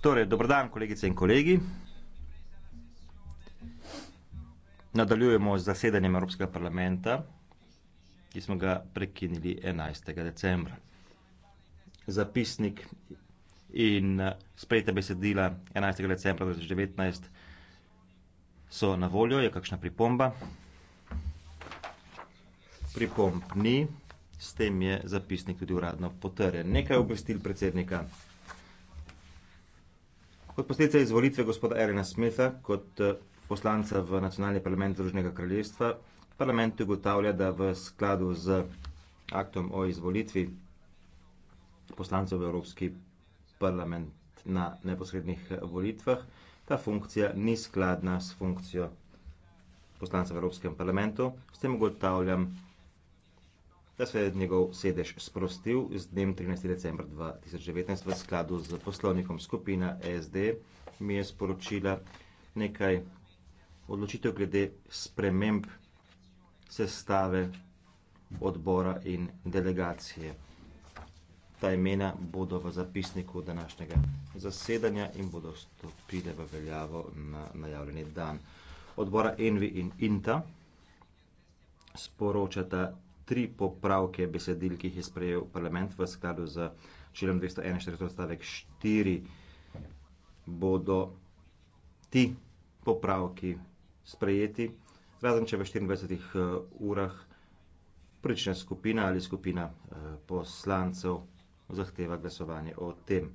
Torej, dober dan, kolegice in kolegi. Nadaljujemo z zasedanjem Evropskega parlamenta, ki smo ga prekinili enajstega decembra. Zapisnik in sprejeta besedila enajstega decembra dva tisoč devetnajst so na voljo, je kakšna pripomba? Pripomb ni. S tem je zapisnik tudi uradno potrjen. Nekaj obvestil predsednika. Kot posledica izvolitve gospoda Erina Smitha kot eh, poslanca v nacionalni parlament Združenega kraljestva, parlament ugotavlja, da v skladu z aktom o izvolitvi poslancev v Evropski parlament na neposrednih eh, volitvah, ta funkcija ni skladna s funkcijo poslanca v Evropskem parlamentu, s tem ugotavljam, da se je njegov sedež sprostil z dnem 13. decembra 2019 v skladu z poslovnikom skupina SD, mi je sporočila nekaj odločitev glede sprememb sestave odbora in delegacije. Ta imena bodo v zapisniku današnjega zasedanja in bodo stopile v veljavo na najavljeni dan. Odbora Envi in Inta sporočata tri popravke besedil, ki jih je sprejel parlament v skladu z členom 241 odstavek 4, bodo ti popravki sprejeti, razen če v 24 eh, urah prične skupina ali skupina eh, poslancev zahteva glasovanje o tem.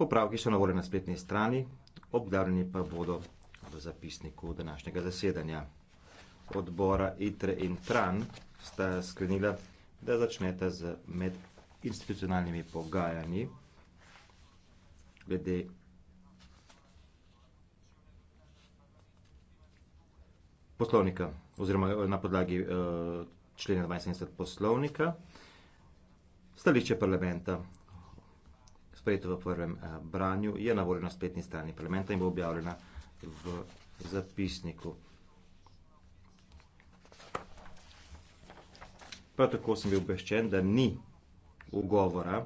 Popravki so na voljo na spletni strani, obdavljeni pa bodo v zapisniku današnjega zasedanja odbora ITRE in TRAN sta sklenila, da začneta z medinstitucionalnimi pogajanji glede poslovnika oziroma eh, na podlagi eh, člena dvainsedemdeset poslovnika. Stališče parlamenta, sprejeto v prvem eh, branju, je na voljo na spletni strani parlamenta in bo objavljena v zapisniku. Prav tako sem bil obveščen, da ni ugovora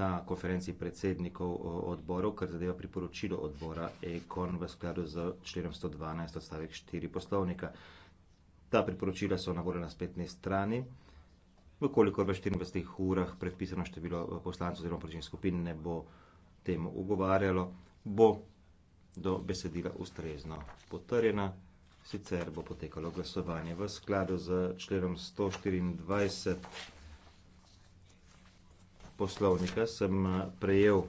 na konferenci predsednikov odborov, kar zadeva priporočilo odbora EKON v skladu z členom 112 odstavek 4 poslovnika. Ta priporočila so na voljo na spletni strani. Vkolikor v 24 urah predpisano število eh, poslancev oziroma poročnih skupin ne bo temu ugovarjalo, bo do besedila ustrezno potrjena. Sicer bo potekalo glasovanje v skladu z členom 124 poslovnika. Sem eh, prejel,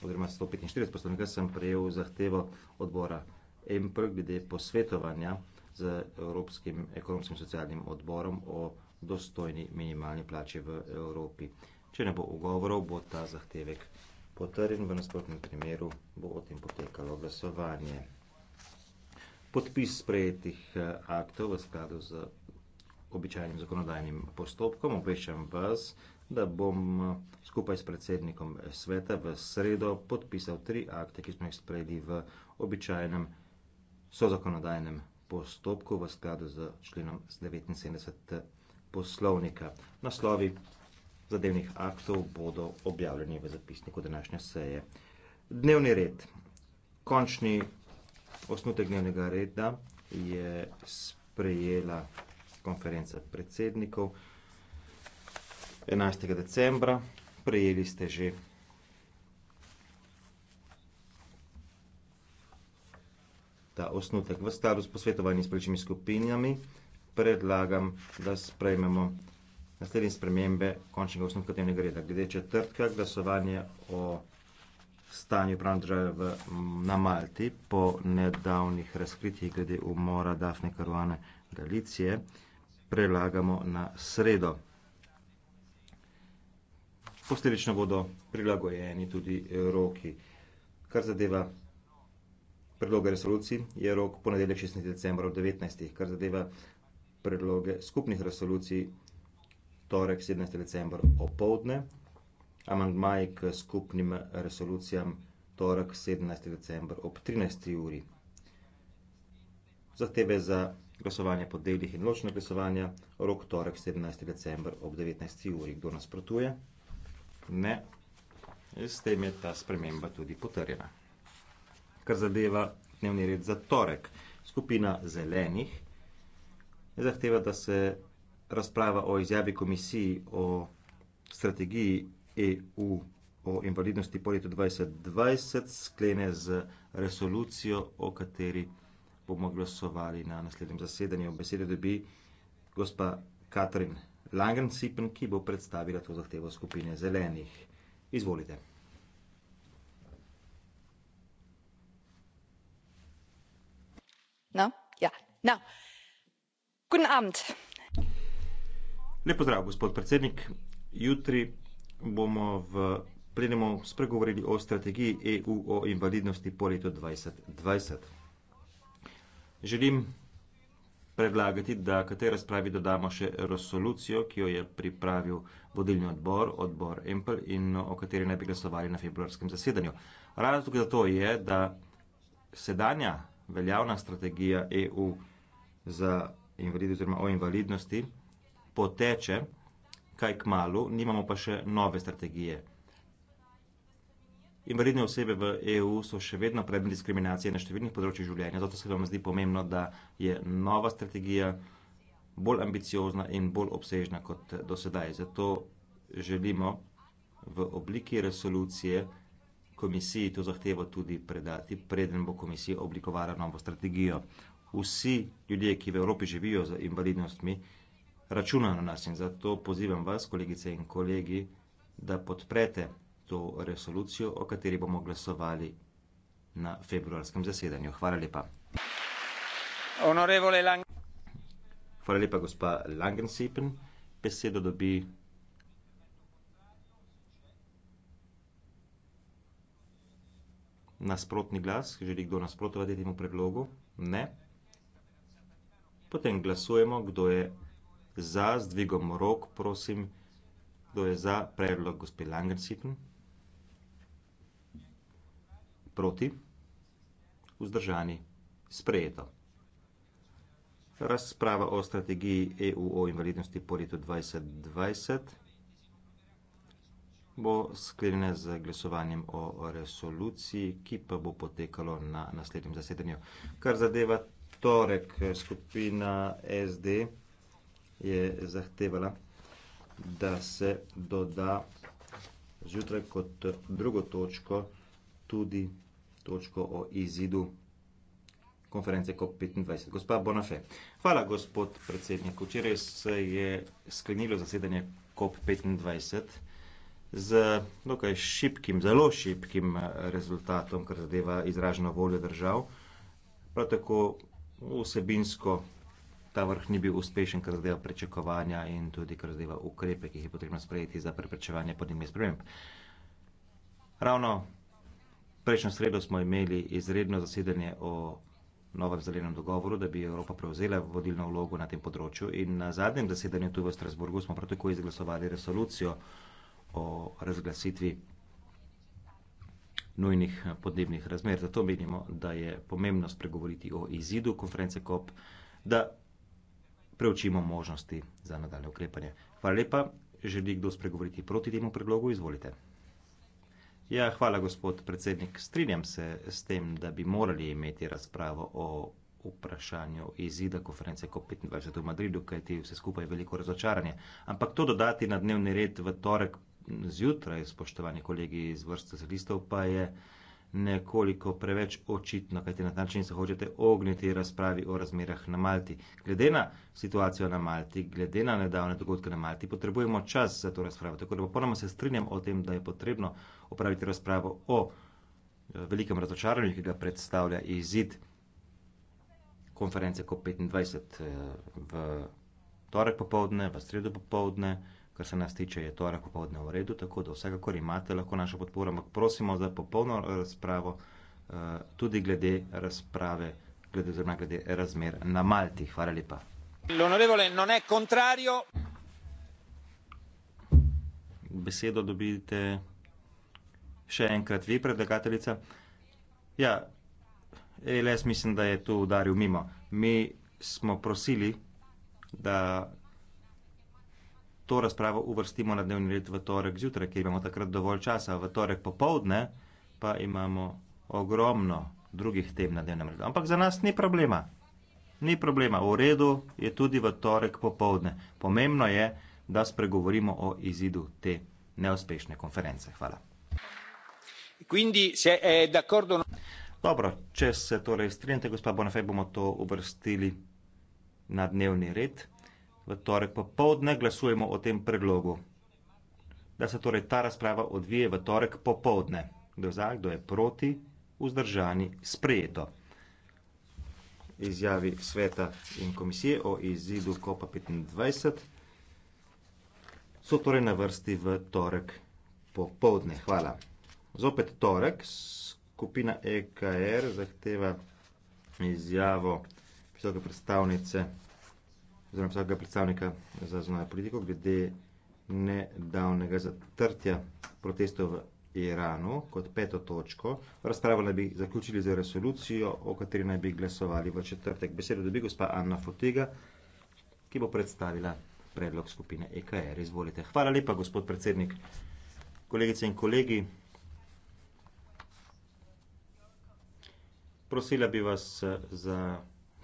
oziroma 145 poslovnika, sem prejel zahtevo odbora EMPR glede posvetovanja z Evropskim ekonomskim socialnim odborom o dostojni minimalni plači v Evropi. Če ne bo ugovorov, bo ta zahtevek potrjen, v nasprotnem primeru bo o tem potekalo glasovanje podpis sprejetih eh, aktov v skladu z običajnim zakonodajnim postopkom. Obveščam vas, da bom eh, skupaj s predsednikom eh, sveta v sredo podpisal tri akte, ki smo jih sprejeli v običajnem sozakonodajnem postopku v skladu z členom 79 poslovnika. Naslovi zadevnih aktov bodo objavljeni v zapisniku današnje seje. Dnevni red. Končni Osnutek dnevnega reda je sprejela konferenca predsednikov 11. decembra. Prejeli ste že ta osnutek. V skladu s posvetovanjem s političnimi skupinami predlagam, da sprejmemo naslednje spremembe končnega osnovka dnevnega reda. Glede četrtka glasovanje o stanju pravne v na Malti po nedavnih razkritjih glede umora Dafne Karuane Galicije prelagamo na sredo. Posledično bodo prilagojeni tudi roki. Kar zadeva predloge resolucij, je rok ponedeljek 16. decembra ob 19. Kar zadeva predloge skupnih resolucij, torek 17. decembra opoldne amantmaji k skupnim resolucijam torek 17. december ob 13. uri. Zahteve za glasovanje po delih in ločno glasovanje rok torek 17. december ob 19. uri. Kdo nasprotuje? Ne. In s tem je ta sprememba tudi potrjena. Kar zadeva dnevni red za torek. Skupina zelenih zahteva, da se razprava o izjavi komisiji o strategiji EU o invalidnosti po letu 2020 sklene z resolucijo, o kateri bomo glasovali na naslednjem zasedanju. Besede dobi gospa Katrin Langensipen, ki bo predstavila to zahtevo skupine zelenih. Izvolite. No, ja, no. Guten Abend. Lep pozdrav, gospod predsednik. Jutri bomo v plenumu spregovorili o strategiji EU o invalidnosti po letu 2020. Želim predlagati, da k tej razpravi dodamo še resolucijo, ki jo je pripravil vodilni odbor, odbor EMPL in o kateri naj bi glasovali na februarskem zasedanju. Razlog za to je, da sedanja veljavna strategija EU za invalidnost oziroma o invalidnosti poteče kaj k malu, nimamo pa še nove strategije. Invalidne osebe v EU so še vedno predmet diskriminacije na številnih področjih življenja, zato se vam zdi pomembno, da je nova strategija bolj ambiciozna in bolj obsežna kot dosedaj. Zato želimo v obliki resolucije komisiji to zahtevo tudi predati, preden bo komisija oblikovala novo strategijo. Vsi ljudje, ki v Evropi živijo z invalidnostmi, računa na nas in zato pozivam vas, kolegice in kolegi, da podprete to resolucijo, o kateri bomo glasovali na februarskem zasedanju. Hvala lepa. Lang... Hvala lepa, gospa Langensiepen. Besedo dobi. Nasprotni glas, želi kdo nasprotovati temu predlogu? Ne. Potem glasujemo, kdo je za z dvigom rok, prosim, kdo je za predlog gospe Langensipen? Proti? Vzdržani? Sprejeto. Razprava o strategiji EU o invalidnosti po letu 2020 bo sklenjena z glasovanjem o resoluciji, ki pa bo potekalo na naslednjem zasedanju. Kar zadeva torek skupina SD, je zahtevala, da se doda zjutraj kot drugo točko tudi točko o izidu konference COP25. Gospa Bonafé, hvala gospod predsednik. Včeraj se je sklenilo zasedanje COP25 z dokaj šipkim, zelo šipkim eh, rezultatom, kar zadeva izraženo voljo držav. Prav tako vsebinsko ta vrh ni bil uspešen, kar zadeva prečakovanja in tudi kar zadeva ukrepe, ki jih je potrebno sprejeti za preprečevanje podnebnih sprememb. Ravno prejšnjo sredo smo imeli izredno zasedanje o novem zelenem dogovoru, da bi Evropa prevzela vodilno vlogo na tem področju in na zadnjem zasedanju tu v Strasburgu smo prav tako izglasovali resolucijo o razglasitvi nujnih podnebnih razmer. Zato menimo, da je pomembno spregovoriti o izidu konference COP, da preučimo možnosti za nadaljne ukrepanje. Hvala lepa. Želi kdo spregovoriti proti temu predlogu? Izvolite. Ja, hvala, gospod predsednik. Strinjam se s tem, da bi morali imeti razpravo o vprašanju izida konference COP25 v Madridu, kajti vse skupaj je veliko razočaranje. Ampak to dodati na dnevni red v torek zjutraj, spoštovani kolegi iz vrste za listov, pa je nekoliko preveč očitno, kajti na ta način se hočete ogniti razpravi o razmerah na Malti. Glede na situacijo na Malti, glede na nedavne dogodke na Malti, potrebujemo čas za to razpravo. Tako da popolnoma se strinjam o tem, da je potrebno opraviti razpravo o eh, velikem razočaranju, ki ga predstavlja izid konference COP25 eh, v torek popovdne, v sredo popovdne kar se nas tiče, je torej popovdne v redu, tako da vsekakor imate lahko našo podporo, ampak prosimo za popolno razpravo eh, tudi glede razprave, glede, oziroma glede razmer na Malti. Hvala lepa. L'onorevole non è contrario. Besedo dobite še enkrat vi, predlagateljica. Ja, ELS mislim, da je tu udaril mimo. Mi smo prosili, da to razpravo uvrstimo na dnevni red v torek zjutraj, ker imamo takrat dovolj časa, v torek popovdne pa imamo ogromno drugih tem na dnevnem redu. Ampak za nas ni problema. Ni problema, v redu je tudi v torek popovdne. Pomembno je, da spregovorimo o izidu te neuspešne konference. Hvala. No? Dobro, če se torej strinjate, gospa Bonafaj, bomo to uvrstili na dnevni red v torek popovdne glasujemo o tem predlogu. Da se torej ta razprava odvije v torek popovdne. Kdo za, kdo je proti, vzdržani, sprejeto. Izjavi sveta in komisije o izidu COP25 so torej na vrsti v torek popovdne. Hvala. Zopet torek, skupina EKR zahteva izjavo visoke predstavnice oziroma vsakega predstavnika za zunanjo politiko, glede nedavnega zatrtja protestov v Iranu kot peto točko. Razpravo naj bi zaključili za resolucijo, o kateri naj bi glasovali v četrtek. Besedo dobi gospa Anna Fotega, ki bo predstavila predlog skupine EKR. Izvolite. Hvala lepa, gospod predsednik. Kolegice in kolegi, prosila bi vas eh, za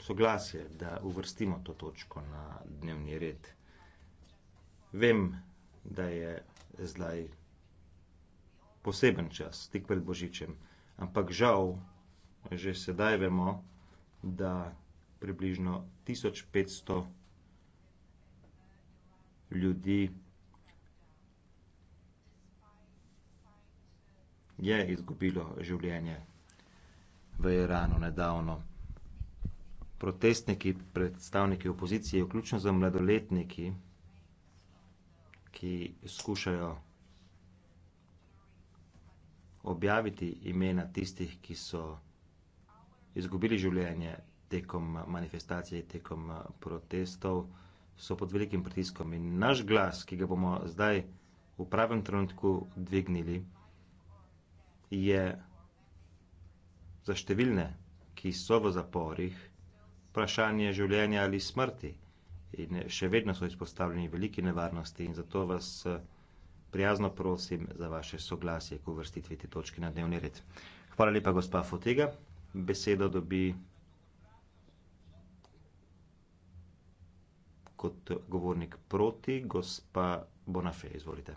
soglasje, da uvrstimo to točko na dnevni red. Vem, da je zdaj poseben čas, tik pred Božičem, ampak žal že sedaj vemo, da približno 1500 ljudi je izgubilo življenje v Iranu nedavno protestniki, predstavniki opozicije, vključno z mladoletniki, ki skušajo objaviti imena tistih, ki so izgubili življenje tekom manifestacije, tekom eh, protestov, so pod velikim pritiskom. In naš glas, ki ga bomo zdaj v pravem trenutku dvignili, je za številne, ki so v zaporih, vprašanje življenja ali smrti. In še vedno so izpostavljeni veliki nevarnosti in zato vas eh, prijazno prosim za vaše soglasje k uvrstitvi te točke na dnevni red. Hvala lepa, gospa Fotega. Besedo dobi kot govornik proti, gospa Bonafe, izvolite.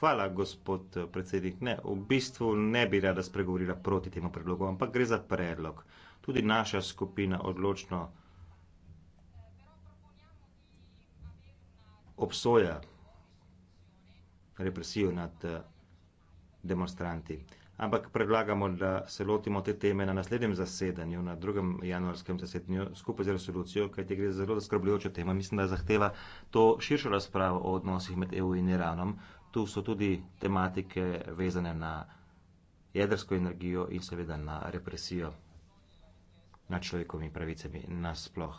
Hvala, gospod eh, predsednik. Ne, v bistvu ne bi rada spregovorila proti temu predlogu, ampak gre za predlog tudi naša skupina odločno obsoja represijo nad eh, demonstranti. Ampak predlagamo, da se lotimo te teme na naslednjem zasedanju, na drugem januarskem zasedanju, skupaj z resolucijo, kaj te gre za zelo zaskrbljujoča tema. Mislim, da zahteva to širšo razpravo o odnosih med EU in Iranom. Tu so tudi tematike vezane na jedrsko energijo in seveda na represijo nad človekovimi pravicami nasploh.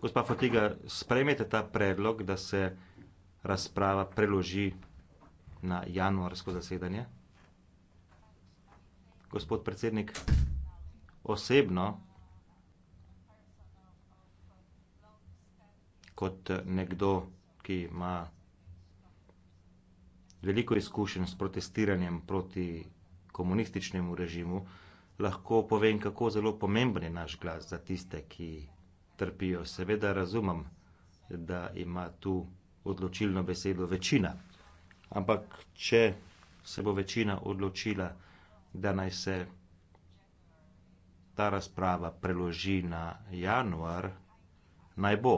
Gospa Fotiga, sprejmete ta predlog, da se razprava preloži na januarsko zasedanje? Gospod predsednik, osebno, kot nekdo, ki ima veliko izkušenj s protestiranjem proti komunističnemu režimu, lahko povem, kako zelo pomemben je naš glas za tiste, ki trpijo. Seveda razumem, da ima tu odločilno besedo večina. Ampak, če se bo večina odločila, da naj se ta razprava preloži na januar, naj bo.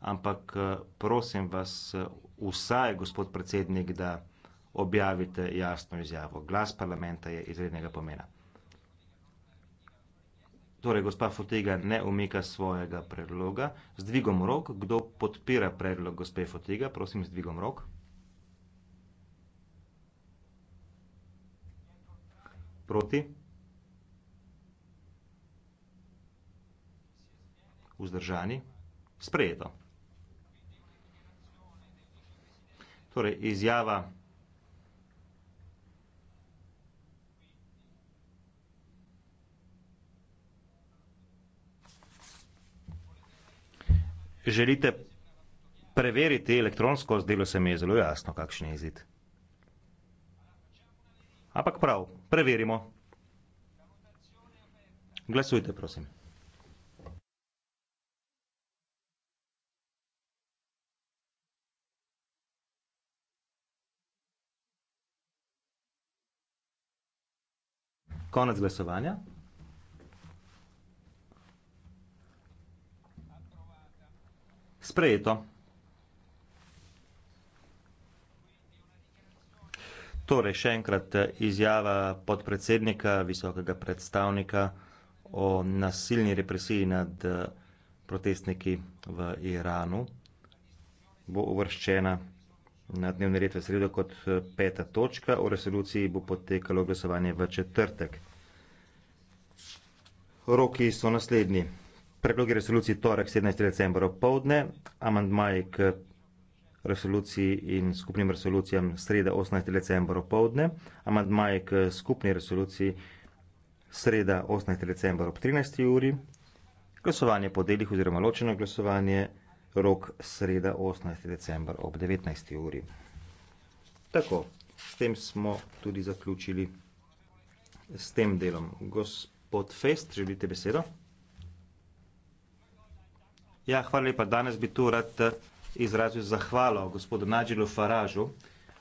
Ampak prosim vas, vsaj, gospod predsednik, da objavite jasno izjavo. Glas parlamenta je izrednega pomena. Torej, gospa Fotega ne omeka svojega predloga. Z dvigom rok, kdo podpira predlog gospe Fotega, prosim, z dvigom rok. Proti. Vzdržani. Sprejeto. Torej, izjava želite preveriti elektronsko, zdelo se mi je zelo jasno, kakšen je izid. Ampak prav, preverimo. Glasujte, prosim. Konec glasovanja. Sprejeto. Torej, še enkrat eh, izjava podpredsednika, visokega predstavnika o nasilni represiji nad eh, protestniki v Iranu bo uvrščena na dnevni red v sredo kot eh, peta točka. O resoluciji bo potekalo glasovanje v četrtek. Roki so naslednji predlogi resoluciji torek 17. decembra popovdne, amandmaji k resoluciji in skupnim resolucijam sreda 18. decembra popovdne, amandmaji k skupni resoluciji sreda 18. decembra ob 13. uri, glasovanje po delih oziroma ločeno glasovanje rok sreda 18. decembra ob 19. uri. Tako, s tem smo tudi zaključili s tem delom. Gospod Fest, želite besedo? Ja, hvala lepa. Danes bi tu rad eh, izrazil zahvalo gospodu Nadžilu Faražu,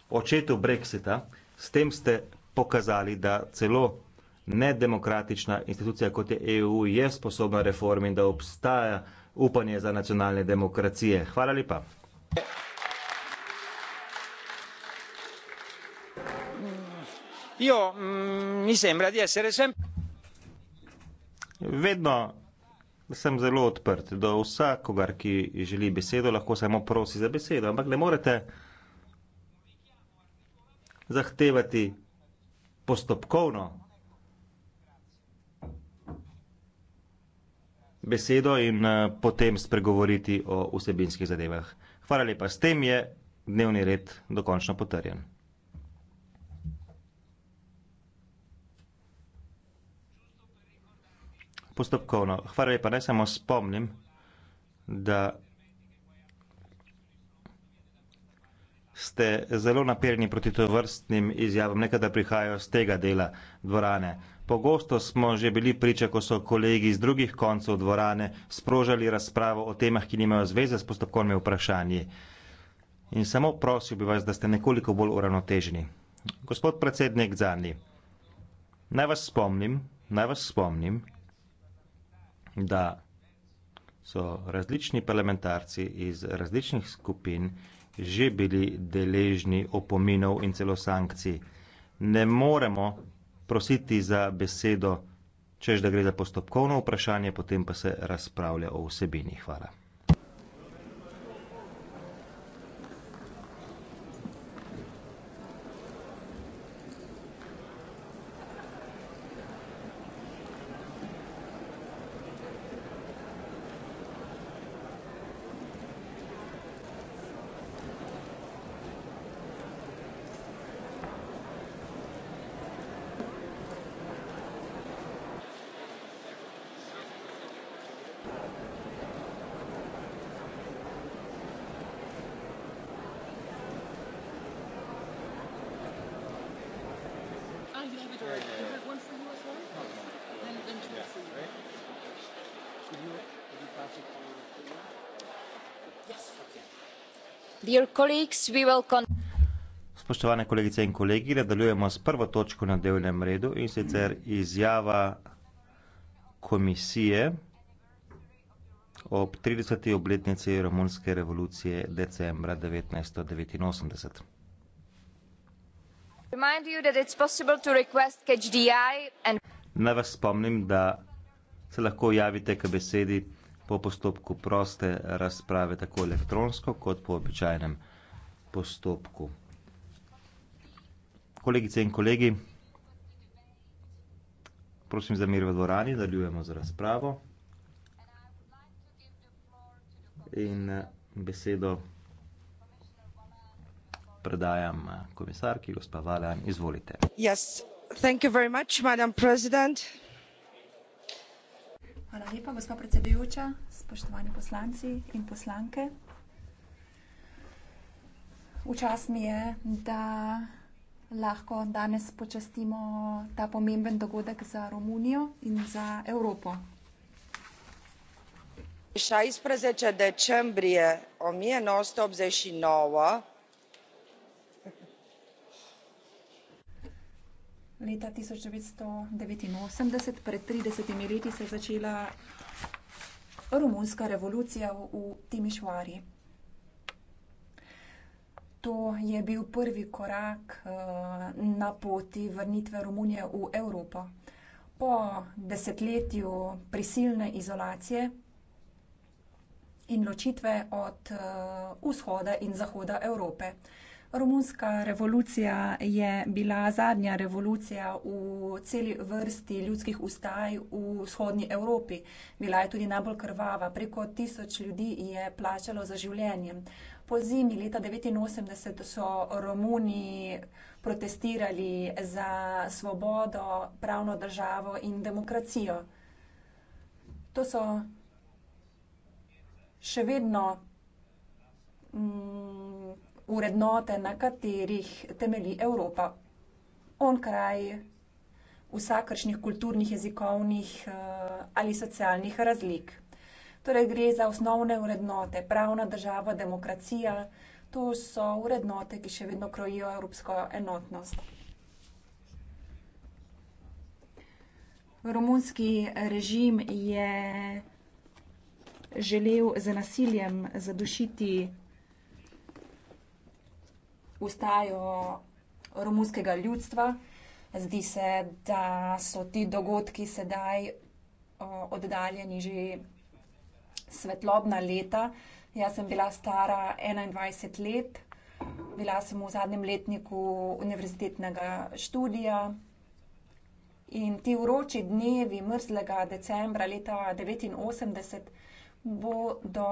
očetu Brexita. S tem ste pokazali, da celo nedemokratična institucija kot je EU je sposobna reformi in da obstaja upanje za nacionalne demokracije. Hvala lepa. Io mm, mi sembra di essere sempre. Vedno sem zelo odprt do vsakogar, ki želi besedo, lahko samo prosi za besedo, ampak ne morete zahtevati postopkovno besedo in eh, potem spregovoriti o vsebinskih zadevah. Hvala lepa, s tem je dnevni red dokončno potrjen. postopkovno. Hvala lepa, naj samo spomnim, da ste zelo naperni proti to vrstnim izjavam, nekaj da prihajajo z tega dela dvorane. Pogosto smo že bili priča, ko so kolegi iz drugih koncev dvorane sprožali razpravo o temah, ki nimajo zveze s postopkovnimi vprašanji. In samo prosil bi vas, da ste nekoliko bolj uravnoteženi. Gospod predsednik Zani, naj vas spomnim, naj vas spomnim, da so različni parlamentarci iz različnih skupin že bili deležni opominov in celo sankcij. Ne moremo prositi za besedo, čež da gre za postopkovno vprašanje, potem pa se razpravlja o vsebini. Hvala. Spoštovane kolegice in kolegi, nadaljujemo s prvo točko na delnem redu in sicer izjava komisije ob 30. obletnici Romunske revolucije decembra 1989. Naj vas spomnim, da se lahko javite k besedi po postopku proste razprave tako elektronsko kot po običajnem postopku. Kolegice in kolegi, prosim za mir v dvorani, nadaljujemo z razpravo. In eh, besedo predajam eh, komisarki, gospa Valjan, izvolite. Yes. Thank you very much, madam president. Hvala lepa, gospa predsedujoča, spoštovani poslanci in poslanke. V čas mi je, da lahko danes počastimo ta pomemben dogodek za Romunijo in za Evropo. 16. decembrie 1989 Leta 1989, pred 30 leti, se je začela romunska revolucija v Timišvari to je bil prvi korak uh, na poti vrnitve Romunije v Evropo. Po desetletju prisilne izolacije in ločitve od uh, vzhoda in zahoda Evrope. Romunska revolucija je bila zadnja revolucija v celi vrsti ljudskih ustaj v vzhodnji Evropi. Bila je tudi najbolj krvava. Preko tisoč ljudi je plačalo za življenjem. Uh, Po zimi leta 1989 so Romuni protestirali za svobodo, pravno državo in demokracijo. To so še vedno urednote, mm, na katerih temeli Evropa. On kraj vsakršnih kulturnih, jezikovnih eh, ali socialnih razlik. Torej gre za osnovne vrednote, pravna država, demokracija. To so vrednote, ki še vedno krojijo evropsko enotnost. Romunski režim je želel z nasiljem zadušiti ustajo romunskega ljudstva. Zdi se, da so ti dogodki sedaj oddaljeni že svetlobna leta. Jaz sem bila stara 21 let, bila sem v zadnjem letniku univerzitetnega študija. In ti vroči dnevi mrzlega decembra leta 1989 bodo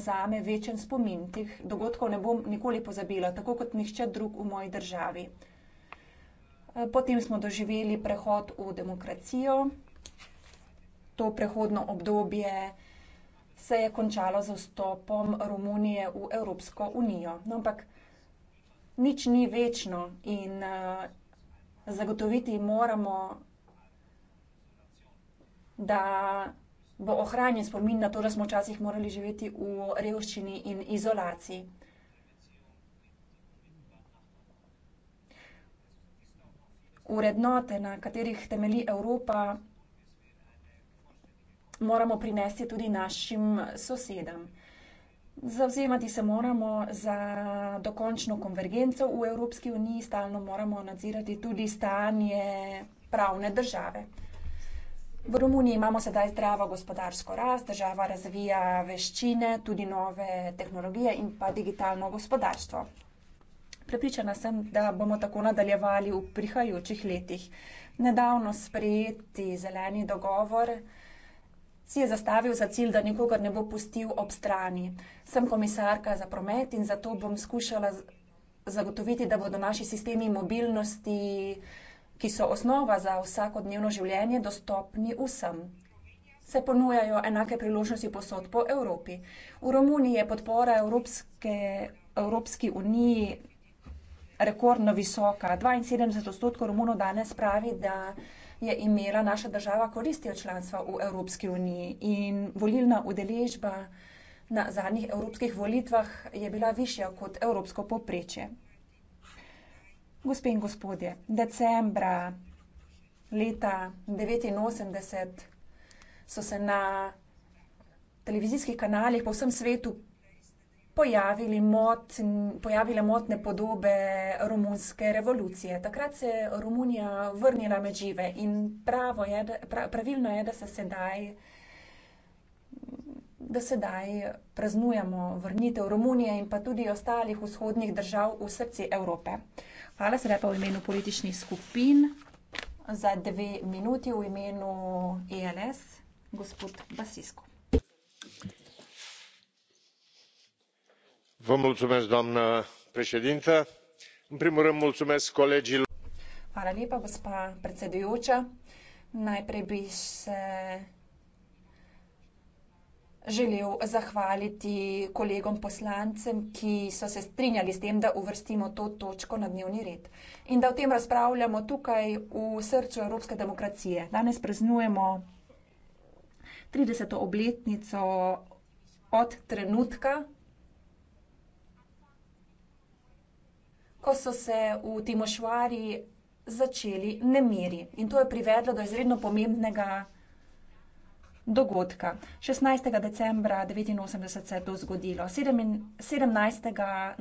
zame večen spomin. Teh dogodkov ne bom nikoli pozabila, tako kot nihče drug v moji državi. Potem smo doživeli prehod v demokracijo. To prehodno obdobje se je končalo z vstopom Romunije v Evropsko unijo. No, ampak nič ni večno in uh, zagotoviti moramo, da bo ohranjen spomin na to, da smo včasih morali živeti v revščini in izolaciji. Urednote, na katerih temelji Evropa, moramo prinesti tudi našim sosedam. Zavzemati se moramo za dokončno konvergenco v Evropski uniji, stalno moramo nadzirati tudi stanje pravne države. V Romuniji imamo sedaj zdravo gospodarsko rast, država razvija veščine, tudi nove tehnologije in pa digitalno gospodarstvo. Prepričana sem, da bomo tako nadaljevali v prihajajočih letih. Nedavno sprejeti zeleni dogovor si je zastavil za cilj, da nikogar ne bo pustil ob strani. Sem komisarka za promet in zato bom skušala zagotoviti, da bodo naši sistemi mobilnosti, ki so osnova za vsakodnevno življenje, dostopni vsem. Se ponujajo enake priložnosti posod po Evropi. V Romuniji je podpora Evropske, Evropski uniji rekordno visoka. 72 odstotkov Romunov danes pravi, da je imela naša država koristi od članstva v Evropski uniji in volilna udeležba na zadnjih evropskih volitvah je bila višja kot evropsko poprečje. Gospe in gospodje, decembra leta 1989 so se na televizijskih kanalih po vsem svetu pojavili mot, pojavile motne podobe romunske revolucije. Takrat se je Romunija vrnila med žive in je, da, pravilno je, da se sedaj, da sedaj praznujemo vrnitev Romunije in pa tudi ostalih vzhodnih držav v srci Evrope. Hvala se lepa v imenu političnih skupin za dve minuti v imenu ELS, gospod Basisko. doamnă președintă în primul rând mulțumesc colegilor hvala lepa gospa predsedujoča najprej bi se želel zahvaliti kolegom poslancem ki so se strinjali s tem da uvrstimo to točko na dnevni red in da o tem razpravljamo tukaj v srcu evropske demokracije danes praznujemo trideseto obletnico od trenutka ko so se v Timošvari začeli nemiri. In to je privedlo do izredno pomembnega dogodka. 16. decembra 1989 se je to zgodilo. 17.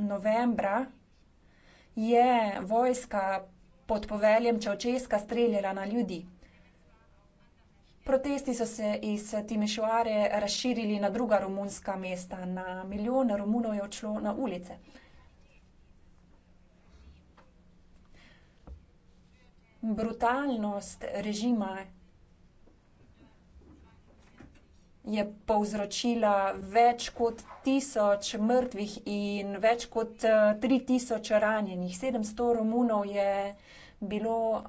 novembra je vojska pod poveljem Čaučeska streljala na ljudi. Protesti so se iz Timišoare razširili na druga romunska mesta. Na milijone Romunov je odšlo na ulice. brutalnost režima je povzročila več kot tisoč mrtvih in več kot eh, tri tisoč ranjenih. 700 Romunov je bilo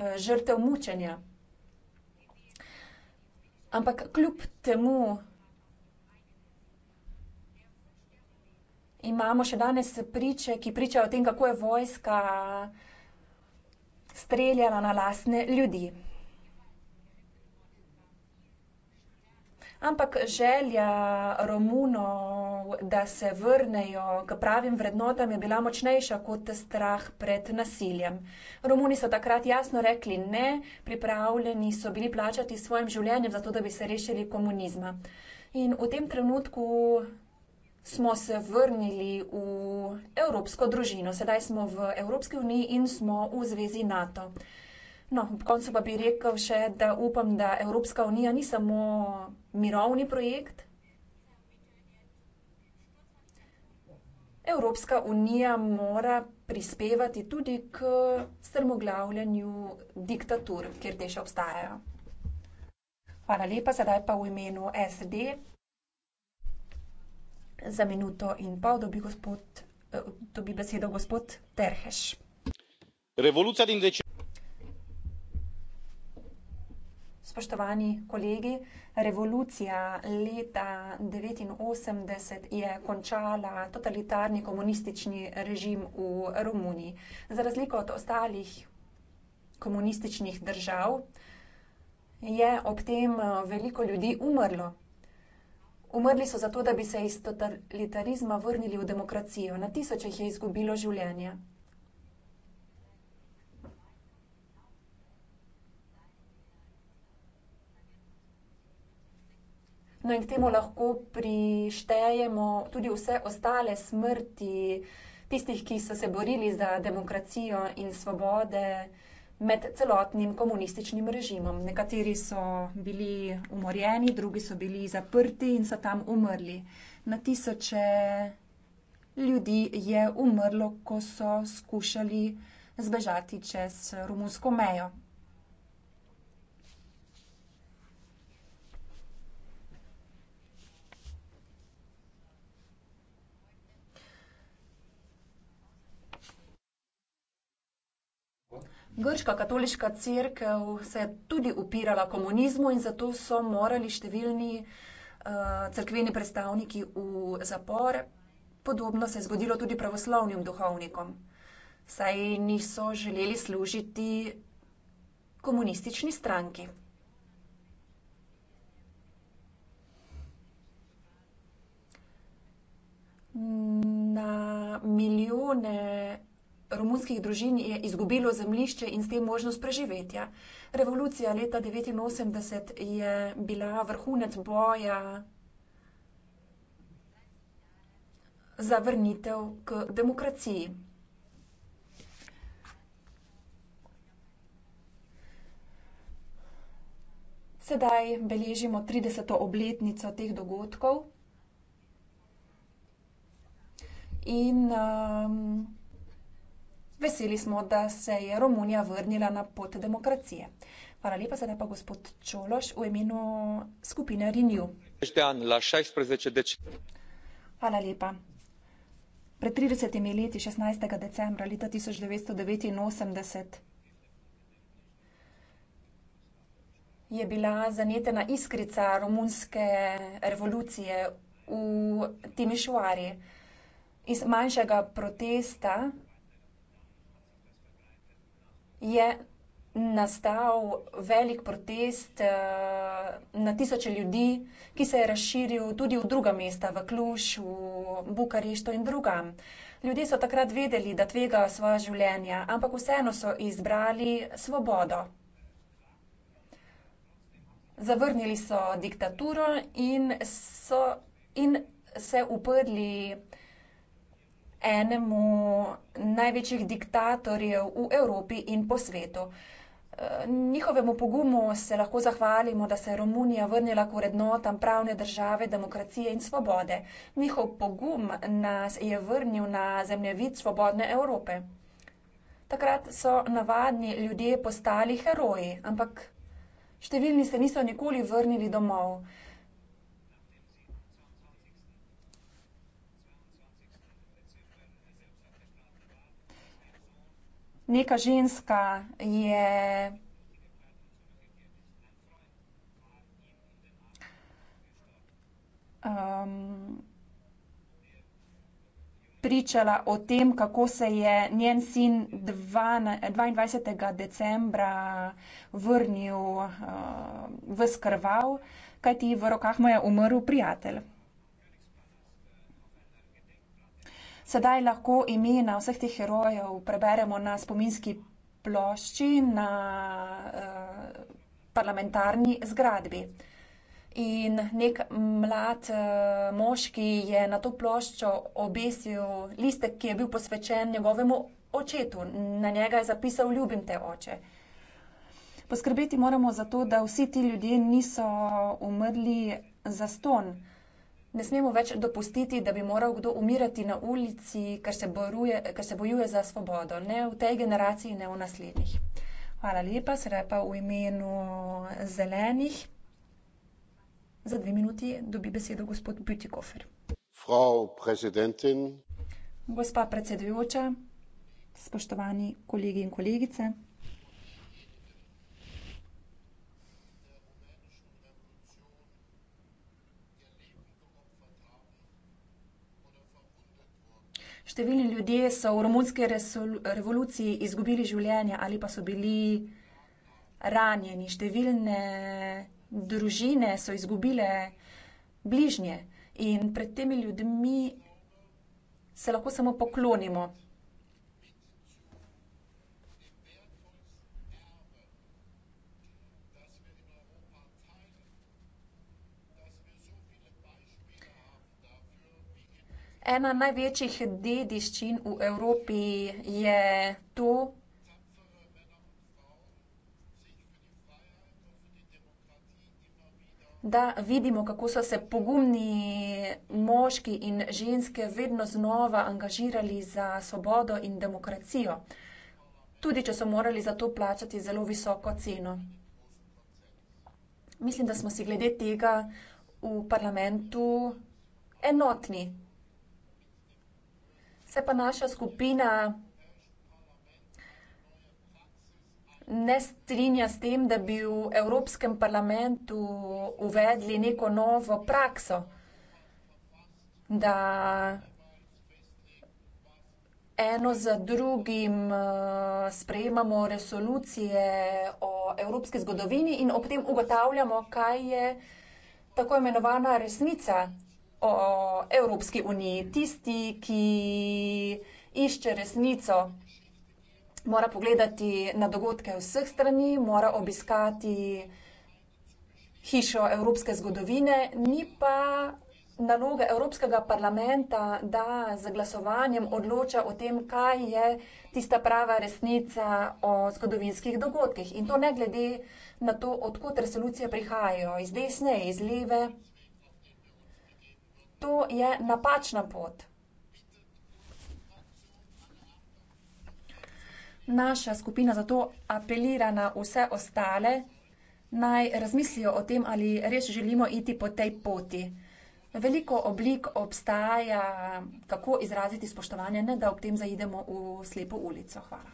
eh, žrtev mučenja. Ampak kljub temu imamo še danes priče, ki pričajo o tem, kako je vojska streljala na lastne ljudi. Ampak želja Romunov, da se vrnejo k pravim vrednotam, je bila močnejša kot strah pred nasiljem. Romuni so takrat jasno rekli ne, pripravljeni so bili plačati svojim življenjem, zato da bi se rešili komunizma. In v tem trenutku smo se vrnili v evropsko družino. Sedaj smo v Evropski uniji in smo v zvezi NATO. No, ob koncu pa bi rekel še, da upam, da Evropska unija ni samo mirovni projekt. Evropska unija mora prispevati tudi k strmoglavljanju diktatur, kjer te še obstajajo. Hvala lepa, sedaj pa v imenu SD Za minuto in pol dobi, gospod, eh, dobi besedo gospod Terheš. Revolucija din deci... Spoštovani kolegi, revolucija leta devetinosemdeset je končala totalitarni komunistični režim v Romuniji. Za razliko od ostalih komunističnih držav je ob tem eh, veliko ljudi umrlo. Umrli so zato, da bi se iz totalitarizma vrnili v demokracijo. Na tisoče jih je izgubilo življenje. No in k temu lahko prištejemo tudi vse ostale smrti tistih, ki so se borili za demokracijo in svobode med celotnim komunističnim režimom. Nekateri so bili umorjeni, drugi so bili zaprti in so tam umrli. Na tisoče ljudi je umrlo, ko so skušali zbežati čez romunsko mejo. Grška katoliška crkev se je tudi upirala komunizmu in zato so morali številni uh, eh, crkveni predstavniki v zapor. Podobno se je zgodilo tudi pravoslavnim duhovnikom, saj niso želeli služiti komunistični stranki. Na milijone romunskih družin je izgubilo zemlišče in s tem možnost preživetja. Revolucija leta 1989 je bila vrhunec boja za vrnitev k demokraciji. Sedaj beležimo 30. obletnico teh dogodkov. In um, Veseli smo, da se je Romunija vrnila na pot demokracije. Hvala lepa, sedaj pa gospod Čološ v imenu skupine Renew. Hvala lepa. Pred 30 leti, 16. decembra leta 1989, je bila zanetena iskrica romunske revolucije v Timišvari. Iz manjšega protesta je nastal velik protest eh, na tisoče ljudi, ki se je razširil tudi v druga mesta, v Kluž, v Bukarešto in druga. Ljudje so takrat vedeli, da tvegajo svoje življenja, ampak vseeno so izbrali svobodo. Zavrnili so diktaturo in so in se uprli enemu največjih diktatorjev v Evropi in po svetu. Eh, njihovemu pogumu se lahko zahvalimo, da se je Romunija vrnila k vrednotam pravne države, demokracije in svobode. Njihov pogum nas je vrnil na zemljevid svobodne Evrope. Takrat so navadni ljudje postali heroji, ampak številni se niso nikoli vrnili domov. Neka ženska je um, pričala o tem, kako se je njen sin 22. decembra vrnil uh, v skrval, kajti v rokah mu je umrl prijatelj. Sedaj lahko imena vseh teh herojev preberemo na spominski plošči na eh, parlamentarni zgradbi. In nek mlad eh, moški je na to ploščo obesil listek, ki je bil posvečen njegovemu očetu. Na njega je zapisal ljubim te oče. Poskrbeti moramo za to, da vsi ti ljudje niso umrli za ston ne smemo več dopustiti, da bi moral kdo umirati na ulici, ker se, boruje, ker se bojuje za svobodo, ne v tej generaciji, ne v naslednjih. Hvala lepa, sedaj pa v imenu zelenih. Za dve minuti dobi besedo gospod Bütikofer. Gospa predsedujoča, spoštovani kolegi in kolegice. Številni ljudje so v romunski revoluciji izgubili življenje ali pa so bili ranjeni. Številne družine so izgubile bližnje in pred temi ljudmi se lahko samo poklonimo. Ena največjih dediščin v Evropi je to, da vidimo, kako so se pogumni moški in ženske vedno znova angažirali za svobodo in demokracijo, tudi če so morali za to plačati zelo visoko ceno. Mislim, da smo si glede tega v parlamentu enotni. Se pa naša skupina ne strinja s tem, da bi v Evropskem parlamentu uvedli neko novo prakso, da eno za drugim eh, sprejemamo resolucije o evropski zgodovini in ob tem ugotavljamo, kaj je tako imenovana resnica o Evropski uniji. Tisti, ki išče resnico, mora pogledati na dogodke vseh strani, mora obiskati hišo Evropske zgodovine, ni pa naloga Evropskega parlamenta, da z glasovanjem odloča o tem, kaj je tista prava resnica o zgodovinskih dogodkih. In to ne glede na to, odkot resolucije prihajajo, iz desne, iz leve to je napačna pot. Naša skupina zato apelira na vse ostale, naj razmislijo o tem, ali res želimo iti po tej poti. Veliko oblik obstaja, kako izraziti spoštovanje, ne da ob tem zaidemo v slepo ulico. Hvala.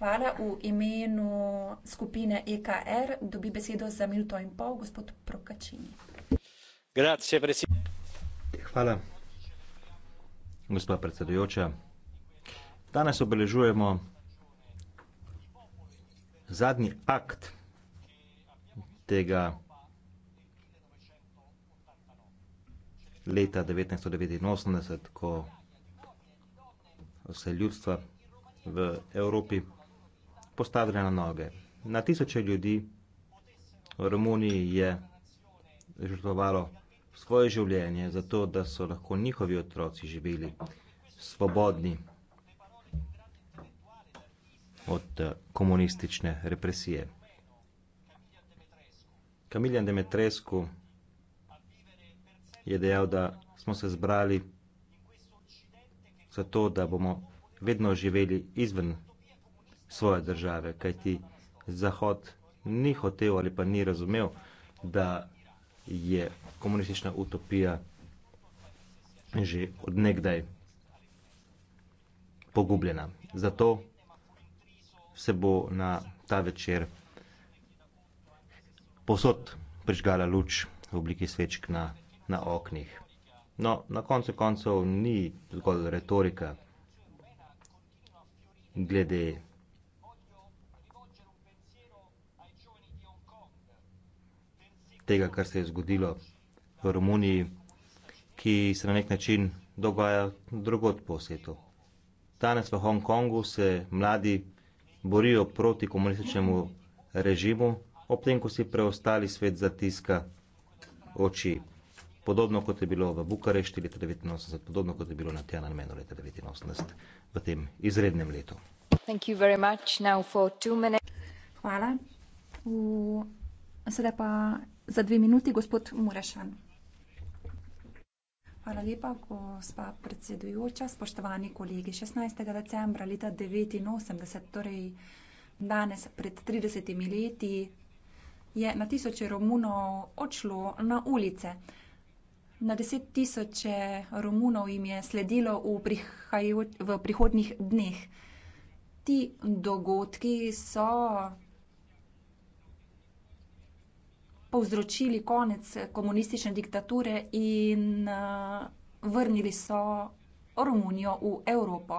Hvala. V imenu skupine EKR dobi besedo za minuto in pol gospod Prokačini. Hvala. Gospa predsedujoča, danes obeležujemo zadnji akt tega leta devetnajststo devetinosemdeset, ko se ljudstva v Evropi postavili na noge. Na tisoče ljudi v Romuniji je žrtvovalo svoje življenje zato, da so lahko njihovi otroci živeli svobodni od eh, komunistične represije. Kamiljan Demetresku je dejal, da smo se zbrali zato, da bomo vedno živeli izven svoje države, kajti Zahod ni hotel ali pa ni razumel, da je komunistična utopija že odnegdaj pogubljena. Zato se bo na ta večer posod prižgala luč v obliki svečk na, na oknih. No, na koncu koncev ni zgolj retorika glede tega, kar se je zgodilo v Romuniji, ki se na nek način dogaja drugot po svetu. Danes v Hongkongu se mladi borijo proti komunističnemu režimu, ob tem, ko si preostali svet zatiska oči. Podobno kot je bilo v Bukarešti leta 1989, podobno kot je bilo na Tiananmenu leta 1989 v tem izrednem letu. Hvala. Sedaj pa za dve minuti, gospod Murešan. Hvala lepa, gospa predsedujoča, spoštovani kolegi. 16. decembra leta 1989, torej danes pred 30 leti, je na tisoče Romunov odšlo na ulice. Na deset tisoče Romunov jim je sledilo v, prihajo, v prihodnih dneh. Ti dogodki so povzročili konec eh, komunistične diktature in uh, vrnili so Romunijo v Evropo.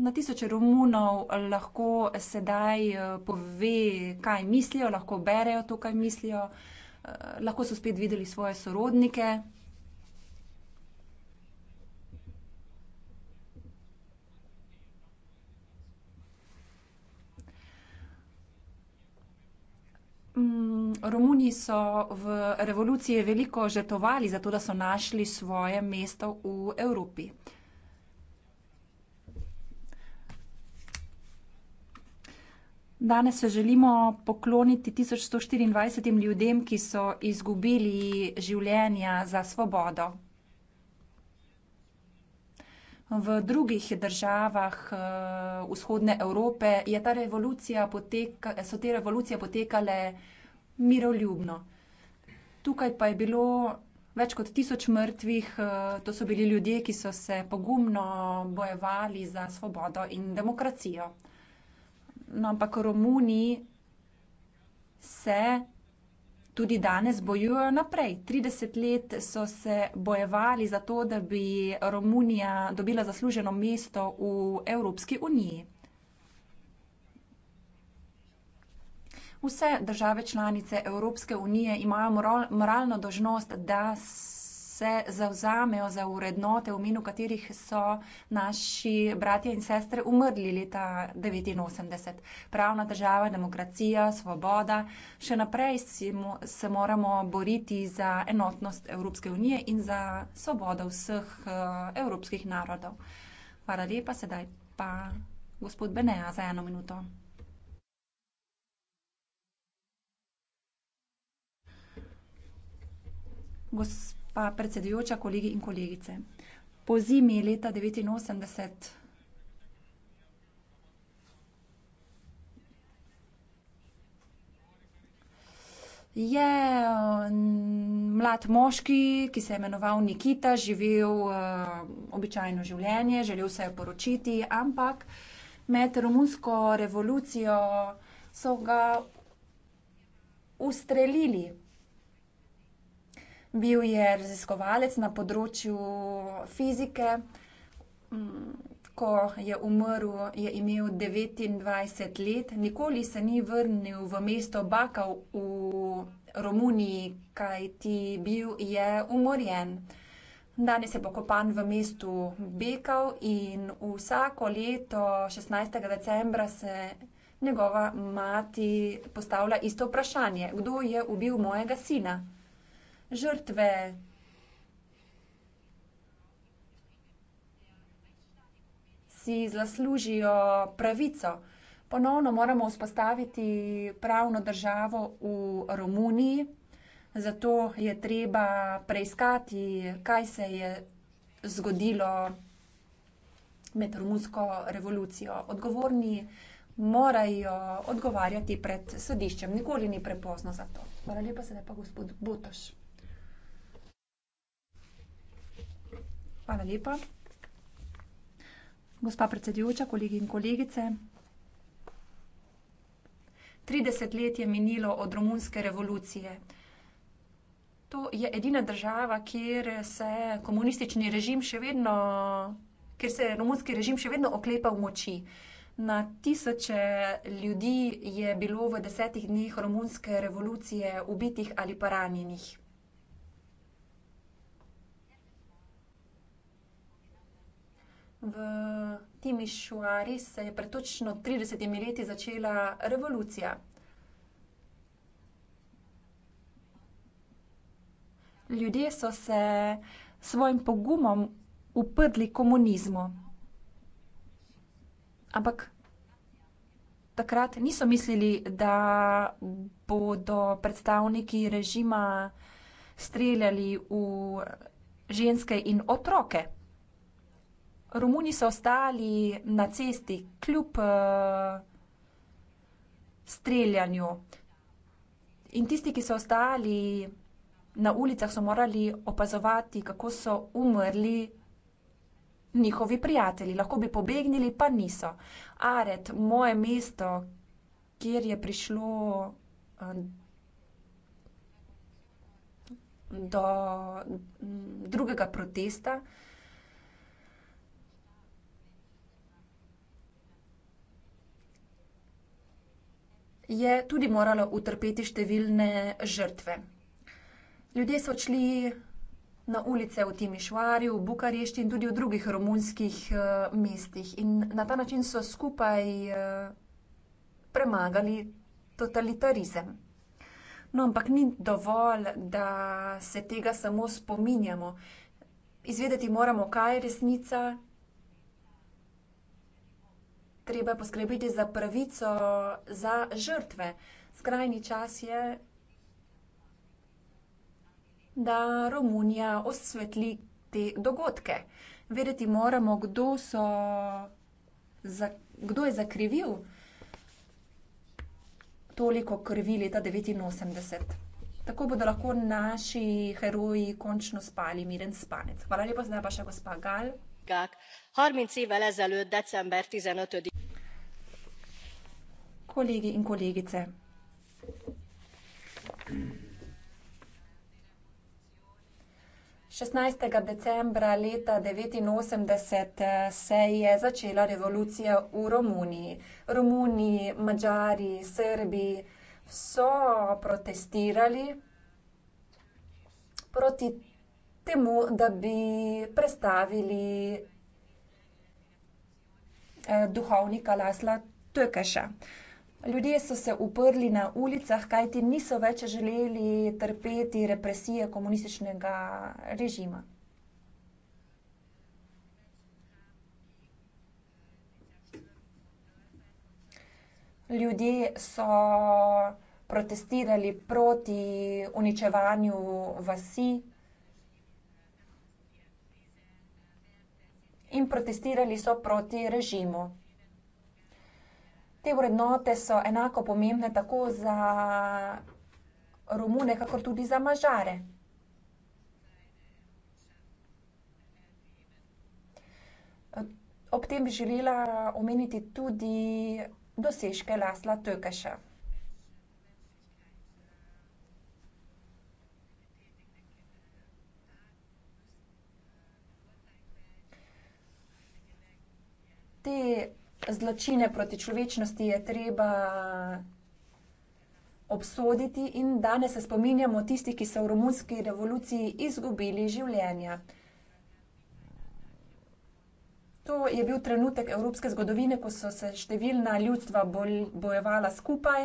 Na tisoče Romunov lahko sedaj eh, pove, kaj mislijo, lahko berejo to, kaj mislijo, uh, lahko so spet videli svoje sorodnike, Romuni so v revoluciji veliko žrtovali, zato da so našli svoje mesto v Evropi. Danes se želimo pokloniti 1124 ljudem, ki so izgubili življenja za svobodo. V drugih državah eh, vzhodne Evrope je ta revolucija poteka, so te revolucije potekale miroljubno. Tukaj pa je bilo več kot tisoč mrtvih, eh, to so bili ljudje, ki so se pogumno bojevali za svobodo in demokracijo. No, ampak Romuni se tudi danes bojujejo naprej. 30 let so se bojevali za to, da bi Romunija dobila zasluženo mesto v Evropski uniji. vse države članice Evropske unije imajo moral, moralno dožnost, da se zauzamejo za urednote, v menu katerih so naši bratje in sestre umrli leta 1989. Pravna država, demokracija, svoboda. Še naprej se moramo boriti za enotnost Evropske unije in za svobodo vseh eh, evropskih narodov. Hvala lepa, sedaj pa gospod Benea za eno minuto. gospa predsedujoča, kolegi in kolegice. Po zimi leta devetinosemdeset je, mm, mlad moški, ki se je imenoval Nikita, živel, mm, običajno življenje, želel se je poročiti, ampak med romunsko revolucijo so ga ustrelili. Bil je raziskovalec na področju fizike. Ko je umrl, je imel 29 let, nikoli se ni vrnil v mesto Bakal v Romuniji, kajti bil je umorjen. Danes je pokopan v mestu Bekal in vsako leto 16. decembra se njegova mati postavlja isto vprašanje: Kdo je ubil mojega sina? žrtve. Si zaslužijo pravico. Ponovno moramo vzpostaviti pravno državo v Romuniji, zato je treba preiskati, kaj se je zgodilo med romunsko revolucijo. Odgovorni morajo odgovarjati pred sodiščem. Nikoli ni prepozno za to. Hvala lepa, sedaj pa gospod Botoš. Hvala lepa. Gospa predsedujoča, kolegi in kolegice. 30 let je minilo od romunske revolucije. To je edina država, kjer se komunistični režim še vedno, kjer se romunski režim še vedno oklepa v moči. Na tisoče ljudi je bilo v desetih dneh romunske revolucije ubitih ali pa ranjenih. V Timišuari se je pred točno 30 leti začela revolucija. Ljudje so se svojim pogumom uprli komunizmu. Ampak takrat niso mislili, da bodo predstavniki režima streljali v ženske in otroke. Romuni so ostali na cesti kljub uh, streljanju. In tisti, ki so ostali na ulicah, so morali opazovati, kako so umrli njihovi prijatelji. Lahko bi pobegnili, pa niso. Aret, moje mesto, kjer je prišlo uh, do mm, drugega protesta. Uh, je tudi moralo utrpeti številne žrtve. Ljudje so šli na ulice v Timišvarju, v Bukarešti in tudi v drugih romunskih eh, mestih. In na ta način so skupaj eh, premagali totalitarizem. No, ampak ni dovolj, da se tega samo spominjamo. Izvedeti moramo, kaj je resnica, treba poskrbeti za pravico za žrtve. Skrajni čas je, da Romunija osvetli te dogodke. Vedeti moramo, kdo, so, za, kdo je zakrivil toliko krvi leta 89. Tako bodo lahko naši heroji končno spali miren spanec. Hvala lepa, zdaj pa še gospa Gal. Gak harminc évvel ezelőtt december tizenötödikén Šestnajstega decembra leta devetinosemdeset se je začela revolucija v Romuniji. Romuniji, Mađari, Srbi so protestirali proti temu, da bi prestavili Eh, duhovnika Lasla Tökeša. Ljudje so se uprli na ulicah, kajti niso več želeli trpeti represije komunističnega režima. Ljudje so protestirali proti uničevanju vasi, in protestirali so proti režimu. Te vrednote so enako pomembne tako za Romune, kako tudi za Mažare. Ob tem bi želela omeniti tudi dosežke Lasla Tökeša. te zločine proti človečnosti je treba obsoditi in danes se spominjamo tistih, ki so v romunski revoluciji izgubili življenja. To je bil trenutek evropske zgodovine, ko so se številna ljudstva bojevala skupaj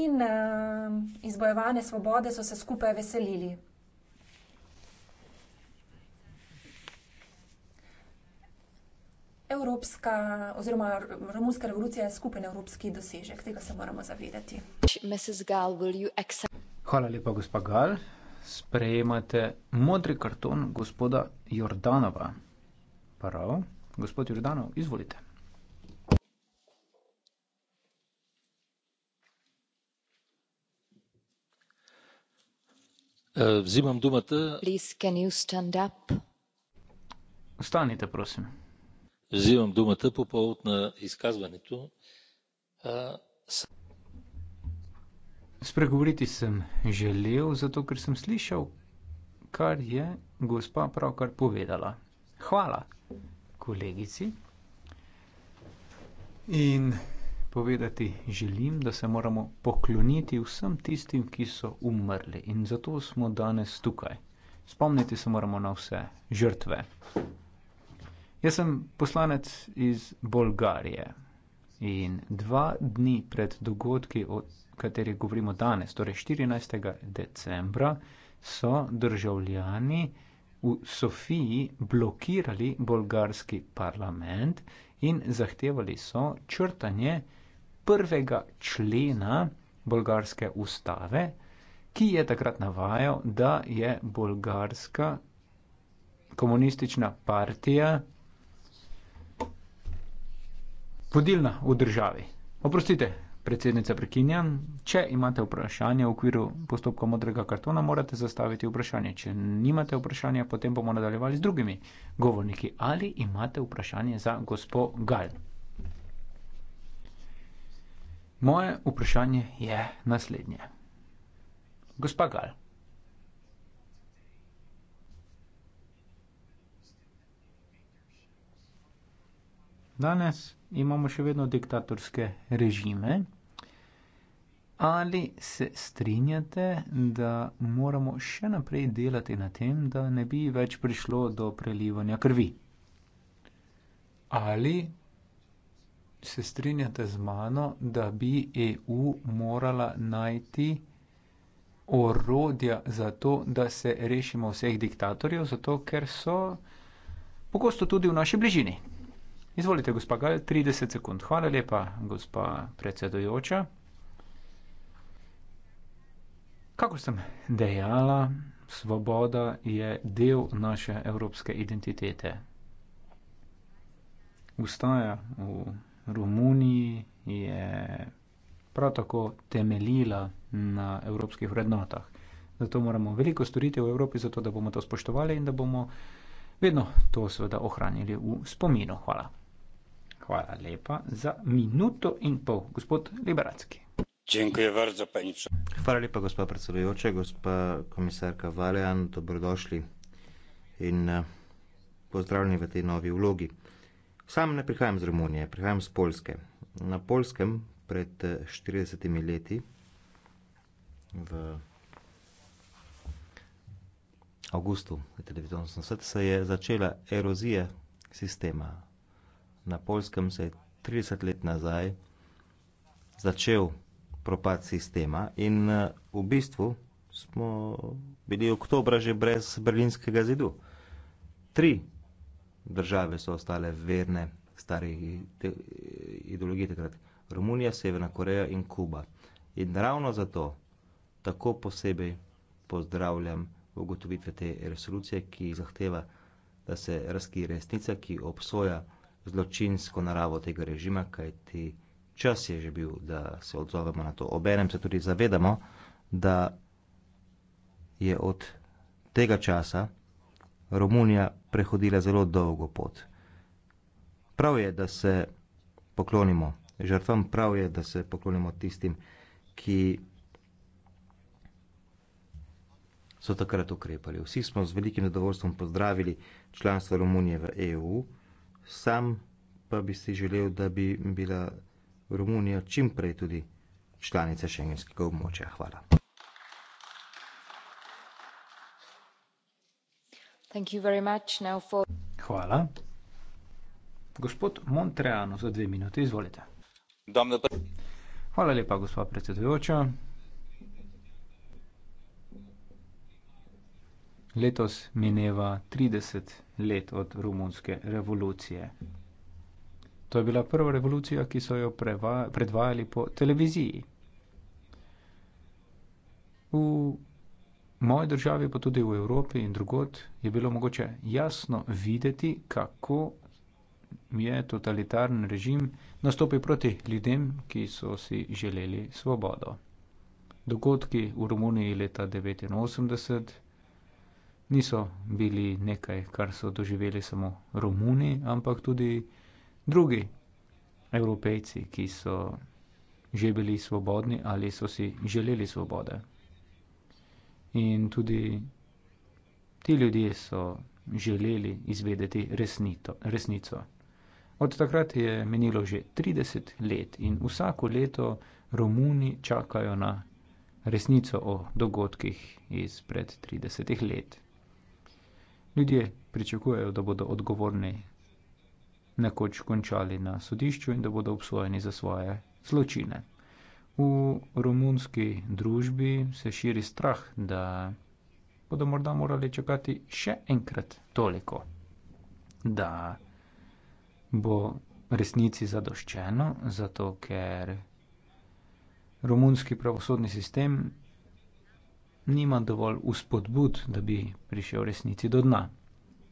in eh, izbojevane svobode so se skupaj veselili. evropska, oziroma romunska revolucija je skupen evropski dosežek, tega se moramo zavedati. Hvala lepa, gospa Gal. Sprejemate modri karton gospoda Jordanova. Prav, gospod Jordanov, izvolite. Uh, eh, zimam dumate. Please, can you stand up? Ustanite, prosim взимам думата по повод на изказването. Спреговорити съм желил, зато ker съм слышал, кар е госпа правкар поведала. Хвала, колегици. In povedati želim, da se moramo pokloniti vsem tistim, ki so umrli. In zato smo danes tukaj. Spomniti se moramo na vse žrtve. Jaz sem poslanec iz Bolgarije in dva dni pred dogodki, o katerih govorimo danes, torej 14. decembra, so državljani v Sofiji blokirali bolgarski parlament in zahtevali so črtanje prvega člena bolgarske ustave, ki je takrat navajal, da je bolgarska komunistična partija vodilna v državi. Oprostite, predsednica prekinjam. Če imate vprašanje v okviru postopka modrega kartona, morate zastaviti vprašanje. Če nimate vprašanja, potem bomo nadaljevali z drugimi govorniki. Ali imate vprašanje za gospo Gal? Moje vprašanje je naslednje. Gospa Gal. Danes imamo še vedno diktatorske režime. Ali se strinjate, da moramo še naprej delati na tem, da ne bi več prišlo do prelivanja krvi? Ali se strinjate z mano, da bi EU morala najti orodja za to, da se rešimo vseh diktatorjev, zato ker so pogosto tudi v naši bližini? Izvolite, gospa Gal, 30 sekund. Hvala lepa, gospa predsedojoča. Kako sem dejala, svoboda je del naše evropske identitete. Ustaja v Romuniji je prav tako temeljila na evropskih vrednotah. Zato moramo veliko storiti v Evropi, zato da bomo to spoštovali in da bomo vedno to seveda ohranili v spominu. Hvala. Hvala lepa. Za minuto in pol, gospod Liberacki. Hvala lepa, gospa predsedujoča, gospa komisarka Valejan, dobrodošli in eh, pozdravljeni v tej novi vlogi. Sam ne prihajam z Romunije, prihajam z Polske. Na Polskem pred 40 eh, leti, v avgustu 1980, se je začela erozija sistema na polskem se je 30 let nazaj začel propad sistema in eh, v bistvu smo bili oktobra že brez berlinskega zidu. Tri države so ostale verne stari ideologiji takrat. Romunija, Severna Koreja in Kuba. In ravno zato tako posebej pozdravljam ugotovitve te resolucije, ki zahteva, da se razkije resnica, ki obsoja zločinsko naravo tega režima, kajti čas je že bil, da se odzovemo na to. Obenem se tudi zavedamo, da je od tega časa Romunija prehodila zelo dolgo pot. Prav je, da se poklonimo žrtvam, prav je, da se poklonimo tistim, ki so takrat ukrepali. Vsi smo z velikim zadovoljstvom pozdravili članstvo Romunije v EU. Sam pa bi si želel, da bi bila Romunija čim prej tudi članica šengenskega območja. Hvala. Hvala. Gospod Montreano, za dve minute, izvolite. Hvala lepa, gospa predsedujoča. Letos mineva 30 let od rumunske revolucije. To je bila prva revolucija, ki so jo preva, predvajali po televiziji. V moji državi, pa tudi v Evropi in drugot, je bilo mogoče jasno videti, kako je totalitarni režim nastopil proti ljudem, ki so si želeli svobodo. Dogodki v Romuniji leta 1989 niso bili nekaj, kar so doživeli samo Romuni, ampak tudi drugi Evropejci, ki so že bili svobodni ali so si želeli svobode. In tudi ti ljudje so želeli izvedeti resnito, resnico. Od takrat je menilo že 30 let in vsako leto Romuni čakajo na resnico o dogodkih izpred 30 let ljudje pričakujejo da bodo odgovorni nekoč končali na sodišču in da bodo obsojeni za svoje zločine v romunski družbi se širi strah da bodo morda morali čakati še enkrat toliko da bo resnici zadoščeno zato ker romunski pravosodni sistem nima dovolj uspodbud, da bi prišel resnici do dna.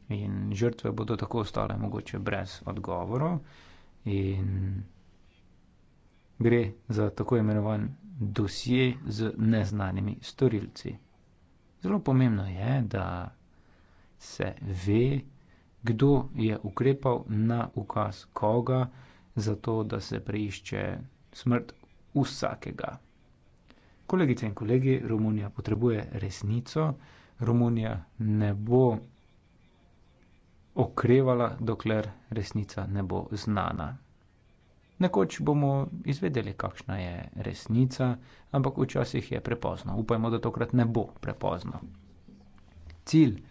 In žrtve bodo tako ostale mogoče brez odgovorov in gre za tako imenovan dosje z neznanimi storilci. Zelo pomembno je, da se ve, kdo je ukrepal na ukaz koga, zato da se preišče smrt vsakega. Kolegice in kolegi, Romunija potrebuje resnico. Romunija ne bo okrevala, dokler resnica ne bo znana. Nekoč bomo izvedeli, kakšna je resnica, ampak včasih je prepozno. Upajmo, da tokrat ne bo prepozno. Cilj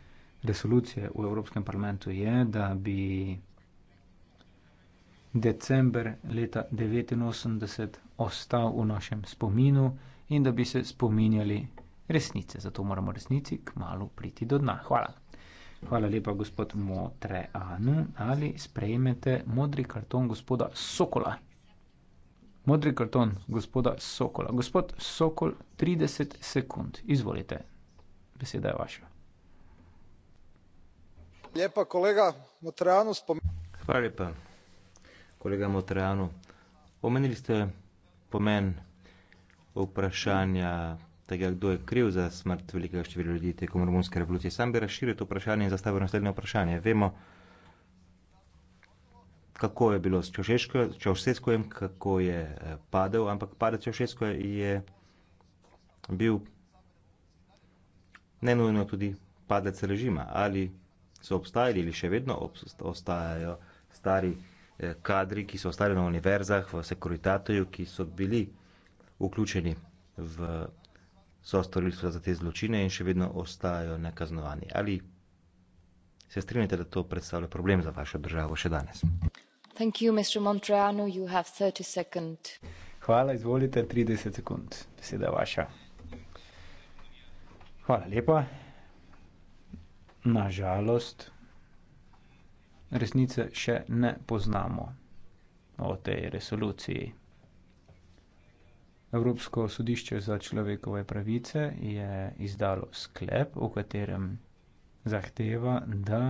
resolucije v Evropskem parlamentu je, da bi december leta 1989 ostal v našem spominu in da bi se spominjali resnice. Zato moramo resnici k malu priti do dna. Hvala. Hvala lepa, gospod Motre Anu. Ali sprejmete modri karton gospoda Sokola? Modri karton gospoda Sokola. Gospod Sokol, 30 sekund. Izvolite, beseda je vaša. Lepa, kolega Motreanu, spomenite. Hvala lepa, kolega Motreanu. Omenili ste pomen vprašanja tega, kdo je kriv za smrt velikega števila ljudi tekom romunske revolucije. Sam bi razširil to vprašanje in zastavil naslednje vprašanje. Vemo, kako je bilo s Čaušeskojem, kako je eh, padel, ampak padec Čaušeskoj je bil nenujno tudi padec režima. Ali so obstajali ili še vedno ostajajo stari eh, kadri, ki so ostali na univerzah v sekuritatoju, ki so bili vključeni v sostorilstvo za te zločine in še vedno ostajajo nekaznovani. Ali se strinjate, da to predstavlja problem za vašo državo še danes? Thank you, Mr. Montreano. You have 30 seconds. Hvala, izvolite, 30 sekund. Beseda je vaša. Hvala lepa. Nažalost, resnice še ne poznamo o tej resoluciji. Evropsko sodišče za človekove pravice je izdalo sklep, v katerem zahteva, da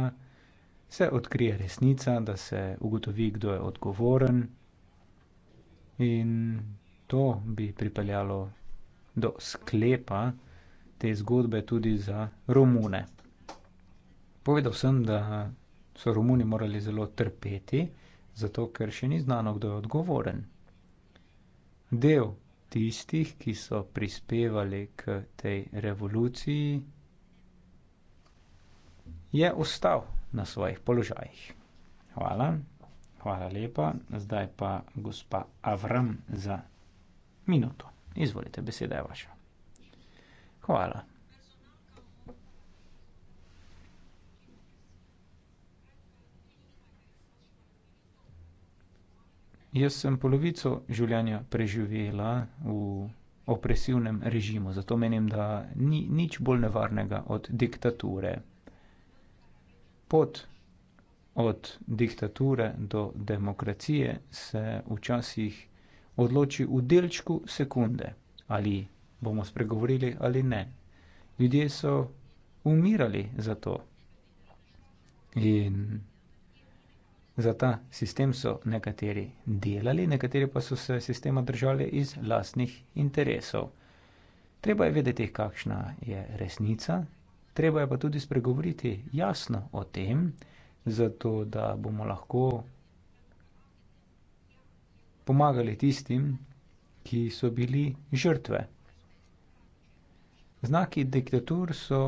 se odkrije resnica, da se ugotovi, kdo je odgovoren in to bi pripeljalo do sklepa te zgodbe tudi za Romune. Povedal sem, da so Romuni morali zelo trpeti, zato ker še ni znano, kdo je odgovoren. Del tistih, ki so prispevali k tej revoluciji, je ostal na svojih položajih. Hvala, hvala lepa. Zdaj pa gospa Avram za minuto. Izvolite, beseda je vaša. Hvala. jaz sem polovico življenja preživela v opresivnem režimu, zato menim, da ni nič bolj nevarnega od diktature. Pot od diktature do demokracije se včasih odloči v delčku sekunde, ali bomo spregovorili ali ne. Ljudje so umirali za to. In za ta sistem so nekateri delali, nekateri pa so se sistema držali iz lastnih interesov. Treba je vedeti, kakšna je resnica, treba je pa tudi spregovoriti jasno o tem, zato da bomo lahko pomagali tistim, ki so bili žrtve. Znaki diktatur so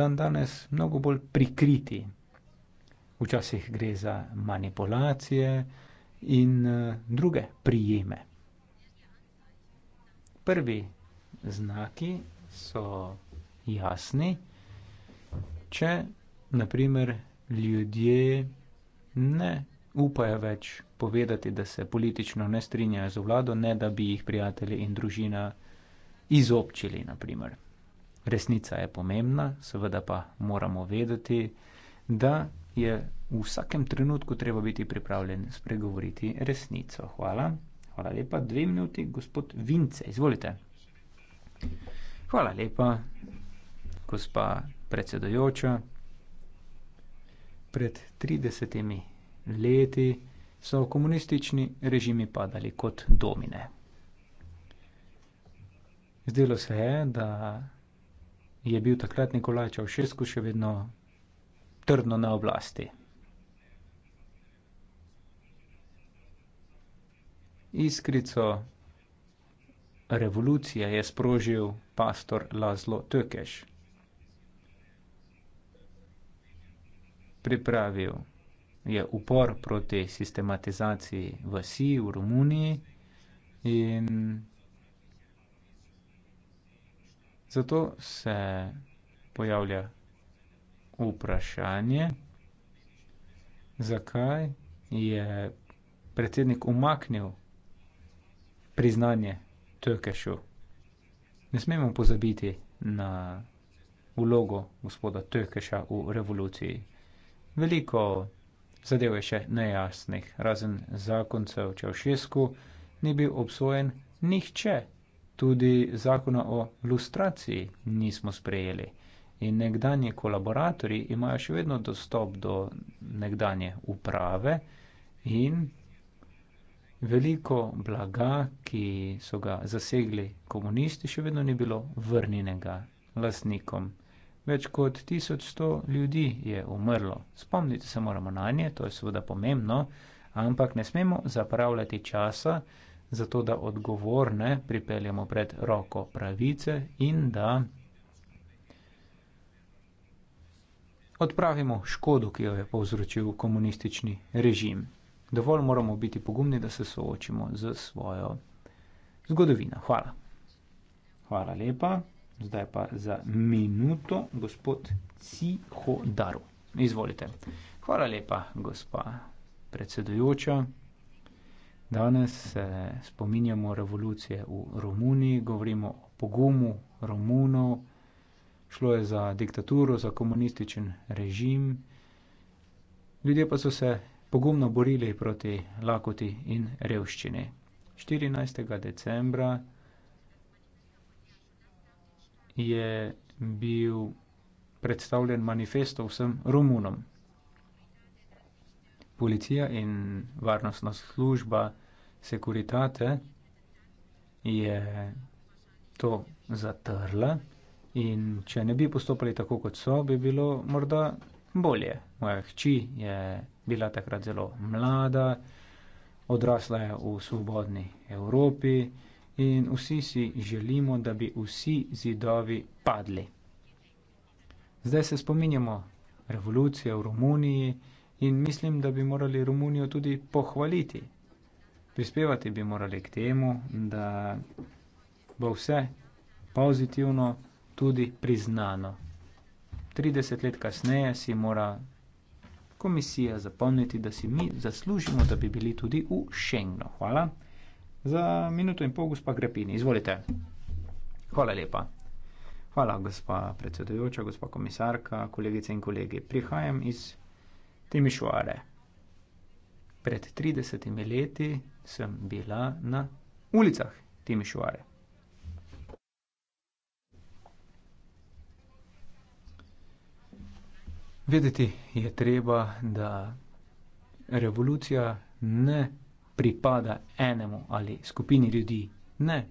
dan danes mnogo bolj prikriti včasih gre za manipulacije in eh, druge prijeme. Prvi znaki so jasni, če naprimer ljudje ne upajo več povedati, da se politično ne strinjajo z vlado, ne da bi jih prijatelji in družina izobčili, naprimer. Resnica je pomembna, seveda pa moramo vedeti, da je v vsakem trenutku treba biti pripravljen spregovoriti resnico. Hvala. Hvala lepa. Dve minuti, gospod Vince, izvolite. Hvala lepa, gospa predsedojoča. Pred 30 leti so komunistični režimi padali kot domine. Zdelo se je, da je bil takrat Nikolaj Čevšesku še vedno trdno na oblasti Iskrico revolucije je sprožil pastor Lazlo Tökes. Pripravil je upor proti sistematizaciji vasi v Romuniji in zato se pojavlja vprašanje, zakaj je predsednik umaknil priznanje Tökešu. Ne smemo pozabiti na vlogo gospoda Tökeša v revoluciji. Veliko zadev je še nejasnih, razen zakoncev Čevšesku ni bil obsojen nihče. Tudi zakona o lustraciji nismo sprejeli in nekdani kolaboratori imajo še vedno dostop do nekdanje uprave in veliko blaga, ki so ga zasegli komunisti, še vedno ni bilo vrnjenega lasnikom. Več kot 1100 ljudi je umrlo. Spomniti se moramo na nje, to je seveda pomembno, ampak ne smemo zapravljati časa, zato da odgovorne pripeljemo pred roko pravice in da odpravimo škodo, ki jo je povzročil komunistični režim. Dovolj moramo biti pogumni, da se soočimo z svojo zgodovino. Hvala. Hvala lepa. Zdaj pa za minuto gospod Cihodaru. Izvolite. Hvala lepa, gospa predsedujoča. Danes se spominjamo revolucije v Romuniji, govorimo o pogumu Romunov. Šlo je za diktaturo, za komunističen režim. Ljudje pa so se pogumno borili proti lakoti in revščini. 14. decembra je bil predstavljen manifesto vsem Romunom. Policija in varnostna služba Sekuritate je to zatrla, In če ne bi postopali tako, kot so, bi bilo morda bolje. Moja hči je bila takrat zelo mlada, odrasla je v svobodni Evropi in vsi si želimo, da bi vsi zidovi padli. Zdaj se spominjamo revolucije v Romuniji in mislim, da bi morali Romunijo tudi pohvaliti. Prispevati bi morali k temu, da bo vse pozitivno tudi priznano. 30 let kasneje si mora komisija zapomniti, da si mi zaslužimo, da bi bili tudi v Schengenu. Hvala. Za minuto in pol, gospa Grepini, izvolite. Hvala lepa. Hvala, gospa predsedujoča, gospa komisarka, kolegice in kolegi. Prihajam iz Timišoare. Pred 30 leti sem bila na ulicah Timišoare. Vedeti je treba, da revolucija ne pripada enemu ali skupini ljudi. Ne,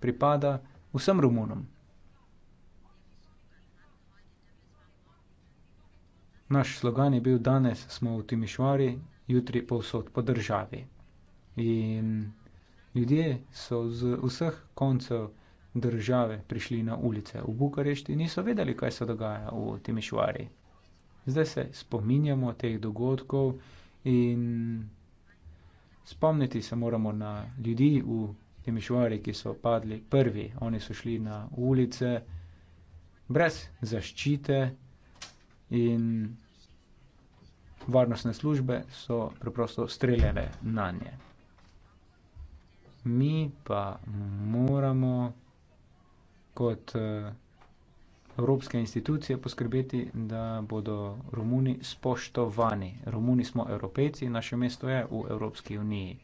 pripada vsem Romunom. Naš slogan je bil danes smo v Timišvari, jutri povsod po državi. In ljudje so z vseh koncev države prišli na ulice. V Bukarešti niso vedeli, kaj se dogaja v Timišvari. Zdaj se spominjamo teh dogodkov in spomniti se moramo na ljudi v Temišvari, ki so padli prvi. Oni so šli na ulice brez zaščite in varnostne službe so preprosto streljale na nje. Mi pa moramo kot uh, evropske institucije poskrbeti, da bodo Romuni spoštovani. Romuni smo evropejci, naše mesto je v Evropski uniji.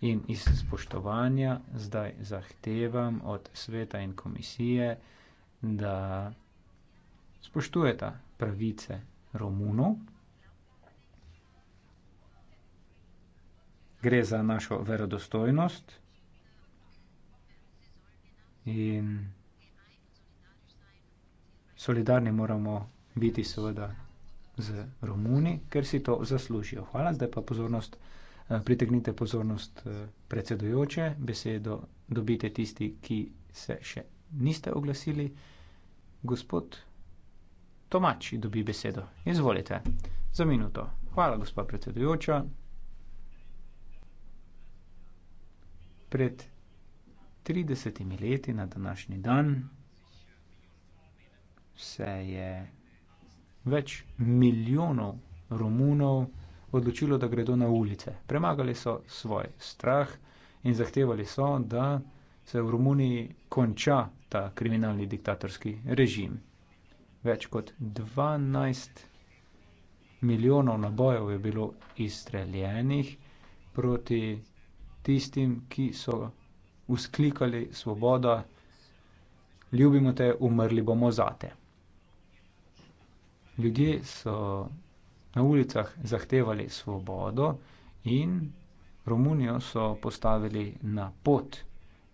In iz spoštovanja zdaj zahtevam od sveta in komisije, da spoštujeta pravice Romuno. Gre za našo verodostojnost. In solidarni moramo biti seveda z Romuni, ker si to zaslužijo. Hvala, zdaj pa pozornost, eh, pritegnite pozornost eh, predsedujoče, besedo dobite tisti, ki se še niste oglasili. Gospod Tomači dobi besedo. Izvolite, za minuto. Hvala, gospod predsedujoča. Pred 30 leti na današnji dan se je več milijonov Romunov odločilo, da gredo na ulice. Premagali so svoj strah in zahtevali so, da se v Romuniji konča ta kriminalni diktatorski režim. Več kot 12 milijonov nabojev je bilo izstreljenih proti tistim, ki so usklikali svoboda, ljubimo te, umrli bomo zate. Ljudje so na ulicah zahtevali svobodo in Romunijo so postavili na pot,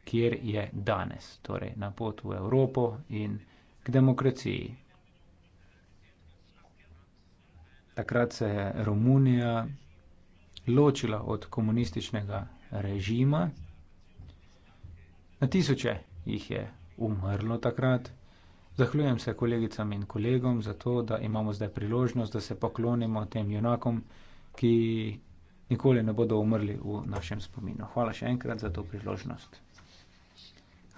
kjer je danes, torej na pot v Evropo in k demokraciji. Takrat se je Romunija ločila od komunističnega režima. Na tisoče jih je umrlo takrat. Zahvaljujem se kolegicam in kolegom za to, da imamo zdaj priložnost, da se poklonimo tem junakom, ki nikoli ne bodo umrli v našem spominu. Hvala še enkrat za to priložnost.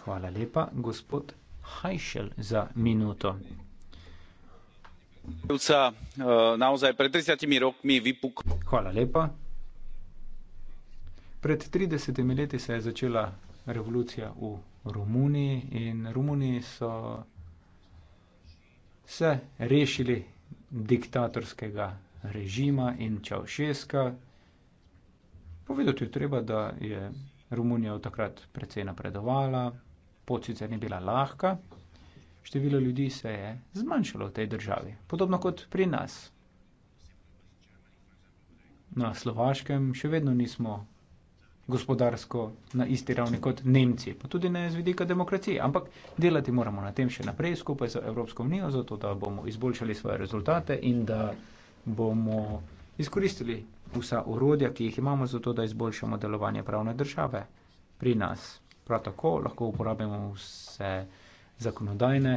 Hvala lepa, gospod Hajšel, za minuto. Hvala lepa. Pred 30 leti se je začela revolucija v Romuniji in Romuniji so se rešili diktatorskega režima in Čaušeska. Povedati je treba, da je Romunija od takrat precej napredovala, pot sicer ni bila lahka, število ljudi se je zmanjšalo v tej državi, podobno kot pri nas. Na Slovaškem še vedno nismo gospodarsko na isti ravni kot Nemci, pa tudi ne z vidika demokracije. Ampak delati moramo na tem še naprej skupaj z Evropsko unijo, zato da bomo izboljšali svoje rezultate in da bomo izkoristili vsa urodja, ki jih imamo, zato da izboljšamo delovanje pravne države pri nas. Prav tako lahko uporabimo vse zakonodajne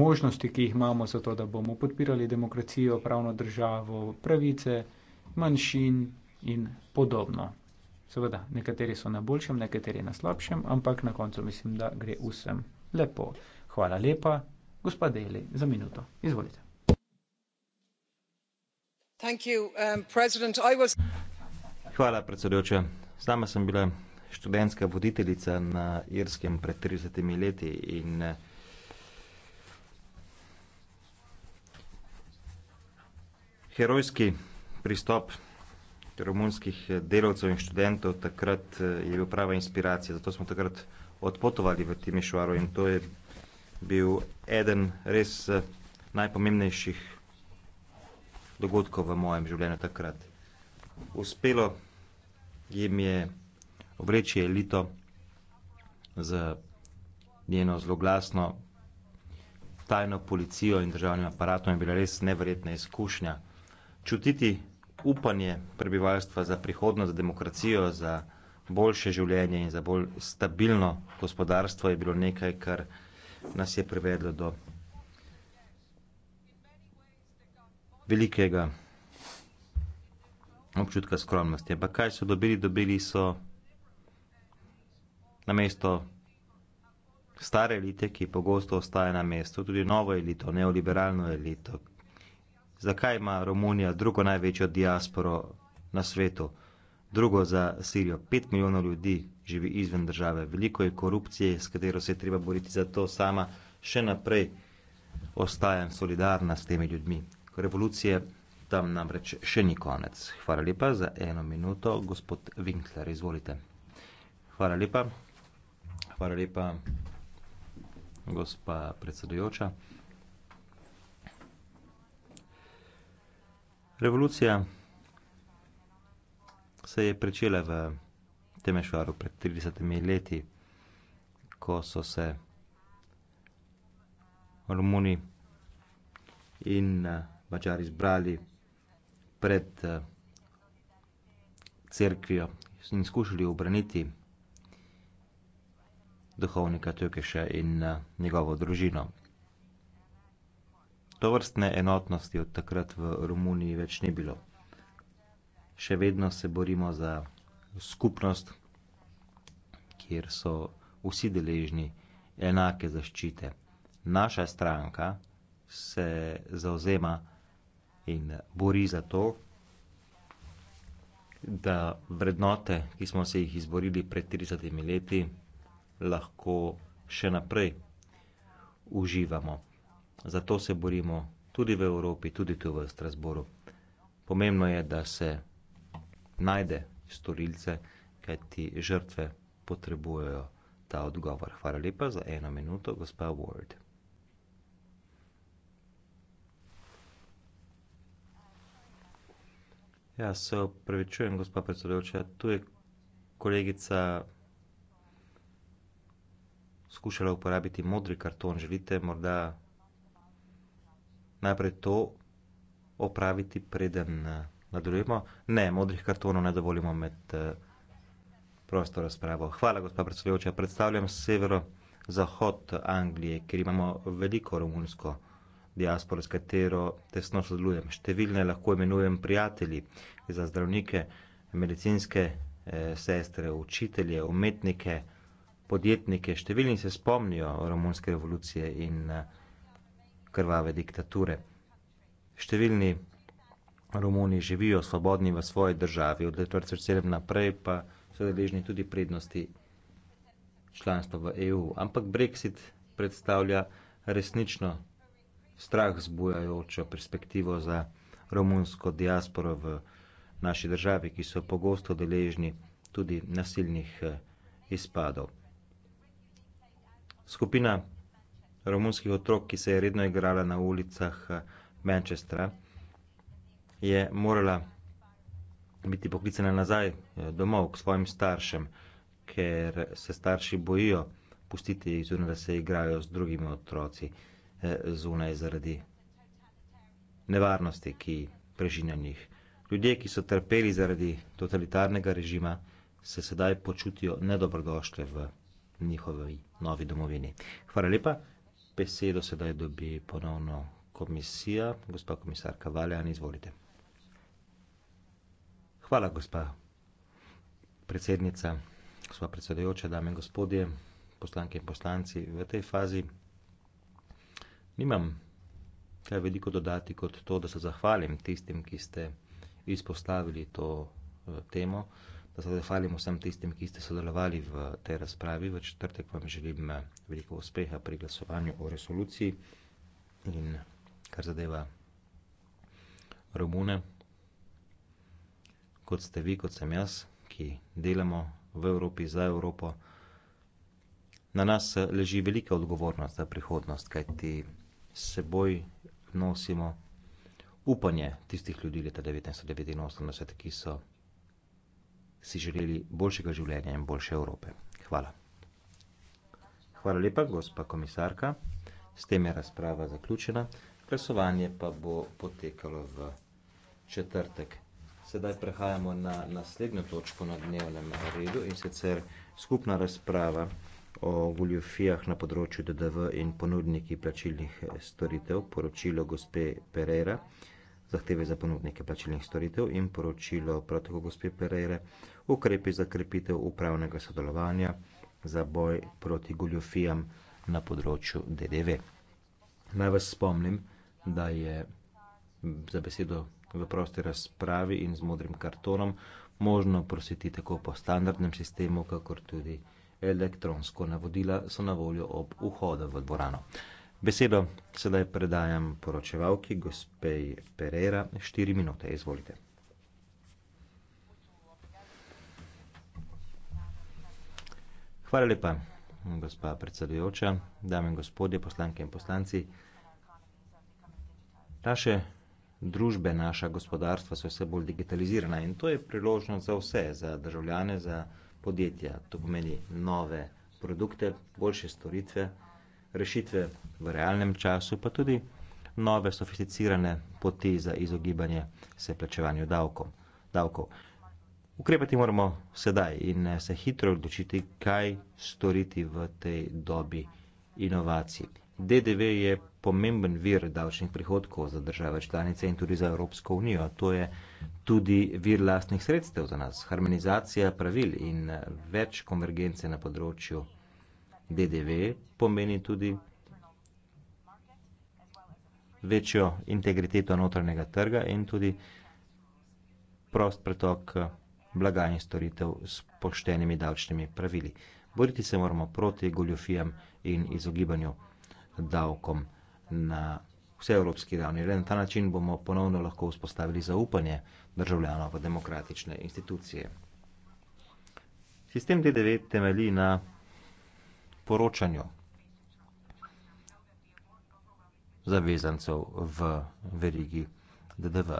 možnosti, ki jih imamo, zato da bomo podpirali demokracijo, pravno državo, pravice manjšin in podobno. Seveda, nekateri so na boljšem, nekateri na slabšem, ampak na koncu mislim, da gre vsem lepo. Hvala lepa, gospod Deli, za minuto. Izvolite. Um, Hvala, predsedujoča. S nama sem bila študentska voditeljica na Irskem pred 30 leti in eh, herojski pristop romunskih eh, delavcev in študentov takrat eh, je bila prava inspiracija. Zato smo takrat odpotovali v Timišvaro in to je bil eden res eh, najpomembnejših dogodkov v mojem življenju takrat. Uspelo jim je obreči elito z njeno zloglasno tajno policijo in državnim aparatom je bila res neverjetna izkušnja. Čutiti upanje prebivalstva za prihodnost, za demokracijo, za boljše življenje in za bolj stabilno gospodarstvo je bilo nekaj, kar nas je privedlo do velikega občutka skromnosti. Ampak kaj so dobili? Dobili so na mesto stare elite, ki pogosto ostaje na mestu, tudi novo elito, neoliberalno elito, zakaj ima Romunija drugo največjo diasporo na svetu, drugo za Sirijo. Pet milijonov ljudi živi izven države, veliko je korupcije, s katero se je treba boriti, zato sama še naprej ostajam solidarna s temi ljudmi. Revolucije tam namreč še ni konec. Hvala lepa za eno minuto, gospod Winkler, izvolite. Hvala lepa. Hvala lepa, gospa predsedujoča. revolucija se je začela v Temešvaru pred 30 leti, ko so se Romuni in eh, Mačari zbrali pred eh, cerkvijo in skušali obraniti duhovnika Tukeša in eh, njegovo družino. To vrstne enotnosti od takrat v Romuniji več ni bilo. Še vedno se borimo za skupnost, kjer so vsi deležni enake zaščite. Naša stranka se zauzema in bori za to, da vrednote, ki smo se jih izborili pred 30 leti, lahko še naprej uživamo za to se borimo tudi v Evropi, tudi tu v Strasboru. Pomembno je, da se najde storilce, kaj ti žrtve potrebujejo ta odgovor. Hvala lepa za eno minuto, gospa Ward. Ja, se opravičujem, gospa predsedujoča, tu je kolegica skušala uporabiti modri karton. Želite morda najprej to opraviti, preden eh, nadaljujemo. Ne, modrih kartonov ne dovolimo med eh, prosto razpravo. Hvala, gospa predsedujoča. Predstavljam severo-zahod Anglije, kjer imamo veliko romunsko diasporo, s katero tesno sodelujem. Številne lahko imenujem prijatelji za zdravnike, medicinske eh, sestre, učitelje, umetnike, podjetnike. Številni se spomnijo romunske revolucije in uh, krvave diktature. Številni Romuni živijo svobodni v svoji državi, od leta 2007 naprej pa so deležni tudi prednosti članstva v EU. Ampak Brexit predstavlja resnično strah zbujajočo perspektivo za romunsko diasporo v naši državi, ki so pogosto deležni tudi nasilnih eh, izpadov. Skupina romunskih otrok, ki se je redno igrala na ulicah eh, Manchestra, je morala biti poklicana nazaj eh, domov k svojim staršem, ker se starši bojijo pustiti jih zunaj, da se igrajo z drugimi otroci eh, zunaj zaradi nevarnosti, ki prežinja njih. Ljudje, ki so trpeli zaradi totalitarnega režima, se sedaj počutijo nedobrodošle v njihovi novi domovini. Hvala lepa. Besedo sedaj dobi ponovno komisija. Gospa komisarka Valjan, izvolite. Hvala, gospa predsednica, gospa predsedujoča, dame in gospodje, poslanke in poslanci. V tej fazi nimam kaj veliko dodati kot to, da se zahvalim tistim, ki ste izpostavili to eh, temo da se zahvalim vsem tistim, ki ste sodelovali v tej razpravi. V četrtek vam želim eh, veliko uspeha pri glasovanju o resoluciji in kar zadeva Romune, kot ste vi, kot sem jaz, ki delamo v Evropi za Evropo. Na nas eh, leži velika odgovornost za prihodnost, kajti seboj nosimo upanje tistih ljudi leta 1989, ki so si želeli boljšega življenja in boljše Evrope. Hvala. Hvala lepa, gospa komisarka. S tem je razprava zaključena. Glasovanje pa bo potekalo v četrtek. Sedaj prehajamo na naslednjo točko na dnevnem redu in sicer skupna razprava o goljofijah na področju DDV in ponudniki plačilnih storitev, poročilo gospe Pereira, zahteve za ponudnike plačilnih storitev in poročilo prav tako gospe Pereira, ukrepi za krepitev upravnega sodelovanja za boj proti goljufijam na področju DDV. Naj vas spomnim, da je za besedo v prosti razpravi in z modrim kartonom možno prositi tako po standardnem sistemu, kakor tudi elektronsko navodila so na voljo ob vhodu v dvorano. Besedo sedaj predajam poročevalki, gospe Pereira, štiri minute, izvolite. Hvala lepa, gospa predsedujoča, dame in gospodje, poslanke in poslanci. Naše družbe, naša gospodarstva so vse bolj digitalizirana in to je priložnost za vse, za državljane, za podjetja. To pomeni nove produkte, boljše storitve, rešitve v realnem času, pa tudi nove sofisticirane poti za izogibanje se plačevanju davkov. davkov. Ukrepati moramo sedaj in eh, se hitro odločiti, kaj storiti v tej dobi inovacij. DDV je pomemben vir davčnih prihodkov za države članice in tudi za Evropsko unijo. To je tudi vir lastnih sredstev za nas. Harmonizacija pravil in eh, več konvergence na področju DDV pomeni tudi večjo integriteto notranjega trga in tudi prost pretok eh, blaga in storitev s poštenimi davčnimi pravili. Boriti se moramo proti goljofijam in izogibanju davkom na vse evropski ravni. Le na ta način bomo ponovno lahko vzpostavili zaupanje državljanov v demokratične institucije. Sistem DDV temelji na poročanju zavezancev v verigi DDV.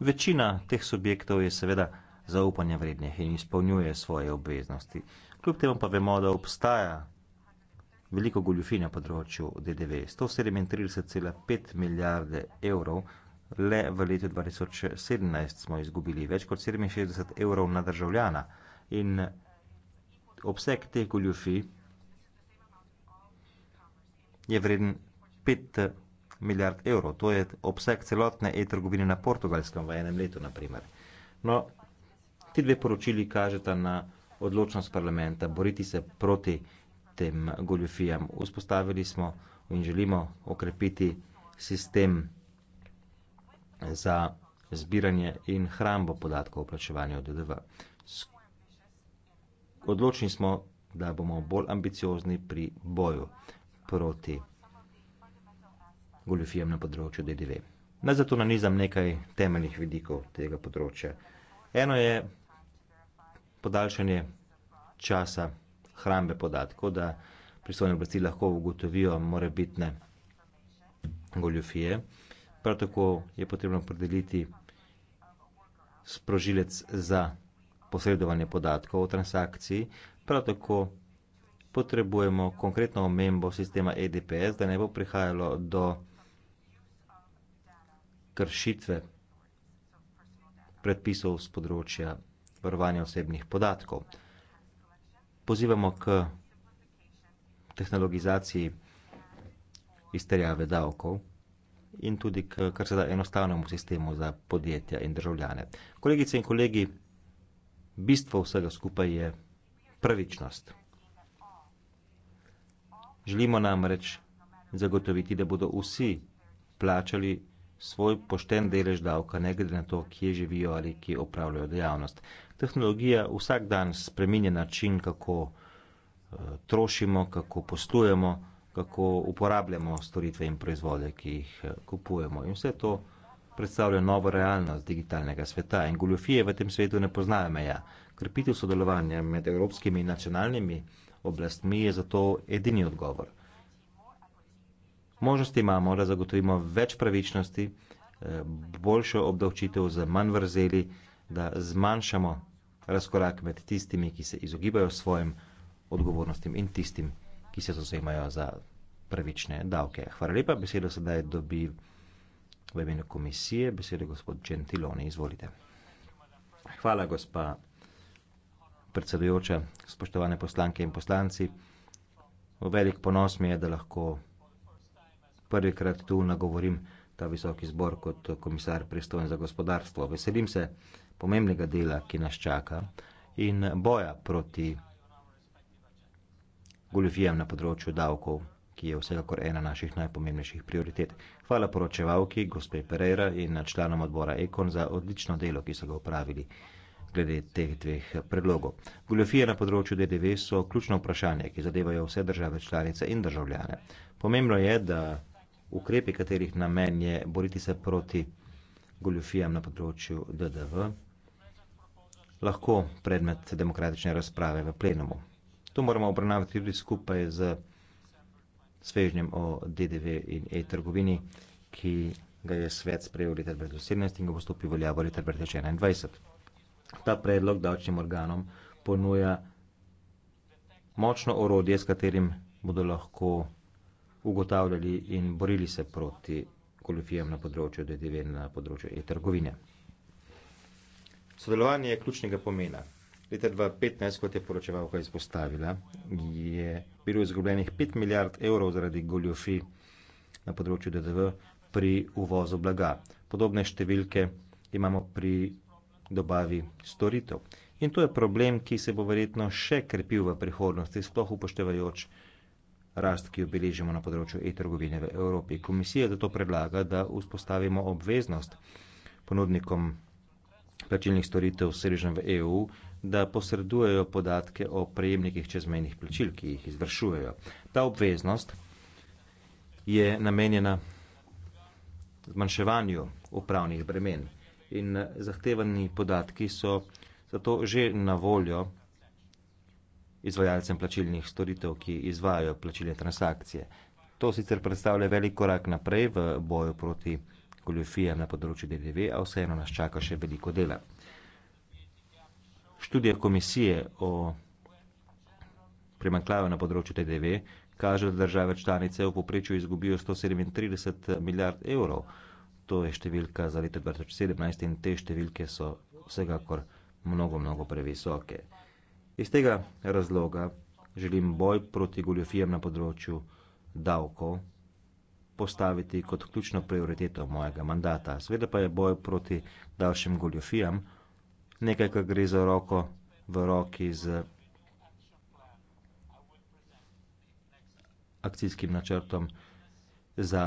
Večina teh subjektov je seveda zaupanja vrednih in izpolnjuje svoje obveznosti. Kljub temu pa vemo, da obstaja veliko goljufin na področju DDV. 137,5 milijarde evrov le v letu 2017 smo izgubili več kot 67 evrov na državljana in obseg teh goljufi je vreden 5 milijard evrov. To je obseg celotne e-trgovine na portugalskem v enem letu, naprimer. No, Ti dve poročili kažeta na odločnost parlamenta boriti se proti tem goljofijam. Vzpostavili smo in želimo okrepiti sistem za zbiranje in hrambo podatkov o plačevanju DDV. Odločni smo, da bomo bolj ambiciozni pri boju proti goljofijam na področju DDV. Naj zato nanizam nekaj temeljnih vidikov tega področja. Eno je podaljšanje časa hrambe podatkov, da pristojne oblasti lahko ugotovijo morebitne goljofije. Prav tako je potrebno opredeliti sprožilec za posredovanje podatkov o transakciji, prav tako potrebujemo konkretno omembo sistema EDPS, da ne bo prihajalo do kršitve predpisov z področja varovanja osebnih podatkov. Pozivamo k tehnologizaciji izterjave davkov in tudi k kar se da enostavnemu sistemu za podjetja in državljane. Kolegice in kolegi, bistvo vsega skupaj je pravičnost. Želimo namreč zagotoviti, da bodo vsi plačali svoj pošten delež davka, ne glede na to, kje živijo ali kje opravljajo dejavnost. Tehnologija vsak dan spreminja način, kako eh, trošimo, kako poslujemo, kako uporabljamo storitve in proizvode, ki jih eh, kupujemo. In vse to predstavlja novo realnost digitalnega sveta. In goljofije v tem svetu ne poznajo meja. Krpitev sodelovanja med evropskimi in nacionalnimi oblastmi je zato edini odgovor možnosti imamo, da zagotovimo več pravičnosti, eh, boljšo obdavčitev z manj vrzeli, da zmanjšamo razkorak med tistimi, ki se izogibajo svojim odgovornostim in tistim, ki se zauzemajo za pravične davke. Hvala lepa, besedo sedaj dobi v imenu komisije, besedo gospod Gentiloni, izvolite. Hvala, gospa predsedujoča, spoštovane poslanke in poslanci. Velik ponos mi je, da lahko prvi krat tu nagovorim ta visoki zbor kot komisar pristojen za gospodarstvo. Veselim se pomembnega dela, ki nas čaka in boja proti goljofijam na področju davkov, ki je vsekakor ena naših najpomembnejših prioritet. Hvala poročevalki, gospe Pereira in članom odbora Ekon za odlično delo, ki so ga upravili glede teh dveh predlogov. Goljofije na področju DDV so ključno vprašanje, ki zadevajo vse države članice in državljane. Pomembno je, da ukrepi, katerih namen je boriti se proti goljufijam na področju DDV, lahko predmet demokratične razprave v plenumu. To moramo obravnavati tudi skupaj z svežnjem o DDV in e-trgovini, ki ga je svet sprejel leta 2017 in ga bo stopil veljavo leta 2021. Ta predlog davčnim organom ponuja močno orodje, s katerim bodo lahko ugotavljali in borili se proti goljofijam na področju DDV in na področju e-trgovine. Sodelovanje je ključnega pomena. Leta 2015, kot je poročevalka izpostavila, je bilo izgubljenih 5 milijard evrov zaradi goljofij na področju DDV pri uvozu blaga. Podobne številke imamo pri dobavi storitev. In to je problem, ki se bo verjetno še krepil v prihodnosti, sploh upoštevajoč rast, ki jo beležimo na področju e-trgovine v Evropi. Komisija zato predlaga, da vzpostavimo obveznost ponudnikom plačilnih storitev sredžem v EU, da posredujejo podatke o prejemnikih čezmejnih plačil, ki jih izvršujejo. Ta obveznost je namenjena zmanjševanju upravnih bremen in zahtevani podatki so zato že na voljo izvajalcem plačilnih storitev, ki izvajajo plačilne transakcije. To sicer predstavlja velik korak naprej v boju proti goljofijam na področju DDV, a vseeno nas čaka še veliko dela. Študija komisije o premaklaju na področju DDV kaže, da države članice v poprečju izgubijo 137 milijard evrov. To je številka za leto 2017 in te številke so vsekakor mnogo, mnogo previsoke. Okay. Iz tega razloga želim boj proti goljofijam na področju davkov postaviti kot ključno prioriteto mojega mandata. Sveda pa je boj proti davšim goljofijam nekaj, kar gre za roko v roki z akcijskim načrtom za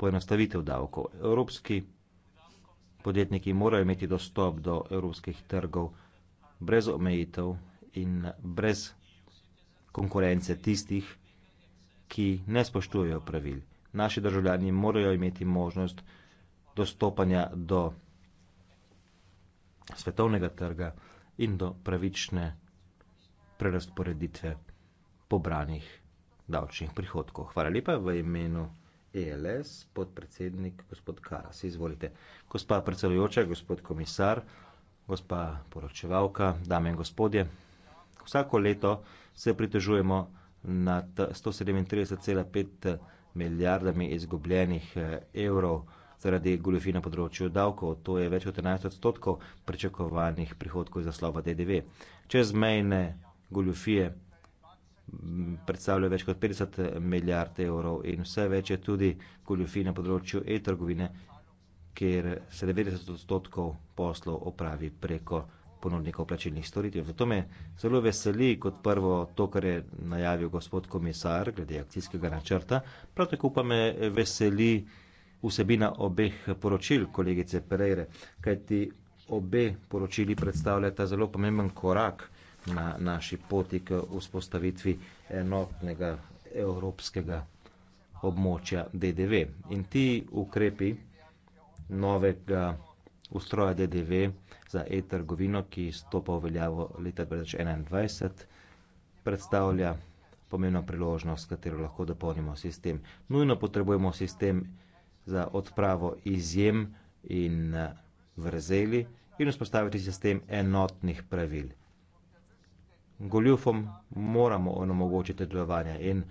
poenostavitev davkov. Evropski podjetniki morajo imeti dostop do evropskih trgov brez omejitev in brez konkurence tistih, ki ne spoštujejo pravil. Naši državljani morajo imeti možnost dostopanja do svetovnega trga in do pravične prerasporeditve pobranih davčnih prihodkov. Hvala lepa v imenu ELS, podpredsednik gospod Karas. Izvolite. Gospa predsedujoča, gospod komisar, gospa poročevalka, dame in gospodje. Vsako leto se pritožujemo nad 137,5 milijardami izgubljenih eh, evrov zaradi goljofina področju davkov. To je več kot 11 odstotkov pričakovanih prihodkov iz naslova DDV. Čezmejne goljofije predstavlja več kot 50 milijard evrov in vse več je tudi goljofij na področju e-trgovine, kjer 70 odstotkov poslov opravi preko ponudnikov plačilnih storitev. Zato me zelo veseli kot prvo to, kar je najavil gospod komisar glede akcijskega načrta. Prav tako pa me veseli vsebina obeh poročil kolegice Pereire, kajti obe poročili predstavljata zelo pomemben korak na naši poti k vzpostavitvi enotnega evropskega območja DDV. In ti ukrepi novega ustroja DDV za e-trgovino, ki stopa v veljavo leta 2021, predstavlja pomembno priložnost, s katero lahko dopolnimo sistem. Nujno potrebujemo sistem za odpravo izjem in vrzeli in vzpostaviti sistem enotnih pravil. Goljufom moramo onemogočiti delovanje in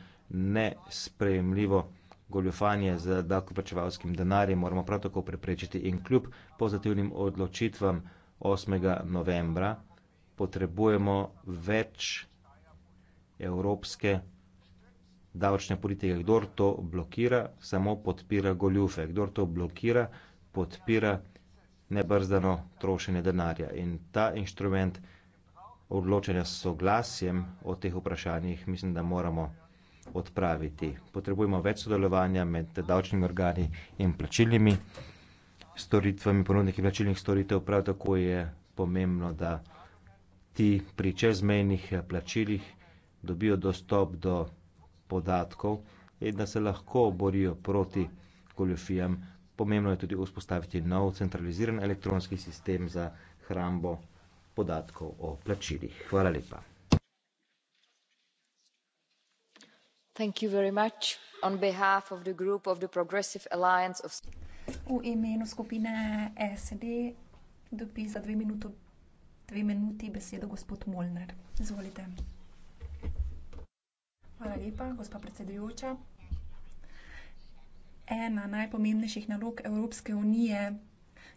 nesprejemljivo goljufanje z davkoplačevalskim denarjem moramo prav tako preprečiti in kljub pozitivnim odločitvam 8. novembra, potrebujemo več evropske davčne politike. Kdor to blokira, samo podpira goljufe. Kdor to blokira, podpira nebrzdano trošenje denarja. In ta inštrument odločanja s soglasjem o teh vprašanjih mislim, da moramo odpraviti. Potrebujemo več sodelovanja med davčnimi organi in plačilnimi storitvami, ponudniki plačilnih storitev, prav tako je pomembno, da ti pri čezmejnih plačilih dobijo dostop do podatkov in da se lahko borijo proti goljofijam. Pomembno je tudi vzpostaviti nov centraliziran elektronski sistem za hrambo podatkov o plačilih. Hvala lepa. Thank you very much. On behalf of the group of the Progressive Alliance of... V imenu skupine SD dobi za dve, minuto, dve minuti besedo gospod Molnar. Izvolite. Hvala lepa, gospa predsedujoča. Ena najpomembnejših nalog Evropske unije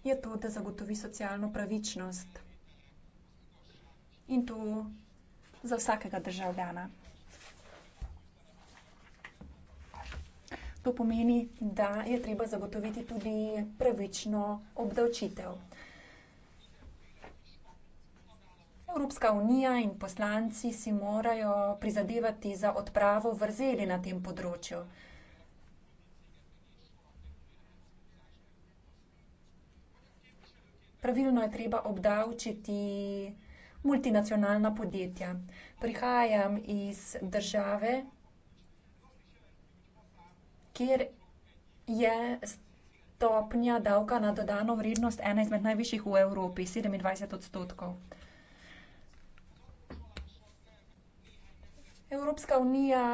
je to, da zagotovi socialno pravičnost. In to za vsakega državljana. To pomeni, da je treba zagotoviti tudi pravično obdavčitev. Evropska unija in poslanci si morajo prizadevati za odpravo vrzeli na tem področju. Pravilno je treba obdavčiti multinacionalna podjetja. Prihajam iz države, kjer je stopnja davka na dodano vrednost ena izmed najvišjih v Evropi, 27 odstotkov. Evropska unija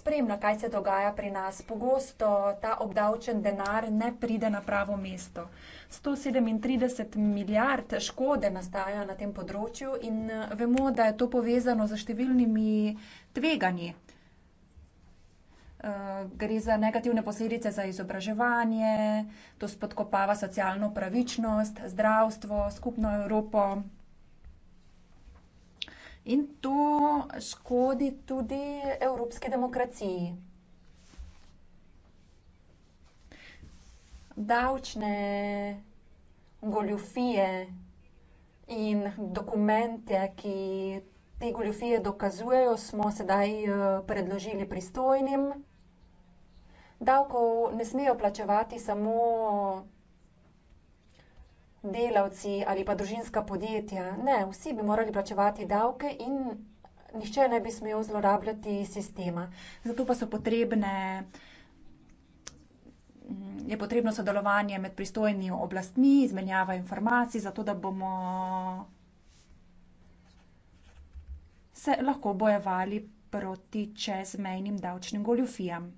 spremlja, kaj se dogaja pri nas. Pogosto ta obdavčen denar ne pride na pravo mesto. Sto sedemintrideset milijard škode nastaja na tem področju in vemo, da je to povezano s številnimi tveganji. Eh, gre za negativne posledice za izobraževanje, to spodkopava socialno pravičnost, zdravstvo, skupno Evropo. In to škodi tudi evropski demokraciji. Davčne goljufije in dokumente, ki te goljufije dokazujejo, smo sedaj eh, predložili pristojnim davkov ne smejo plačevati samo delavci ali pa družinska podjetja. Ne, vsi bi morali plačevati davke in nihče ne bi smel zlorabljati sistema. Zato pa so potrebne. Je potrebno sodelovanje med pristojnimi oblastmi, izmenjava informacij, zato da bomo se lahko bojevali proti čezmejnim davčnim goljufijam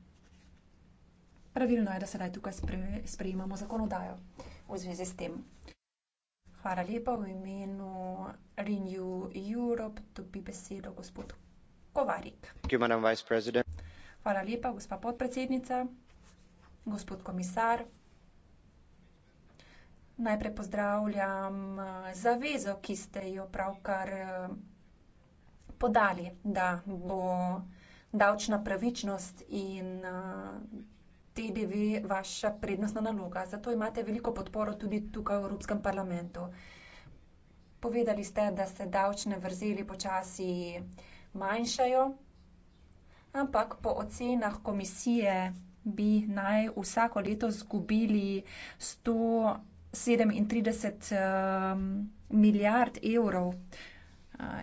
pravilno je, da sedaj tukaj sprejemamo zakonodajo v zvezi s tem. Hvala lepa v imenu Renew Europe, dobi besedo gospod Kovarik. Hvala lepa, gospa podpredsednica, gospod komisar. Najprej pozdravljam eh, zavezo, ki ste jo pravkar eh, podali, da bo davčna pravičnost in eh, TDV vaša prednostna naloga. Zato imate veliko podporo tudi tukaj v Evropskem parlamentu. Povedali ste, da se davčne vrzeli počasi manjšajo, ampak po ocenah komisije bi naj vsako leto zgubili 137 um, milijard evrov.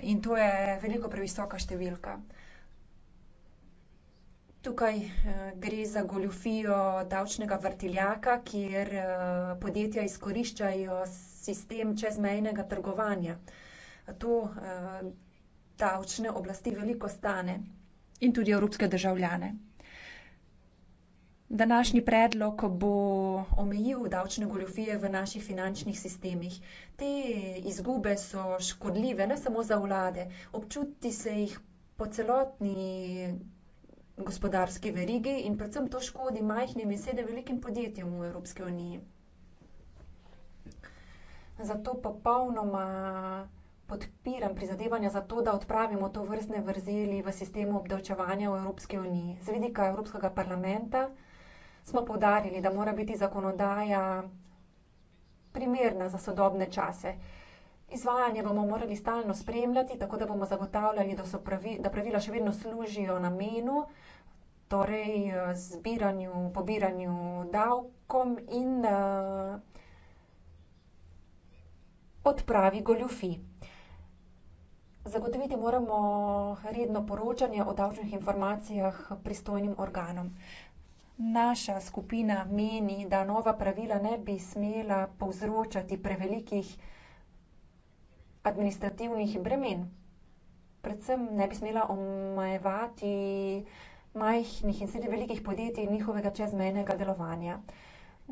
In to je veliko previsoka številka. Tukaj eh, gre za goljufijo davčnega vrtiljaka, kjer eh, podjetja izkoriščajo sistem čezmejnega trgovanja. To eh, davčne oblasti veliko stane. In tudi evropske državljane. Današnji predlog bo omejil davčne goljofije v naših finančnih sistemih. Te izgube so škodljive, ne samo za vlade. Občuti se jih po celotni gospodarski verigi in predvsem to škodi majhnim in sedem velikim podjetjem v Evropski uniji. Zato popolnoma podpiram prizadevanja za to, da odpravimo to vrstne vrzeli v sistemu obdavčevanja v Evropski uniji. Z vidika Evropskega parlamenta smo povdarili, da mora biti zakonodaja primerna za sodobne čase. Izvajanje bomo morali stalno spremljati, tako da bomo zagotavljali, da, pravi, da pravila še vedno služijo namenu, torej eh, zbiranju, pobiranju davkom in eh, odpravi goljufij. Zagotoviti moramo redno poročanje o davčnih informacijah pristojnim organom. Naša skupina meni, da nova pravila ne bi smela povzročati prevelikih administrativnih bremen. Predvsem ne bi smela omejevati majhnih in sedaj velikih podjetij in njihovega čezmejnega delovanja.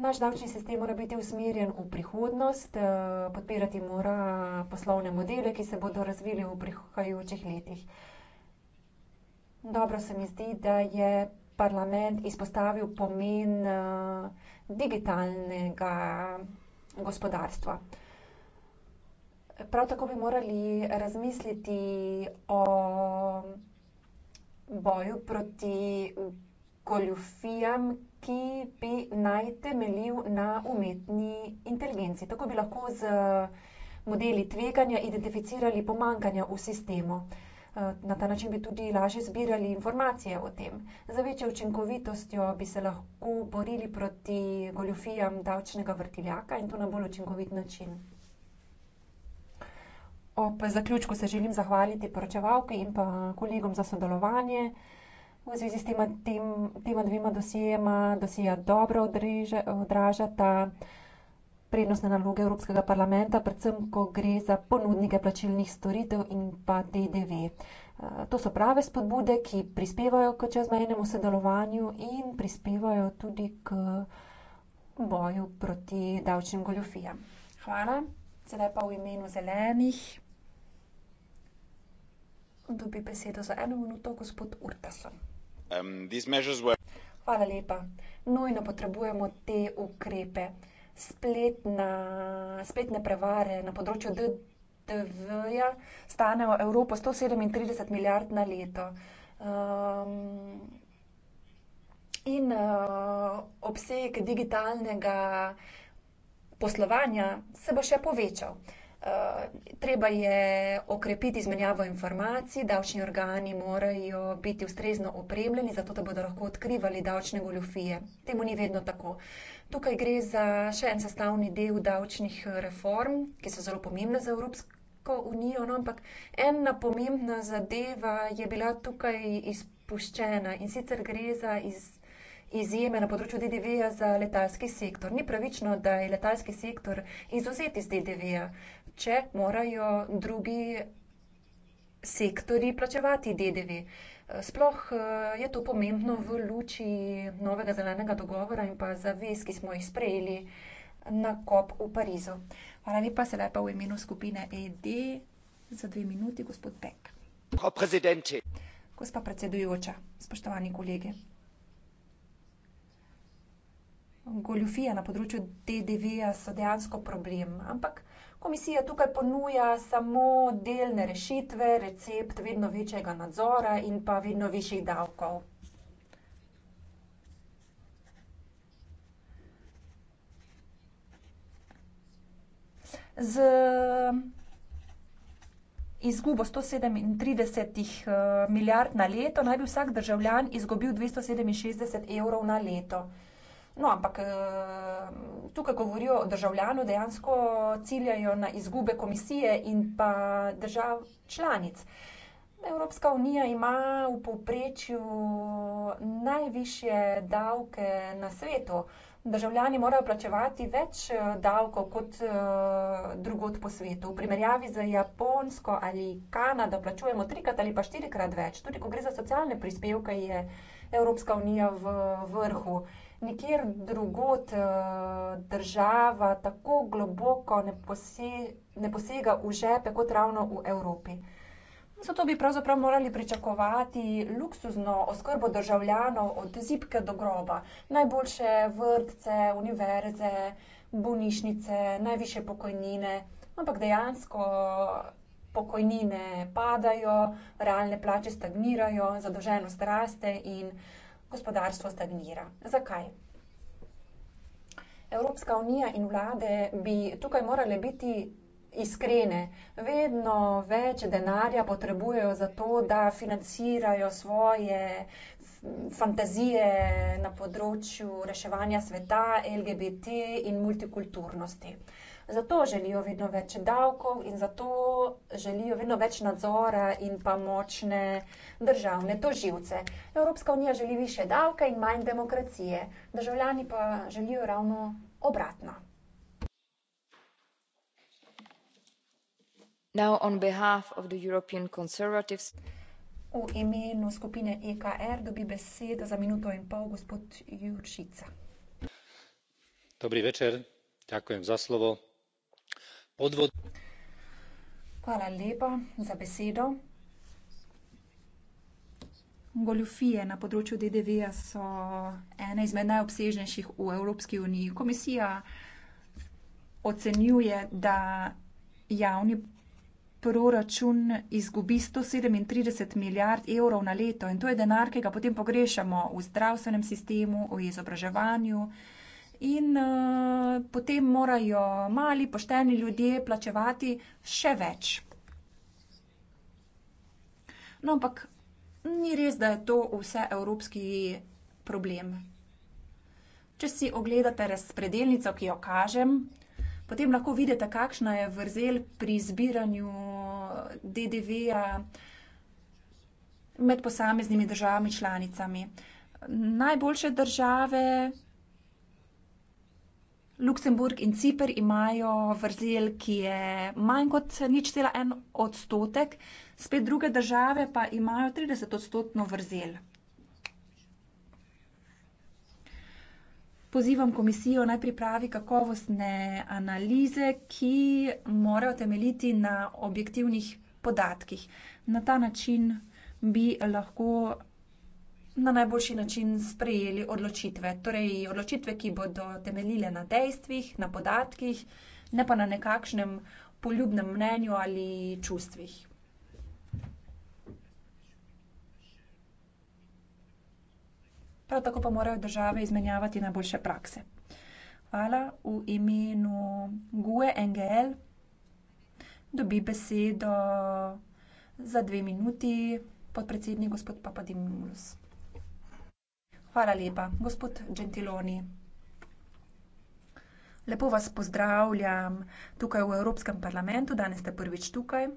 Naš davčni sistem mora biti usmerjen v prihodnost, eh, podpirati mora poslovne modele, ki se bodo razvili v prihajajočih letih. Dobro se mi zdi, da je parlament izpostavil pomen eh, digitalnega gospodarstva. Prav tako bi morali razmisliti o boju proti goljufijam, ki bi naj temeljil na umetni inteligenci. Tako bi lahko z modeli tveganja identificirali pomankanja v sistemu. Eh, na ta način bi tudi lažje zbirali informacije o tem. Za večjo učinkovitostjo bi se lahko borili proti goljufijam davčnega vrtiljaka in to na bolj učinkovit način. Ob zaključku se želim zahvaliti poročevalki in pa kolegom za sodelovanje v zvezi s tema, tem, tema dvema dosijema. Dosija dobro odražata prednostne naloge Evropskega parlamenta, predvsem, ko gre za ponudnike plačilnih storitev in pa DDV. To so prave spodbude, ki prispevajo k čezmejnemu sodelovanju in prispevajo tudi k boju proti davčnim goljofijam. Hvala. Sedaj pa v imenu zelenih. Dobi besedo za eno minuto, gospod Urtason. Um, were... Hvala lepa. Nujno potrebujemo te ukrepe. Spletna, spletne prevare na področju DDV-ja stanejo Evropo 137 milijard na leto. Um, in uh, obseg digitalnega poslovanja se bo še povečal. Eh, treba je okrepiti izmenjavo informacij, davčni organi morajo biti ustrezno opremljeni, zato da bodo lahko odkrivali davčne goljofije. Temu ni vedno tako. Tukaj gre za še en sestavni del davčnih eh, reform, ki so zelo pomembne za Evropsko. Unijo, no, ampak ena pomembna zadeva je bila tukaj izpuščena in sicer gre za iz, izjeme na področju DDV-ja za letalski sektor. Ni pravično, da je letalski sektor izuzet iz DDV-ja, uh, če morajo drugi sektori plačevati DDV. Eh, sploh eh, je to pomembno v luči novega zelenega dogovora in pa zavez, ki smo jih sprejeli na COP v Parizu. Hvala lepa, se lepa v imenu skupine ED za dve minuti, gospod Pek. Gospa predsedujoča, spoštovani kolege. Goljufije na področju DDV-ja so dejansko problem, ampak Komisija tukaj ponuja samo delne rešitve, recept vedno večjega nadzora in pa vedno višjih davkov. Z izgubo 137 eh, milijard na leto naj bi vsak državljan izgubil 267 evrov na leto. No, ampak eh, tukaj govorijo o državljanu, dejansko ciljajo na izgube komisije in pa držav članic. Evropska unija ima v povprečju najviše davke na svetu. Državljani morajo plačevati več eh, davkov kot eh, drugot po svetu. V primerjavi za Japonsko ali Kanado plačujemo trikrat ali pa štirikrat več. Tudi, ko gre za socialne prispevke, je Evropska unija v vrhu nikjer drugot eh, država tako globoko ne, pose, ne posega v žepe kot ravno v Evropi. Zato bi pravzaprav morali pričakovati luksuzno oskrbo državljanov od zipke do groba. Najboljše vrtce, univerze, bolnišnice, najviše pokojnine, ampak dejansko pokojnine padajo, realne plače stagnirajo, zadolženost raste in gospodarstvo stagnira. Zakaj? Evropska unija in vlade bi tukaj morale biti iskrene. Vedno več denarja potrebujejo za to, da financirajo svoje fantazije na področju reševanja sveta, LGBT in multikulturnosti. Zato želijo vedno več davkov in zato želijo vedno več nadzora in pa močne državne toživce. Evropska unija želi više davke in manj demokracije, državljani pa želijo ravno obratno. Now on behalf of the European Conservatives. V imenu skupine EKR dobi besedo za minuto in pol gospod Juršica. Dobri večer, ďakujem za slovo. Odvod. Hvala lepa za besedo. Goljufije na področju DDV-ja so ene izmed najobsežnejših v Evropski uniji. Komisija ocenjuje, da javni proračun izgubi sto sedemintrideset milijard evrov na leto in to je denar, ki ga potem pogrešamo v zdravstvenem sistemu, v izobraževanju, in uh, potem morajo mali pošteni ljudje plačevati še več. No, ampak ni res, da je to vse evropski problem. Če si ogledate razpredelnico, ki jo kažem, potem lahko vidite, kakšna je vrzel pri zbiranju eh, DDV-ja med posameznimi državami članicami. Najboljše države Luksemburg in Cipr imajo vrzel, ki je manj kot nič cela en odstotek, spet druge države pa imajo 30 odstotno vrzel. Pozivam komisijo naj pripravi kakovostne analize, ki morajo temeljiti na objektivnih podatkih. Na ta način bi lahko na najboljši način sprejeli odločitve. Torej, odločitve, ki bodo temeljile na dejstvih, na podatkih, ne pa na nekakšnem poljubnem mnenju ali čustvih. Prav tako pa morajo države izmenjavati najboljše prakse. Hvala v imenu GUE NGL. Dobi besedo za dve minuti podpredsednik gospod Papadimulus. Hvala lepa. Gospod Gentiloni, lepo vas pozdravljam tukaj v Evropskem parlamentu, danes ste prvič tukaj. Eh,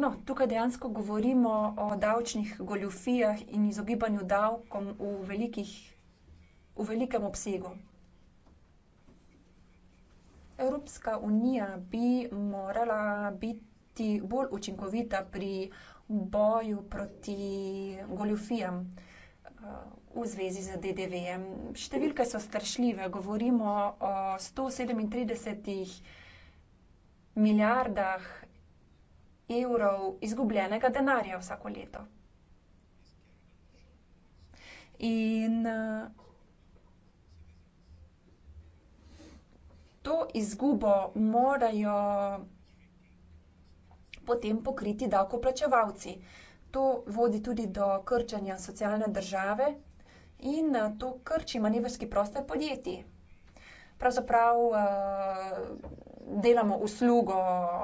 no, tukaj dejansko govorimo o davčnih goljufijah in izogibanju davkom v velikih, v velikem obsegu. Evropska unija bi morala biti bolj učinkovita pri boju proti goljufijam eh, v zvezi z DDV. -em. Številke so strašljive. Govorimo o 137 milijardah evrov izgubljenega denarja vsako leto. In eh, to izgubo morajo potem pokriti davkoplačevalci. To vodi tudi do krčanja socialne države in eh, to krči manevrski prostor podjetij. Pravzaprav eh, delamo uslugo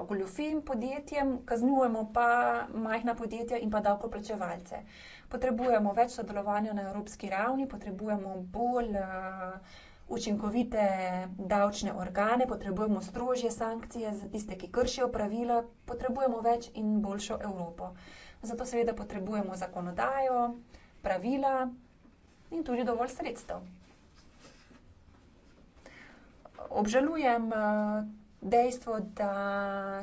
goljofim podjetjem, kaznujemo pa majhna podjetja in pa davkoplačevalce. Potrebujemo več sodelovanja na evropski ravni, potrebujemo bolj. Uh, učinkovite davčne organe, potrebujemo strožje sankcije za tiste, ki kršijo pravila, potrebujemo več in boljšo Evropo. Zato seveda potrebujemo zakonodajo, pravila in tudi dovolj sredstev. Obžalujem eh, dejstvo, da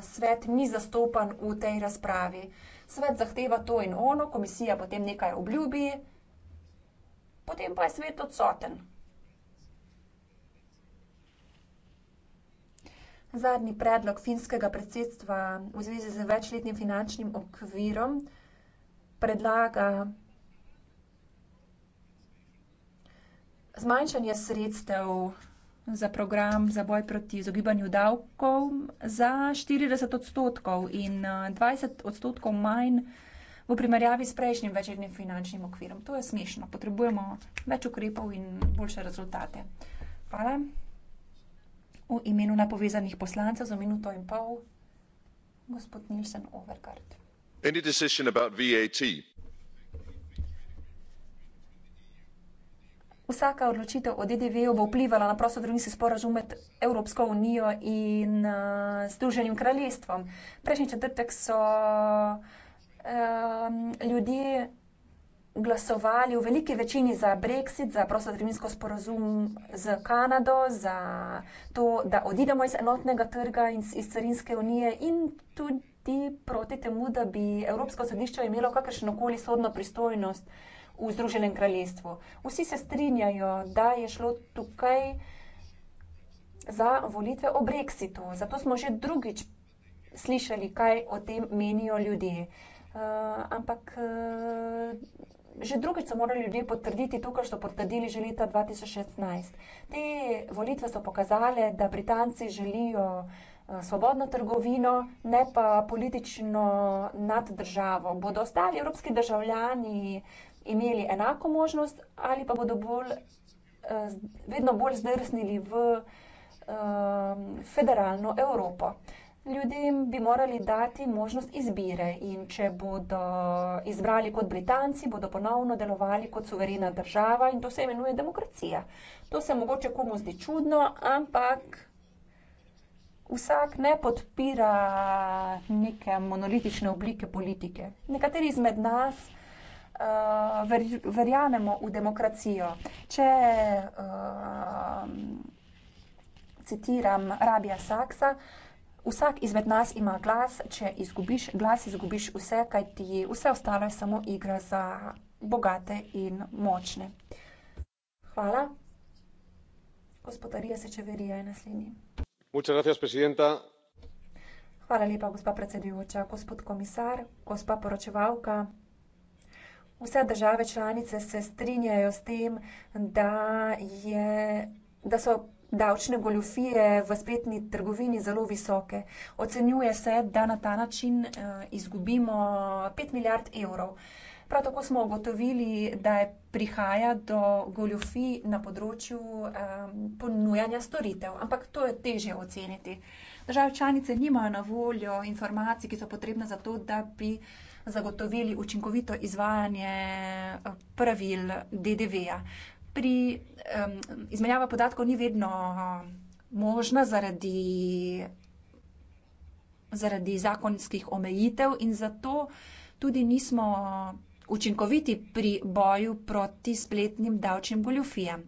svet ni zastopan v tej razpravi. Svet zahteva to in ono, komisija potem nekaj obljubi, potem pa je svet odsoten. Zadnji predlog finskega predsedstva v zvezi z večletnim finančnim okvirom predlaga zmanjšanje sredstev za program za boj proti zogibanju davkov za 40 odstotkov in 20 eh, odstotkov manj v primerjavi s prejšnjim večletnim finančnim okvirom. To je smešno. Potrebujemo več ukrepov in boljše rezultate. Hvala v imenu napovezanih poslancev za minuto in pol gospod Nielsen Overgard. Any decision about VAT? Vsaka odločitev o DDV-ju bo vplivala na prostotrgovinski sporazum med Evropsko unijo in uh, Združenim kraljestvom. Prejšnji četrtek so uh, ljudje glasovali v veliki večini za brexit, za prostotrgovinsko sporozum z Kanado, za to, da odidemo iz enotnega trga in iz carinske unije in tudi proti temu, da bi Evropsko sodišče imelo kakršnokoli sodno pristojnost v Združenem kraljestvu. Vsi se strinjajo, da je šlo tukaj za volitve o brexitu. Zato smo že drugič slišali, kaj o tem menijo ljudje. Uh, ampak uh, že drugič so morali ljudje potrditi to, kar so potrdili že leta 2016. Te volitve so pokazale, da Britanci želijo eh, svobodno trgovino, ne pa politično nad državo. Bodo ostali evropski državljani imeli enako možnost ali pa bodo bolj, eh, vedno bolj zdrsnili v eh, federalno Evropo ljudem bi morali dati možnost izbire in če bodo izbrali kot Britanci, bodo ponovno delovali kot suverena država in to se imenuje demokracija. To se mogoče komu zdi čudno, ampak vsak ne podpira neke monolitične oblike politike. Nekateri izmed nas uh, ver, verjamemo v demokracijo. Če uh, citiram Rabija Saksa, Vsak izmed nas ima glas, če izgubiš glas, izgubiš vse, kaj ti je, vse ostalo je samo igra za bogate in močne. Hvala. Gospodarija Sečeverija je naslednji. Muchas gracias, presidenta. Hvala lepa, gospa predsedujoča, gospod komisar, gospa poročevalka. Vse države članice se strinjajo s tem, da je, da so davčne goljofije v spletni trgovini zelo visoke. Ocenjuje se, da na ta način eh, izgubimo 5 milijard evrov. Prav tako smo ugotovili, da prihaja do goljofij na področju eh, ponujanja storitev, ampak to je teže oceniti. Države članice nimajo na voljo informacij, ki so potrebne za to, da bi zagotovili učinkovito izvajanje eh, pravil DDV-ja pri um, izmenjavi podatkov ni vedno možna zaradi, zaradi zakonskih omejitev in zato tudi nismo učinkoviti pri boju proti spletnim davčnim goljufijam.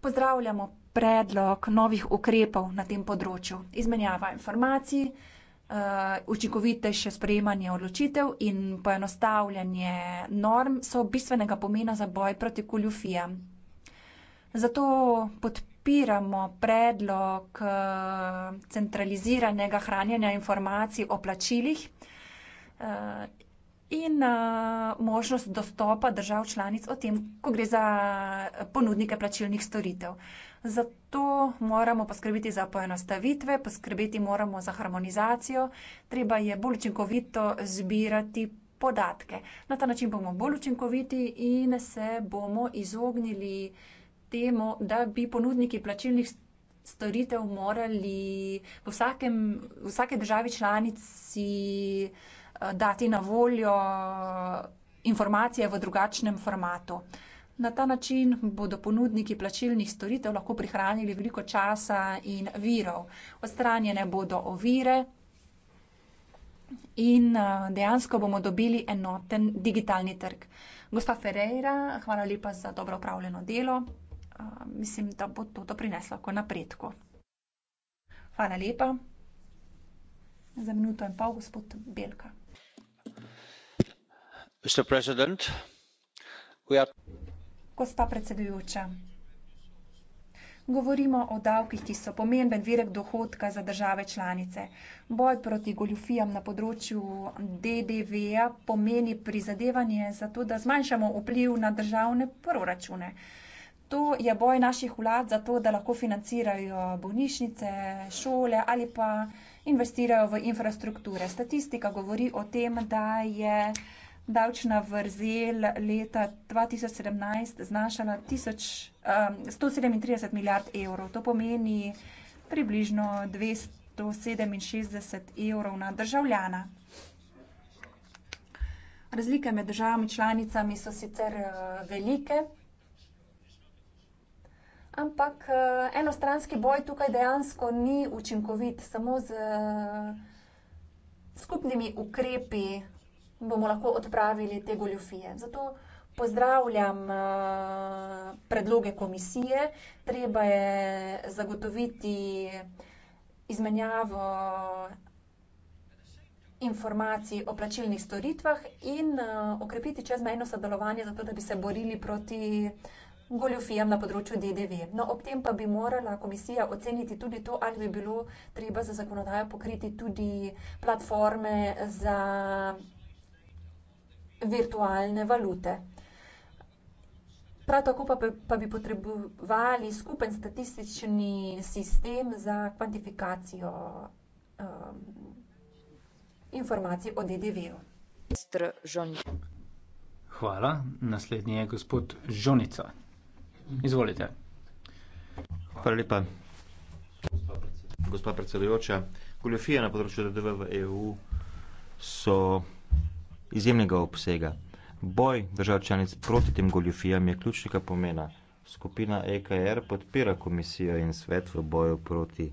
Pozdravljamo predlog novih ukrepov na tem področju. Izmenjava informacij. Eh, učinkovitejše sprejemanje odločitev in poenostavljanje norm so bistvenega pomena za boj proti goljufijam. Zato podpiramo predlog eh, centraliziranega hranjenja informacij o plačilih eh, in možnost dostopa držav članic o tem, ko gre za ponudnike plačilnih storitev. Zato moramo poskrbeti za poenostavitve, poskrbeti moramo za harmonizacijo, treba je bolj učinkovito zbirati podatke. Na ta način bomo bolj učinkoviti in se bomo izognili temu, da bi ponudniki plačilnih storitev morali v, vsakem, v vsake državi članici eh, dati na voljo informacije v drugačnem formatu. Na ta način bodo ponudniki plačilnih storitev lahko prihranili veliko časa in virov. Odstranjene bodo ovire in eh, dejansko bomo dobili enoten digitalni trg. Gospa Ferreira, hvala lepa za dobro upravljeno delo. Eh, mislim, da bo to doprineslo k napredku. Hvala lepa. Za minuto in pol, gospod Belka. Mr. President, we are gospa predsedujoča. Govorimo o davkih, ki so pomemben virek dohodka za države članice. Boj proti goljufijam na področju DDV-ja pomeni prizadevanje za to, da zmanjšamo vpliv na državne proračune. To je boj naših vlad za to, da lahko financirajo bolnišnice, šole ali pa investirajo v infrastrukture. Statistika govori o tem, da je davčna vrzel leta 2017 znašala 137 um, milijard evrov. To pomeni približno 267 evrov na državljana. Razlike med državami članicami so sicer uh, velike, ampak uh, enostranski boj tukaj dejansko ni učinkovit, samo z skupnimi ukrepi bomo lahko odpravili te goljofije. Zato pozdravljam eh, predloge komisije, treba je zagotoviti izmenjavo informacij o plačilnih storitvah in eh, okrepiti čezmejno sodelovanje, zato da bi se borili proti goljofijam na področju DDV. No, ob tem pa bi morala komisija oceniti tudi to, ali bi bilo treba za zakonodajo pokriti tudi platforme za virtualne valute. Prav tako pa, pa bi potrebovali skupen statistični sistem za kvantifikacijo um, informacij o DDV-ju. Hvala. Naslednji je gospod Žonica. Izvolite. Hvala lepa. Gospa predsedujoča, goljofije na področju DDV v EU so izjemnega obsega. Boj držav članic proti tem goljufijam je ključnega pomena. Skupina EKR podpira komisijo in svet v boju proti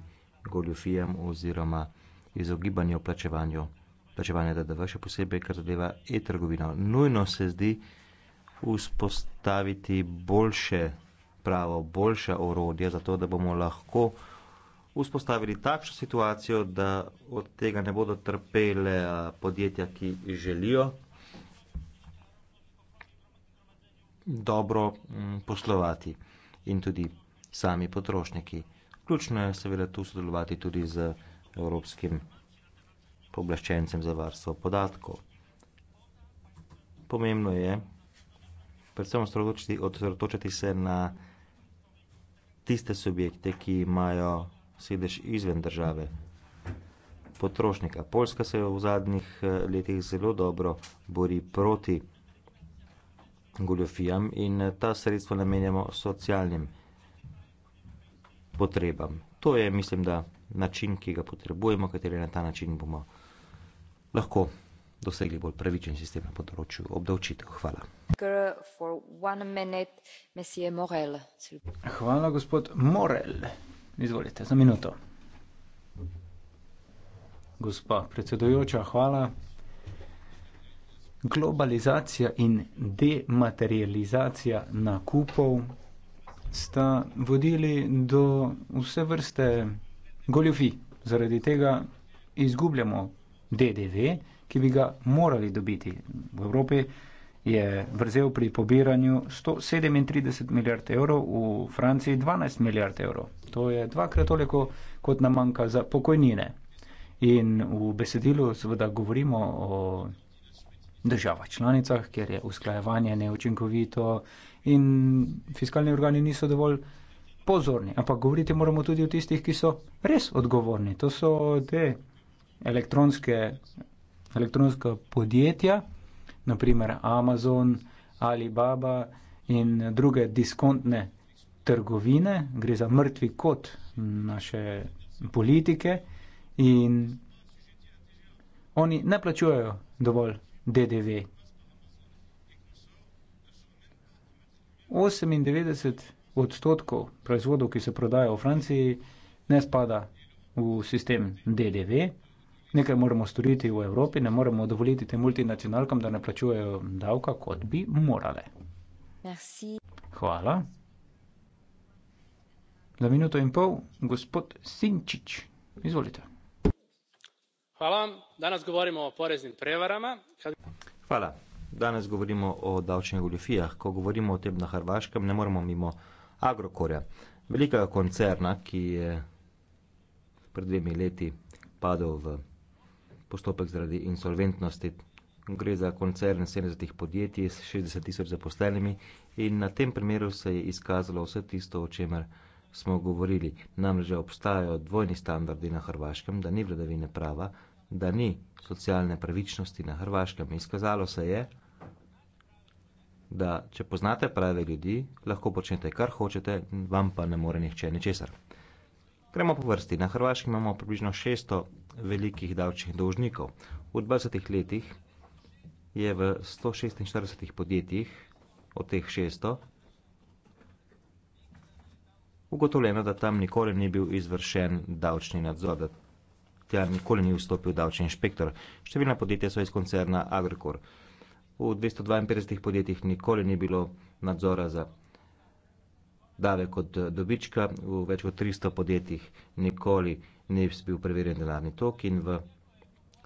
goljufijam oziroma izogibanju plačevanju. Plačevanje DDV še posebej, kar zadeva e-trgovino. Nujno se zdi vzpostaviti boljše pravo, boljša orodja, zato da bomo lahko vzpostavili takšno situacijo, da od tega ne bodo trpele podjetja, ki želijo dobro poslovati in tudi sami potrošniki. Ključno je seveda tu sodelovati tudi z Evropskim poblaščencem za varstvo podatkov. Pomembno je predvsem osredotočiti se na tiste subjekte, ki imajo sedež izven države. Potrošnika. Poljska se v zadnjih eh, letih zelo dobro bori proti goljofijam in eh, ta sredstva namenjamo socialnim potrebam. To je, mislim, da način, ki ga potrebujemo, kateri na ta način bomo lahko dosegli bolj pravičen sistem na področju obdavčitev. Hvala. Hvala, gospod Morel. Izvolite za minuto. Gospa predsedujoča, hvala. Globalizacija in dematerializacija nakupov sta vodili do vse vrste goljofi. Zaradi tega izgubljamo DDV, ki bi ga morali dobiti. V Evropi je vrzel pri pobiranju 137 milijard evrov, v Franciji 12 milijard evrov. To je dvakrat toliko, kot nam manjka za pokojnine. In v besedilu seveda govorimo o državah članicah, kjer je usklajevanje neučinkovito in fiskalni organi niso dovolj pozorni. Ampak govoriti moramo tudi o tistih, ki so res odgovorni. To so te elektronske, elektronska podjetja naprimer Amazon, Alibaba in druge diskontne trgovine, gre za mrtvi kot naše politike in oni ne plačujejo dovolj DDV. 98 odstotkov proizvodov, ki se prodajo v Franciji, ne spada v sistem DDV, Nekaj moramo storiti v Evropi, ne moremo dovoliti tem multinacionalkam, da ne plačujejo davka, kot bi morale. Merci. Hvala. Za minuto in pol, gospod Sinčič, izvolite. Hvala. Danes govorimo o poreznim prevarama. Kad... Hvala. Danes govorimo o davčnih goljofijah. Ko govorimo o tem na Hrvaškem, ne moremo mimo Agrokorja, velikega koncerna, ki je pred dvemi leti padel v postopek zaradi insolventnosti. Gre za koncern 70 podjetij s 60 tisoč zaposlenimi in na tem primeru se je izkazalo vse tisto, o čemer smo govorili. Namreč že obstajajo dvojni standardi na Hrvaškem, da ni vladavine prava, da ni socialne pravičnosti na Hrvaškem. Izkazalo se je, da če poznate prave ljudi, lahko počnete kar hočete, vam pa ne more nihče ničesar. Gremo po vrsti. Na Hrvaški imamo približno 600 velikih davčnih dolžnikov. V 20 letih je v 146 podjetjih od teh 600 ugotovljeno, da tam nikoli ni bil izvršen davčni nadzor, da tja nikoli ni vstopil davčni inšpektor. Številna podjetja so iz koncerna Agrokor. V 252 podjetjih nikoli ni bilo nadzora za davek od eh, dobička v več kot 300 podjetjih nikoli ne bi bil preverjen denarni tok in v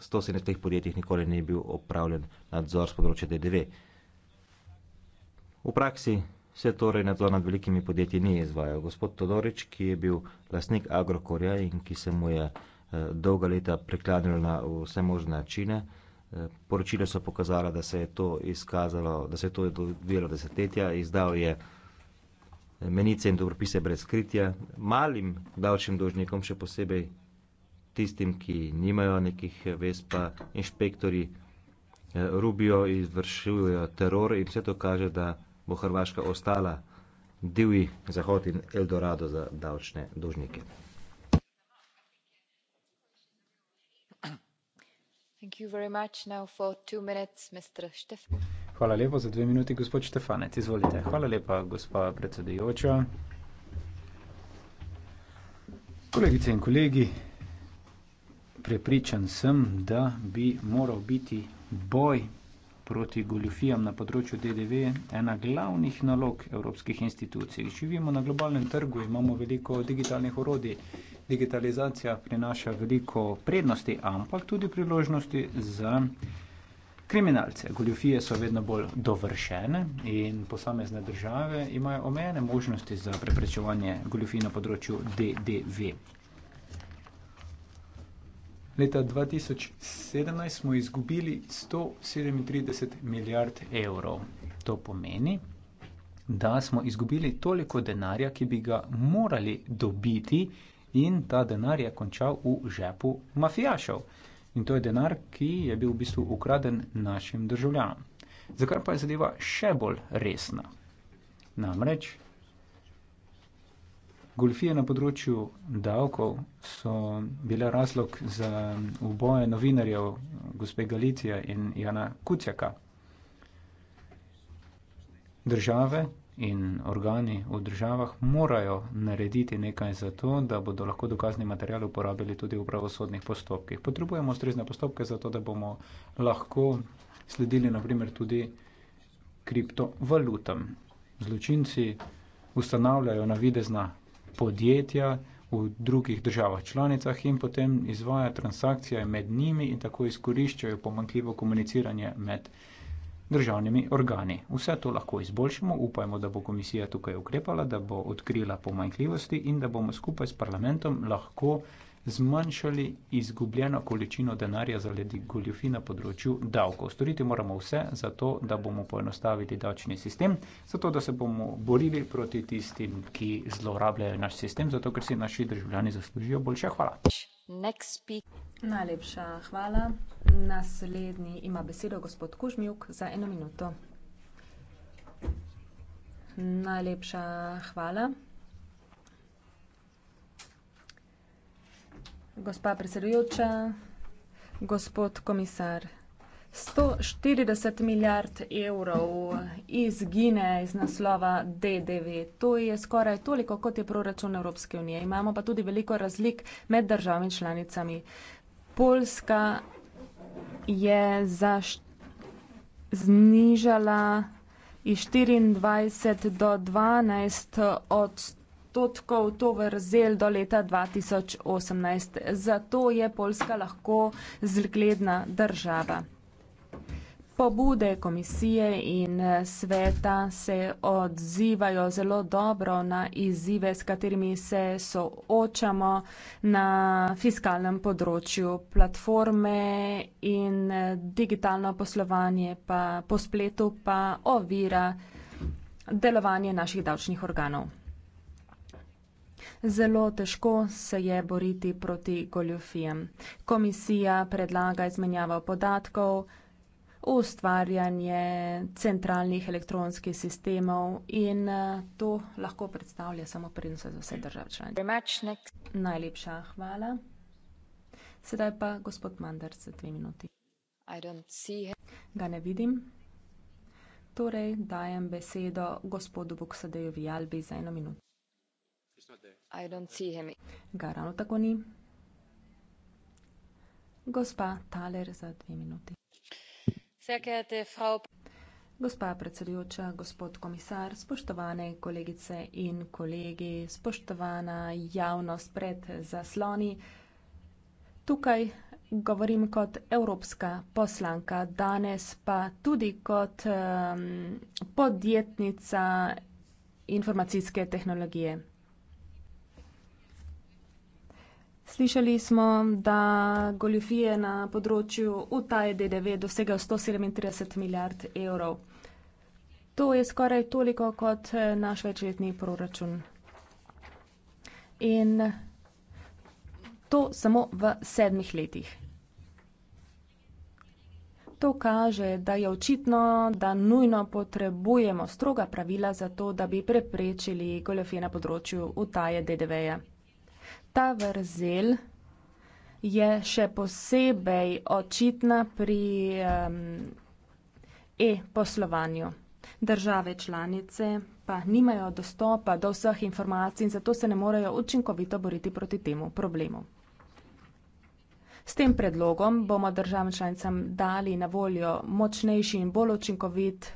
170 podjetjih nikoli ne bi bil opravljen nadzor z področja DDV. V praksi se torej nadzor nad velikimi podjetji ni izvajal. Gospod Todorič, ki je bil lastnik Agrokorja in ki se mu je eh, dolga leta preklanjalo na vse možne načine, eh, poročile so pokazala, da se je to izkazalo, da se je to odvijalo desetletja, izdal je menice in dobropise brez kritja, malim davčnim dožnikom, še posebej tistim, ki nimajo nekih vez, pa inšpektori eh, rubijo in izvršujejo teror in vse to kaže, da bo Hrvaška ostala divji zahod in Eldorado za davčne dožnike. Thank you very much now for two minutes, Mr. Štefan. Hvala lepa za dve minuti, gospod Štefanec. Izvolite. Hvala lepa, gospa predsedujoča. Kolegice in kolegi, prepričan sem, da bi moral biti boj proti goljufijam na področju DDV ena glavnih nalog evropskih institucij. Živimo na globalnem trgu, imamo veliko digitalnih orodij, digitalizacija prinaša veliko prednosti, ampak tudi priložnosti za kriminalce. Goljofije so vedno bolj dovršene in posamezne države imajo omejene možnosti za preprečevanje goljofij na področju DDV. Leta 2017 smo izgubili 137 milijard evrov. To pomeni, da smo izgubili toliko denarja, ki bi ga morali dobiti in ta denar je končal v žepu mafijašev. In to je denar, ki je bil v bistvu ukraden našim državljanom. Zakaj pa je zadeva še bolj resna? Namreč, golfije na področju davkov so bile razlog za uboje novinarjev gospe Galicija in Jana Kucjaka. Države, in organi v državah morajo narediti nekaj za to, da bodo lahko dokazni material uporabili tudi v pravosodnih postopkih. Potrebujemo strezne postopke za to, da bomo lahko sledili naprimer tudi kriptovalutam. Zločinci ustanavljajo navidezna podjetja v drugih državah članicah in potem izvaja transakcije med njimi in tako izkoriščajo pomankljivo komuniciranje med njimi državnimi organi. Vse to lahko izboljšamo, upajmo, da bo komisija tukaj ukrepala, da bo odkrila pomanjkljivosti in da bomo skupaj s parlamentom lahko zmanjšali izgubljeno količino denarja za ledi goljufi na področju davkov. Storiti moramo vse za to, da bomo poenostavili davčni sistem, zato da se bomo borili proti tistim, ki zlorabljajo naš sistem, zato ker si naši državljani zaslužijo boljše. Hvala. Najlepša hvala. Naslednji ima besedo gospod Kužmjuk za eno minuto. Najlepša hvala. Gospa predsedujoča, gospod komisar. 140 milijard evrov izgine iz naslova DDV. To je skoraj toliko, kot je proračun Evropske unije. Imamo pa tudi veliko razlik med državami članicami. Poljska je za znižala iz 24 do 12 odstotkov to vrzel do leta 2018. Zato je Poljska lahko zgledna država. Pobude komisije in eh, sveta se odzivajo zelo dobro na izzive, s katerimi se soočamo na fiskalnem področju. Platforme in eh, digitalno poslovanje pa po spletu pa ovira delovanje naših davčnih organov. Zelo težko se je boriti proti goljufijam. Komisija predlaga izmenjavo podatkov, ustvarjanje centralnih elektronskih sistemov in eh, to lahko predstavlja samo prednost za vse države članice. Najlepša hvala. Sedaj pa gospod Mandar za dve minuti. Ga ne vidim. Torej dajem besedo gospodu Buksadeju Vijalbi za eno minuto. Ga ravno tako ni. Gospa Taler za dve minuti. Gospa predsedujoča, gospod komisar, spoštovane kolegice in kolegi, spoštovana javnost pred zasloni. Tukaj govorim kot evropska poslanka, danes pa tudi kot um, podjetnica informacijske tehnologije. Slišali smo, da goljofije na področju utaje DDV dosegajo 137 milijard evrov. To je skoraj toliko kot eh, naš večletni proračun. In to samo v sedmih letih. To kaže, da je očitno, da nujno potrebujemo stroga pravila za to, da bi preprečili goljofije na področju utaje DDV-ja ta vrzel je še posebej očitna pri um, e-poslovanju. Države članice pa nimajo dostopa do vseh informacij in zato se ne morejo učinkovito boriti proti temu problemu. S tem predlogom bomo državam članicam dali na voljo močnejši in bolj učinkovit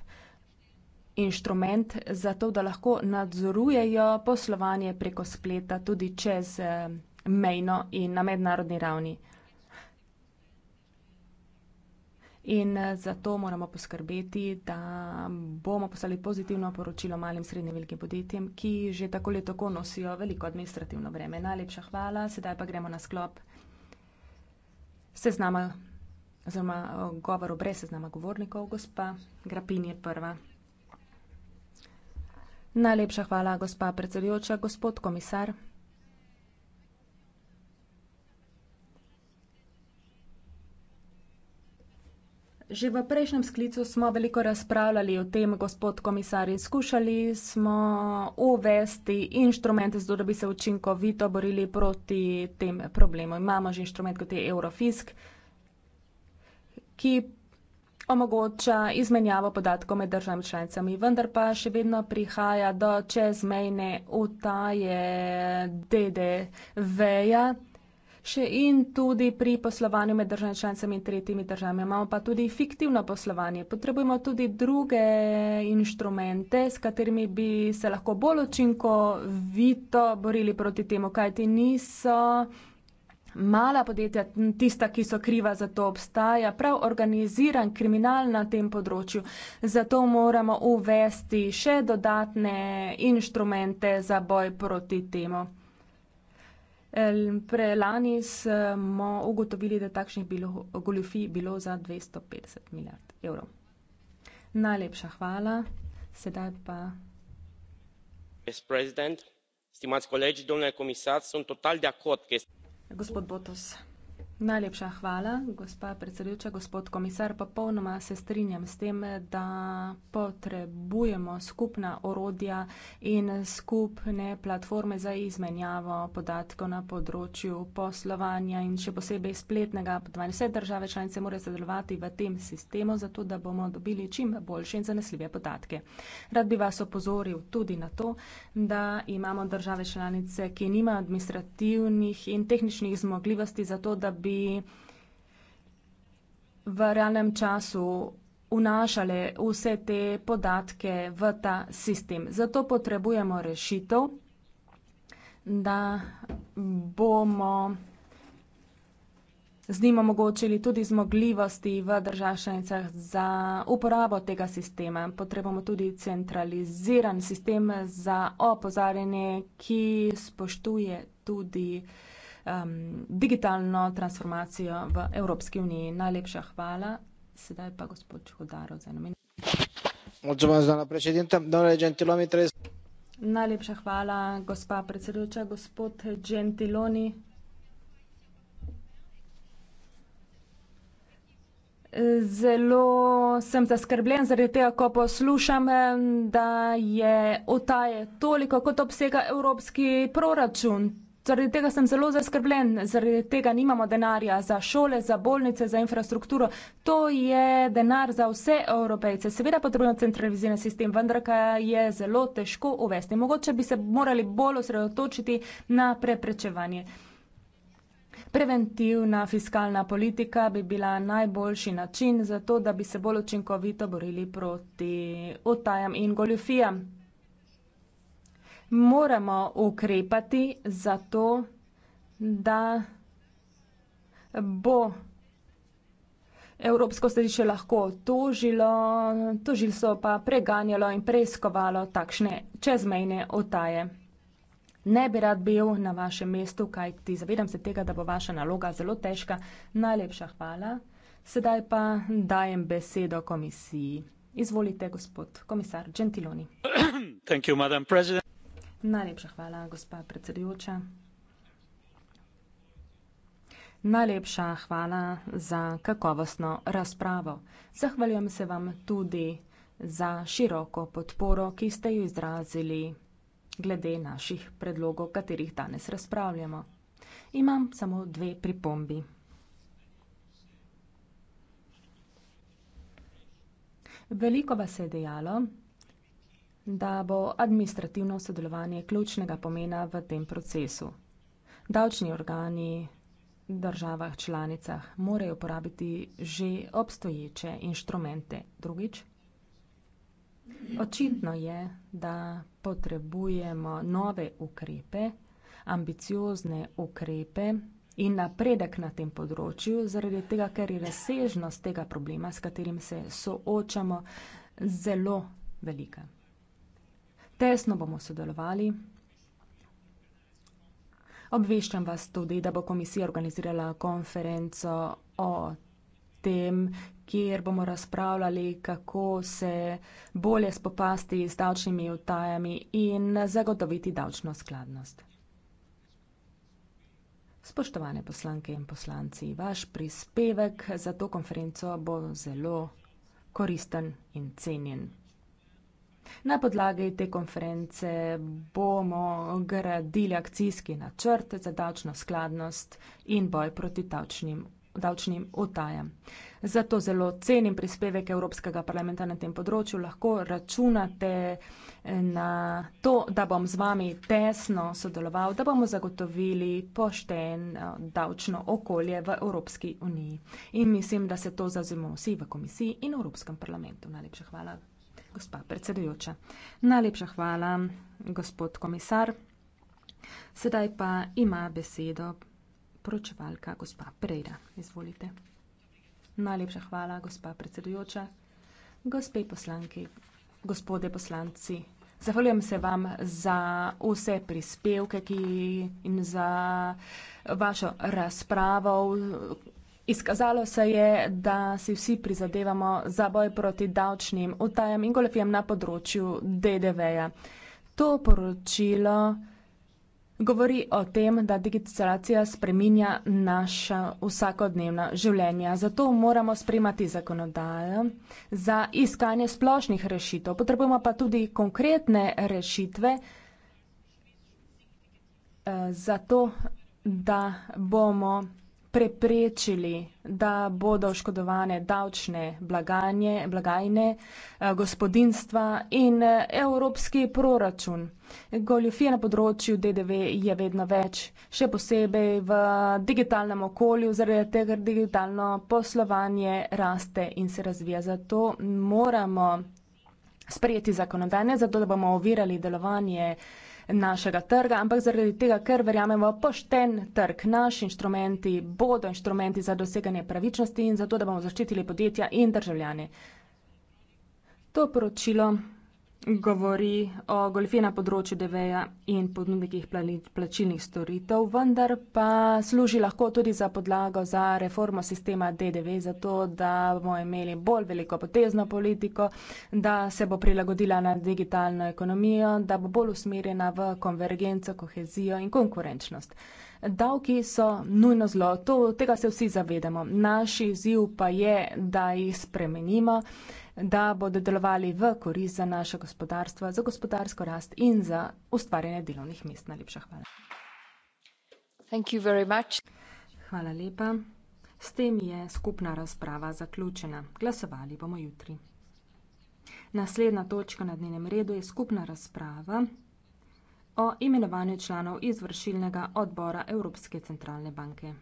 inštrument za to, da lahko nadzorujejo poslovanje preko spleta tudi čez eh, mejno in na mednarodni ravni. In eh, zato moramo poskrbeti, da bomo poslali pozitivno poročilo malim srednjim velikim podjetjem, ki že tako ali tako nosijo veliko administrativno breme. Najlepša hvala, sedaj pa gremo na sklop seznama, oziroma eh, govoru brez seznama govornikov. Gospa Grapin je prva. Najlepša hvala, gospa predsedujoča. Gospod komisar. Že v prejšnjem sklicu smo veliko razpravljali o tem, gospod komisar, in skušali smo uvesti inštrumente, zato da bi se učinkovito borili proti tem problemom. Imamo že inštrument, kot je Eurofisk, ki omogoča izmenjavo podatkov med državami članicami, vendar pa še vedno prihaja do čezmejne utaje DDV-ja. Še in tudi pri poslovanju med državami članicami in tretjimi državami imamo pa tudi fiktivno poslovanje. Potrebujemo tudi druge inštrumente, s katerimi bi se lahko bolj učinkovito borili proti temu, kajti niso mala podjetja, tista, ki so kriva za to, obstaja prav organiziran kriminal na tem področju. Zato moramo uvesti še dodatne inštrumente za boj proti temu. Prelani smo ugotovili, da takšnih goljufij bilo za 250 milijard evrov. Najlepša hvala. Sedaj pa. Mr. President, stimați colegi, domnule comisar, sunt total de acord că este. Gospod Botos. Najlepša hvala, gospa predsedujoča, gospod komisar. Popolnoma se strinjam s tem, da potrebujemo skupna orodja in skupne platforme za izmenjavo podatkov na področju poslovanja in še posebej spletnega. 20 države članice morajo sodelovati v tem sistemu, zato da bomo dobili čim boljše in zanesljive podatke. Rad bi vas opozoril tudi na to, da imamo države članice, ki nima administrativnih in tehničnih zmogljivosti za to, da bi bi v realnem času vnašale vse te podatke v ta sistem. Zato potrebujemo rešitev, da bomo z njim omogočili tudi zmogljivosti v državšanicah za uporabo tega sistema. Potrebujemo tudi centraliziran sistem za opozarjanje, ki spoštuje tudi uh, um, digitalno transformacijo v Evropski uniji. Najlepša hvala. Sedaj pa gospod Čuhodaro za eno minuto. Najlepša hvala, gospa predsedujoča, gospod Gentiloni. Zelo sem zaskrbljen zaradi tega, ko poslušam, da je otaje toliko, kot obsega evropski proračun. Zaradi tega sem zelo zaskrbljen, zaradi tega nimamo denarja za šole, za bolnice, za infrastrukturo. To je denar za vse evropejce. Seveda potrebujemo centraliziran sistem, vendar ga je zelo težko uvesti. Mogoče bi se morali bolj osredotočiti na preprečevanje. Preventivna fiskalna politika bi bila najboljši način za to, da bi se bolj učinkovito borili proti otajam in goljofijam moramo ukrepati za to, da bo Evropsko središče lahko tožilo, tožilstvo pa preganjalo in preiskovalo takšne čezmejne otaje. Ne bi rad bil na vašem mestu, kaj ti zavedam se tega, da bo vaša naloga zelo težka. Najlepša hvala. Sedaj pa dajem besedo komisiji. Izvolite, gospod komisar Gentiloni. Najlepša hvala, gospa predsedujoča. Najlepša hvala za kakovostno razpravo. Zahvaljujem se vam tudi za široko podporo, ki ste jo izrazili glede naših predlogov, katerih danes razpravljamo. Imam samo dve pripombi. Veliko vas je dejalo, da bo administrativno sodelovanje ključnega pomena v tem procesu. Davčni organi v državah članicah morajo uporabiti že obstoječe inštrumente. Drugič, očitno je, da potrebujemo nove ukrepe, ambiciozne ukrepe in napredek na tem področju, zaradi tega, ker je razsežnost tega problema, s katerim se soočamo, zelo velika. Tesno bomo sodelovali. Obveščam vas tudi, da bo komisija organizirala konferenco o tem, kjer bomo razpravljali, kako se bolje spopasti z davčnimi utajami in zagotoviti davčno skladnost. Spoštovane poslanke in poslanci, vaš prispevek za to konferenco bo zelo koristen in cenjen. Na podlagi te konference bomo gradili akcijski načrt za davčno skladnost in boj proti davčnim, davčnim utajam. Zato zelo cenim prispevek Evropskega parlamenta na tem področju. Lahko računate eh, na to, da bom z vami tesno sodeloval, da bomo zagotovili pošten eh, davčno okolje v Evropski uniji. In mislim, da se to zazimo vsi v komisiji in Evropskem parlamentu. Najlepša hvala gospa predsedujoča. Najlepša hvala, gospod komisar. Sedaj pa ima besedo poročevalka gospa Prejda. Izvolite. Najlepša hvala, gospa predsedujoča. Gospe poslanki, gospode poslanci, zahvaljujem se vam za vse prispevke, ki in za vašo razpravo, Izkazalo se je, da si vsi prizadevamo za boj proti davčnim utajam in golefijam na področju DDV-ja. To poročilo govori o tem, da digitalizacija spreminja naša vsakodnevna življenja. Zato moramo spremati zakonodajo za iskanje splošnih rešitev. Potrebujemo pa tudi konkretne rešitve eh, za to, da bomo preprečili, da bodo oškodovane davčne blaganje, blagajne, eh, gospodinstva in eh, evropski proračun. Goljofije na področju DDV je vedno več, še posebej v digitalnem okolju, zaradi tega digitalno poslovanje raste in se razvija. Zato moramo sprejeti zakonodajne, zato da bomo ovirali delovanje našega trga, ampak zaradi tega, ker verjamemo pošten trg. Naši inštrumenti bodo inštrumenti za doseganje pravičnosti in zato, da bomo zaščitili podjetja in državljane. To poročilo govori o goljufiji na področju DV-ja in ponudnikih plačilnih storitev, vendar pa služi lahko tudi za podlago za reformo sistema DDV, zato da bomo imeli bolj veliko potezno politiko, da se bo prilagodila na digitalno ekonomijo, da bo bolj usmerjena v konvergenco, kohezijo in konkurenčnost. Davki so nujno zlo, to, tega se vsi zavedamo. Naš izziv pa je, da jih spremenimo da bodo delovali v korist za naše gospodarstvo, za gospodarsko rast in za ustvarjanje delovnih mest. Najlepša hvala. Thank you very much. Hvala lepa. S tem je skupna razprava zaključena. Glasovali bomo jutri. Naslednja točka na dnevnem redu je skupna razprava o imenovanju članov izvršilnega odbora Evropske centralne banke.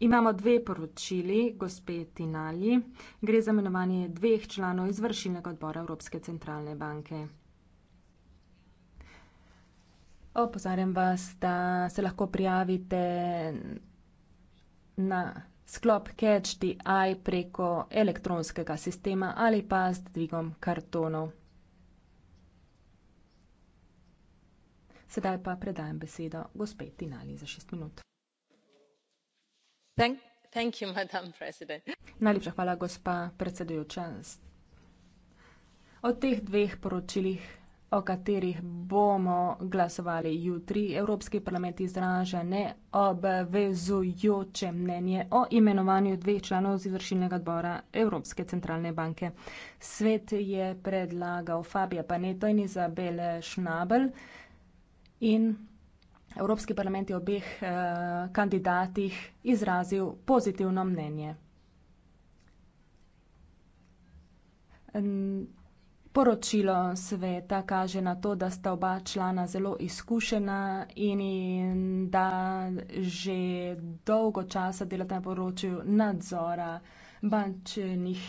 Imamo dve poročili, gospe Tinali. Gre za imenovanje dveh članov izvršilnega odbora Evropske centralne banke. Opozarjam vas, da se lahko prijavite na sklop CatchDI preko elektronskega sistema ali pa s dvigom kartonov. Sedaj pa predajam besedo gospe Tinali za šest minut. Najlepša hvala, gospa predsedujoča. O teh dveh poročilih, o katerih bomo glasovali jutri, Evropski parlament izraža neobvezujoče mnenje o imenovanju dveh članov izvršilnega odbora Evropske centralne banke. Svet je predlagal Fabija Paneto in Izabel Šnabel in Evropski parlament je obeh eh, kandidatih izrazil pozitivno mnenje. Poročilo sveta kaže na to, da sta oba člana zelo izkušena in da že dolgo časa delata na področju nadzora eh, bančnih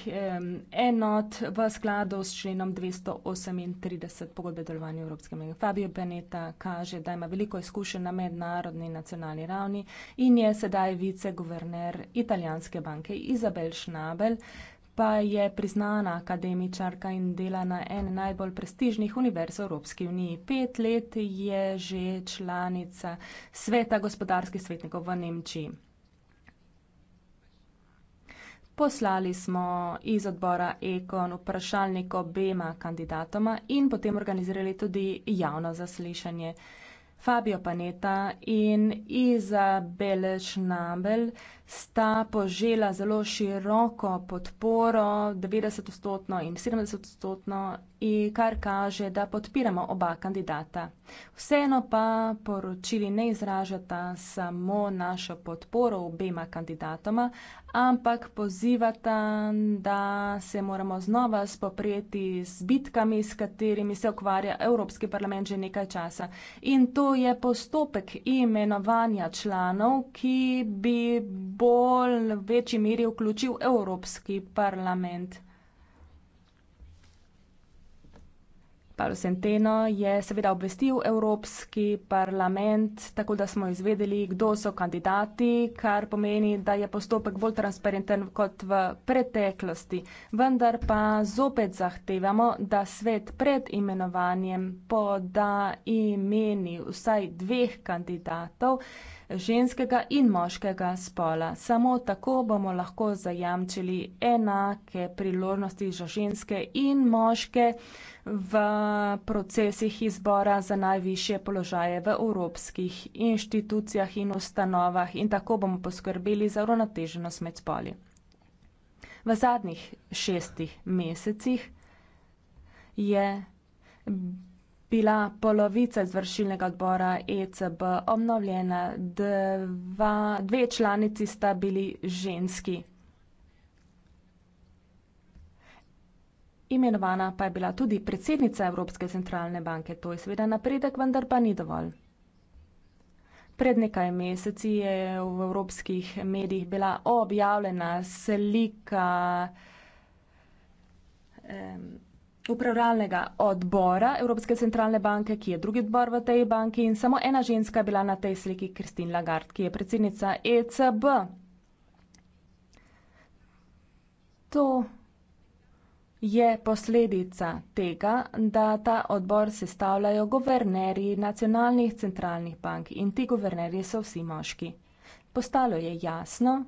enot v skladu s členom 238 pogodbe o delovanju Evropske unije. Fabio Beneta kaže, da ima veliko izkušenj na mednarodni in nacionalni ravni in je sedaj viceguverner italijanske banke Izabel Šnabel pa je priznana akademičarka in dela na ene najbolj prestižnih univerz v Evropski uniji. Pet let je že članica sveta gospodarskih svetnikov v Nemčiji. Poslali smo iz odbora Ekon vprašalnik obema kandidatoma in potem organizirali tudi javno zaslišanje. Fabio Paneta in Izabel Šnabel, sta požela zelo široko podporo, devetdesetodstotno in sedemdesetodstotno, in kar kaže, da podpiramo oba kandidata. Vseeno pa poročili ne izražata samo našo podporo obema kandidatoma, ampak pozivata, da se moramo znova spoprijeti z bitkami, s katerimi se ukvarja Evropski parlament že nekaj časa. In to je postopek imenovanja članov, ki bi bolj večji meri vključil Evropski parlament. Paolo Centeno je seveda obvestil Evropski parlament, tako da smo izvedeli, kdo so kandidati, kar pomeni, da je postopek bolj transparenten kot v preteklosti. Vendar pa zopet zahtevamo, da svet pred imenovanjem poda imeni vsaj dveh kandidatov, ženskega in moškega spola. Samo tako bomo lahko zajamčili enake priložnosti za ženske in moške v procesih izbora za najviše položaje v evropskih inštitucijah in ustanovah in tako bomo poskrbeli za uravnoteženost med spoli. V zadnjih šestih mesecih je bila polovica izvršilnega odbora ECB obnovljena, dva, dve članici sta bili ženski. imenovana pa je bila tudi predsednica Evropske centralne banke. To je seveda napredek, vendar pa ni dovolj. Pred nekaj meseci je v evropskih medijih bila objavljena slika um, upravljalnega odbora Evropske centralne banke, ki je drugi odbor v tej banki in samo ena ženska je bila na tej sliki, Kristin Lagarde, ki je predsednica ECB. To je posledica tega, da ta odbor sestavljajo guvernerji nacionalnih centralnih bank in ti guvernerji so vsi moški. Postalo je jasno,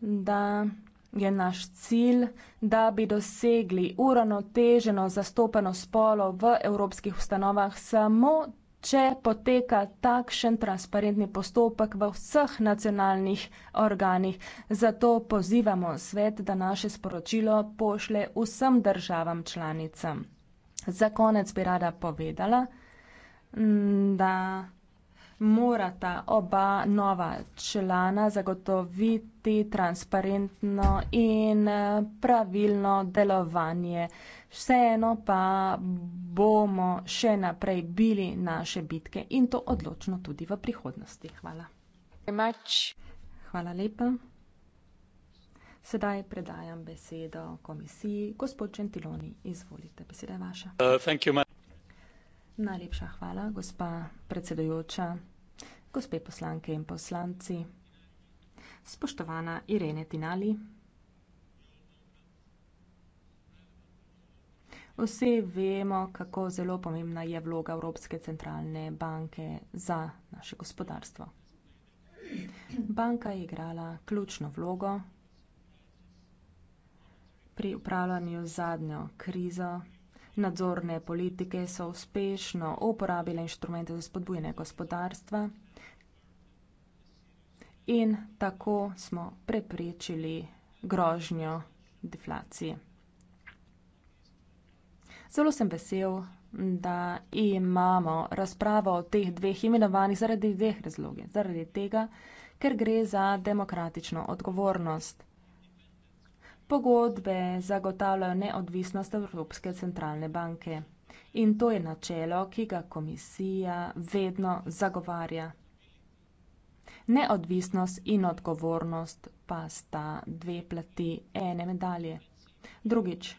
da je naš cilj, da bi dosegli uravnoteženo zastopanost spolov v evropskih ustanovah samo če poteka takšen transparentni postopek v vseh nacionalnih organih. Zato pozivamo svet, da naše sporočilo pošle vsem državam članicam. Za konec bi rada povedala, da morata oba nova člana zagotoviti transparentno in pravilno delovanje vseeno pa bomo še naprej bili naše bitke in to odločno tudi v prihodnosti. Hvala. Hvala lepa. Sedaj predajam besedo komisiji. Gospod Gentiloni, izvolite, beseda je vaša. Uh, Najlepša hvala, gospa predsedujoča, gospe poslanke in poslanci, spoštovana Irene Tinali. Vsi vemo, kako zelo pomembna je vloga Evropske centralne banke za naše gospodarstvo. Banka je igrala ključno vlogo pri upravljanju zadnjo krizo. Nadzorne politike so uspešno uporabile inštrumente za spodbujanje gospodarstva in tako smo preprečili grožnjo deflacije. Zelo sem vesel, da imamo razpravo o teh dveh imenovanjih zaradi dveh razlogov. Zaradi tega, ker gre za demokratično odgovornost. Pogodbe zagotavljajo neodvisnost Evropske centralne banke in to je načelo, ki ga komisija vedno zagovarja. Neodvisnost in odgovornost pa sta dve plati ene medalje. Drugič,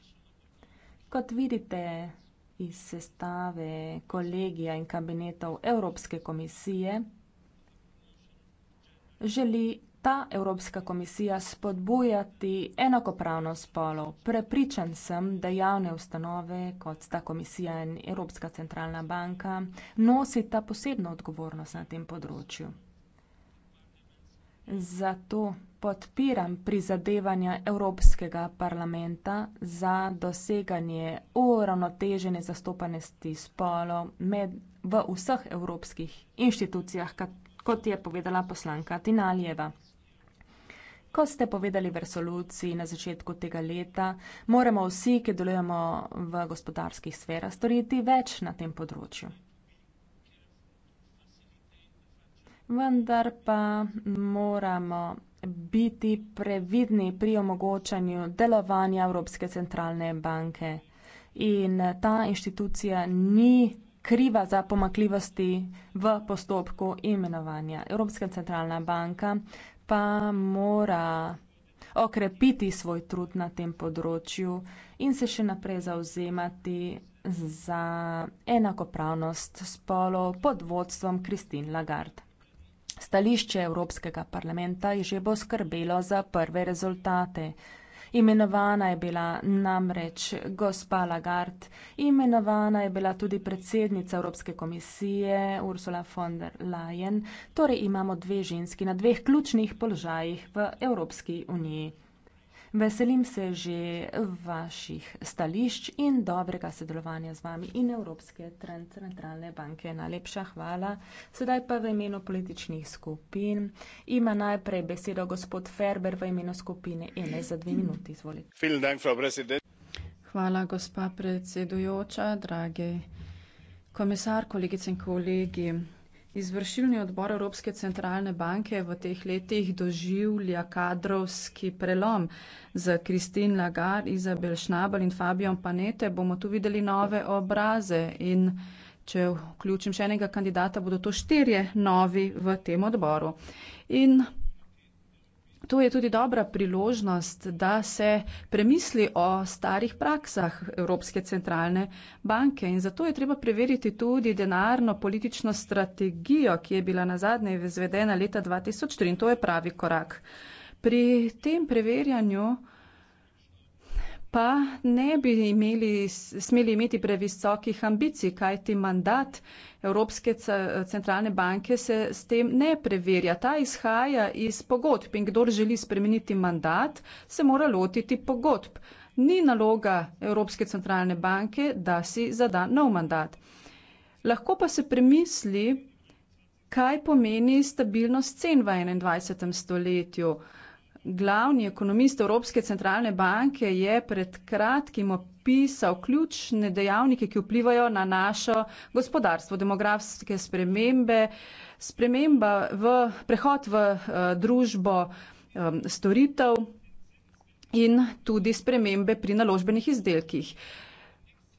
Kot vidite iz sestave kolegija in kabinetov Evropske komisije, želi ta Evropska komisija spodbujati enakopravno spolov. Prepričan sem, da javne ustanove, kot sta komisija in Evropska centralna banka, nosi ta posebno odgovornost na tem področju. Zato podpiram prizadevanja Evropskega parlamenta za doseganje uravnotežene zastopanosti spolov med, v vseh evropskih inštitucijah, kot je povedala poslanka Tinaljeva. Ko ste povedali v resoluciji na začetku tega leta, moramo vsi, ki delujemo v gospodarskih sferah, storiti več na tem področju. vendar pa moramo biti previdni pri omogočanju delovanja Evropske centralne banke. In ta inštitucija ni kriva za pomakljivosti v postopku imenovanja. Evropska centralna banka pa mora okrepiti svoj trud na tem področju in se še naprej zauzemati za enakopravnost spolov pod vodstvom Kristin Lagarde. Stališče Evropskega parlamenta je že bo skrbelo za prve rezultate. Imenovana je bila namreč gospa Lagarde, imenovana je bila tudi predsednica Evropske komisije Ursula von der Leyen, torej imamo dve ženski na dveh ključnih položajih v Evropski uniji. Veselim se že vaših stališč in dobrega sodelovanja z vami in Evropske centralne banke. Najlepša hvala. Sedaj pa v imenu političnih skupin ima najprej besedo gospod Ferber v imenu skupine ENE za dve minuti. Izvolite. Hvala, gospa predsedujoča, dragi komisar, kolegice in kolegi. Izvršilni odbor Evropske centralne banke v teh letih doživlja kadrovski prelom. Za Kristin Lagar, Izabel Šnabel in Fabijon Panete bomo tu videli nove obraze in če vključim še enega kandidata, bodo to štirje novi v tem odboru. In To je tudi dobra priložnost, da se premisli o starih praksah Evropske centralne banke in zato je treba preveriti tudi denarno politično strategijo, ki je bila na zadnje izvedena leta 2003 in to je pravi korak. Pri tem preverjanju pa ne bi imeli, smeli imeti previsokih ambicij, kajti mandat Evropske centralne banke se s tem ne preverja. Ta izhaja iz pogodb in kdor želi spremeniti mandat, se mora lotiti pogodb. Ni naloga Evropske centralne banke, da si zada nov mandat. Lahko pa se premisli, kaj pomeni stabilnost cen v 21. stoletju. Glavni ekonomist Evropske centralne banke je pred kratkim opisal ključne dejavnike, ki vplivajo na našo gospodarstvo, demografske spremembe, sprememba v prehod v eh, družbo eh, storitev in tudi spremembe pri naložbenih izdelkih.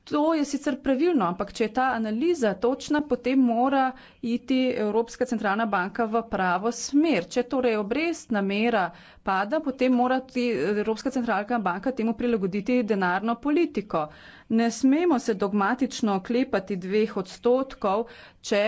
To je sicer pravilno, ampak če je ta analiza točna, potem mora iti Evropska centralna banka v pravo smer. Če torej obrestna mera pada, potem mora Evropska centralna banka temu prilagoditi denarno politiko. Ne smemo se dogmatično oklepati dveh odstotkov, če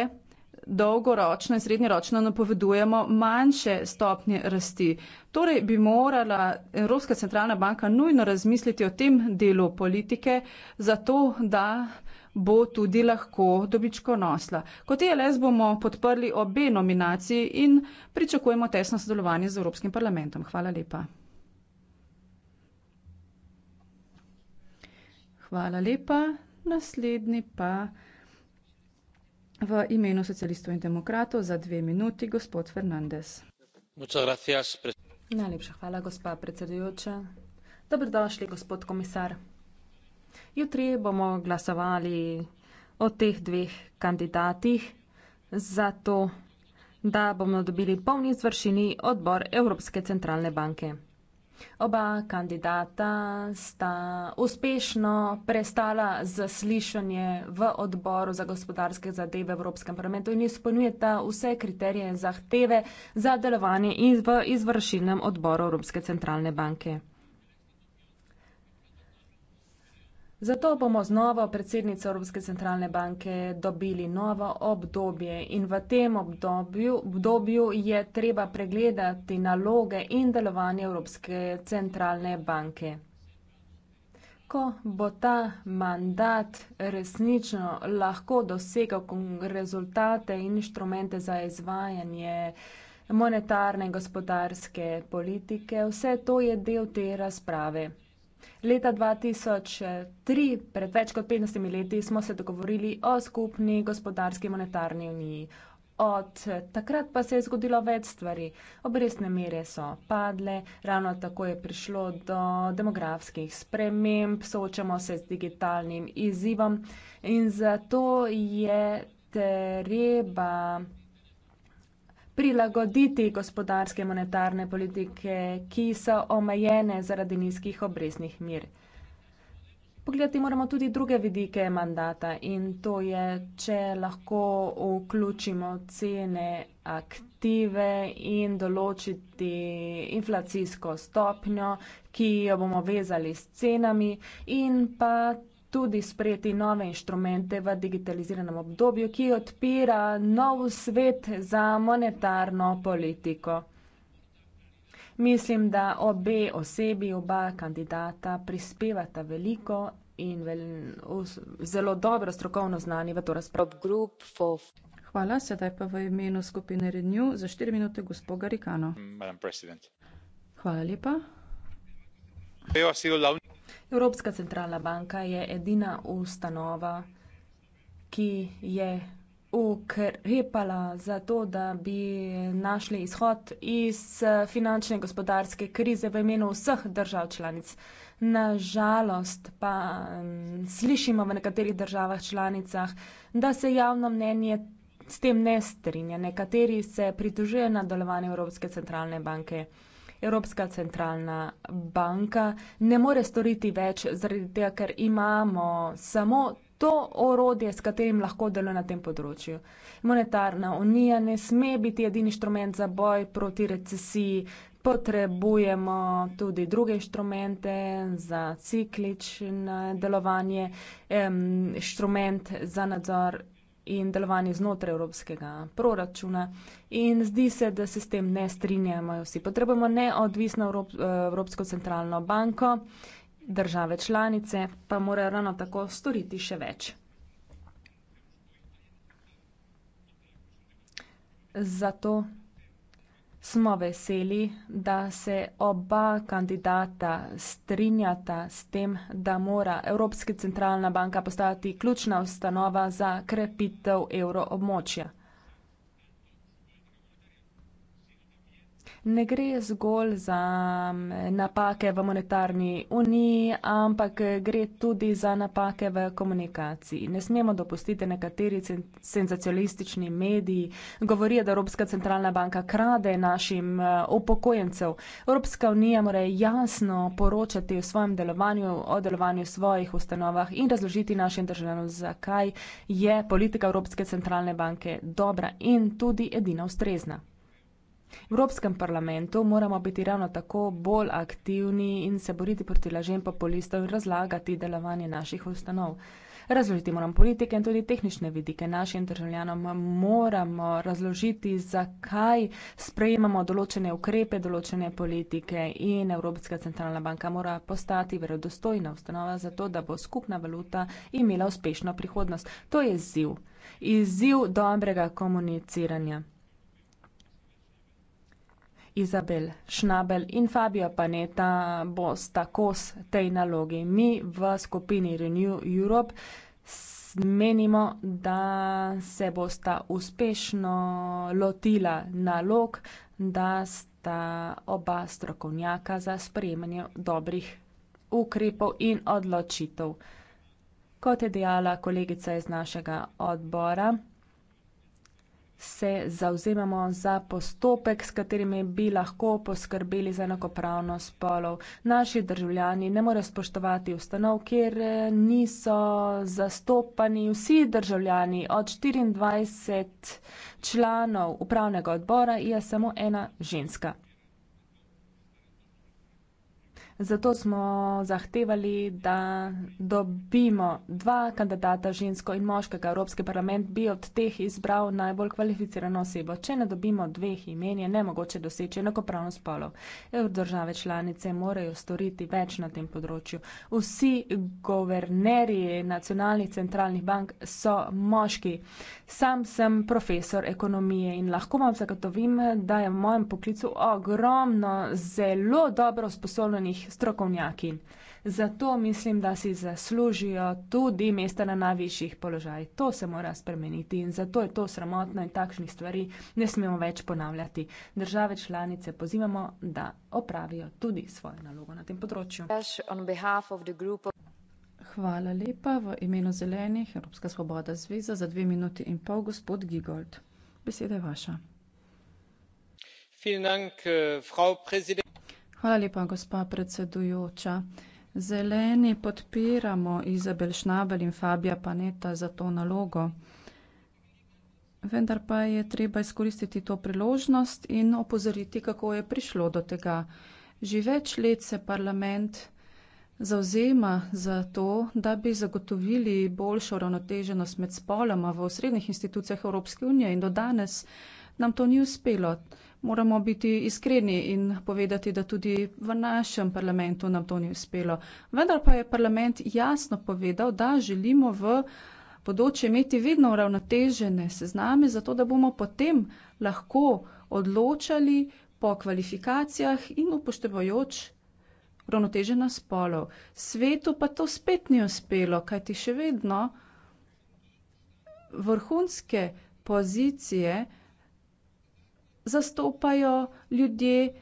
dolgoročno in srednjeročno napovedujemo manjše stopnje rasti. Torej bi morala Evropska centralna banka nujno razmisliti o tem delu politike, zato da bo tudi lahko dobičko nosla. Kot ELS bomo podprli obe nominaciji in pričakujemo tesno sodelovanje z Evropskim parlamentom. Hvala lepa. Hvala lepa. Naslednji pa. V imenu socialistov in demokratov za dve minuti gospod Fernandez. Najlepša hvala, gospa predsedujoča. Dobrodošli, gospod komisar. Jutri bomo glasovali o teh dveh kandidatih za to, da bomo dobili polni izvršilni odbor Evropske centralne banke. Oba kandidata sta uspešno prestala zaslišanje v odboru za gospodarske zadeve v Evropskem parlamentu in izpolnjujeta vse kriterije in zahteve za delovanje in v izvršilnem odboru Evropske centralne banke. Zato bomo z novo predsednico Evropske centralne banke dobili novo obdobje in v tem obdobju, obdobju je treba pregledati naloge in delovanje Evropske centralne banke. Ko bo ta mandat resnično lahko dosegal rezultate in inštrumente za izvajanje monetarne in gospodarske politike, vse to je del te razprave. Leta 2003, pred več kot 15 leti, smo se dogovorili o skupni gospodarski monetarni uniji. Od takrat pa se je zgodilo več stvari. Obrestne mere so padle, ravno tako je prišlo do demografskih sprememb, soočamo se z digitalnim izzivom in zato je treba prilagoditi gospodarske monetarne politike, ki so omejene zaradi nizkih obresnih mir. Pogledati moramo tudi druge vidike mandata in to je, če lahko vključimo cene aktive in določiti inflacijsko stopnjo, ki jo bomo vezali s cenami in pa tudi sprejeti nove inštrumente v digitaliziranem obdobju, ki odpira nov svet za monetarno politiko. Mislim, da obe osebi, oba kandidata prispevata veliko in vel, v, zelo dobro strokovno znanje v to razpravo. Hvala, sedaj pa v imenu skupine Renew za 4 minute gospod Garikano. Hvala lepa. Hey, Evropska centralna banka je edina ustanova, ki je ukrepala za to, da bi našli izhod iz finančne in gospodarske krize v imenu vseh držav članic. Nažalost pa slišimo v nekaterih državah članicah, da se javno mnenje s tem ne strinja. Nekateri se pritožujejo nad delovanjem Evropske centralne banke. Evropska centralna banka ne more storiti več, zaradi tega, ker imamo samo to orodje, s katerim lahko deluje na tem področju. Monetarna unija ne sme biti edini inštrument za boj proti recesiji. Potrebujemo tudi druge inštrumente za ciklično delovanje, inštrument za nadzor in delovanje znotraj evropskega proračuna in zdi se, da se s tem ne strinjamo vsi. Potrebujemo neodvisno Evrop, Evropsko centralno banko, države članice pa morajo ravno tako storiti še več. Zato Smo veseli, da se oba kandidata strinjata s tem, da mora Evropska centralna banka postati ključna ustanova za krepitev evroobmočja. ne gre zgolj za mm, napake v monetarni uniji, ampak gre tudi za napake v komunikaciji. Ne smemo dopustiti nekateri senzacionalistični mediji, govorijo, da Evropska centralna banka krade našim eh, upokojencev. Evropska unija mora jasno poročati o svojem delovanju, o delovanju svojih ustanovah in razložiti našim državljanom, zakaj je politika Evropske centralne banke dobra in tudi edina ustrezna. V Evropskem parlamentu moramo biti ravno tako bolj aktivni in se boriti proti lažem populistov in razlagati delovanje naših ustanov. Razložiti moramo politike in tudi tehnične vidike našim državljanom. Moramo razložiti, zakaj sprejemamo določene ukrepe, določene politike in Evropska centralna banka mora postati verodostojna ustanova za to, da bo skupna valuta imela uspešno prihodnost. To je izziv. Izziv dobrega komuniciranja. Izabel Šnabel in Fabio Paneta bosta kos tej nalogi. Mi v skupini Renew Europe menimo, da se bosta uspešno lotila nalog, da sta oba strokovnjaka za sprejemanje dobrih ukrepov in odločitev. Kot je dejala kolegica iz našega odbora, se zauzemamo za postopek, s katerimi bi lahko poskrbeli za enakopravnost spolov. Naši državljani ne morejo spoštovati ustanov, kjer eh, niso zastopani vsi državljani. Od 24 članov upravnega odbora je samo ena ženska. Zato smo zahtevali, da dobimo dva kandidata, žensko in moškega. Evropski parlament bi od teh izbral najbolj kvalificirano osebo. Če ne dobimo dveh imen, je nemogoče doseči enakopravno spolov. Države članice morajo storiti več na tem področju. Vsi guvernerji nacionalnih centralnih bank so moški. Sam sem profesor ekonomije in lahko vam zagotovim, da je v mojem poklicu ogromno zelo dobro usposobljenih strokovnjaki. Zato mislim, da si zaslužijo tudi mesta na najvišjih položajih. To se mora spremeniti in zato je to sramotno in takšnih stvari ne smemo več ponavljati. Države članice pozivamo, da opravijo tudi svojo nalogo na tem področju. Hvala lepa v imenu zelenih Evropska svoboda zveza za dve minuti in pol, gospod Gigold. Beseda je vaša. Dank, uh, Frau Präsident. Hvala lepa, gospa predsedujoča. Zeleni podpiramo Izabel Šnabel in Fabija Paneta za to nalogo. Vendar pa je treba izkoristiti to priložnost in opozoriti, kako je prišlo do tega. Že več let se parlament zauzema za to, da bi zagotovili boljšo ravnoteženost med spoloma v osrednjih institucijah Evropske unije in do danes nam to ni uspelo moramo biti iskreni in povedati, da tudi v našem parlamentu nam to ni uspelo. Vendar pa je parlament jasno povedal, da želimo v bodoče imeti vedno uravnotežene sezname, zato da bomo potem lahko odločali po kvalifikacijah in upoštevajoč uravnotežena spolov. Svetu pa to spet ni uspelo, kajti še vedno vrhunske pozicije, zastopajo ljudje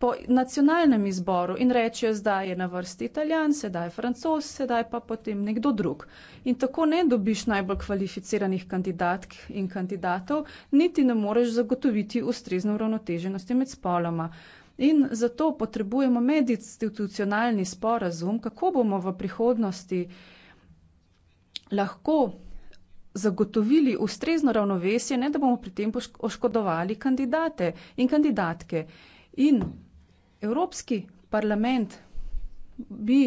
po nacionalnem izboru in rečejo, zdaj je na vrsti italijan, sedaj francos, sedaj pa potem nekdo drug. In tako ne dobiš najbolj kvalificiranih kandidatk in kandidatov, niti ne moreš zagotoviti ustrezno uravnoteženosti med spoloma. In zato potrebujemo medinstitucionalni sporazum, kako bomo v prihodnosti lahko zagotovili ustrezno ravnovesje, ne da bomo pri tem oškodovali kandidate in kandidatke. In Evropski parlament bi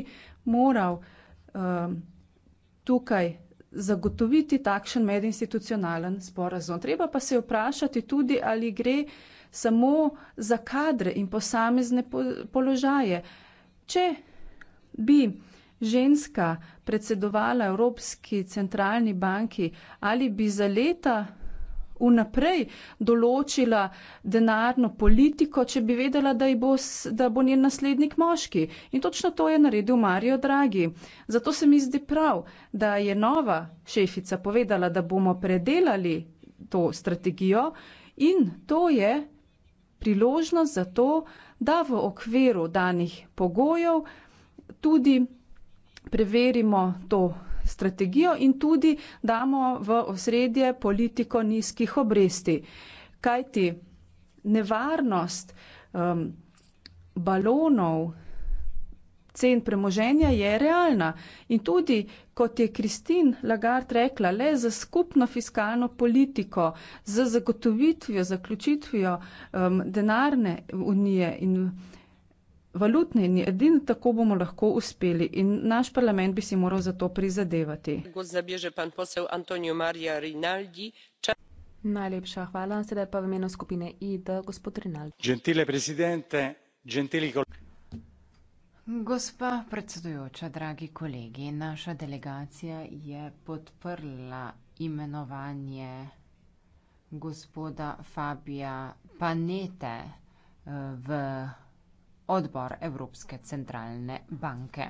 moral um, tukaj zagotoviti takšen medinstitucionalen sporazum. Treba pa se vprašati tudi, ali gre samo za kadre in posamezne po položaje. Če bi ženska predsedovala Evropski centralni banki, ali bi za leta vnaprej določila denarno politiko, če bi vedela, da, bo, da bo njen naslednik moški. In točno to je naredil Mario Draghi. Zato se mi zdi prav, da je nova šefica povedala, da bomo predelali to strategijo in to je priložnost za to, da v okviru danih pogojev tudi preverimo to strategijo in tudi damo v osredje politiko nizkih obresti. Kajti nevarnost um, balonov cen premoženja je realna in tudi, kot je Kristin Lagarde rekla, le za skupno fiskalno politiko, z zagotovitvijo, zaključitvijo um, denarne unije in valutni in edino tako bomo lahko uspeli in naš parlament bi si moral za to prizadevati. Najlepša hvala, sedaj pa v imenu skupine ID, gospod Rinaldi. Gentile presidente, gentili Gospa predsedujoča, dragi kolegi, naša delegacija je podprla imenovanje gospoda Fabija Panete eh, v odbor Evropske centralne banke.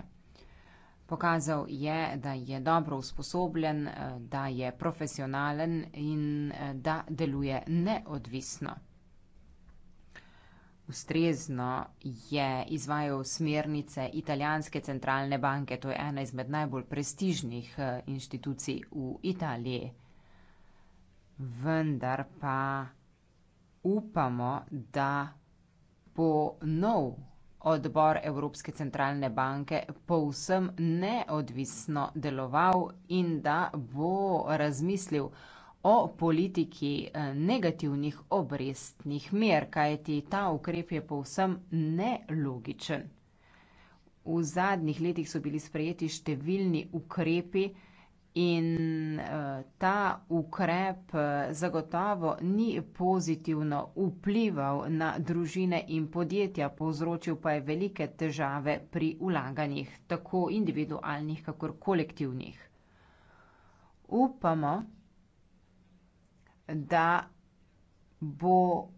Pokazal je, da je dobro usposobljen, da je profesionalen in da deluje neodvisno. Ustrezno je izvajal smernice italijanske centralne banke, to je ena izmed najbolj prestižnih inštitucij v Italiji. Vendar pa upamo, da bo nov odbor Evropske centralne banke povsem neodvisno deloval in da bo razmislil o politiki eh, negativnih obrestnih mer, kajti ta ukrep je povsem nelogičen. V zadnjih letih so bili sprejeti številni ukrepi, In eh, ta ukrep eh, zagotovo ni pozitivno vplival na družine in podjetja, povzročil pa je velike težave pri vlaganjih, tako individualnih, kakor kolektivnih. Upamo, da bo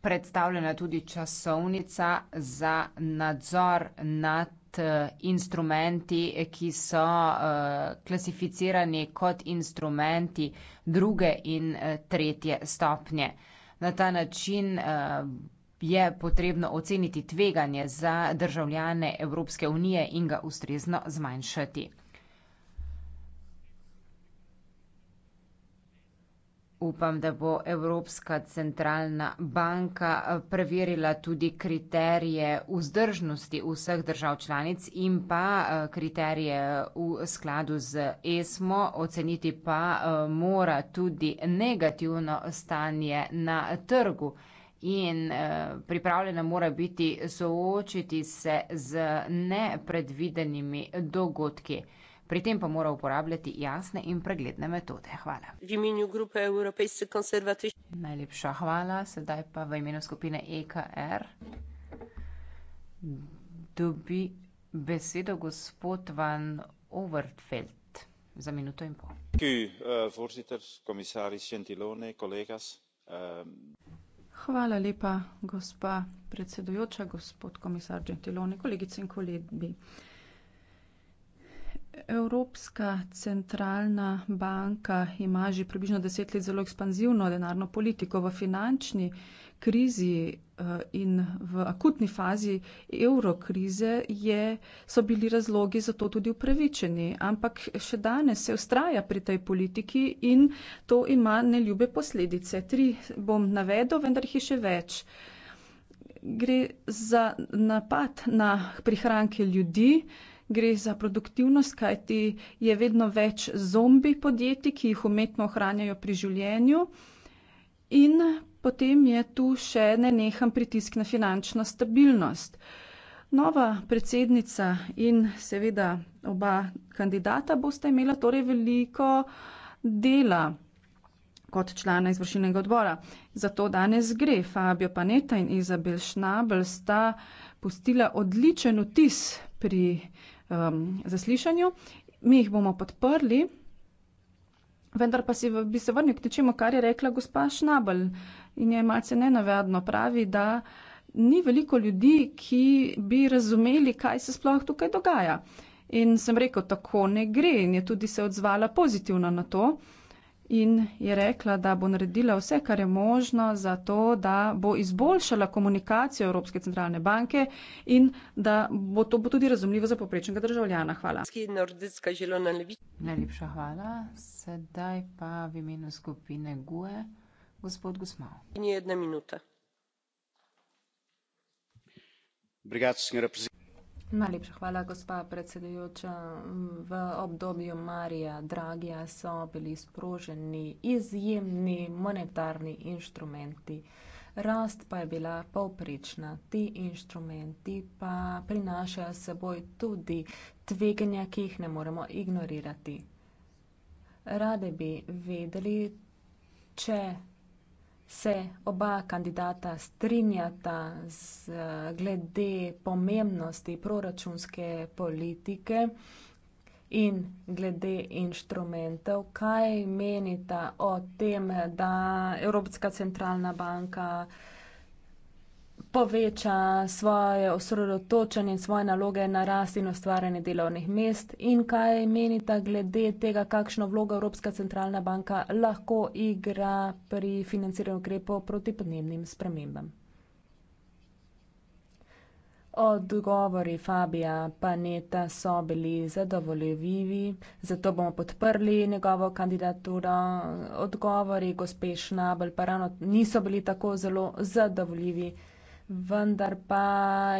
predstavljena tudi časovnica za nadzor nad Eh, instrumenti, eh, ki so eh, klasificirani kot instrumenti druge in tretje stopnje. Na ta način je potrebno oceniti tveganje za državljane Evropske unije in ga ustrezno zmanjšati. Upam, da bo Evropska centralna banka eh, preverila tudi kriterije vzdržnosti vseh držav članic in pa eh, kriterije v skladu z ESMO. Oceniti pa eh, mora tudi negativno stanje na trgu in pripravljena mora biti soočiti se z nepredvidenimi dogodki pri tem pa mora uporabljati jasne in pregledne metode. Hvala. Najlepša hvala, sedaj pa v imenu skupine EKR dobi besedo gospod Van Overtfeld za minuto in pol. Eh, eh, hvala lepa, gospa predsedujoča, gospod komisar Gentiloni, kolegice in kolegi. Evropska centralna banka ima že približno deset let zelo ekspanzivno denarno politiko. V finančni krizi eh, in v akutni fazi evrokrize je, so bili razlogi za to tudi upravičeni, ampak še danes se ustraja pri tej politiki in to ima neljube posledice. Tri bom navedel, vendar jih je še več. Gre za napad na prihranke ljudi, gre za produktivnost, kajti je vedno več zombi podjetij, ki jih umetno ohranjajo pri življenju. In potem je tu še nenehen pritisk na finančno stabilnost. Nova predsednica in seveda oba kandidata boste imela torej veliko dela kot člana izvršilnega odbora. Zato danes gre. Fabio Paneta in Izabel Šnabel sta pustila odličen vtis pri um, zaslišanju. Mi jih bomo podprli, vendar pa si v, bi se vrnil k tečemu, kar je rekla gospa Šnabel in je malce nenavadno pravi, da ni veliko ljudi, ki bi razumeli, kaj se sploh tukaj dogaja. In sem rekel, tako ne gre in je tudi se odzvala pozitivno na to in je rekla, da bo naredila vse, kar je možno za to, da bo izboljšala komunikacijo Evropske centralne banke in da bo to bo tudi razumljivo za poprečnega državljana. Hvala. Najlepša hvala. Sedaj pa v imenu skupine GUE, gospod Gusmao. In je ena minuta. Obrigado, senhora presidente. Najlepša hvala, gospa predsedujoča. V obdobju Marija Dragija so bili sproženi izjemni monetarni inštrumenti. Rast pa je bila povprečna. Ti inštrumenti pa prinašajo seboj tudi tveganja, ki jih ne moremo ignorirati. Rade bi vedeli, če se oba kandidata strinjata z glede pomembnosti proračunske politike in glede inštrumentov. Kaj menita o tem, da Evropska centralna banka uh, poveča svoje osredotočenje in svoje naloge na rast in ustvarjanje delovnih mest in kaj menite glede tega, kakšno vlogo Evropska centralna banka lahko igra pri financiranju ukrepov proti podnebnim spremembam. Odgovori Fabija Paneta so bili zadovoljivi, zato bomo podprli njegovo kandidaturo. Odgovori gospe Šnabel pa ravno niso bili tako zelo zadovoljivi vendar pa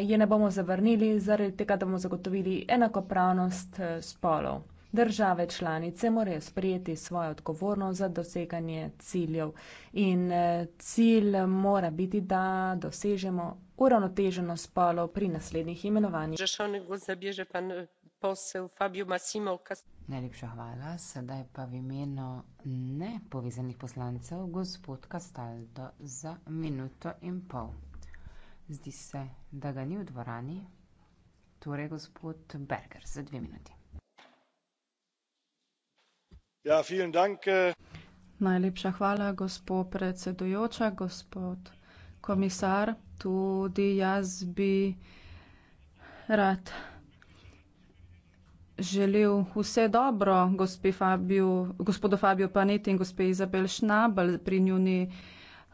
je ne bomo zavrnili zaradi tega, da bomo zagotovili enakopravnost eh, spolov. Države članice morajo sprejeti svojo odgovornost za doseganje ciljev in eh, cilj mora biti, da dosežemo uravnoteženo spolov pri naslednjih imenovanjih. Eh, Najlepša hvala. Sedaj pa v imenu nepovezanih poslancev gospod Kastaldo za minuto in pol. Zdi se, da ga ni v dvorani. Torej, gospod Berger, za dve minuti. Ja, vielen Dank. Eh. Najlepša hvala, gospod predsedujoča, gospod komisar. Tudi jaz bi rad želel vse dobro Fabio, gospodu Fabiju Paneti in gospe Izabel Šnabel pri njuni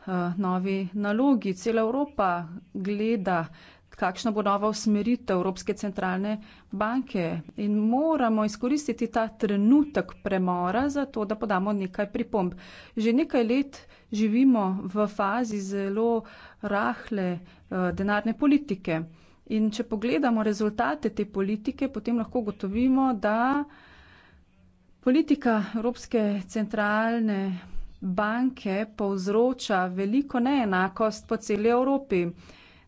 Eh, novi nalogi. Cela Evropa gleda, kakšna bo nova usmeritev Evropske centralne banke in moramo izkoristiti ta trenutek premora za to, da podamo nekaj pripomb. Že nekaj let živimo v fazi zelo rahle eh, denarne politike in če pogledamo rezultate te politike, potem lahko gotovimo, da politika Evropske centralne banke povzroča veliko neenakost po celi Evropi.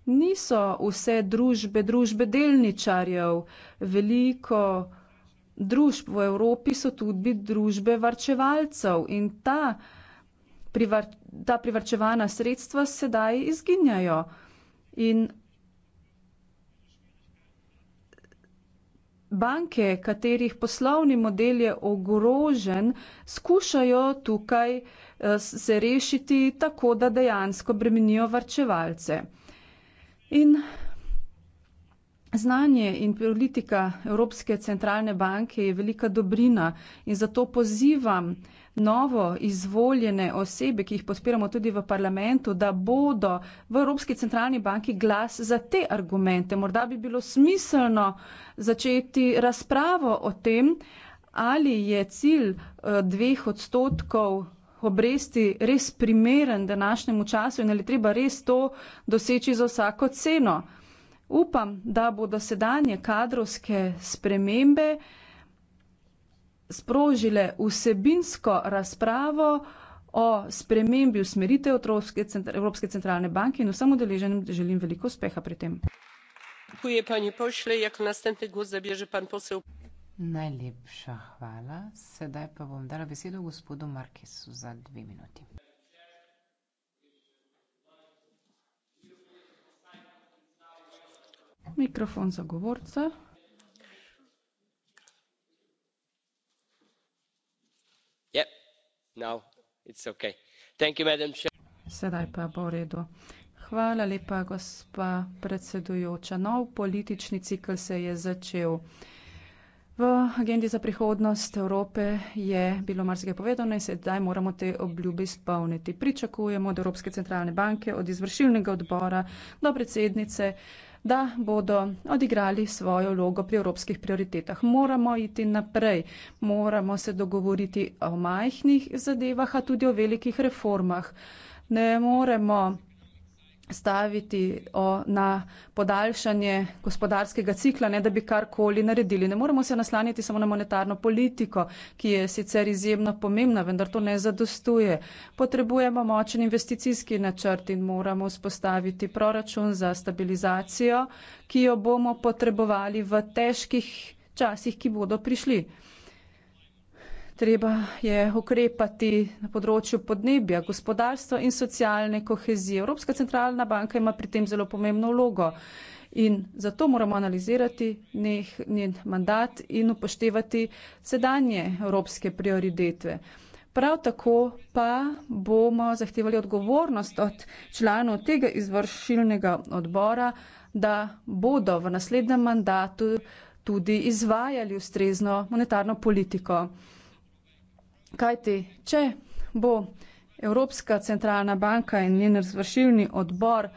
Niso vse družbe družbe delničarjev, veliko družb v Evropi so tudi družbe varčevalcev in ta, privar, ta privarčevana sredstva sedaj izginjajo. In Banke, katerih poslovni model je ogrožen, skušajo tukaj eh, se rešiti tako, da dejansko bremenijo varčevalce. In znanje in politika Evropske centralne banke je velika dobrina in zato pozivam, novo izvoljene osebe, ki jih podpiramo tudi v parlamentu, da bodo v Evropski centralni banki glas za te argumente. Morda bi bilo smiselno začeti razpravo o tem, ali je cilj eh, dveh odstotkov obresti res primeren današnjemu času in ali treba res to doseči za vsako ceno. Upam, da bodo sedanje kadrovske spremembe sprožile vsebinsko razpravo o spremembi usmeritev Evropske, centr Evropske centralne banke in vsem udeleženim želim veliko uspeha pri tem. Najlepša hvala. Sedaj pa bom dala besedo gospodu Markesu za dve minuti. Mikrofon za govorca. Sedaj pa bo v redu. Hvala lepa, gospa predsedujoča. Nov politični cikl se je začel. V agendi za prihodnost Evrope je bilo marsikaj povedano in sedaj moramo te obljube izpolniti. Pričakujemo od Evropske centralne banke, od izvršilnega odbora do predsednice da bodo odigrali svojo vlogo pri evropskih prioritetah. Moramo iti naprej, moramo se dogovoriti o majhnih zadevah, a tudi o velikih reformah. Ne moremo staviti o, na podaljšanje gospodarskega cikla, ne da bi karkoli naredili. Ne moremo se naslanjati samo na monetarno politiko, ki je sicer izjemno pomembna, vendar to ne zadostuje. Potrebujemo močen investicijski načrt in moramo spostaviti proračun za stabilizacijo, ki jo bomo potrebovali v težkih časih, ki bodo prišli. Treba je ukrepati na področju podnebja, gospodarstva in socialne kohezije. Evropska centralna banka ima pri tem zelo pomembno vlogo in zato moramo analizirati njen mandat in upoštevati sedanje evropske prioritete. Prav tako pa bomo zahtevali odgovornost od članov tega izvršilnega odbora, da bodo v naslednjem mandatu tudi izvajali ustrezno monetarno politiko. Kajti, če bo Evropska centralna banka in njen razvršilni odbor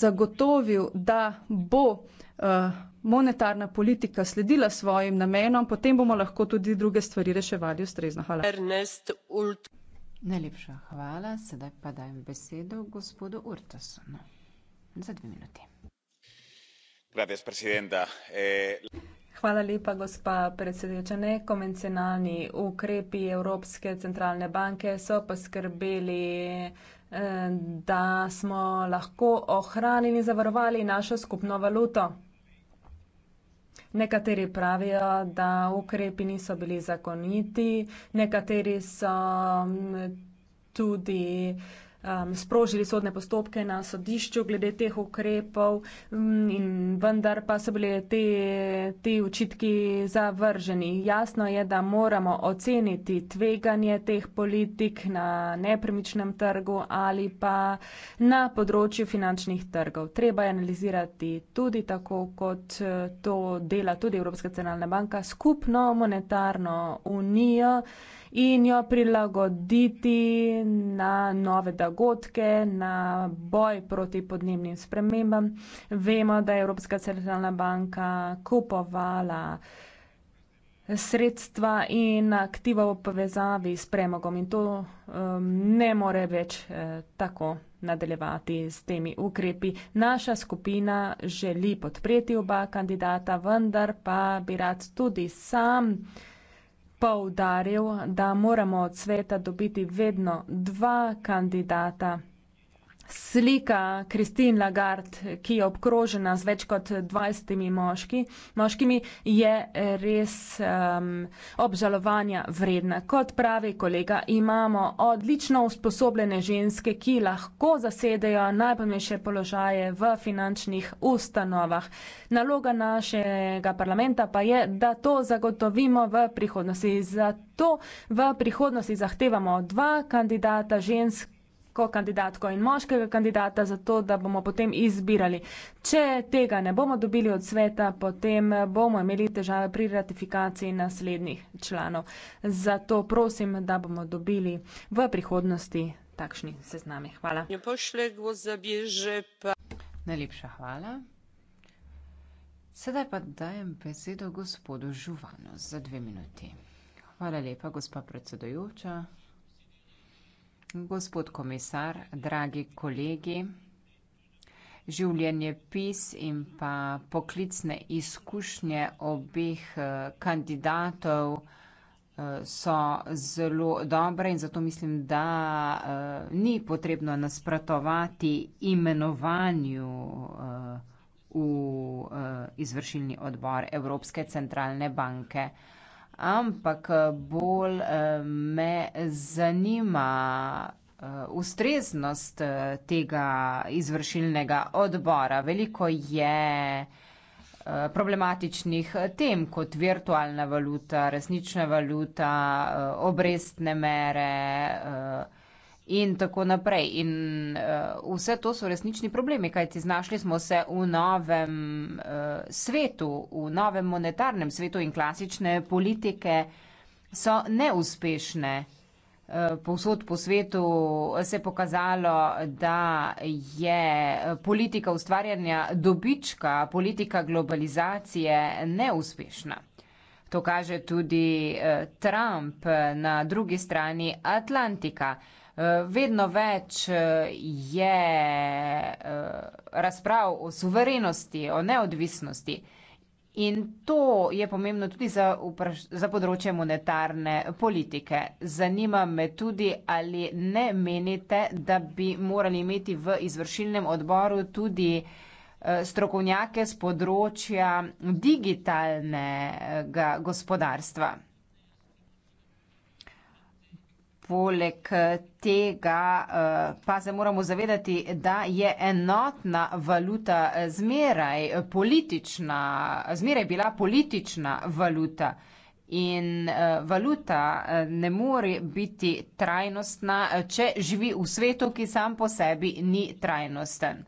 zagotovil, da bo eh, monetarna politika sledila svojim namenom, potem bomo lahko tudi druge stvari reševali ustrezno. Hvala. Najlepša hvala. Sedaj pa dajem besedo gospodu Urtasonu za dve minuti. Hvala lepa, gospa predsedujoča. Nekonvencionalni ukrepi Evropske centralne banke so poskrbeli, eh, da smo lahko ohranili in zavarovali našo skupno valuto. Nekateri pravijo, da ukrepi niso bili zakoniti, nekateri so mm, tudi um, sprožili sodne postopke na sodišču glede teh ukrepov, mm, in vendar pa so bile te, te očitki zavrženi. Jasno je, da moramo oceniti tveganje teh politik na nepremičnem trgu ali pa na področju finančnih trgov. Treba je analizirati tudi tako, kot eh, to dela tudi Evropska centralna banka, skupno monetarno unijo in jo prilagoditi na nove dogodke, na boj proti podnebnim spremembam. Vemo, da je Evropska centralna banka kupovala sredstva in aktiva v povezavi s premogom in to um, ne more več eh, tako nadaljevati s temi ukrepi. Naša skupina želi podpreti oba kandidata, vendar pa bi rad tudi sam eh, poudaril, da moramo od sveta dobiti vedno dva kandidata. Slika Kristin Lagarde, ki je obkrožena z več kot 20 moški, moškimi, je res um, obžalovanja vredna. Kot pravi kolega, imamo odlično usposobljene ženske, ki lahko zasedejo najpomembnejše položaje v finančnih ustanovah. Naloga našega parlamenta pa je, da to zagotovimo v prihodnosti. Zato v prihodnosti zahtevamo dva kandidata žensk kandidatko in moškega kandidata, zato da bomo potem izbirali. Če tega ne bomo dobili od sveta, potem bomo imeli težave pri ratifikaciji naslednjih članov. Zato prosim, da bomo dobili v prihodnosti takšni seznami. Hvala. Najlepša hvala. Sedaj pa dajem besedo gospodu Žuvanu za dve minuti. Hvala lepa, gospa predsedojoča. Gospod komisar, dragi kolegi, življenje pis in pa poklicne izkušnje obeh eh, kandidatov eh, so zelo dobre in zato mislim, da eh, ni potrebno nasprotovati imenovanju v izvršilni odbor Evropske centralne banke ampak eh, bolj eh, me zanima eh, ustreznost tega izvršilnega odbora. Veliko je problematičnih tem kot virtualna valuta, resnična valuta, obrestne mere. In tako naprej. In uh, vse to so resnični problemi, kajti znašli smo se v novem uh, svetu, v novem monetarnem svetu in klasične politike so neuspešne. Eh, povsod po svetu se je pokazalo, da je politika ustvarjanja dobička, politika globalizacije neuspešna. To kaže tudi Trump na drugi strani Atlantika. Eh, vedno več eh, je eh, razprav o suverenosti, o neodvisnosti. In to je pomembno tudi za, vpraš, za področje monetarne politike. Zanima me tudi, ali ne menite, da bi morali imeti v izvršilnem odboru tudi strokovnjake z področja digitalnega gospodarstva. Poleg eh, tega eh, pa se moramo zavedati, da je enotna valuta eh, zmeraj politična, zmeraj bila politična valuta. In valuta ne more biti trajnostna, če živi v svetu, ki sam po sebi ni trajnosten.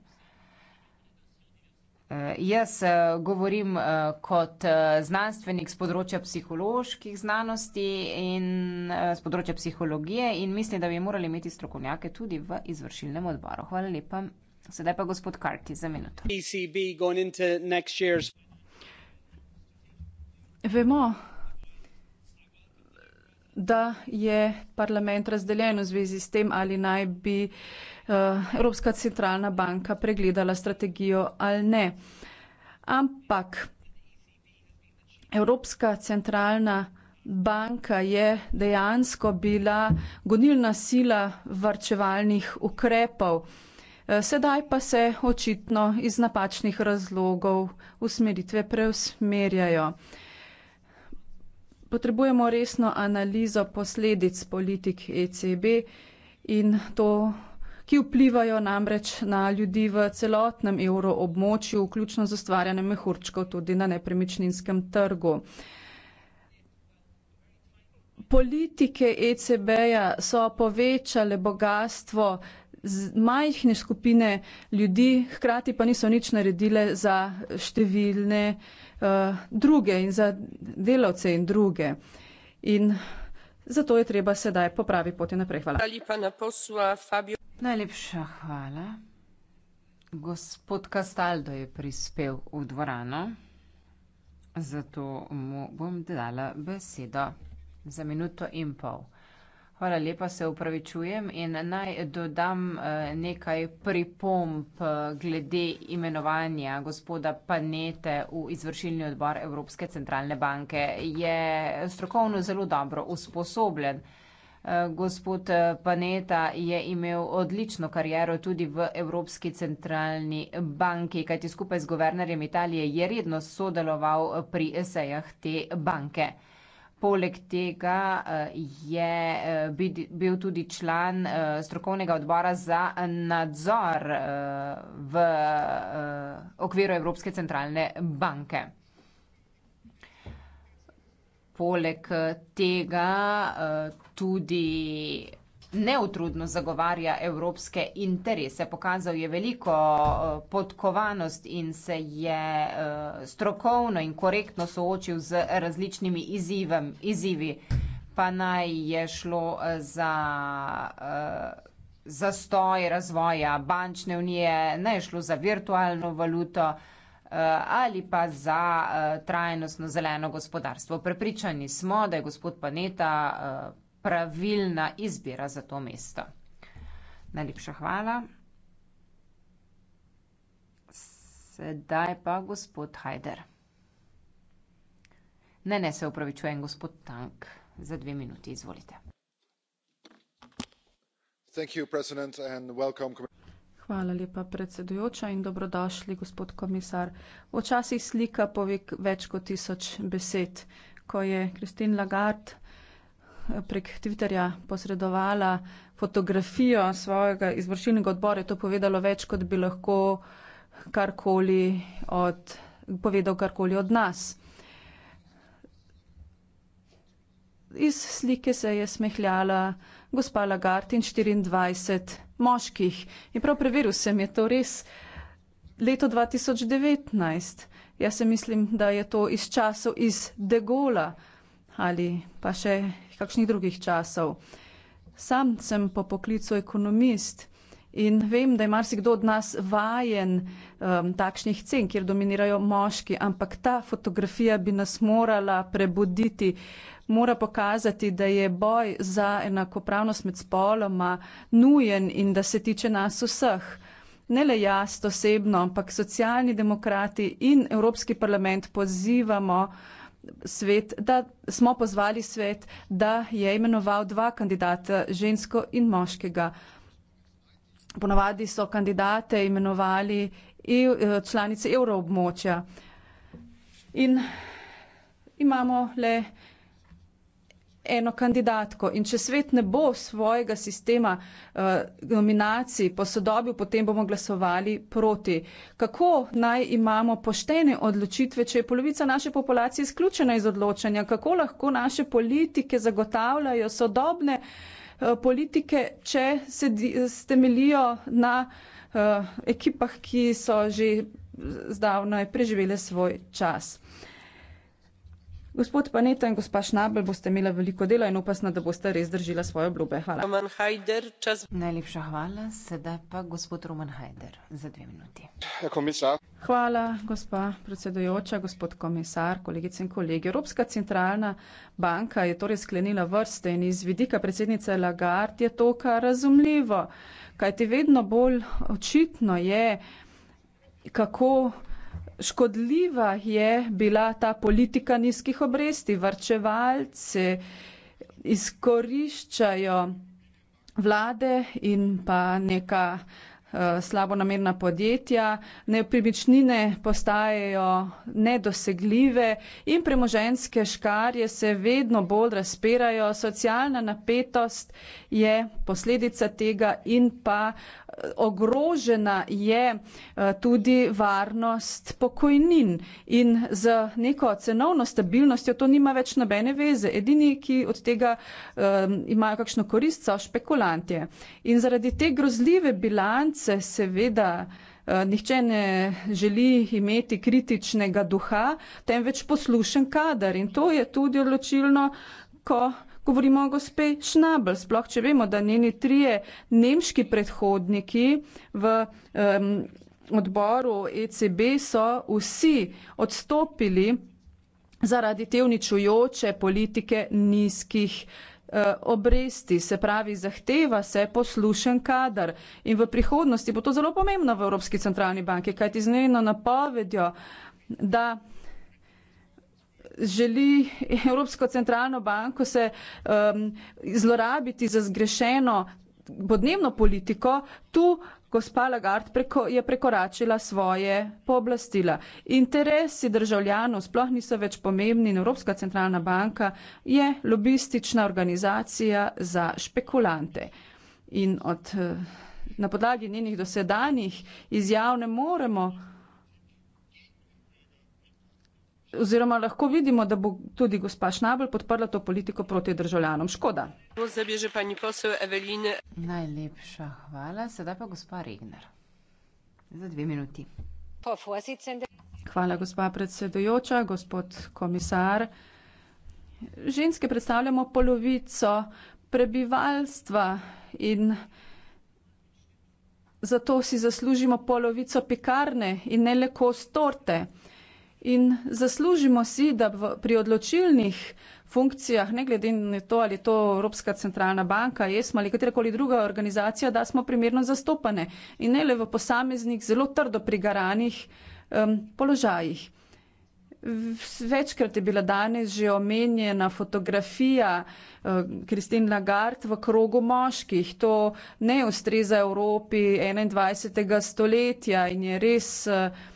Eh, jaz eh, govorim eh, kot znanstvenik z področja psiholoških znanosti in z področja psihologije in mislim, da bi morali imeti strokovnjake tudi v izvršilnem odboru. Hvala lepa. Sedaj pa gospod Karti za minuto. Vemo, da je parlament razdeljen v zvezi s tem, ali naj bi. Eh, Evropska centralna banka pregledala strategijo ali ne. Ampak Evropska centralna banka je dejansko bila gonilna sila varčevalnih ukrepov. Eh, sedaj pa se očitno iz napačnih razlogov usmeritve preusmerjajo. Potrebujemo resno analizo posledic politik ECB in to ki vplivajo namreč na ljudi v celotnem evroobmočju, vključno z ustvarjanjem mehurčkov tudi na nepremičninskem trgu. Politike ECB-ja so povečale bogatstvo majhne skupine ljudi, hkrati pa niso nič naredile za številne uh, druge in za delavce in druge. In zato je treba sedaj popravi poti naprej. Hvala. Najlepša hvala. Gospod Castaldo je prispel v dvorano, zato mu bom dala besedo za minuto in pol. Hvala lepa, se upravičujem in naj dodam eh, nekaj pripomb eh, glede imenovanja gospoda Panete v izvršilni odbor Evropske centralne banke. Je strokovno zelo dobro usposobljen. Eh, gospod eh, Paneta je imel odlično kariero tudi v Evropski centralni banki, kajti skupaj z guvernerjem Italije je redno sodeloval eh, pri esejah te banke. Poleg tega je bil tudi član strokovnega odbora za nadzor v okviru Evropske centralne banke poleg eh, tega eh, tudi neutrudno zagovarja evropske interese. Pokazal je veliko eh, podkovanost in se je strokovno in korektno soočil z različnimi izivem, izzivi. Pa naj je šlo za zastoj razvoja bančne unije, naj je šlo za virtualno valuto. Eh, ali pa za eh, trajnostno zeleno gospodarstvo. Prepričani smo, da je gospod Paneta eh, pravilna izbira za to mesto. Najlepša hvala. Sedaj pa gospod Hajder. Ne, ne, se upravičujem, gospod Tank, za dve minuti izvolite. Thank you, President, and welcome. Hvala lepa, predsedujoča in dobrodošli, gospod komisar. Včasih slika pove več kot tisoč besed. Ko je Christine Lagarde eh, prek Twitterja posredovala fotografijo svojega izvršilnega odbora, je to povedalo več, kot bi lahko karkoli od, povedal karkoli od nas. Iz slike se je smehljala gospa Lagarde in 24 moških. In prav preveril sem, je to res leto 2019. Jaz se mislim, da je to iz časov iz De Gola ali pa še kakšnih drugih časov. Sam sem po poklicu ekonomist in vem, da je marsikdo od nas vajen um, takšnih cen, kjer dominirajo moški, ampak ta fotografija bi nas morala prebuditi. Uh, mora pokazati, da je boj za enakopravnost med spoloma nujen in da se tiče nas vseh. Ne le jaz osebno, ampak socialni demokrati in Evropski parlament pozivamo svet, da smo pozvali svet, da je imenoval dva kandidata, žensko in moškega. Ponovadi so kandidate imenovali eh, članice evroobmočja. In imamo le eno kandidatko. In če svet ne bo svojega sistema uh, nominacij posodobil, potem bomo glasovali proti. Kako naj imamo poštene odločitve, če je polovica naše populacije izključena iz odločanja? Kako lahko naše politike zagotavljajo sodobne uh, politike, če se temelijo na uh, ekipah, ki so že zdavno preživele svoj čas? Uh, Gospod Paneta in gospa Šnabel, boste imela veliko dela in upasna, da boste res držila svoje obljube. Hvala. Hajder, čas... Najlepša hvala, sedaj pa gospod Roman Hajder za dve minuti. Komisar. Hvala, gospa predsedojoča, gospod komisar, kolegice in kolegi. Evropska centralna banka je torej sklenila vrste in iz vidika predsednice Lagarde je to kar razumljivo, kajti vedno bolj očitno je, kako škodljiva je bila ta politika nizkih obresti. Varčevalce izkoriščajo vlade in pa neka eh, slabonamerna podjetja, nepremičnine postajajo nedosegljive in premoženske škarje se vedno bolj razpirajo, socialna napetost je posledica tega in pa uh, ogrožena je eh, tudi varnost pokojnin in z neko cenovno stabilnostjo to nima več nobene veze. Edini, ki od tega um, imajo kakšno korist, so špekulantje. In zaradi te grozljive bilance seveda eh, Nihče ne želi imeti kritičnega duha, temveč poslušen kadar. In to je tudi odločilno, ko govorimo o gospe Šnabel, sploh če vemo, da njeni trije nemški predhodniki v um, odboru ECB so vsi odstopili zaradi te uničujoče politike nizkih e, obresti, se pravi, zahteva se poslušen kadar in v prihodnosti bo to zelo pomembno v Evropski centralni banki, kajti z njeno napovedjo, da uh, želi Evropsko centralno banko se um, zlorabiti za zgrešeno podnebno politiko, tu gospa Lagarde preko, je prekoračila svoje pooblastila. Interesi državljanov sploh niso več pomembni in Evropska centralna banka je lobistična organizacija za špekulante. In od, eh, na podlagi njenih dosedanjih izjav ne moremo oziroma lahko vidimo, da bo tudi gospa Šnabel podprla to politiko proti državljanom. Škoda. Najlepša hvala. Sedaj pa gospa Regner. Za dve minuti. Hvala, gospa predsedujoča, gospod komisar. Ženske predstavljamo polovico prebivalstva in zato si zaslužimo polovico pekarne in ne le kost torte. In zaslužimo si, da v, pri odločilnih funkcijah, ne glede na to, ali je to Evropska centralna banka, ESMA ali katerakoli druga organizacija, da smo primerno zastopane in ne le v posameznih zelo trdo prigaranih um, položajih. Večkrat je bila danes že omenjena fotografija Kristin uh, Lagarde v krogu moških. To ne ustreza Evropi 21. stoletja in je res. Uh,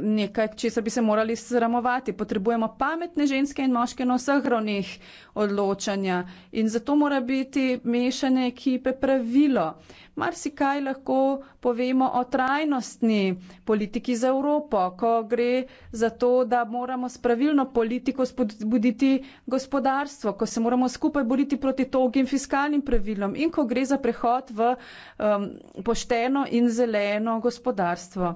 nekaj, česar bi se morali sramovati. Potrebujemo pametne ženske in moške na vseh ravneh odločanja in zato mora biti mešane ekipe pravilo. Mar si kaj lahko povemo o trajnostni politiki za Evropo, ko gre za to, da moramo s pravilno politiko spodbuditi gospodarstvo, ko se moramo skupaj boriti proti togim fiskalnim pravilom in ko gre za prehod v um, pošteno in zeleno gospodarstvo.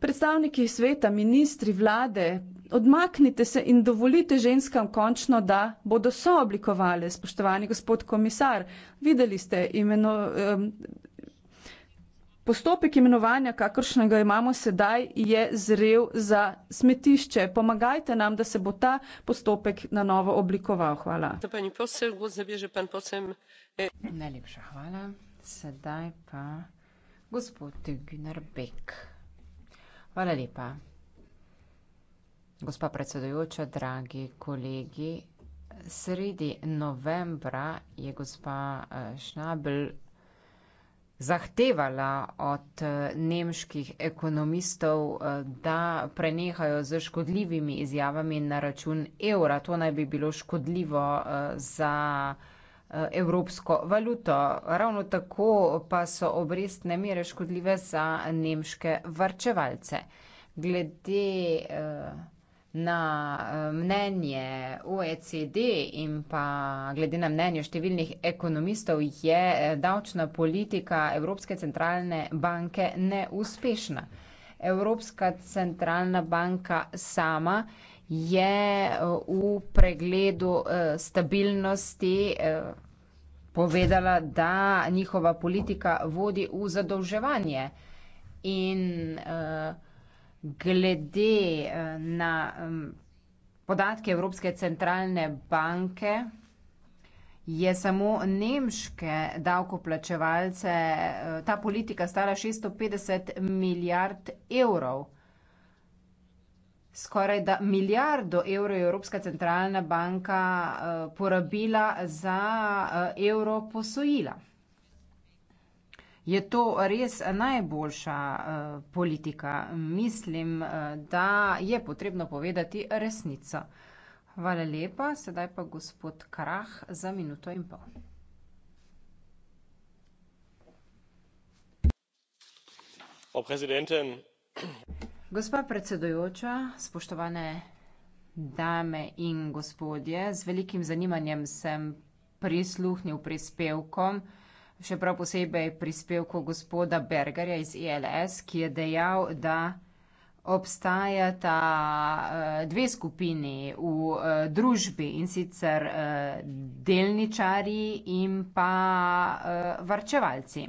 Predstavniki sveta, ministri, vlade, odmaknite se in dovolite ženskam končno, da bodo sooblikovali, spoštovani gospod komisar. Videli ste imeno, um, postopek imenovanja, kakršnega imamo sedaj, je zrel za smetišče. Pomagajte nam, da se bo ta postopek na novo oblikoval. Hvala. E, Najlepša hvala. Sedaj pa gospod Günar Beck. Hvala lepa. Gospa predsedujoča, dragi kolegi, sredi novembra je gospa Šnabel eh, zahtevala od eh, nemških ekonomistov, eh, da prenehajo z škodljivimi izjavami na račun evra. To naj bi bilo škodljivo za Eh, evropsko valuto. Ravno tako pa so obrestne mere škodljive za nemške varčevalce. Glede eh, na eh, mnenje OECD in pa glede na mnenje številnih ekonomistov je davčna politika Evropske centralne banke neuspešna. Evropska centralna banka sama je eh, v pregledu eh, stabilnosti eh, povedala, da njihova politika vodi v zadolževanje. In glede na mm, podatke Evropske centralne banke je samo nemške davkoplačevalce ta politika stala 650 milijard evrov skoraj da milijardo evrov Evropska centralna banka eh, porabila za eh, evro posojila. Je to res najboljša eh, politika? Mislim, da je potrebno povedati resnico. Hvala lepa, sedaj pa gospod Krah za minuto in pol. Gospa predsedujoča, spoštovane dame in gospodje, z velikim zanimanjem sem prisluhnil prispevkom, še prav posebej prispevku gospoda Bergerja iz ILS, ki je dejal, da obstajata eh, dve skupini v eh, družbi, in sicer eh, delničarji in pa varčevalci.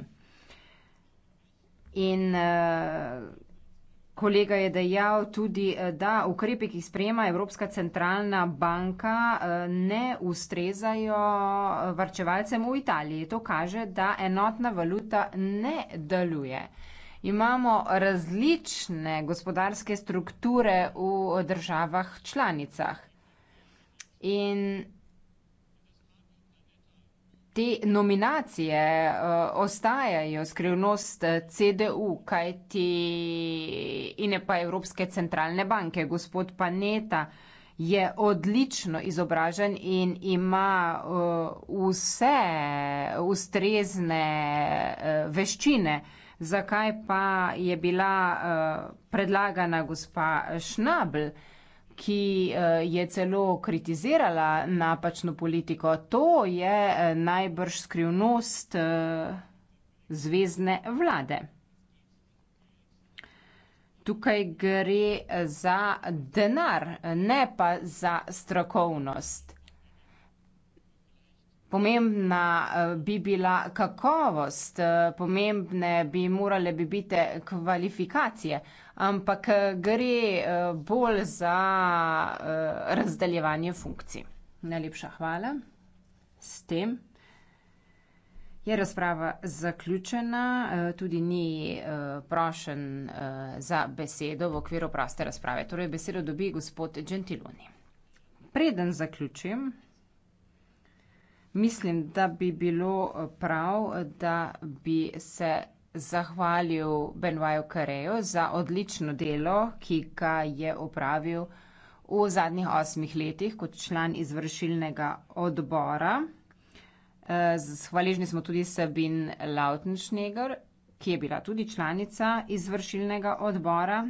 In Kolega je dejal tudi, eh, da ukrepi, ki jih sprejema Evropska centralna banka, eh, ne ustrezajo eh, varčevalcem v Italiji. To kaže, da enotna valuta ne deluje. Imamo različne gospodarske strukture v državah članicah. In te nominacije uh, ostajajo skrivnost eh, CDU, kajti in je pa Evropske centralne banke. Gospod Paneta je odlično izobražen in ima uh, vse ustrezne uh, veščine. Zakaj pa je bila uh, predlagana gospa Šnabl? Uh, ki eh, je celo kritizirala napačno politiko. To je eh, najbrž skrivnost eh, zvezdne vlade. Tukaj gre za denar, ne pa za strokovnost. Pomembna bi bila kakovost, pomembne bi morale bi biti kvalifikacije, ampak eh, gre eh, bolj za eh, razdeljevanje funkcij. Najlepša hvala. S tem. Je razprava zaključena, tudi ni prošen za besedo v okviru proste razprave. Torej besedo dobi gospod Gentiloni. Preden zaključim, mislim, da bi bilo prav, da bi se zahvalil Benvaju Kareju za odlično delo, ki ga je opravil v zadnjih osmih letih kot član izvršilnega odbora. E, hvaležni smo tudi Sabin Lautenschneger, ki je bila tudi članica izvršilnega odbora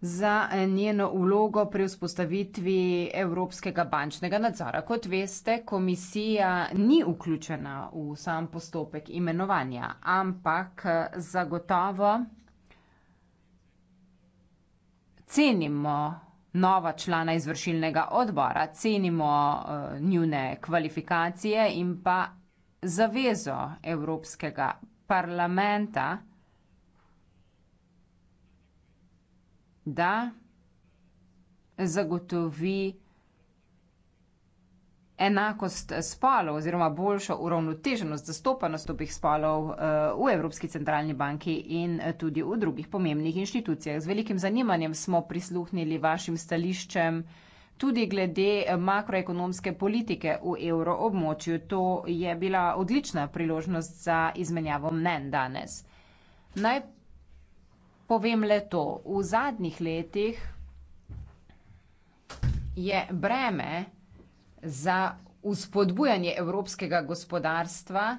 za eh, njeno vlogo pri vzpostavitvi evropskega bančnega nadzora. Kot veste, komisija ni vključena v sam postopek imenovanja, ampak eh, zagotovo cenimo nova člana izvršilnega odbora, cenimo uh, njune kvalifikacije in pa zavezo Evropskega parlamenta, da zagotovi enakost spolov oziroma boljšo uravnoteženost zastopanost obih spolov eh, v Evropski centralni banki in eh, tudi v drugih pomembnih inštitucijah. Z velikim zanimanjem smo prisluhnili vašim stališčem tudi glede eh, makroekonomske politike v evroobmočju. To je bila odlična priložnost za izmenjavo mnen danes. Najprej Povem le to, v zadnjih letih je breme za vzpodbujanje evropskega gospodarstva v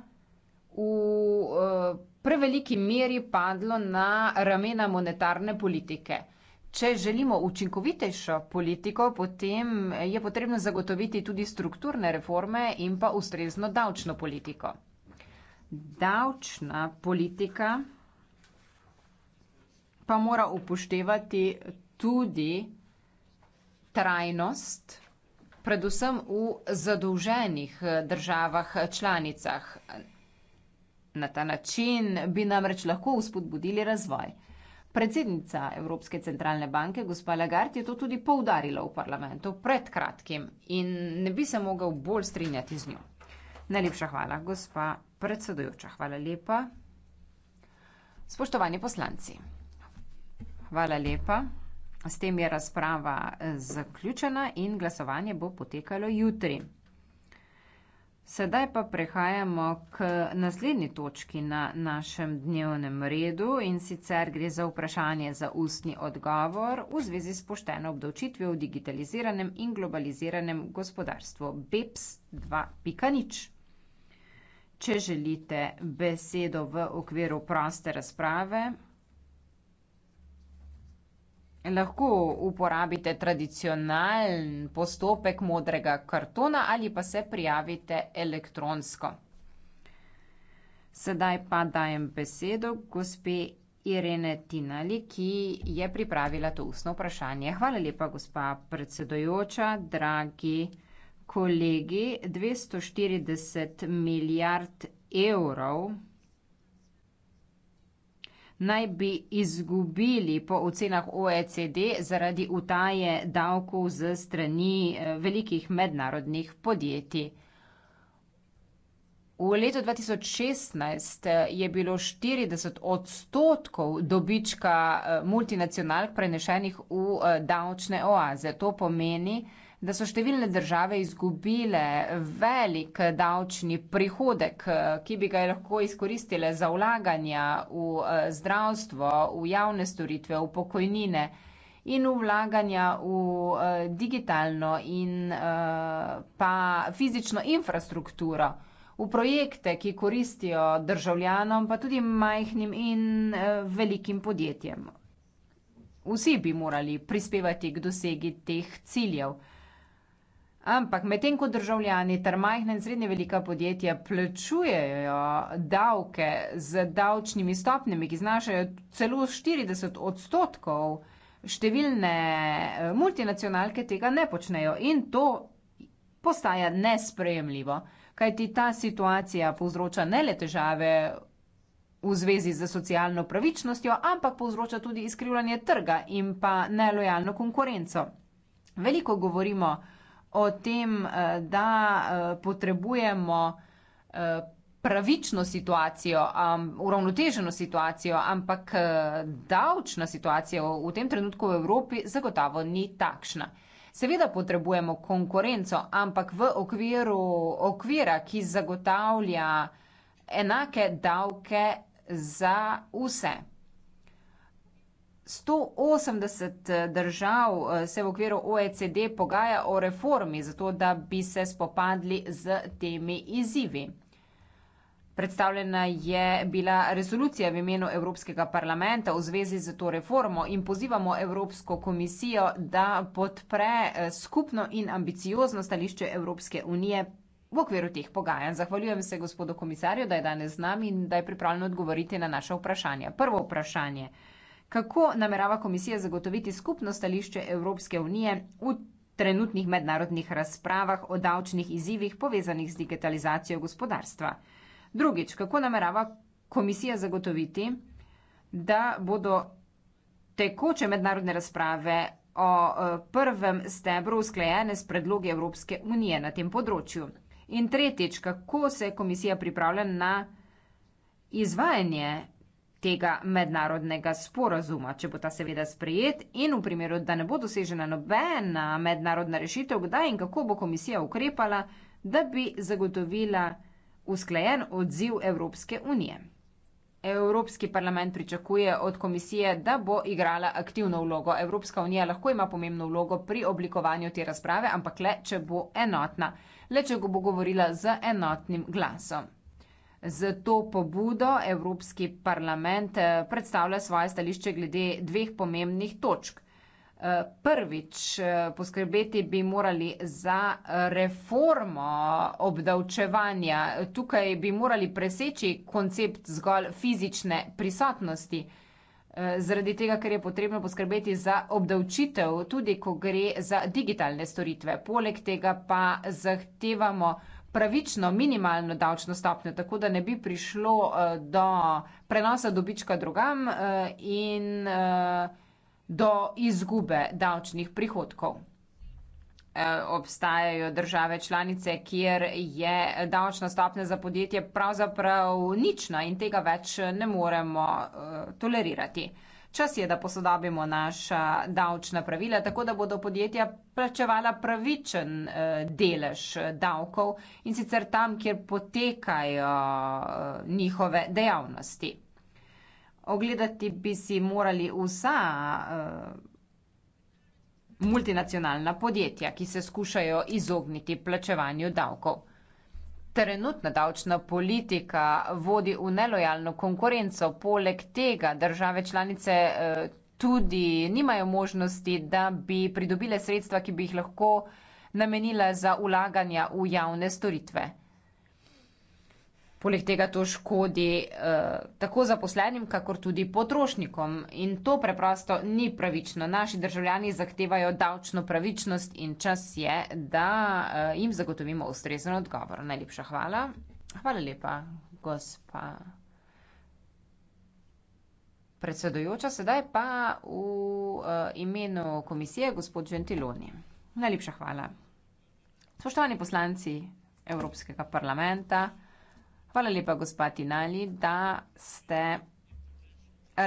eh, preveliki meri padlo na ramena monetarne politike. Če želimo učinkovitejšo politiko, potem je potrebno zagotoviti tudi strukturne reforme in pa ustrezno davčno politiko. Davčna politika pa mora upoštevati tudi trajnost, predvsem v zadolženih eh, državah eh, članicah. Na ta način bi namreč lahko uspodbudili razvoj. Predsednica Evropske centralne banke, gospa Lagarde, je to tudi poudarila v parlamentu pred kratkim in ne bi se mogel bolj strinjati z njo. Najlepša hvala, gospa predsedujoča. Hvala lepa. Spoštovani poslanci. Hvala lepa. S tem je razprava eh, zaključena in glasovanje bo potekalo jutri. Sedaj pa prehajamo k naslednji točki na našem dnevnem redu in sicer gre za vprašanje za ustni odgovor v zvezi s pošteno obdavčitvijo v digitaliziranem in globaliziranem gospodarstvu BEPS 2.0. Če želite besedo v okviru proste razprave, lahko uporabite tradicionalen postopek modrega kartona ali pa se prijavite elektronsko. Sedaj pa dajem besedo gospe Irene Tinali, ki je pripravila to ustno vprašanje. Hvala lepa, gospa predsedojoča, dragi kolegi. 240 milijard evrov naj bi izgubili po ocenah OECD zaradi utaje davkov z strani eh, velikih mednarodnih podjetij. V letu 2016 eh, je bilo 40 odstotkov dobička eh, multinacionalk prenešenih v davčne oaze. To pomeni, da so številne države izgubile velik davčni prihodek, ki bi ga lahko izkoristile za vlaganja v eh, zdravstvo, v javne storitve, v pokojnine in v vlaganja v eh, digitalno in eh, pa fizično infrastrukturo, v projekte, ki koristijo državljanom, pa tudi majhnim in velikim podjetjem. Vsi bi morali prispevati k dosegi teh ciljev. Ampak medtem ko državljani ter majhne in srednje velika podjetja plačujejo davke z davčnimi stopnjami, ki znašajo celo 40 odstotkov, številne eh, multinacionalke tega ne počnejo in to postaja nesprejemljivo, kajti ta situacija povzroča ne le težave v zvezi z socialno pravičnostjo, ampak povzroča tudi izkrivljanje trga in pa nelojalno konkurenco. Veliko govorimo o o tem, eh, da eh, potrebujemo eh, pravično situacijo, uravnoteženo situacijo, ampak davčna situacija v tem trenutku v Evropi zagotavo ni takšna. Seveda potrebujemo konkurenco, ampak v okviru okvira, ki zagotavlja enake davke za vse. 180 eh, držav eh, se v okviru OECD pogaja o reformi, zato da bi se spopadli z temi izzivi. Predstavljena je bila resolucija v imenu Evropskega parlamenta v zvezi z to reformo in pozivamo Evropsko komisijo, da podpre eh, skupno in ambiciozno stališče Evropske unije v okviru teh pogajanj. Zahvaljujem se gospodu komisarju, da je danes z nami in da je pripravljen odgovoriti na naše vprašanje. Prvo vprašanje kako namerava komisija zagotoviti skupno stališče Evropske unije v trenutnih mednarodnih razpravah o davčnih izzivih povezanih z digitalizacijo gospodarstva. Drugič, kako namerava komisija zagotoviti, da bodo tekoče mednarodne razprave o eh, prvem stebru usklajene s predlogi Evropske unije na tem področju. In tretjič, kako se komisija pripravlja na izvajanje tega mednarodnega sporazuma, če bo ta seveda sprejet in v primeru, da ne bo dosežena nobena mednarodna rešitev, kdaj in kako bo komisija ukrepala, da bi zagotovila usklajen odziv Evropske unije. Evropski parlament pričakuje od komisije, da bo igrala aktivno vlogo. Evropska unija lahko ima pomembno vlogo pri oblikovanju te razprave, ampak le, če bo enotna, le, če bo govorila z enotnim glasom. Zato pobudo Evropski parlament eh, predstavlja svoje stališče glede dveh pomembnih točk. Eh, prvič, eh, poskrbeti bi morali za reformo obdavčevanja. Tukaj bi morali preseči koncept zgolj fizične prisotnosti, zaradi tega, ker je potrebno poskrbeti za obdavčitev, tudi ko gre za digitalne storitve. Poleg tega pa zahtevamo, pravično minimalno davčno stopnjo, tako da ne bi prišlo eh, do prenosa dobička drugam eh, in eh, do izgube davčnih prihodkov. Obstajajo države članice, kjer je davčna stopnja za podjetje pravzaprav nična in tega več ne moremo tolerirati. Čas je, da posodobimo naša davčna pravila, tako da bodo podjetja plačevala pravičen eh, delež eh, davkov in sicer tam, kjer potekajo eh, njihove dejavnosti. Ogledati bi si morali vsa multinacionalna podjetja, ki se skušajo izogniti plačevanju davkov. Trenutna davčna politika vodi v nelojalno konkurenco, poleg tega države članice eh, tudi nimajo možnosti, da bi pridobile sredstva, ki bi jih lahko namenila za ulaganja v javne storitve. Poleg tega to škodi eh, tako zaposlenim, kakor tudi potrošnikom in to preprosto ni pravično. Naši državljani zahtevajo davčno pravičnost in čas je, da eh, jim zagotovimo ustrezen odgovor. Najlepša hvala. Hvala lepa, gospa. Predsedujoča, sedaj pa v uh, imenu komisije gospod Gentiloni. Najlepša hvala. Spoštovani poslanci Evropskega parlamenta, Hvala lepa, gospa Tinali, da ste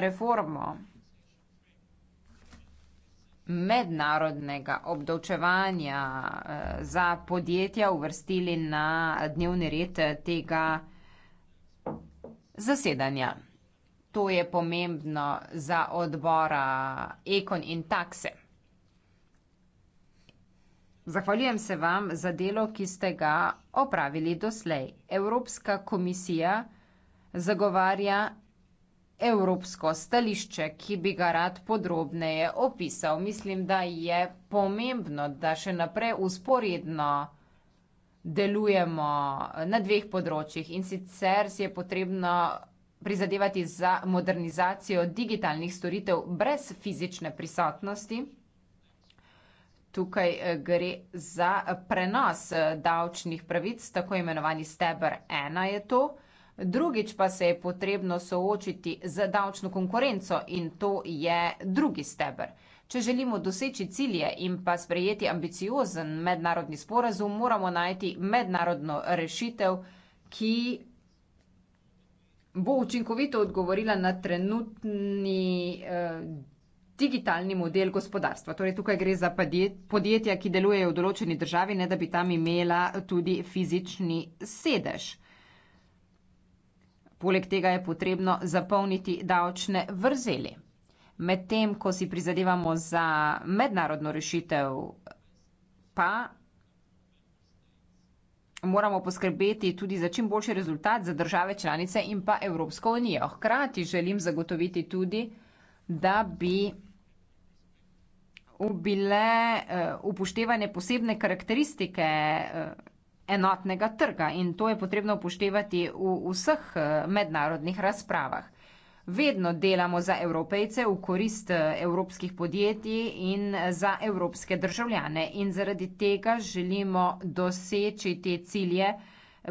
reformo mednarodnega obdavčevanja eh, za podjetja uvrstili na dnevni red eh, tega zasedanja. To je pomembno za odbora Ekon in takse. Zahvaljujem se vam za delo, ki ste ga opravili doslej. Evropska komisija zagovarja evropsko stališče, ki bi ga rad podrobneje opisal. Mislim, da je pomembno, da še naprej usporedno delujemo na dveh področjih in sicer si je potrebno prizadevati za modernizacijo digitalnih storitev brez fizične prisotnosti tukaj eh, gre za eh, prenos eh, davčnih pravic, tako imenovani stebr ena je to. Drugič pa se je potrebno soočiti z davčno konkurenco in to je drugi stebr. Če želimo doseči cilje in pa sprejeti ambiciozen mednarodni sporazum, moramo najti mednarodno rešitev, ki bo učinkovito odgovorila na trenutni eh, digitalni model gospodarstva. Torej, tukaj gre za podjetja, ki delujejo v določeni državi, ne da bi tam imela tudi fizični sedež. Poleg tega je potrebno zapolniti davčne vrzeli. Medtem, ko si prizadevamo za mednarodno rešitev, pa moramo poskrbeti tudi za čim boljši rezultat za države članice in pa Evropsko unijo. Hkrati želim zagotoviti tudi, da bi bile eh, upoštevane posebne karakteristike eh, enotnega trga in to je potrebno upoštevati v vseh eh, mednarodnih razpravah. Vedno delamo za evropejce v korist evropskih podjetij in za evropske državljane in zaradi tega želimo doseči te cilje,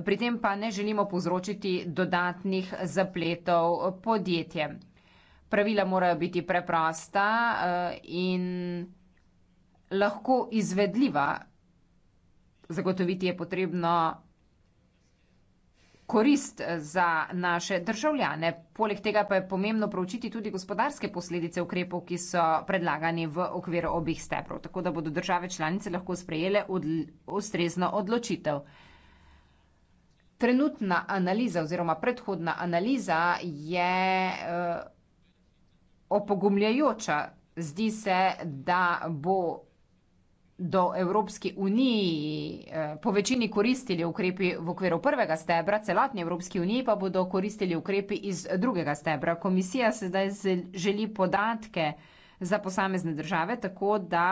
pri tem pa ne želimo povzročiti dodatnih zapletov podjetjem. Pravila morajo biti preprosta in lahko izvedljiva, zagotoviti je potrebno korist za naše državljane. Poleg tega pa je pomembno proučiti tudi gospodarske posledice ukrepov, ki so predlagani v okviru obih stebrov, tako da bodo države članice lahko sprejele odl ustrezno odločitev. Trenutna analiza oziroma predhodna analiza je eh, opogumljajoča. Zdi se, da bo do Evropski uniji eh, po večini koristili ukrepi v okviru prvega stebra, celotni Evropski uniji pa bodo koristili ukrepi iz drugega stebra. Komisija sedaj želi podatke za posamezne države, tako da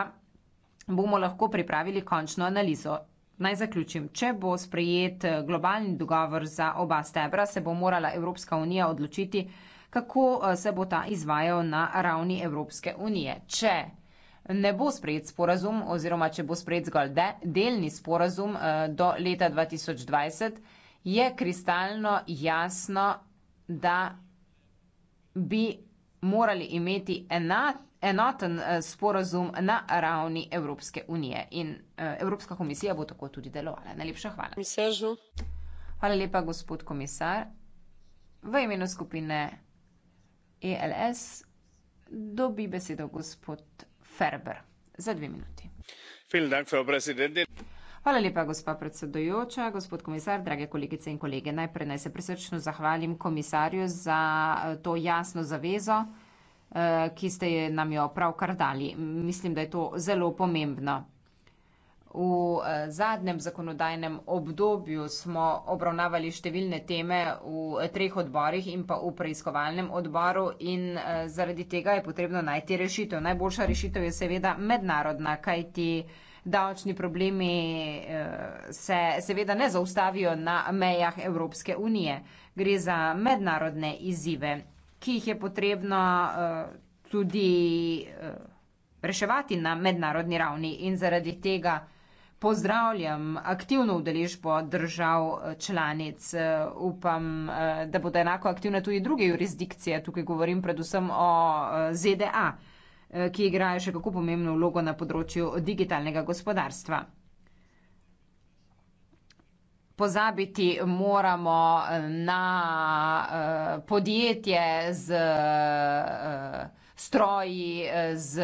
bomo lahko pripravili končno analizo. Naj zaključim. Če bo sprejet eh, globalni dogovor za oba stebra, se bo morala Evropska unija odločiti, kako eh, se bo ta izvajal na ravni Evropske unije. Če ne bo sprejet sporazum oziroma če bo sprejet zgolj de, delni sporazum uh, do leta 2020, je kristalno jasno, da bi morali imeti enat, enoten uh, sporazum na ravni Evropske unije. In uh, Evropska komisija bo tako tudi delovala. Najlepša hvala. Misežu. Hvala lepa, gospod komisar. V imenu skupine ELS dobi besedo gospod ferber za dve minuti. Hvala lepa, gospa predsedujoča, gospod komisar, drage kolegice in kolege. Najprej naj se presrčno zahvalim komisarju za eh, to jasno zavezo, eh, ki ste nam jo pravkar dali. Mislim, da je to zelo pomembno. V eh, zadnjem zakonodajnem obdobju smo obravnavali številne teme v eh, treh odborih in pa v preiskovalnem odboru in eh, zaradi tega je potrebno najti rešitev. Najboljša rešitev je seveda mednarodna, kaj ti davčni problemi se seveda ne zaustavijo na mejah Evropske unije. Gre za mednarodne izzive, ki jih je potrebno tudi reševati na mednarodni ravni in zaradi tega pozdravljam aktivno udeležbo držav eh, članic. Eh, upam, eh, da bodo enako aktivne tudi druge jurisdikcije. Tukaj govorim predvsem o ZDA, ki igrajo še kako pomembno vlogo na področju digitalnega gospodarstva. Pozabiti moramo na podjetje z stroji, eh, z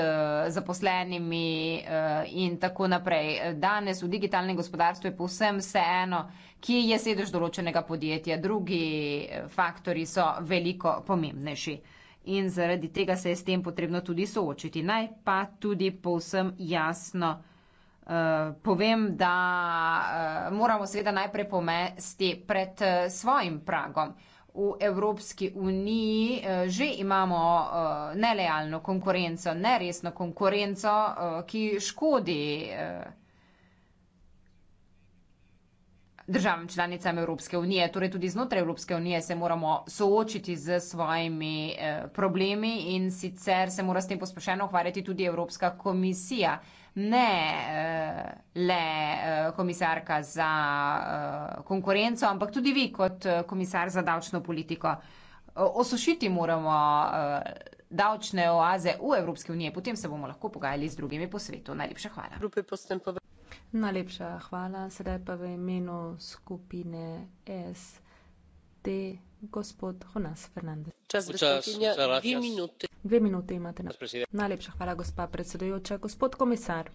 zaposlenimi eh, in tako naprej. Danes v digitalnem gospodarstvu je povsem vseeno, kje je sedež določenega podjetja. Drugi eh, faktori so veliko pomembnejši. In zaradi tega se je s tem potrebno tudi soočiti. Naj pa tudi povsem jasno uh, povem, da uh, moramo seveda najprej pomesti pred uh, svojim pragom. Uh, v Evropski uniji eh, že imamo eh, nelealno konkurenco, neresno konkurenco, eh, ki škodi državam članicam Evropske unije. Torej tudi znotraj Evropske unije se moramo soočiti z svojimi eh, problemi in sicer se mora s tem pospešeno ukvarjati tudi Evropska komisija. Ne eh, le eh, komisarka za eh, konkurenco, ampak tudi vi kot eh, komisar za davčno politiko. Osušiti moramo uh, davčne oaze v Evropski uniji, potem se bomo lahko pogajali z drugimi po svetu. Najlepša hvala. Najlepša hvala, sedaj pa v imenu skupine SD, gospod Jonas Fernandez. Čas, gospodinja, dve minute. Dve minute imate na razpolago. Najlepša hvala, gospa predsedujoča, gospod komisar.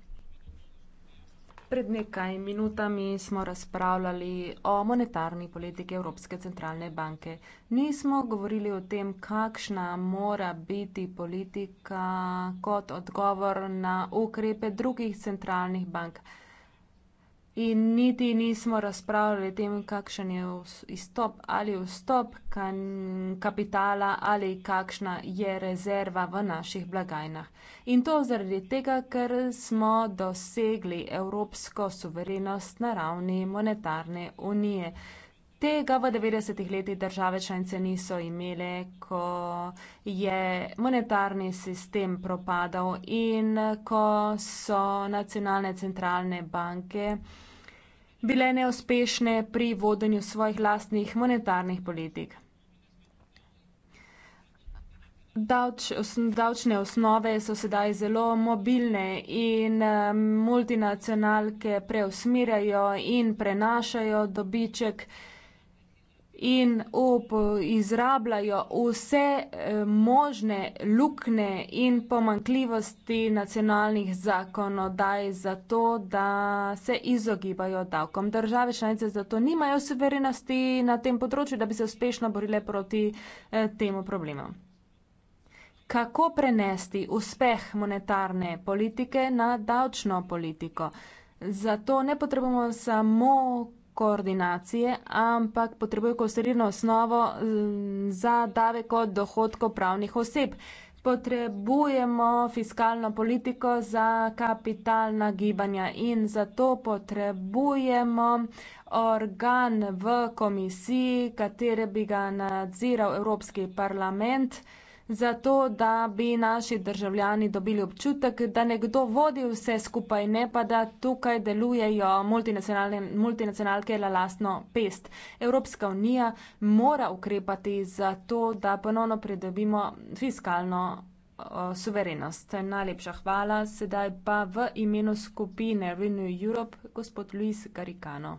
Pred nekaj minutami smo razpravljali o monetarni politiki Evropske centralne banke. Nismo govorili o tem, kakšna mora biti politika kot odgovor na ukrepe drugih centralnih bank in niti nismo razpravljali o tem, kakšen je vstop ali vstop kapitala ali kakšna je rezerva v naših blagajnah. In to zaradi tega, ker smo dosegli evropsko suverenost na ravni monetarne unije. Tega v 90-ih letih države članice niso imele, ko je monetarni sistem propadal in ko so nacionalne centralne banke uh, bile neuspešne pri vodenju svojih lastnih monetarnih politik. Davč, os, davčne osnove so sedaj zelo mobilne in um, multinacionalke preusmirjajo in prenašajo dobiček in izrabljajo vse eh, možne lukne in pomankljivosti nacionalnih zakonodaj za to, da se izogibajo davkom. Države članice zato nimajo suverenosti na tem področju, da bi se uspešno borile proti eh, temu problemu. Kako prenesti uspeh monetarne politike na davčno politiko? Zato ne potrebujemo samo koordinacije, ampak potrebuje kosterirno osnovo mm, za davek od dohodkov pravnih oseb. Potrebujemo fiskalno politiko za kapitalna gibanja in zato potrebujemo organ v komisiji, katere bi ga nadziral Evropski parlament zato da bi naši državljani dobili občutek, da nekdo vodi vse skupaj, ne pa da tukaj delujejo multinacionalke na lastno pest. Evropska unija mora ukrepati za to, da ponovno pridobimo fiskalno suverenost. Najlepša hvala, sedaj pa v imenu skupine Renew Europe, gospod Luis Garicano.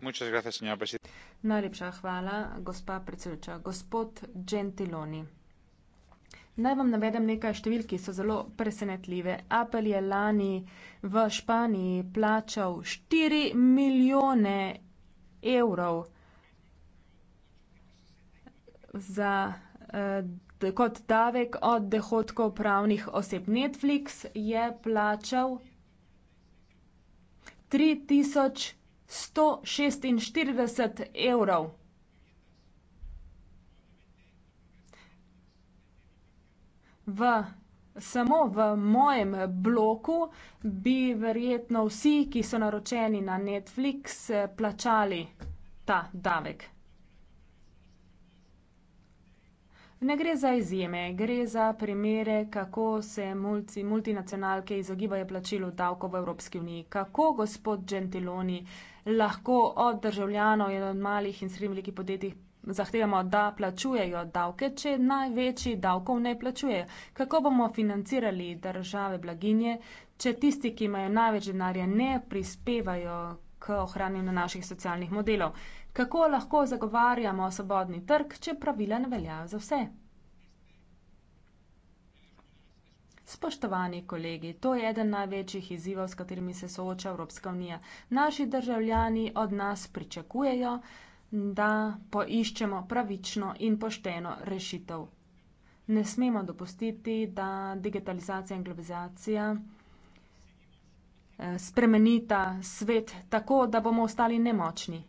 Najlepša hvala, gospa predsedujoča, gospod Gentiloni. Naj vam navedem nekaj številk, ki so zelo presenetljive. Apple je lani v Španiji plačal 4 milijone evrov za, eh, kot davek od dohodkov pravnih oseb. Netflix je plačal 3146 evrov. v, samo v mojem bloku bi verjetno vsi, ki so naročeni na Netflix, plačali ta davek. Ne gre za izjeme, gre za primere, kako se multi, multinacionalke izogibajo plačilu davkov v Evropski uniji. Kako gospod Gentiloni lahko od državljanov in od malih in srednjih podjetij zahtevamo, da plačujejo davke, če največji davkov ne plačujejo. Kako bomo financirali države blaginje, če tisti, ki imajo največ denarja, ne prispevajo k ohranjanju naših socialnih modelov? Kako lahko zagovarjamo svobodni trg, če pravila ne veljajo za vse? Spoštovani kolegi, to je eden največjih izzivov, s katerimi se sooča Evropska unija. Naši državljani od nas pričakujejo, da poiščemo pravično in pošteno rešitev. Ne smemo dopustiti, da digitalizacija in globalizacija eh, spremenita svet tako, da bomo ostali nemočni.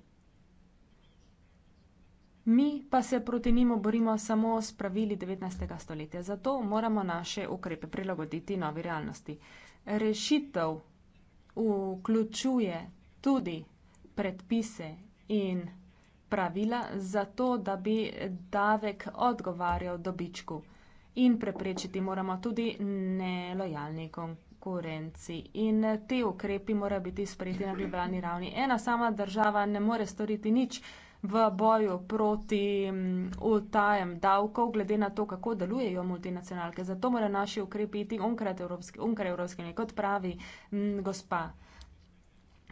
Mi pa se proti njimu borimo samo s pravili 19. stoletja, zato moramo naše ukrepe prilagoditi novi realnosti. Rešitev vključuje tudi predpise in pravila za to, da bi davek odgovarjal dobičku. In preprečiti moramo tudi nelojalni konkurenci. In te ukrepi mora biti sprejeti na globalni ravni. Ena sama država ne more storiti nič v boju proti mm, utajem davkov, glede na to, kako delujejo multinacionalke. Zato morajo naši ukrepi iti onkraj Evropske unije, kot pravi mm, gospa.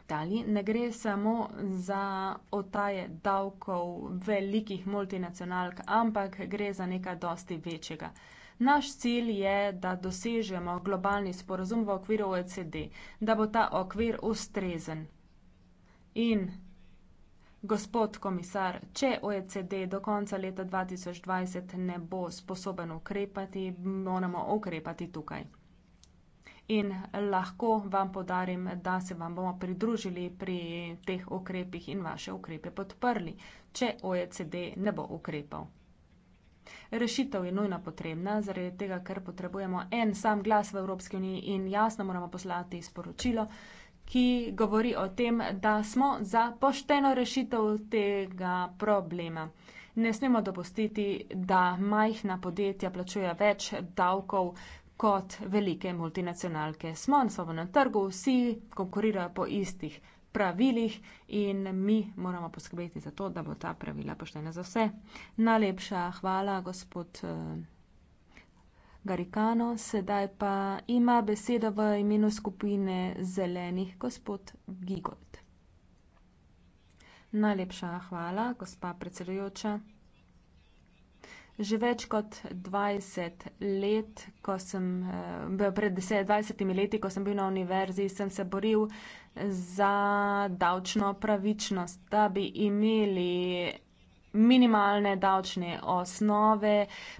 Italiji. Ne gre samo za otaje davkov velikih multinacionalk, ampak gre za nekaj dosti večjega. Naš cilj je, da dosežemo globalni sporozum v okviru OECD, da bo ta okvir ustrezen. In, gospod komisar, če OECD do konca leta 2020 ne bo sposoben ukrepati, moramo ukrepati tukaj in lahko vam podarim, da se vam bomo pridružili pri teh ukrepih in vaše ukrepe podprli, če OECD ne bo ukrepal. Rešitev je nujna potrebna, zaradi tega, ker potrebujemo en sam glas v Evropski uniji in jasno moramo poslati sporočilo, ki govori o tem, da smo za pošteno rešitev tega problema. Ne smemo dopustiti, da majhna podjetja plačuje več davkov, kot velike multinacionalke. Smo na svobodnem trgu, vsi konkurirajo po istih pravilih in mi moramo poskrbeti za to, da bo ta pravila poštena za vse. Najlepša hvala, gospod eh, Garikano. Sedaj pa ima besedo v imenu skupine zelenih gospod Gigold. Najlepša hvala, gospa predsedujoča. Že več kot 20 let, ko sem, eh, pred 10, 20 leti, ko sem bil na univerzi, sem se boril za davčno pravičnost, da bi imeli minimalne davčne osnove,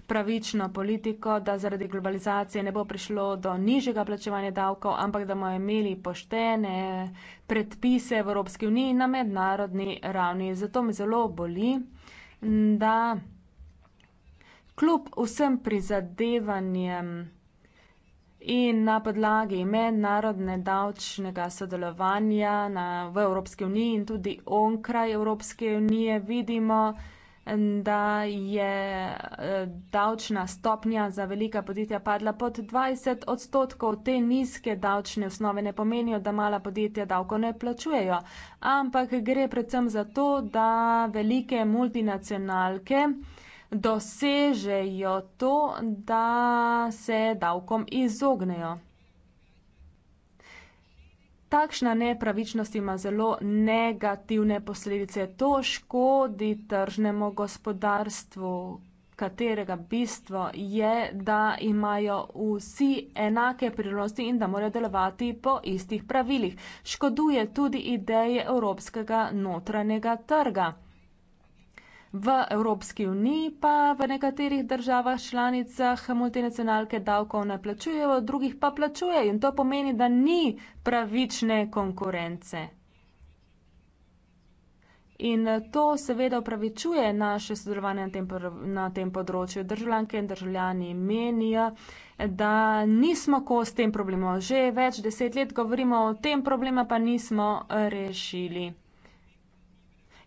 pravično politiko, da zaradi globalizacije ne bo prišlo do nižjega plačevanja davkov, ampak da bomo imeli poštene predpise v Evropski uniji na mednarodni ravni. Zato me zelo boli, da kljub vsem prizadevanjem in na podlagi mednarodne davčnega sodelovanja na, v Evropski uniji in tudi onkraj Evropske unije vidimo, da je eh, davčna stopnja za velika podjetja padla pod 20 odstotkov. Te nizke davčne osnove ne pomenijo, da mala podjetja davko ne plačujejo, ampak gre predvsem za to, da velike multinacionalke dosežejo to, da se davkom izognejo. Takšna nepravičnost ima zelo negativne posledice. To škodi tržnemu gospodarstvu, katerega bistvo je, da imajo vsi enake priložnosti in da morajo delovati po istih pravilih. Škoduje tudi ideje evropskega notranjega trga. V Evropski uniji pa v nekaterih državah članicah multinacionalke davkov ne plačujejo, drugih pa plačujejo in to pomeni, da ni pravične konkurence. In to seveda upravičuje naše sodelovanje na tem, na tem področju. Državljanke in državljani menijo, da nismo ko s tem problemom. Že več deset let govorimo o tem problema, pa nismo rešili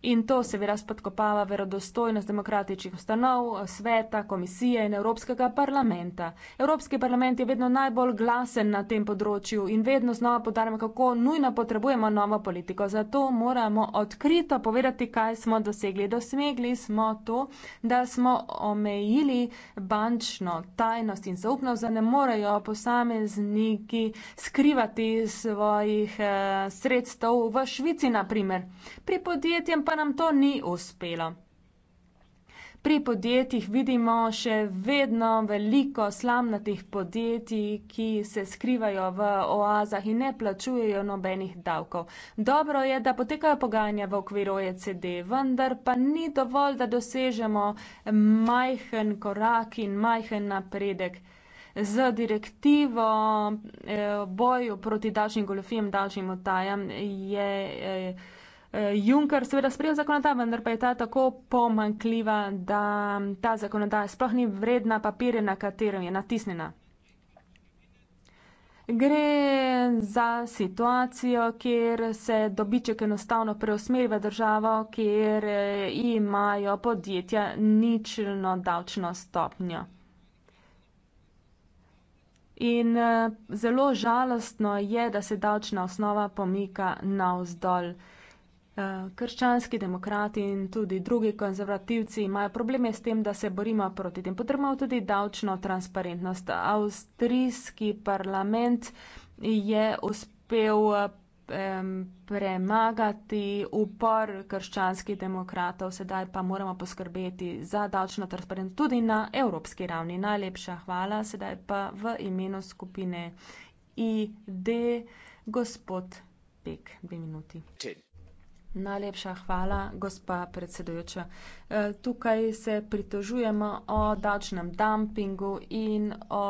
in to seveda spodkopava verodostojnost demokratičnih ustanov, sveta, komisije in Evropskega parlamenta. Evropski parlament je vedno najbolj glasen na tem področju in vedno znova podarjamo, kako nujno potrebujemo novo politiko. Zato moramo odkrito povedati, kaj smo dosegli. Dosegli smo to, da smo omejili bančno tajnost in zaupnost, da ne morejo posamezniki skrivati svojih eh, sredstev v Švici, naprimer. Pri podjetjem pa pa nam to ni uspelo. Pri podjetjih vidimo še vedno veliko slamnatih podjetij, ki se skrivajo v oazah in ne plačujejo nobenih davkov. Dobro je, da potekajo pogajanja v okviru OECD, vendar pa ni dovolj, da dosežemo majhen korak in majhen napredek. Z direktivo eh, boju proti davčnim goljofijem, davčnim otajam je. je eh, Eh, Juncker seveda sprejel zakonodajo, vendar pa je ta tako pomankljiva, da ta zakonodaja sploh ni vredna papirja, na katerem je natisnjena. Gre za situacijo, kjer se dobiček enostavno preusmeri v državo, kjer eh, imajo podjetja nično davčno stopnjo. In eh, zelo žalostno je, da se davčna osnova pomika navzdolj. Eh, krščanski demokrati in tudi drugi konzervativci imajo probleme s tem, da se borimo proti tem. Potrebujemo tudi davčno transparentnost. Avstrijski parlament je uspel eh, premagati upor krščanskih demokratov, sedaj pa moramo poskrbeti za davčno transparentnost tudi na evropski ravni. Najlepša hvala, sedaj pa v imenu skupine ID gospod Pek, dve minuti. Čet. Najlepša hvala, gospa predsedujoča. E, tukaj se pritožujemo o davčnem dumpingu in o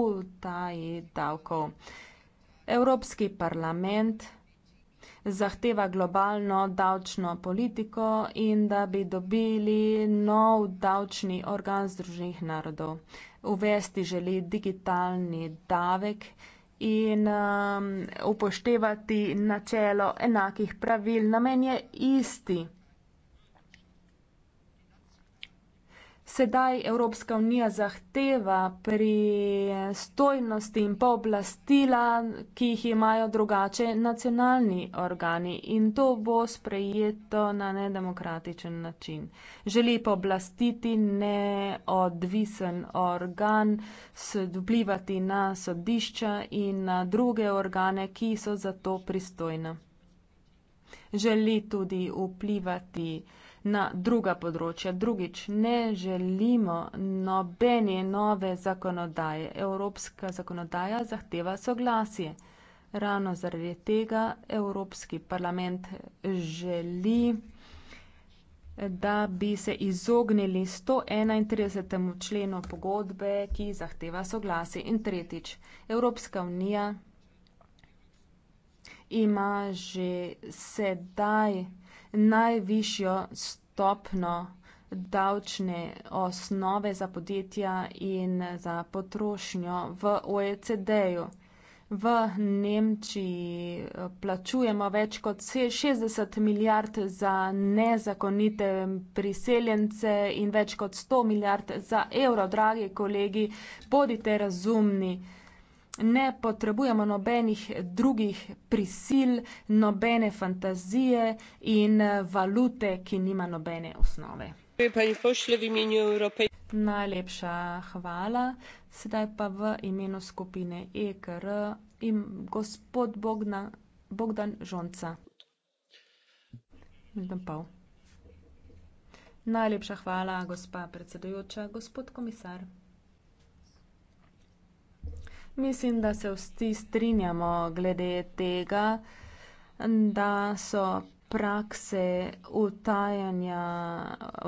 utaji davkov. Evropski parlament zahteva globalno davčno politiko in da bi dobili nov davčni organ Združenih narodov. Uvesti želi digitalni davek in um, upoštevati načelo enakih pravil. Namen je isti. sedaj Evropska unija zahteva pri stojnosti in pooblastila, ki jih imajo drugače nacionalni organi in to bo sprejeto na nedemokratičen način. Želi pooblastiti neodvisen organ, sodoblivati na sodišča in na druge organe, ki so za to pristojna. Želi tudi vplivati na na druga področja. Drugič, ne želimo nobene nove zakonodaje. Evropska zakonodaja zahteva soglasje. Ravno zaradi tega Evropski parlament želi, da bi se izognili 131. členu pogodbe, ki zahteva soglasje. In tretjič, Evropska unija ima že sedaj najvišjo stopno davčne osnove za podjetja in za potrošnjo v OECD-ju. V Nemčiji eh, plačujemo več kot 60 milijard za nezakonite priseljence in več kot 100 milijard za evro, dragi kolegi, bodite razumni ne potrebujemo nobenih drugih prisil, nobene fantazije in eh, valute, ki nima nobene osnove. Najlepša hvala. Sedaj pa v imenu skupine EKR in gospod Bogna, Bogdan Žonca. Najlepša hvala, gospa predsedujoča, gospod komisar. Mislim, da se vsi strinjamo glede tega, da so prakse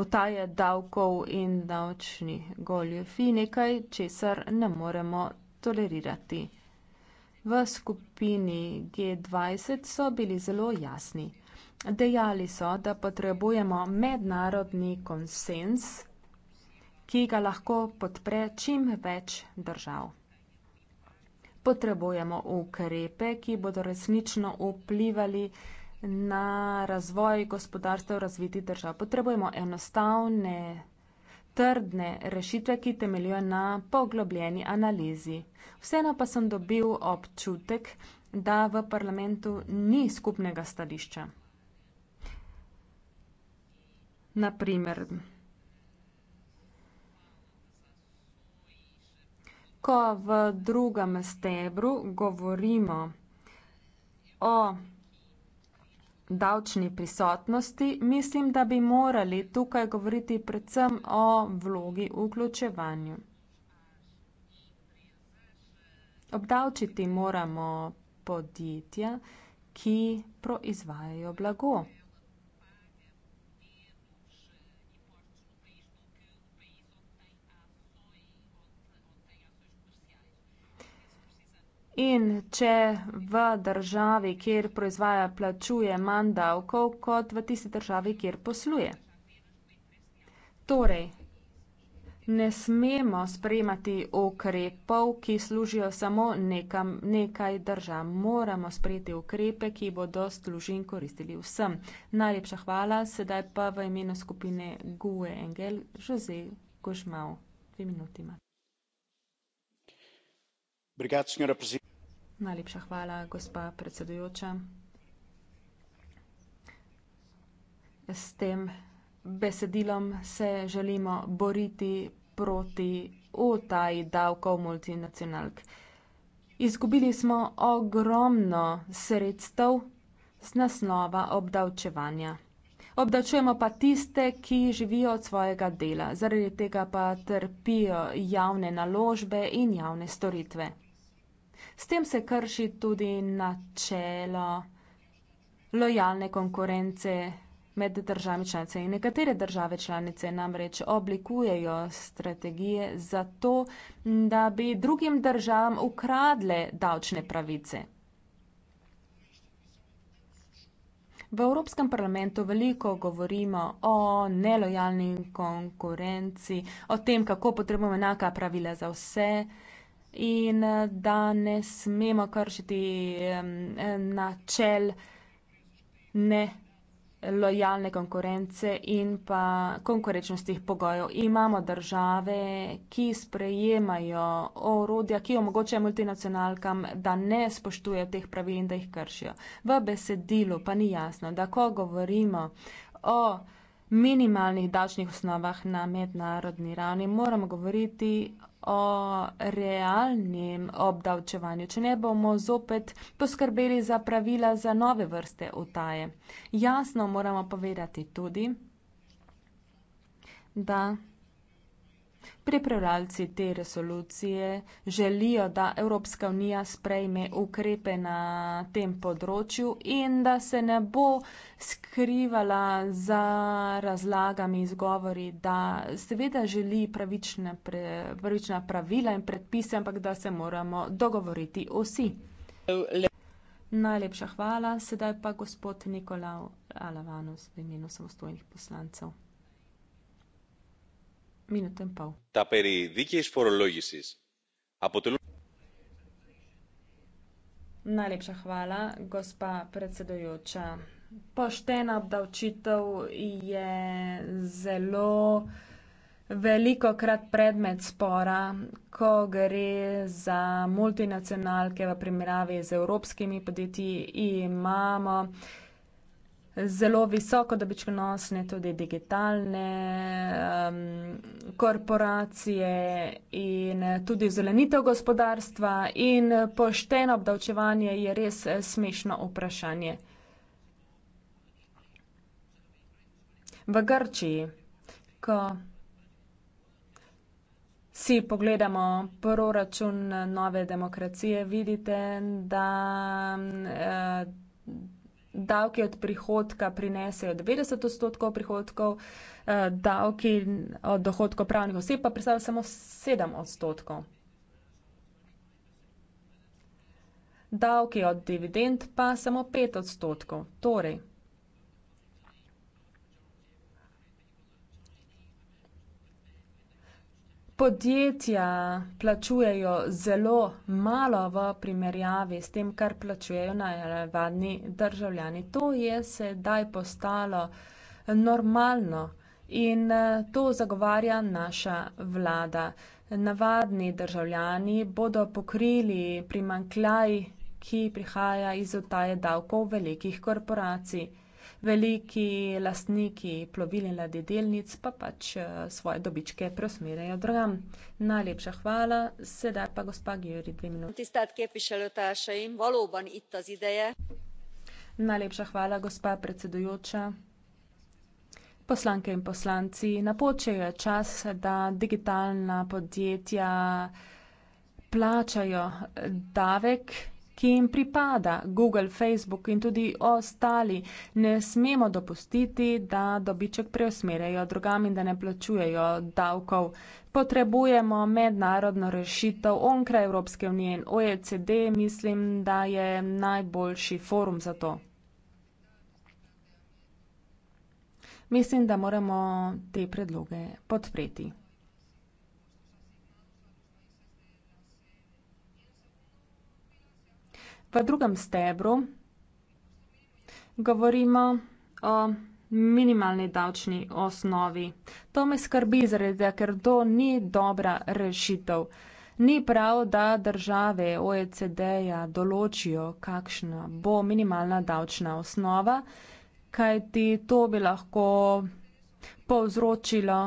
utaje davkov in davčnih goljofi nekaj, česar ne moremo tolerirati. V skupini G20 so bili zelo jasni. Dejali so, da potrebujemo mednarodni konsens, ki ga lahko podpre čim več držav potrebujemo ukrepe, ki bodo resnično vplivali na razvoj gospodarstva v razvitih držav. Potrebujemo enostavne, trdne rešitve, ki temeljijo na poglobljeni analizi. Vseeno pa sem dobil občutek, da v parlamentu ni skupnega stališča. Naprimer, ko v drugem stebru govorimo o davčni prisotnosti, mislim, da bi morali tukaj govoriti predvsem o vlogi vključevanju. Obdavčiti moramo podjetja, ki proizvajajo blago. In če v državi, kjer proizvaja, plačuje manj davkov, kot v tisti državi, kjer posluje. Torej, ne smemo sprejemati ukrepov, ki služijo samo nekam, nekaj držav. Moramo sprejeti ukrepe, ki bodo služili in koristili vsem. Najlepša hvala, sedaj pa v imenu skupine GUE Engel, Jose Gožmav. Dve minuti imate. Najlepša hvala, gospa predsedujoča. S tem besedilom se želimo boriti proti utaji davkov multinacionalk. Izgubili smo ogromno sredstev z naslova obdavčevanja. Obdavčujemo pa tiste, ki živijo od svojega dela, zaradi tega pa trpijo javne naložbe in javne storitve. S tem se krši tudi načelo lojalne konkurence med državami članice. In nekatere države članice namreč oblikujejo strategije za to, da bi drugim državam ukradle davčne pravice. V Evropskem parlamentu veliko govorimo o nelojalni konkurenci, o tem, kako potrebujemo enaka pravila za vse in eh, da ne smemo kršiti načel nelojalne konkurence in pa konkurenčnostih pogojev. Imamo države, ki sprejemajo orodja, ki omogočajo multinacionalkam, da ne spoštujejo teh pravil in da jih kršijo. V besedilu pa ni jasno, da ko govorimo o minimalnih davčnih osnovah na mednarodni ravni, moramo govoriti o realnem obdavčevanju, če ne bomo zopet poskrbeli za pravila za nove vrste utaje. Jasno moramo povedati tudi, da Pripravljalci te resolucije želijo, da Evropska unija sprejme ukrepe na tem področju in da se ne bo skrivala za razlagami izgovori, da seveda želi pravične, pravična pravila in predpise, ampak da se moramo dogovoriti vsi. Najlepša hvala, sedaj pa gospod Nikolao Alavanos v imenu samostojnih poslancev τα περί δίκαιης φορολόγησης αποτελούν Najlepša hvala, gospa predsedujoča. Poštena obdavčitev je zelo veliko krat predmet spora, ko gre za multinacionalke v primeravi z evropskimi podjetji. Imamo uh, zelo visoko dobičkonosne, tudi digitalne um, korporacije in tudi zelenitev gospodarstva in pošteno obdavčevanje je res eh, smešno vprašanje. V Grčiji, ko si pogledamo proračun nove demokracije, vidite, da. Uh, davki od prihodka prinesejo 90 odstotkov prihodkov, eh, davki od dohodkov pravnih oseb pa predstavljajo samo 7 odstotkov. Davki od dividend pa samo 5 odstotkov. Torej, podjetja plačujejo zelo malo v primerjavi s tem, kar plačujejo navadni državljani. To je sedaj postalo normalno in to zagovarja naša vlada. Navadni državljani bodo pokrili primankljaj, ki prihaja iz utaje davkov velikih korporacij veliki lastniki plovil in ladjedelnic pa pač eh, svoje dobičke preusmerjajo drugam. Najlepša hvala, sedaj pa gospa Gjuri, dve minuti. Najlepša hvala, gospa predsedujoča. Poslanke in poslanci, napočil je čas, da digitalna podjetja plačajo eh, davek ki jim pripada, Google, Facebook in tudi ostali, ne smemo dopustiti, da dobiček preusmerjajo drugam in da ne plačujejo davkov. Potrebujemo mednarodno rešitev onkraj Evropske unije in OECD, mislim, da je najboljši forum za to. Mislim, da moramo te predloge podpreti. V drugem stebru govorimo o minimalni davčni osnovi. To me skrbi, zaradi, ker to ni dobra rešitev. Ni prav, da države OECD-ja določijo, kakšna bo minimalna davčna osnova, kajti to bi lahko povzročilo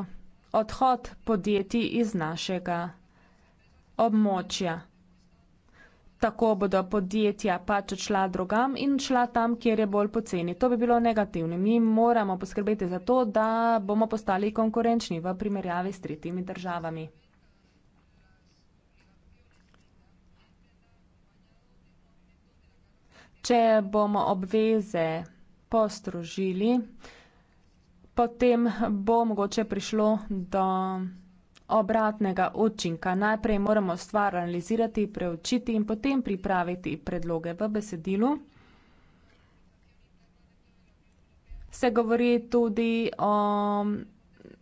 odhod podjetij iz našega območja tako bodo podjetja pač odšla drugam in šla tam, kjer je bolj poceni. To bi bilo negativno. Mi moramo poskrbeti za to, da bomo postali konkurenčni v primerjavi s tretjimi državami. Če bomo obveze postrožili, potem bo mogoče prišlo do obratnega učinka. Najprej moramo stvar analizirati, preučiti in potem pripraviti predloge v besedilu. Se govori tudi o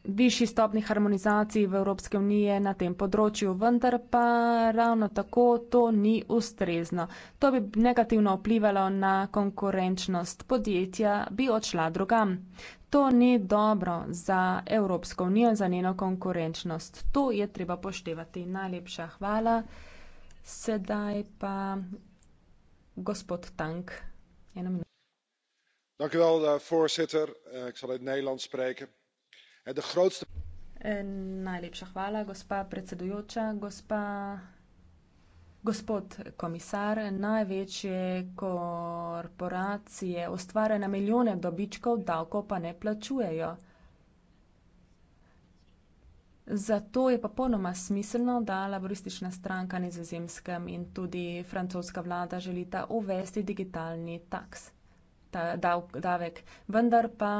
višji stopni harmonizaciji v Evropske unije na tem področju, vendar pa ravno tako to ni ustrezno. To bi negativno vplivalo na konkurenčnost podjetja, bi odšla drugam. To ni dobro za Evropsko unijo, za njeno konkurenčnost. To je treba poštevati. Najlepša hvala. Sedaj pa gospod Tank. Eno minuto. Dank u wel, eh, voorzitter. Eh, ik zal in het Nederlands spreken. Eden grootste. Najlepša hvala, gospa predsedujoča, gospa. Gospod komisar, največje korporacije ustvarjajo na milijone dobičkov, davkov pa ne plačujejo. Zato je popolnoma smiselno, da laboristična stranka na izuzemskem in tudi francoska vlada želita uvesti digitalni taks, ta davk, davek. Vendar pa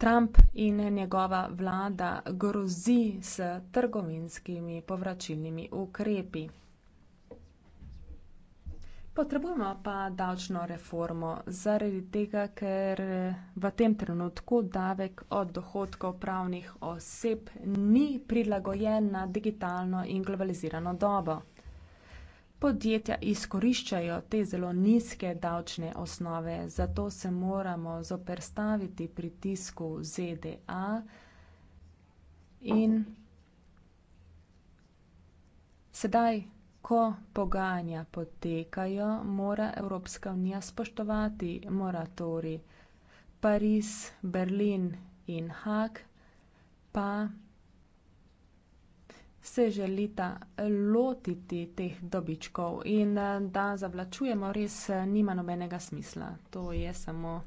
Trump in njegova vlada grozi s trgovinskimi povračilnimi ukrepi. Potrebujemo pa davčno reformo zaradi tega, ker v tem trenutku davek od dohodkov pravnih oseb ni prilagojen na digitalno in globalizirano dobo. Podjetja izkoriščajo te zelo nizke davčne osnove, zato se moramo zoperstaviti pritisku ZDA in sedaj, ko pogajanja potekajo, mora Evropska unija spoštovati moratori. Pariz, Berlin in Haag pa se želita lotiti teh dobičkov in eh, da zavlačujemo res eh, nima nobenega smisla. To je samo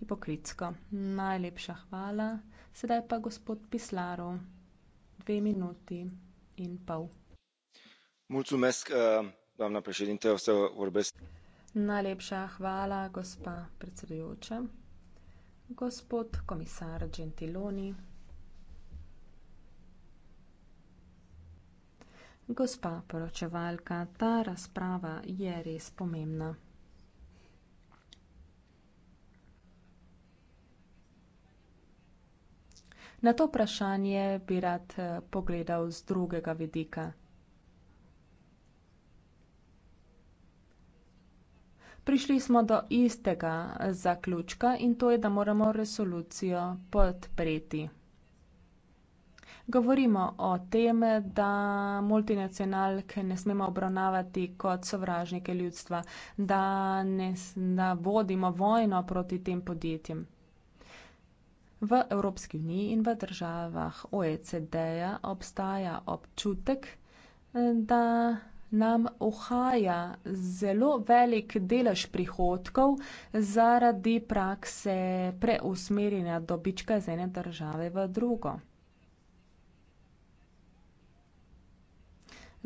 hipokritsko. Najlepša hvala. Sedaj pa gospod Pislarov, dve minuti in pol. Mulcumesk, glavna eh, prešednica vse vrbest. Najlepša hvala, gospa predsedujoča. Gospod komisar Gentiloni. Gospa poročevalka, ta razprava je res pomembna. Na to vprašanje bi rad eh, pogledal z drugega vidika. Prišli smo do istega zaključka in to je, da moramo resolucijo podpreti. Govorimo o tem, da multinacionalke ne smemo obravnavati kot sovražnike ljudstva, da ne da vodimo vojno proti tem podjetjem. V Evropski uniji in v državah OECD-ja obstaja občutek, da nam ohaja zelo velik delež prihodkov zaradi prakse preusmerjanja dobička iz ene države v drugo.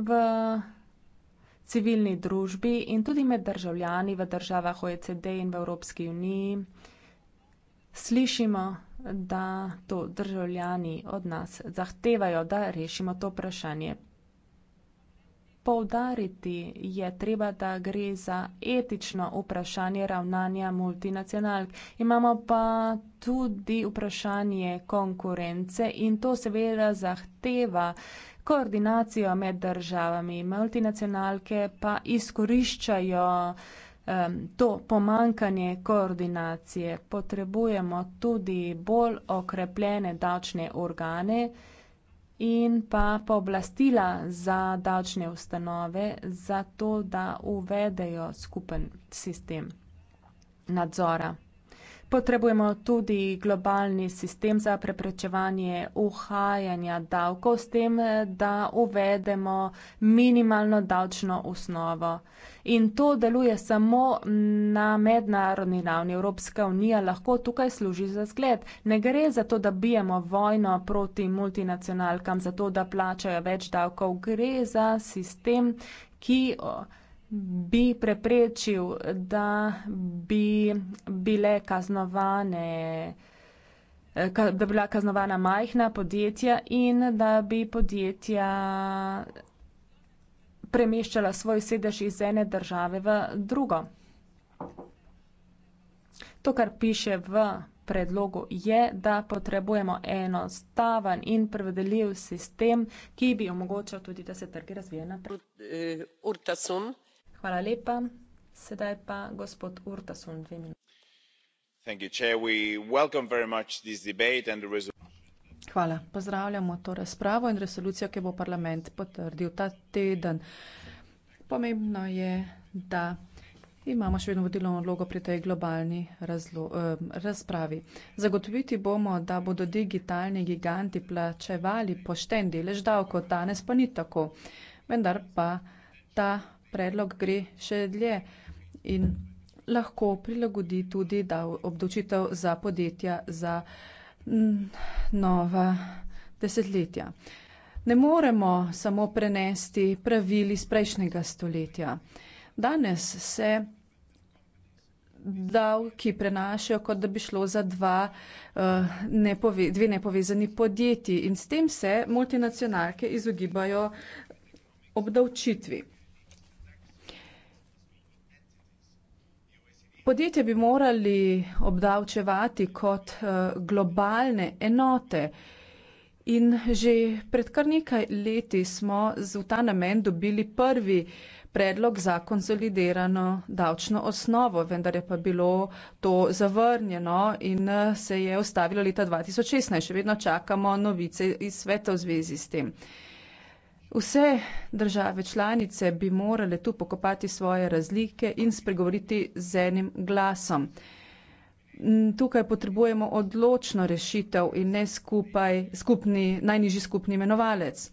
v civilni družbi in tudi med državljani v državah OECD in v Evropski uniji. Slišimo, da to državljani od nas zahtevajo, da rešimo to vprašanje Poudariti je treba, da gre za etično vprašanje ravnanja multinacionalk. Imamo pa tudi vprašanje konkurence in to seveda zahteva koordinacijo med državami. Multinacionalke pa izkoriščajo um, to pomankanje koordinacije. Potrebujemo tudi bolj okrepljene davčne organe in pa pooblastila za davčne ustanove, za to, da uvedejo skupen sistem nadzora. Potrebujemo tudi globalni sistem za preprečevanje uhajanja davkov s tem, da uvedemo minimalno davčno osnovo. In to deluje samo na mednarodni ravni. Evropska unija lahko tukaj služi za zgled. Ne gre za to, da bijemo vojno proti multinacionalkam, za to, da plačajo več davkov. Gre za sistem, ki. O, bi preprečil, da bi bile kaznovane, da bi bila kaznovana majhna podjetja in da bi podjetja premeščala svoj sedež iz ene države v drugo. To, kar piše v predlogu, je, da potrebujemo enostaven in prevedljiv sistem, ki bi omogočal tudi, da se trgi razvijajo naprej. Hvala lepa. Sedaj pa gospod Urtasun, dve minuti. Hvala. Pozdravljamo to razpravo in resolucijo, ki bo parlament potrdil ta teden. Pomembno je, da imamo še vedno vodilno vlogo pri tej globalni razlo, eh, razpravi. Zagotoviti bomo, da bodo digitalni giganti plačevali pošten delež davkov, danes pa ni tako. Vendar pa ta predlog gre še dlje in lahko prilagodi tudi obdočitev za podjetja za mm, nova desetletja. Ne moremo samo prenesti pravil iz prejšnjega stoletja. Danes se davki prenašajo, kot da bi šlo za dva, eh, nepove, dve nepovezani podjetji in s tem se multinacionalke izogibajo obdavčitvi. Podjetje bi morali obdavčevati kot eh, globalne enote. In že pred kar nekaj leti smo v ta namen dobili prvi predlog za konsolidirano davčno osnovo, vendar je pa bilo to zavrnjeno in eh, se je ustavilo leta 2016. Še vedno čakamo novice iz sveta v zvezi s tem. Uh, Vse države članice bi morale tu pokopati svoje razlike in spregovoriti z enim glasom. Mm, tukaj potrebujemo odločno rešitev in ne skupaj skupni, najnižji skupni imenovalec.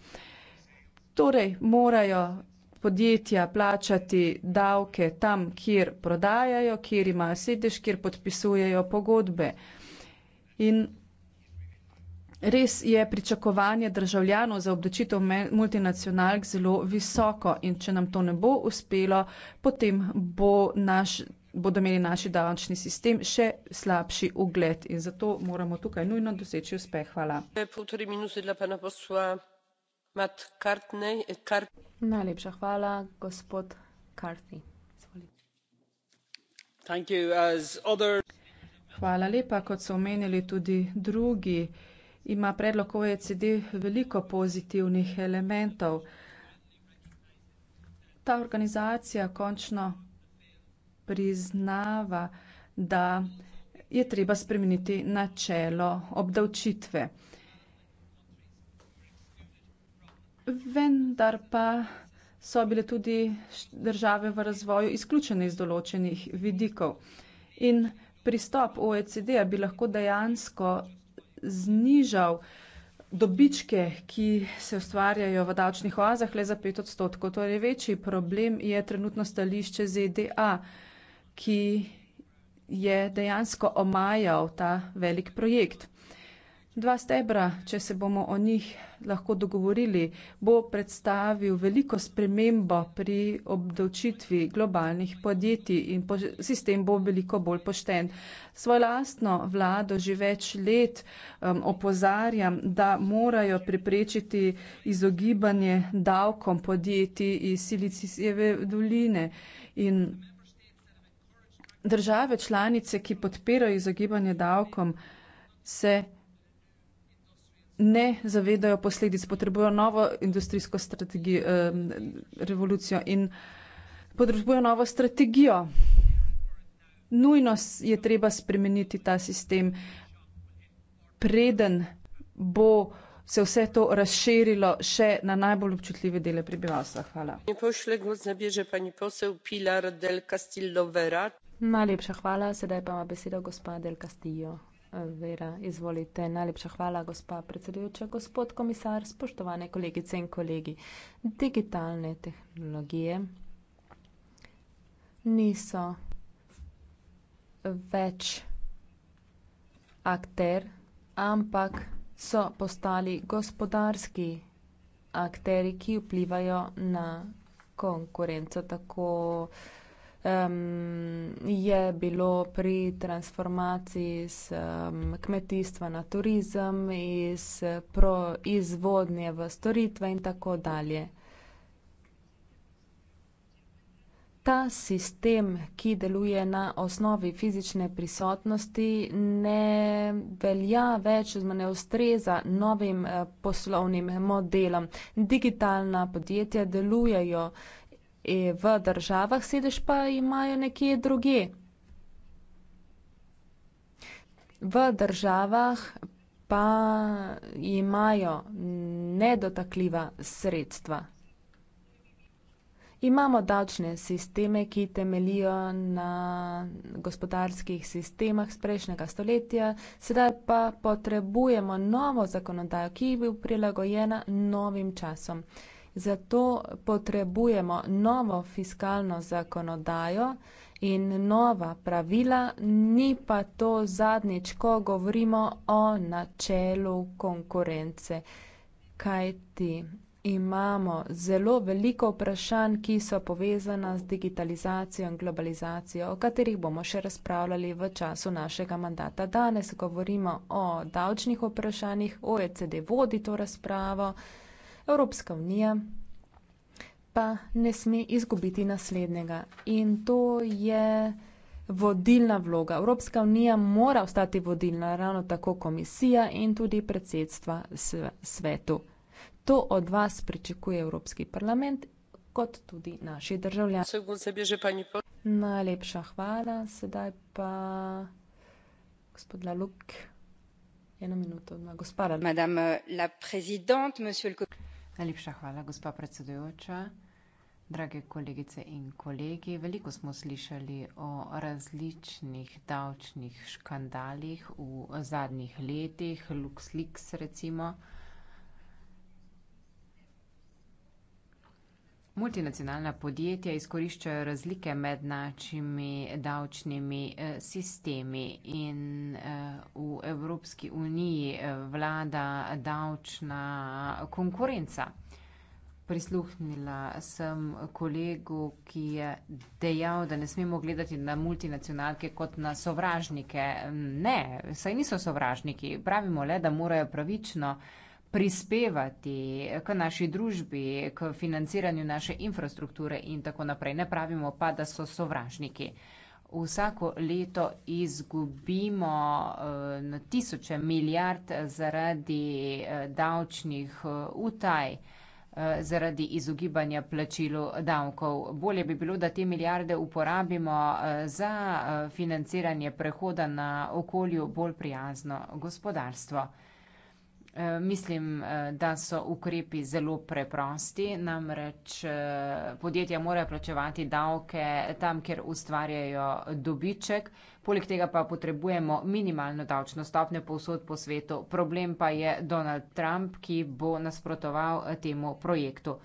Torej morajo podjetja plačati davke tam, kjer prodajajo, kjer imajo sedež, kjer podpisujejo pogodbe. In Res je pričakovanje državljanov za obdočitev multinacionalk zelo visoko in če nam to ne bo uspelo, potem bo naš, bodo imeli naši davčni sistem še slabši ugled in zato moramo tukaj nujno doseči uspeh. Hvala. Najlepša hvala, gospod Carthy. Hvala lepa, kot so omenili tudi drugi ima predlog OECD veliko pozitivnih elementov. Ta organizacija končno priznava, da je treba spremeniti načelo obdavčitve. Vendar pa so bile tudi države v razvoju izključene iz določenih vidikov. In pristop OECD-a bi lahko dejansko znižal dobičke, ki se ustvarjajo v davčnih oazah, le za pet odstotkov. Torej, večji problem je trenutno stališče ZDA, ki je dejansko omajal ta velik projekt dva stebra, če se bomo o njih lahko dogovorili, bo predstavil veliko spremembo pri obdavčitvi globalnih podjetij in po, sistem bo veliko bolj pošten. Svojo lastno vlado že več let um, opozarjam, da morajo preprečiti izogibanje davkom podjetij iz Silicijeve doline in države članice, ki podpirajo izogibanje davkom, se ne zavedajo posledic, potrebujejo novo industrijsko strategijo, revolucijo in potrebujejo novo strategijo. Nujno je treba spremeniti ta sistem, preden bo se vse to razširilo še na najbolj občutljive dele prebivalstva. Hvala. Najlepša hvala, sedaj pa ima besedo gospa Del Castillo. Vera, izvolite. Najlepša hvala, gospa predsedujoča, gospod komisar, spoštovane kolegice in kolegi. Digitalne tehnologije niso več akter, ampak so postali gospodarski akteri, ki vplivajo na konkurenco tako uh, um, je bilo pri transformaciji iz um, kmetijstva na turizem, iz proizvodnje v storitve in tako dalje. Ta sistem, ki deluje na osnovi fizične prisotnosti, ne velja več, ne ustreza novim eh, poslovnim modelom. Digitalna podjetja delujejo uh, E, v državah, sedež pa imajo nekje druge. V državah pa imajo nedotakljiva sredstva. Imamo davčne sisteme, ki temeljijo na gospodarskih sistemah z prejšnjega stoletja, sedaj pa potrebujemo novo zakonodajo, ki bi prilagojena novim časom. Zato potrebujemo novo fiskalno zakonodajo in nova pravila, ni pa to zadnjič, ko govorimo o načelu konkurence. Kaj ti? Imamo zelo veliko vprašanj, ki so povezana z digitalizacijo in globalizacijo, o katerih bomo še razpravljali v času našega mandata. Danes govorimo o davčnih vprašanjih, OECD vodi to razpravo. Evropska unija pa ne sme izgubiti naslednjega in to je vodilna vloga. Evropska unija mora ostati vodilna, ravno tako komisija in tudi predsedstva svetu. To od vas pričakuje Evropski parlament kot tudi naši državljani. Najlepša hvala, sedaj pa gospod Laluk. Eno minuto, gospa Laluk. Najlepša hvala, gospa predsedujoča. Drage kolegice in kolegi, veliko smo slišali o različnih davčnih škandalih v zadnjih letih, LuxLeaks recimo. Multinacionalna podjetja izkoriščajo razlike med našimi davčnimi eh, sistemi in eh, v Evropski uniji eh, vlada davčna konkurenca. Prisluhnila sem kolegu, ki je dejal, da ne smemo gledati na multinacionalke kot na sovražnike. Ne, saj niso sovražniki. Pravimo le, da morajo pravično prispevati k naši družbi, k financiranju naše infrastrukture in tako naprej. Ne pravimo pa, da so sovražniki. Vsako leto izgubimo eh, na tisoče milijard zaradi eh, davčnih eh, utaj, zaradi izogibanja plačilu davkov. Bolje bi bilo, da te milijarde uporabimo za financiranje prehoda na okolju bolj prijazno gospodarstvo. Eh, mislim, eh, da so ukrepi zelo preprosti, namreč eh, podjetja morajo plačevati davke tam, kjer ustvarjajo dobiček, poleg tega pa potrebujemo minimalno davčno stopnjo povsod po svetu. Problem pa je Donald Trump, ki bo nasprotoval temu projektu.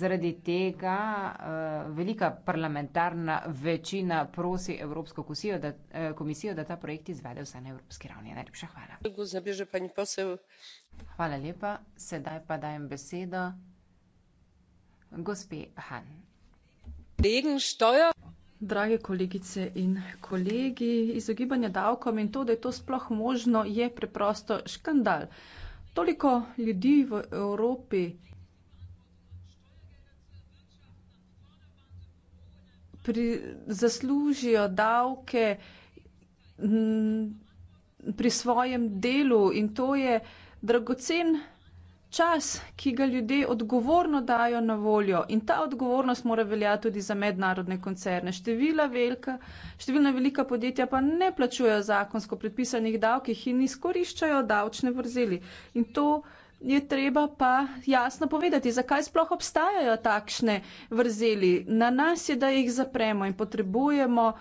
Zaradi tega uh, velika parlamentarna večina prosi Evropsko komisijo, da, uh, komisijo, da ta projekt izvede vse na evropski ravni. Najlepša hvala. Hvala lepa. Sedaj pa dajem besedo gospe Han. Drage kolegice in kolegi, izogibanje davkom in to, da je to sploh možno, je preprosto škandal. Toliko ljudi v Evropi pri, zaslužijo davke m, mm, pri svojem delu in to je dragocen čas, ki ga ljudje odgovorno dajo na voljo in ta odgovornost mora veljati tudi za mednarodne koncerne. Števila velika, številna velika podjetja pa ne plačujejo zakonsko predpisanih davkih in izkoriščajo davčne vrzeli in to je treba pa jasno povedati, zakaj sploh obstajajo takšne vrzeli. Na nas je, da jih zapremo in potrebujemo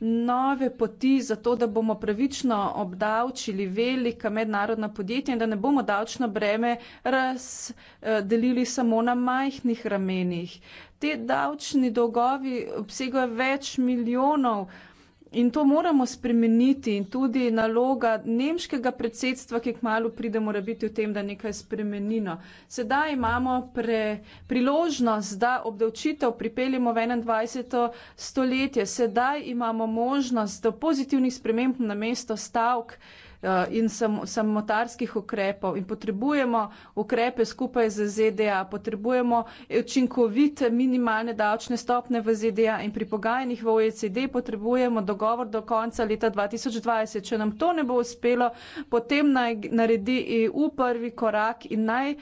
nove poti za to, da bomo pravično obdavčili velika mednarodna podjetja in da ne bomo davčno breme razdelili samo na majhnih ramenih. Te davčni dolgovi obsegajo več milijonov In to moramo spremeniti in tudi naloga nemškega predsedstva, ki k malu pride, mora biti v tem, da nekaj spremenino. Sedaj imamo pre, priložnost, da obdavčitev pripeljemo v 21. stoletje. Sedaj imamo možnost, da pozitivnih sprememb na mesto stavk eh, Eh, in sam, samotarskih ukrepov in potrebujemo ukrepe skupaj z ZDA, potrebujemo učinkovite minimalne davčne stopne v ZDA in pri pogajanjih v OECD potrebujemo dogovor do konca leta 2020. Če nam to ne bo uspelo, potem naj naredi EU prvi korak in naj eh,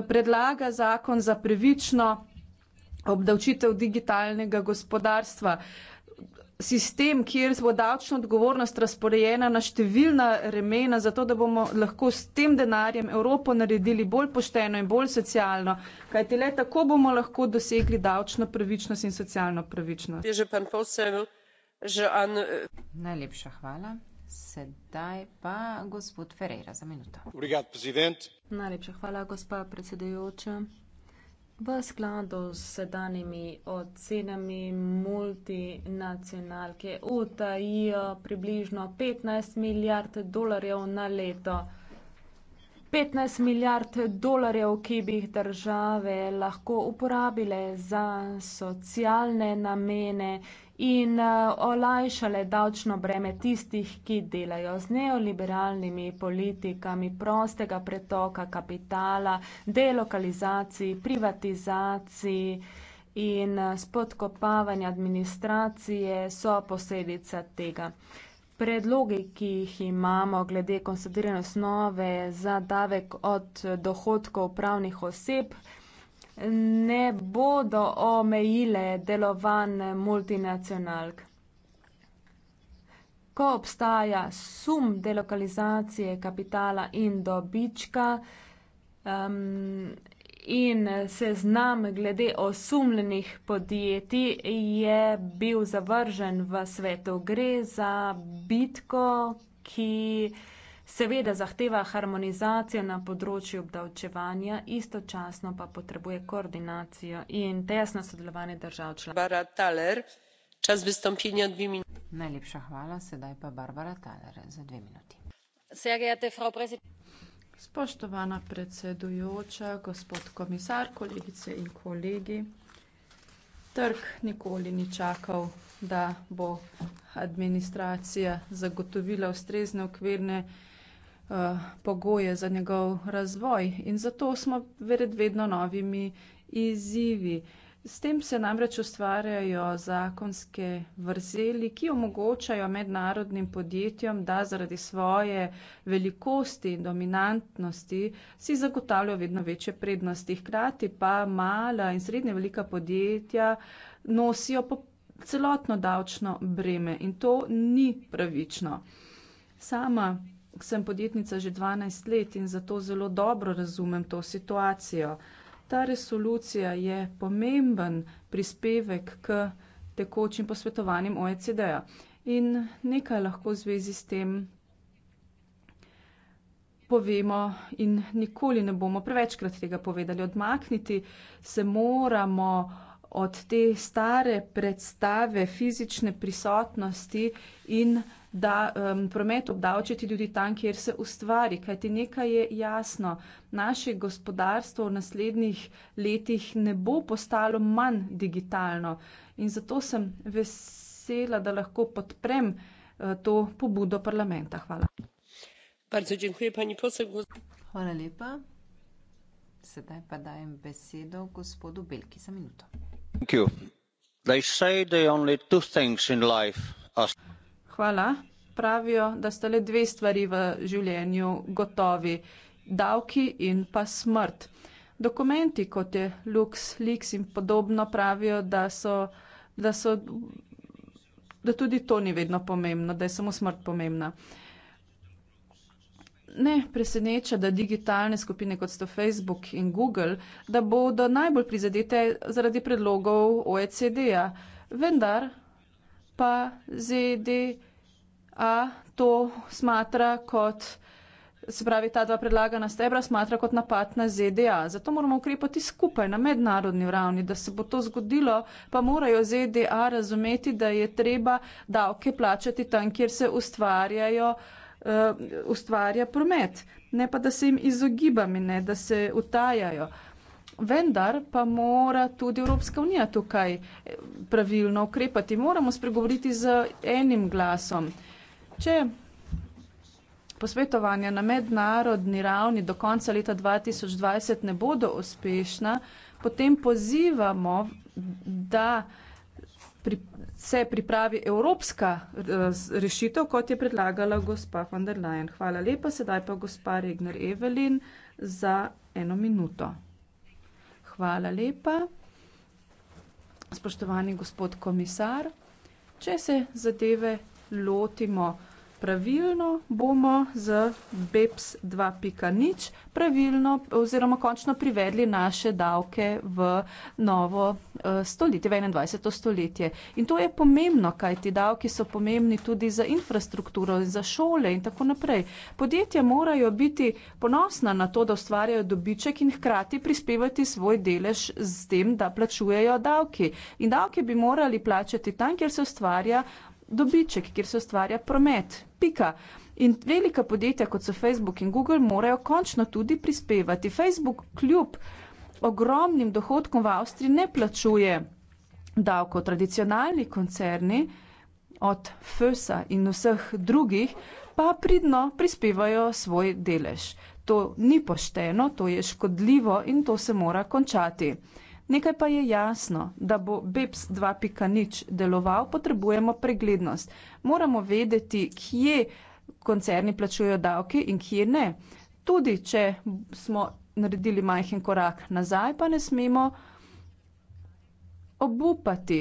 predlaga zakon za prevično obdavčitev digitalnega gospodarstva. Uh, sistem, kjer bo davčna odgovornost razporejena na številna remena, zato da bomo lahko s tem denarjem Evropo naredili bolj pošteno in bolj socialno, kajti le tako bomo lahko dosegli davčno pravičnost in socialno pravičnost. Eh, Najlepša hvala. Sedaj pa gospod Ferreira za minuto. Najlepša hvala, gospa predsedujoča v skladu s sedanjimi ocenami multinacionalke utajijo približno 15 milijard dolarjev na leto. 15 milijard dolarjev, ki bi jih države lahko uporabile za socialne namene in eh, olajšale davčno breme tistih, ki delajo z neoliberalnimi politikami prostega pretoka kapitala, delokalizaciji, privatizaciji in eh, spodkopavanja administracije so posledica tega. Predlogi, ki jih imamo glede konsolidirane osnove za davek od dohodkov pravnih oseb, ne bodo omejile delovanj multinacionalk. Ko obstaja sum delokalizacije kapitala in dobička um, in seznam glede osumljenih podjetij je bil zavržen v svetu. Gre za bitko, ki uh, Seveda zahteva harmonizacijo na področju obdavčevanja, istočasno pa potrebuje koordinacijo in tesno sodelovanje držav članov. Najlepša hvala, sedaj pa Barbara Taler za dve minuti. Spoštovana predsedujoča, gospod komisar, kolegice in kolegi. Trg nikoli ni čakal, da bo administracija zagotovila ustrezne okvirne Eh, pogoje za njegov razvoj in zato smo pred vedno novimi izzivi. S tem se namreč ustvarjajo zakonske vrzeli, ki omogočajo mednarodnim podjetjem, da zaradi svoje velikosti in dominantnosti si zagotavljajo vedno večje prednosti. Hkrati pa mala in srednje velika podjetja nosijo celotno davčno breme in to ni pravično. Sama sem podjetnica že 12 let in zato zelo dobro razumem to situacijo. Ta resolucija je pomemben prispevek k tekočim posvetovanjem OECD-ja. In nekaj lahko v zvezi s tem povemo in nikoli ne bomo prevečkrat tega povedali. Odmakniti se moramo od te stare predstave fizične prisotnosti in da um, promet obdavčiti ljudi tam, kjer se ustvari. Kaj ti nekaj je jasno, naše gospodarstvo v naslednjih letih ne bo postalo manj digitalno. In zato sem vesela, da lahko podprem uh, to pobudo parlamenta. Hvala. Hvala lepa. Sedaj pa dajem besedo gospodu Belki za minuto. Thank you. They say the only two things in life are. Hvala. Pravijo, da sta le dve stvari v življenju gotovi: davki in pa smrt. Dokumenti, kot je Lux, Lix in podobno, pravijo, da so. Da so Da tudi to ni vedno pomembno, da je samo smrt pomembna. Ne preseneča, da digitalne skupine kot sta Facebook in Google, da bodo najbolj prizadete zaradi predlogov OECD-ja. Vendar pa ZDA to smatra kot, se pravi, ta dva predlagana stebra smatra kot napad na ZDA. Zato moramo ukrepati skupaj na mednarodni ravni, da se bo to zgodilo, pa morajo ZDA razumeti, da je treba davke plačati tam, kjer se ustvarjajo. Eh, ustvarja promet, ne pa da se jim izogibam in ne da se utajajo. Vendar pa mora tudi Evropska unija tukaj eh, pravilno ukrepati. Moramo spregovoriti z enim glasom. Če posvetovanja na mednarodni ravni do konca leta 2020 ne bodo uspešna, potem pozivamo, da pri, se pripravi evropska eh, rešitev, kot je predlagala gospa von der Leyen. Hvala lepa, sedaj pa gospa Regner Evelin za eno minuto. Hvala lepa. Spoštovani gospod komisar, če se zadeve lotimo pravilno bomo z BEPS 2.0 pravilno oziroma končno privedli naše davke v novo eh, stoletje, v 21. stoletje. In to je pomembno, kaj ti davki so pomembni tudi za infrastrukturo, za šole in tako naprej. Podjetja morajo biti ponosna na to, da ustvarjajo dobiček in hkrati prispevati svoj delež z tem, da plačujejo davki. In davke bi morali plačati tam, kjer se ustvarja dobiček, kjer se ustvarja promet. Pika. In velika podjetja, kot so Facebook in Google, morajo končno tudi prispevati. Facebook kljub ogromnim dohodkom v Avstriji ne plačuje davko. Tradicionalni koncerni od FSA in vseh drugih pa pridno prispevajo svoj delež. To ni pošteno, to je škodljivo in to se mora končati. Nekaj pa je jasno, da bo BEPS 2.0 deloval, potrebujemo preglednost. Moramo vedeti, kje koncerni plačujejo davke in kje ne. Tudi, če smo naredili majhen korak nazaj, pa ne smemo obupati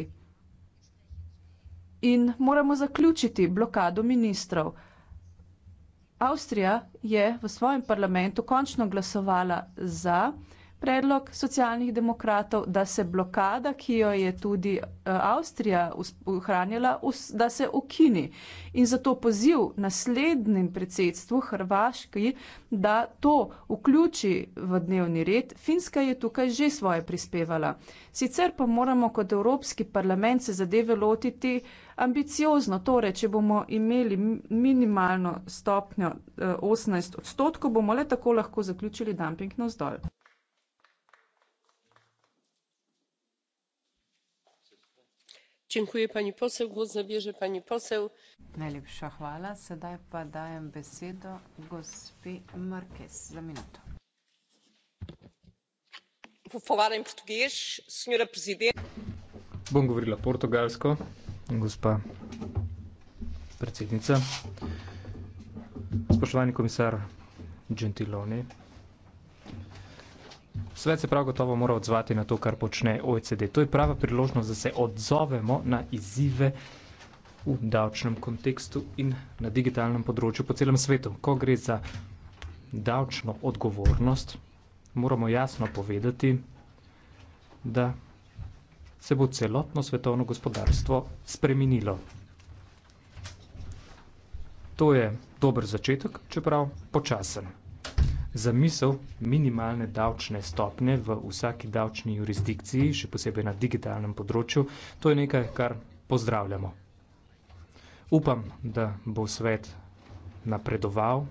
in moramo zaključiti blokado ministrov. Avstrija je v svojem parlamentu končno glasovala za predlog socialnih demokratov, da se blokada, ki jo je tudi eh, Avstrija ohranjala, da se ukini. In zato poziv naslednjem predsedstvu Hrvaški, da to vključi v dnevni red. Finska je tukaj že svoje prispevala. Sicer pa moramo kot Evropski parlament se zadeve lotiti ambiciozno. Torej, če bomo imeli minimalno stopnjo 18 eh, odstotkov, bomo le tako lahko zaključili dumping na vzdolj. Najlepša hvala. Sedaj pa dajem besedo gospe Marquez za minuto. Bom govorila portugalsko, gospa predsednica. Spoštovani komisar Gentiloni. Svet se prav gotovo mora odzvati na to, kar počne OECD. To je prava priložnost, da se odzovemo na izzive v davčnem kontekstu in na digitalnem področju po celem svetu. Ko gre za davčno odgovornost, moramo jasno povedati, da se bo celotno svetovno gospodarstvo spremenilo. To je dober začetek, čeprav počasen zamisel minimalne davčne stopne v vsaki davčni jurisdikciji, še posebej na digitalnem področju, to je nekaj, kar pozdravljamo. Upam, da bo svet napredoval,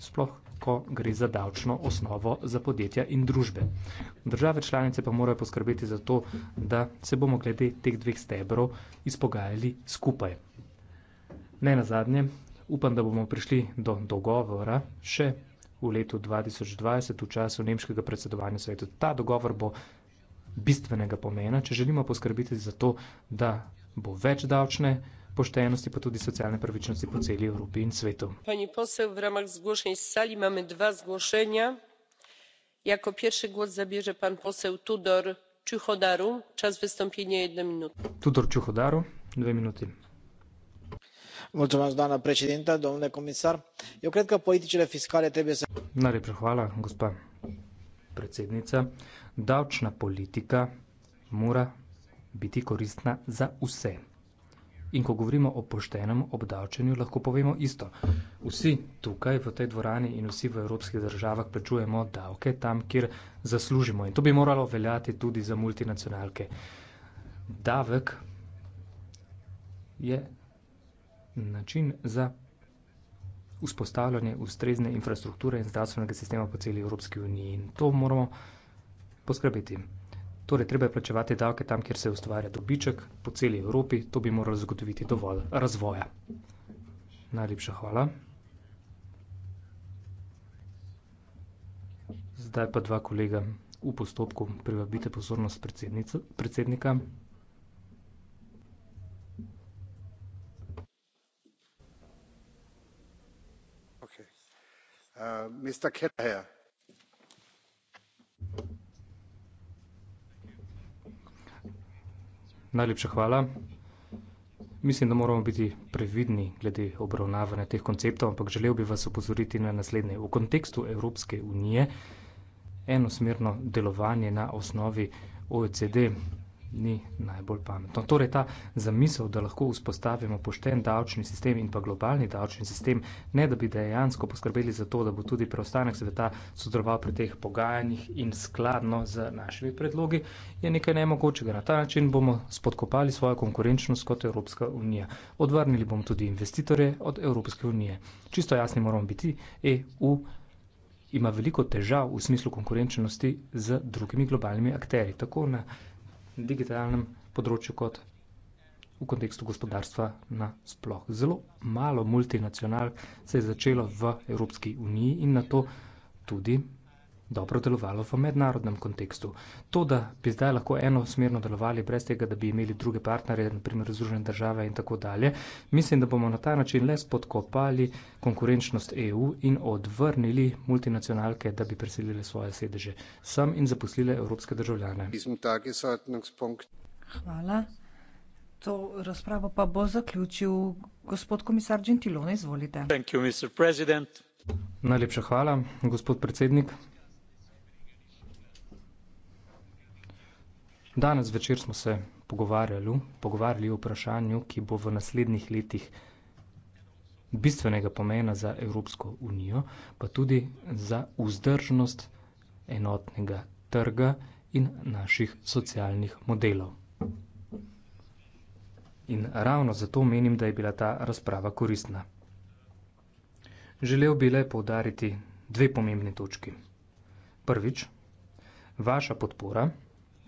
sploh ko gre za davčno osnovo za podjetja in družbe. Države članice pa morajo poskrbeti za to, da se bomo glede teh dveh stebrov izpogajali skupaj. Ne na zadnje, Upam, da bomo prišli do dogovora še v letu 2020 v času nemškega predsedovanja svetu. Ta dogovor bo bistvenega pomena, če želimo poskrbiti za to, da bo več davčne poštenosti, pa tudi socialne pravičnosti po celi Evropi in svetu. Pani posel, v ramah zgošenj iz sali imamo dva zgošenja. Jako pierwszy głos zabierze pan poseł Tudor Czuchodaru. Czas wystąpienia jedna minuta. Tudor Czuchodaru, dwie minuty doamnă președintă domnule comisar eu cred că politicile fiscale trebuie să. Najlepša pre hvala, gospa predsednica. Davčna politika mora biti koristna za vse. In ko govorimo o poštenem obdavčenju, lahko povemo isto. Vsi tukaj v tej dvorani in vsi v evropskih državah plačujemo davke tam, kjer zaslužimo. In to bi moralo veljati tudi za multinacionalke. Davek je način za vzpostavljanje ustrezne infrastrukture in zdravstvenega sistema po celi Evropski uniji. In to moramo poskrbeti. Torej, treba je plačevati davke tam, kjer se ustvarja dobiček po celi Evropi. To bi moralo zagotoviti dovolj razvoja. Najlepša hvala. Zdaj pa dva kolega v postopku privabite pozornost predsednika. Uh, mr callagher najlepša hvala mislim da moramo biti previdni glede obravnavanja teh konceptov ampak želel bi vas opozoriti na naslednje v kontekstu evropske unije enosmerno delovanje na osnovi oecd ni najbolj pametno. Torej ta zamisel, da lahko vzpostavimo pošten davčni sistem in pa globalni davčni sistem, ne da bi dejansko poskrbeli za to, da bo tudi preostanek sveta sodeloval pri teh pogajanjih in skladno z našimi predlogi, je nekaj nemogočega. Na ta način bomo spodkopali svojo konkurenčnost kot Evropska unija. Odvrnili bomo tudi investitorje od Evropske unije. Čisto jasni moramo biti, EU ima veliko težav v smislu konkurenčnosti z drugimi globalnimi akteri. Tako na digitalnem področju kot v kontekstu gospodarstva na sploh. Zelo malo multinacional se je začelo v Evropski uniji in na to tudi dobro delovalo v mednarodnem kontekstu. To, da bi zdaj lahko enosmerno delovali brez tega, da bi imeli druge partnerje, naprimer Združene države in tako dalje, mislim, da bomo na ta način le spodkopali konkurenčnost EU in odvrnili multinacionalke, da bi preselili svoje sedeže sem in zaposlili evropske državljane. Hvala. To razpravo pa bo zaključil gospod komisar Gentilone, izvolite. Najlepša hvala, gospod predsednik. Danes večer smo se pogovarjali, pogovarjali o vprašanju, ki bo v naslednjih letih bistvenega pomena za Evropsko unijo, pa tudi za vzdržnost enotnega trga in naših socialnih modelov. In ravno zato menim, da je bila ta razprava koristna. Želel bi le poudariti dve pomembni točki. Prvič, vaša podpora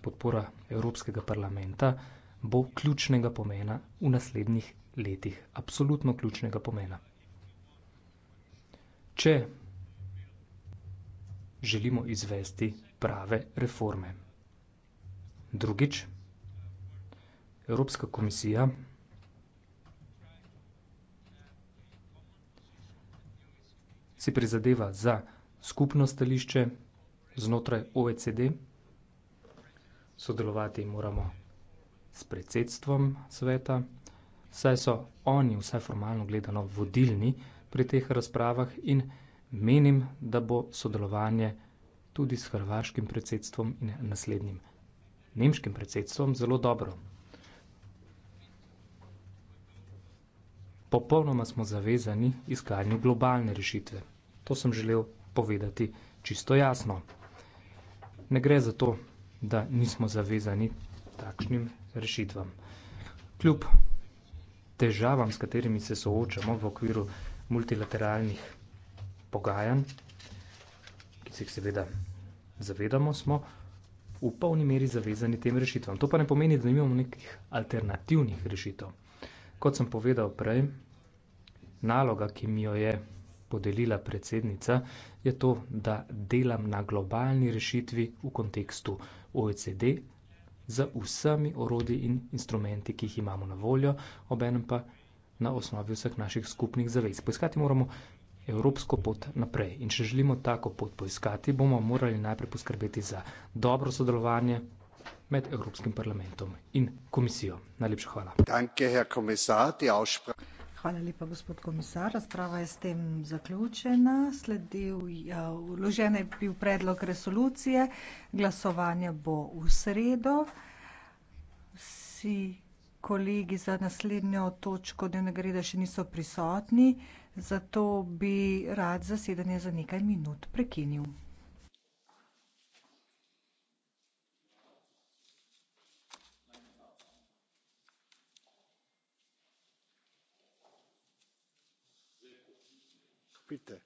podpora Evropskega parlamenta bo ključnega pomena v naslednjih letih, absolutno ključnega pomena. Če želimo izvesti prave reforme. Drugič, Evropska komisija si prizadeva za skupno stališče znotraj OECD, sodelovati moramo s predsedstvom sveta, saj so oni vsaj formalno gledano vodilni pri teh razpravah in menim, da bo sodelovanje tudi s hrvaškim predsedstvom in naslednjim nemškim predsedstvom zelo dobro. Popolnoma smo zavezani iskanju globalne rešitve. To sem želel povedati čisto jasno. Ne gre za to, da nismo zavezani takšnim rešitvam. Kljub težavam, s katerimi se soočamo v okviru multilateralnih pogajanj, ki se jih seveda zavedamo, smo v polni meri zavezani tem rešitvam. To pa ne pomeni, da nimamo nekih alternativnih rešitev. Kot sem povedal prej, naloga, ki mi jo je podelila predsednica, je to, da delam na globalni rešitvi v kontekstu OECD z vsemi orodji in instrumenti, ki jih imamo na voljo, obenem pa na osnovi vseh naših skupnih zavez. Poiskati moramo evropsko pot naprej in če želimo tako pot poiskati, bomo morali najprej poskrbeti za dobro sodelovanje med Evropskim parlamentom in komisijo. Najlepša hvala. Danke, Hvala lepa, gospod komisar. Razprava je s tem zaključena. Sledil, ja, vložen je bil predlog resolucije. Glasovanje bo v sredo. Vsi kolegi za naslednjo točko dnevnega reda še niso prisotni, zato bi rad zasedanje za nekaj minut prekinil. skupite.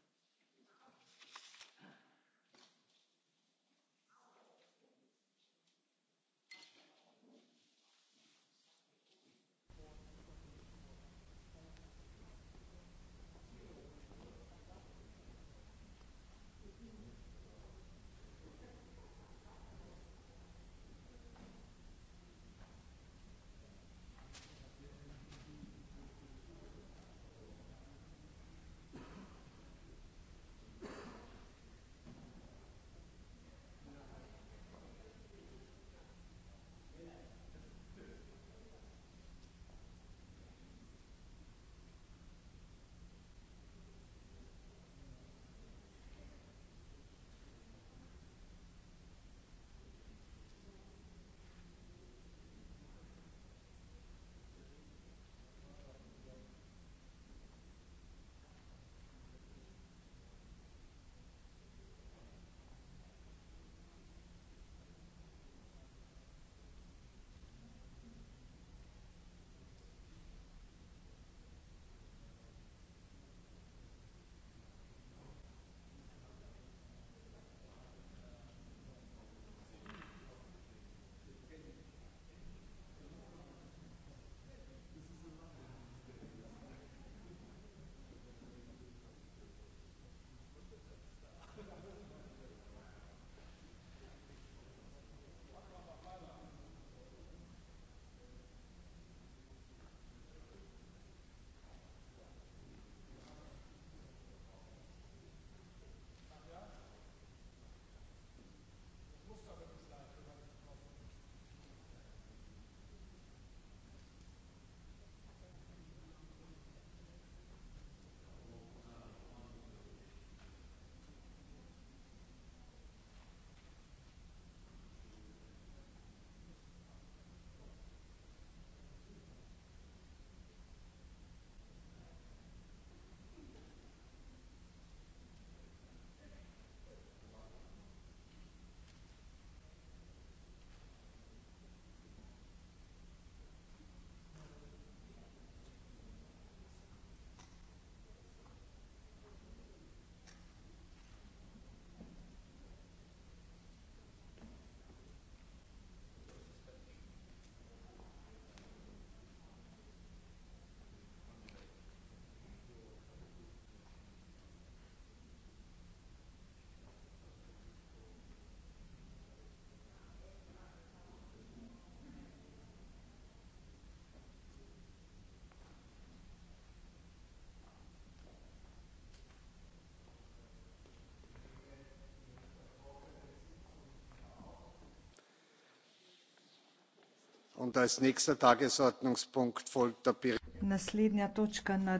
naslednja točka na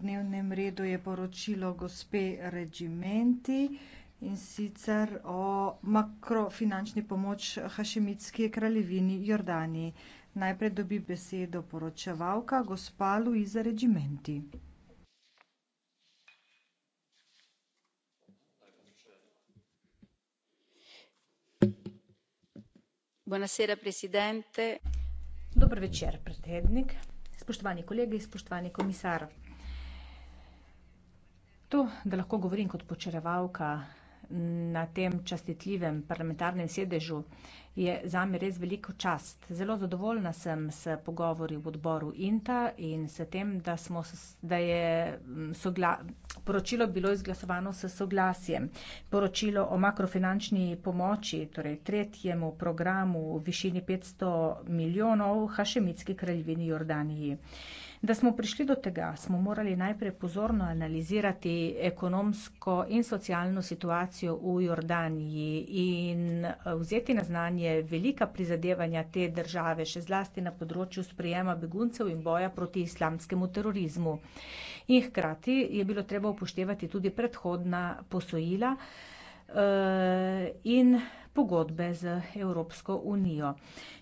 dnevnem redu je poročilo gospe regimenti in sicer o makrofinančni pomoč hašemitski kraljevini jordaniji najprej dobi besedo poročevalka gospa luiza regimenti Dober večer, predsednik, spoštovani kolegi, spoštovani komisar. To, da lahko govorim kot poučevalka na tem častitljivem parlamentarnem sedežu, je zame res veliko čast. Zelo zadovoljna sem s pogovori v odboru INTA in s tem, da, smo, da je sogla, poročilo bilo izglasovano s soglasjem. Poročilo o makrofinančni pomoči, torej tretjemu programu v višini 500 milijonov Hašemitski kraljevini Jordaniji. Da smo prišli do tega, smo morali najprej pozorno analizirati ekonomsko in socialno situacijo v Jordaniji in eh, vzeti na znanje velika prizadevanja te države, še zlasti na področju sprejema beguncev in boja proti islamskemu terorizmu. In hkrati je bilo treba upoštevati tudi predhodna posojila eh, in pogodbe z Evropsko unijo.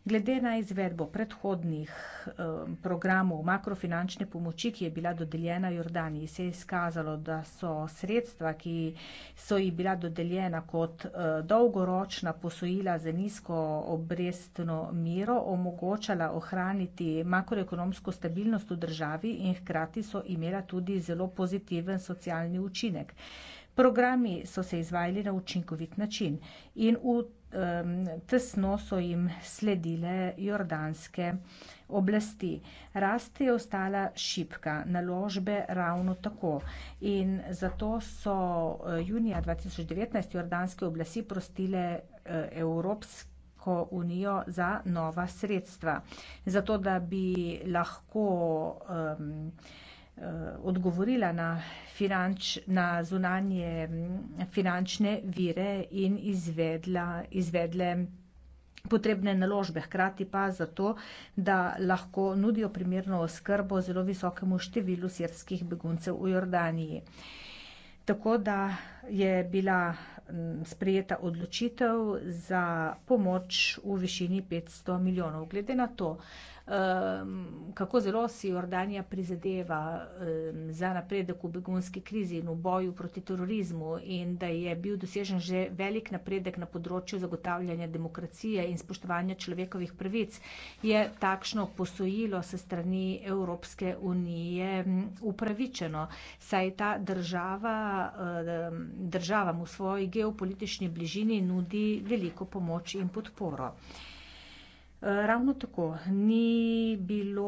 Glede na izvedbo predhodnih eh, programov makrofinančne pomoči, ki je bila dodeljena Jordaniji, se je izkazalo, da so sredstva, ki so ji bila dodeljena kot eh, dolgoročna posojila za nizko obrestno miro, omogočala ohraniti makroekonomsko stabilnost v državi in hkrati so imela tudi zelo pozitiven socialni učinek. Programi so se izvajali na učinkovit način in v um, tesno so jim sledile jordanske oblasti. Rast je ostala šipka, naložbe ravno tako in zato so eh, junija 2019 jordanske oblasti prostile uh, eh, evropske unijo za nova sredstva, zato da bi lahko um, Eh, odgovorila na, finanč, na zunanje mm, finančne vire in izvedla, izvedle potrebne naložbe, hkrati pa zato, da lahko nudijo primerno oskrbo zelo visokemu številu sirskih beguncev v Jordaniji. Tako da je bila mm, sprejeta odločitev za pomoč v višini 500 milijonov. Glede na to, um, kako zelo si Jordanija prizadeva um, za napredek v begunski krizi in v boju proti terorizmu in da je bil dosežen že velik napredek na področju zagotavljanja demokracije in spoštovanja človekovih pravic, je takšno posojilo se strani Evropske unije ehm, upravičeno, saj ta država, um, državam v svoji geopolitični bližini nudi veliko pomoč in podporo. Ravno tako ni bilo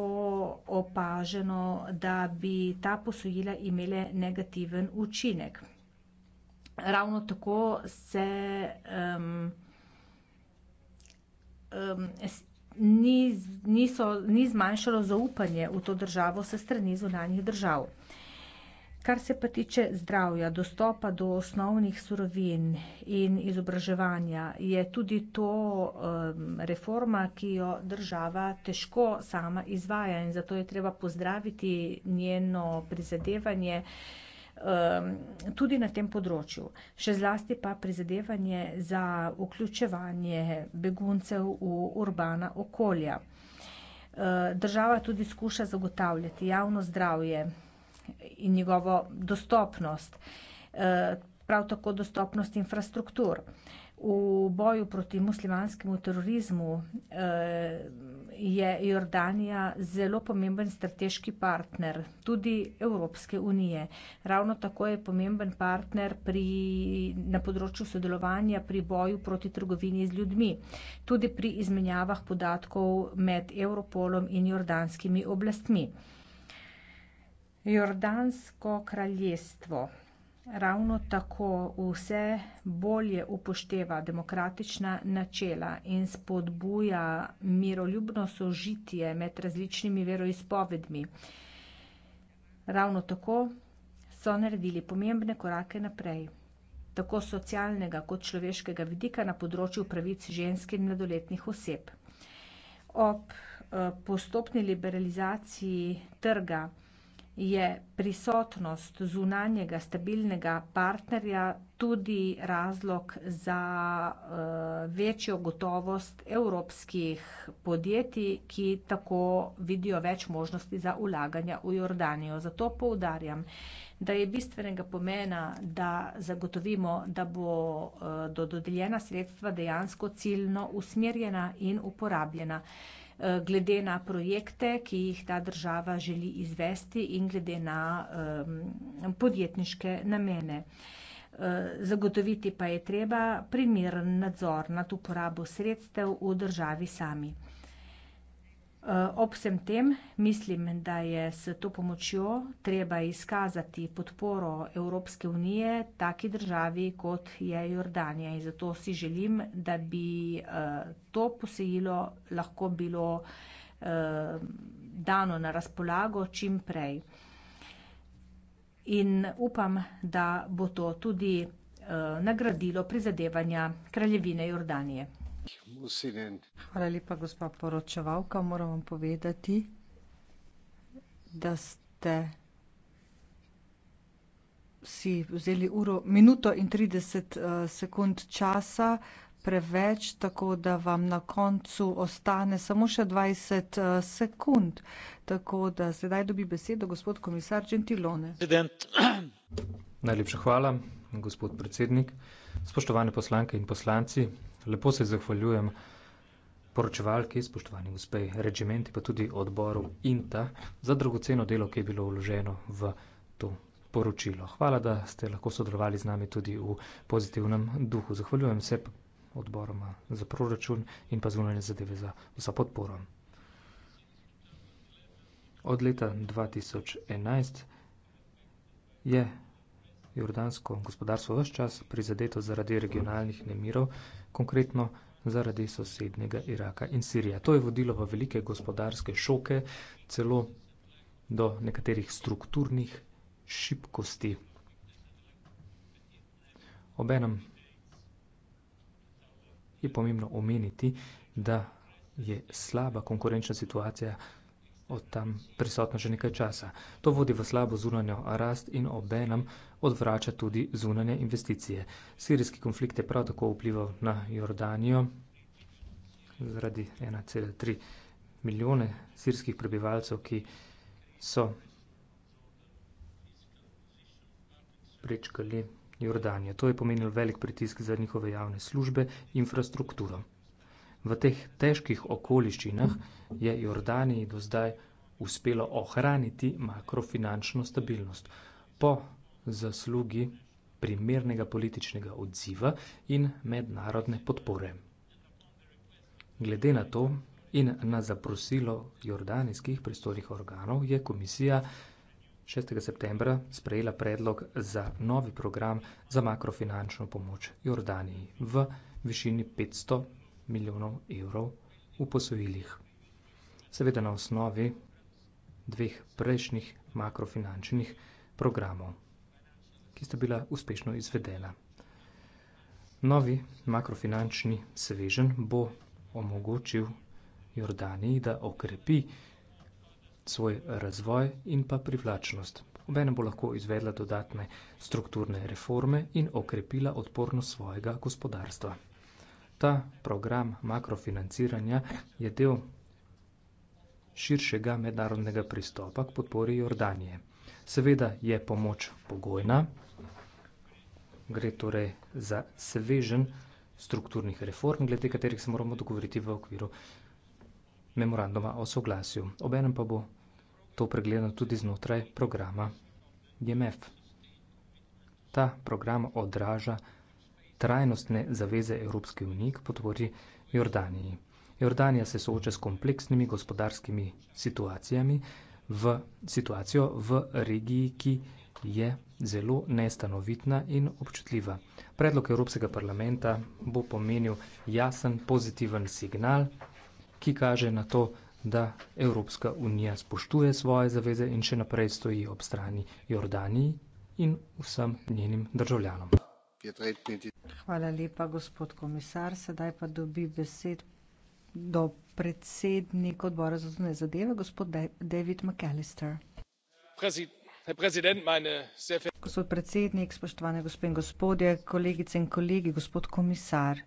opaženo, da bi ta posojila imele negativen učinek. Ravno tako se um, um, ni, niso, ni zmanjšalo zaupanje v to državo se strani zunanjih držav. Kar se pa tiče zdravja, dostopa do osnovnih surovin in izobraževanja, je tudi to um, reforma, ki jo država težko sama izvaja in zato je treba pozdraviti njeno prizadevanje um, tudi na tem področju. Še zlasti pa prizadevanje za vključevanje beguncev v urbana okolja. Uh, država tudi skuša zagotavljati javno zdravje in njegovo dostopnost, eh, prav tako dostopnost infrastruktur. V boju proti muslimanskemu terorizmu eh, je Jordanija zelo pomemben strateški partner, tudi Evropske unije. Ravno tako je pomemben partner pri, na področju sodelovanja pri boju proti trgovini z ljudmi, tudi pri izmenjavah podatkov med Europolom in jordanskimi oblastmi. Jordansko kraljestvo ravno tako vse bolje upošteva demokratična načela in spodbuja miroljubno sožitje med različnimi veroizpovedmi. Ravno tako so naredili pomembne korake naprej, tako socialnega kot človeškega vidika na področju pravic žensk in mladoletnih oseb. Ob eh, postopni liberalizaciji trga je prisotnost zunanjega stabilnega partnerja tudi razlog za eh, večjo gotovost evropskih podjetij, ki tako vidijo več možnosti za ulaganja v Jordanijo. Zato poudarjam, da je bistvenega pomena, da zagotovimo, da bo eh, do dodeljena sredstva dejansko ciljno usmerjena in uporabljena. Eh, glede na projekte, ki jih ta država želi izvesti in glede na eh, podjetniške namene. Eh, zagotoviti pa je treba primeren nadzor nad uporabo sredstev v državi sami. Eh, ob vsem tem mislim, da je s to pomočjo treba izkazati podporo Evropske unije taki državi, kot je Jordanija. In zato si želim, da bi eh, to posejilo lahko bilo eh, dano na razpolago čim prej. In upam, da bo to tudi nagradilo prizadevanja kraljevine Jordanije. Hvala lepa, gospa poročevalka. Moram vam povedati, da ste si vzeli uro, minuto in trideset eh, sekund časa preveč, tako da vam na koncu ostane samo še dvajset eh, sekund. Tako da sedaj dobi besedo gospod komisar Gentilone. Najlepša hvala, gospod predsednik. Spoštovane poslanke in poslanci. Lepo se zahvaljujem poročevalki, spoštovani gospe Regimenti, pa tudi odboru INTA za dragoceno delo, ki je bilo vloženo v to poročilo. Hvala, da ste lahko sodelovali z nami tudi v pozitivnem duhu. Zahvaljujem se odboroma za proračun in pa zunanje zadeve za vso podporo. Od leta 2011 je jordansko gospodarstvo vse čas prizadeto zaradi regionalnih nemirov, konkretno zaradi sosednjega Iraka in Sirije. To je vodilo v velike gospodarske šoke, celo do nekaterih strukturnih šibkosti. Obenem je pomembno omeniti, da je slaba konkurenčna situacija od tam prisotna že nekaj časa. To vodi v slabo zunanjo rast in obenem odvrača tudi zunanje investicije. Sirijski konflikt je prav tako vplival na Jordanijo zaradi 1,3 milijone sirskih prebivalcev, ki so prečkali Jordanijo. To je pomenilo velik pritisk za njihove javne službe, infrastrukturo. V teh težkih okoliščinah je Jordaniji do zdaj uspelo ohraniti makrofinančno stabilnost. Po zaslugi primernega političnega odziva in mednarodne podpore. Glede na to in na zaprosilo jordanijskih pristojnih organov je komisija 6. septembra sprejela predlog za novi program za makrofinančno pomoč Jordaniji v višini 500 milijonov evrov v posojilih. Seveda na osnovi dveh prejšnjih makrofinančnih programov ki sta bila uspešno izvedena. Novi makrofinančni svežen bo omogočil Jordaniji, da okrepi svoj razvoj in pa privlačnost. Obenem bo lahko izvedla dodatne strukturne reforme in okrepila odpornost svojega gospodarstva. Ta program makrofinanciranja je del širšega mednarodnega pristopa k podpori Jordanije. Seveda je pomoč pogojna gre torej za svežen strukturnih reform, glede katerih se moramo dogovoriti v okviru memoranduma o soglasju. Obenem pa bo to pregledano tudi znotraj programa IMF. Ta program odraža trajnostne zaveze Evropske unije k podpori Jordaniji. Jordanija se sooča s kompleksnimi gospodarskimi situacijami v situacijo v regiji, ki je zelo nestanovitna in občutljiva. Predlog Evropskega parlamenta bo pomenil jasen pozitiven signal, ki kaže na to, da Evropska unija spoštuje svoje zaveze in še naprej stoji ob strani Jordaniji in vsem njenim državljanom. Hvala lepa, gospod komisar. Sedaj pa dobi besed do predsednik odbora za zunaj zadeve, gospod David McAllister. Gospod predsednik, spoštovane gospe in gospodje, kolegice in kolegi, gospod komisar.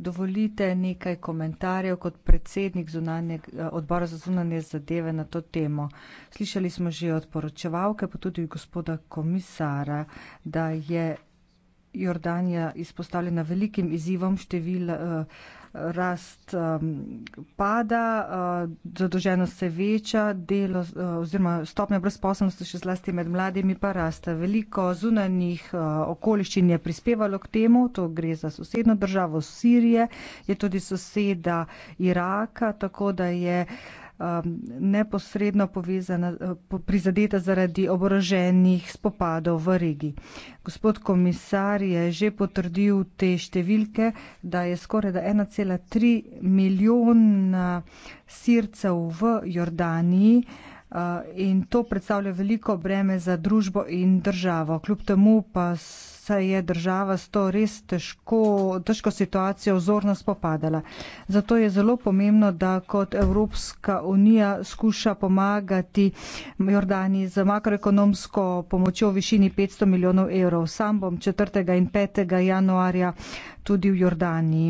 Dovolite nekaj komentarjev kot predsednik odbora za zunanje zadeve na to temo. Slišali smo že od poročevalke, pa tudi gospoda komisara, da je Jordanija izpostavljena velikim izzivom števila. Uh, rast um, pada, uh, zadolženost se veča, delo, uh, oziroma stopnja brezposobnosti še zlasti med mladimi pa raste. Veliko zunanjih uh, okoliščin je prispevalo k temu, to gre za sosedno državo Sirije, je tudi soseda Iraka, tako da je uh, Um, neposredno povezana, eh, prizadeta zaradi oboroženih spopadov v regiji. Gospod komisar je že potrdil te številke, da je skoraj 1,3 milijona sircev v Jordaniji eh, in to predstavlja veliko breme za družbo in državo. Kljub temu pa saj je država s to res težko, težko situacijo vzorno spopadala. Zato je zelo pomembno, da kot Evropska unija skuša pomagati Jordani z makroekonomsko pomočjo v višini 500 milijonov evrov. Sam bom 4. in 5. januarja tudi v Jordani.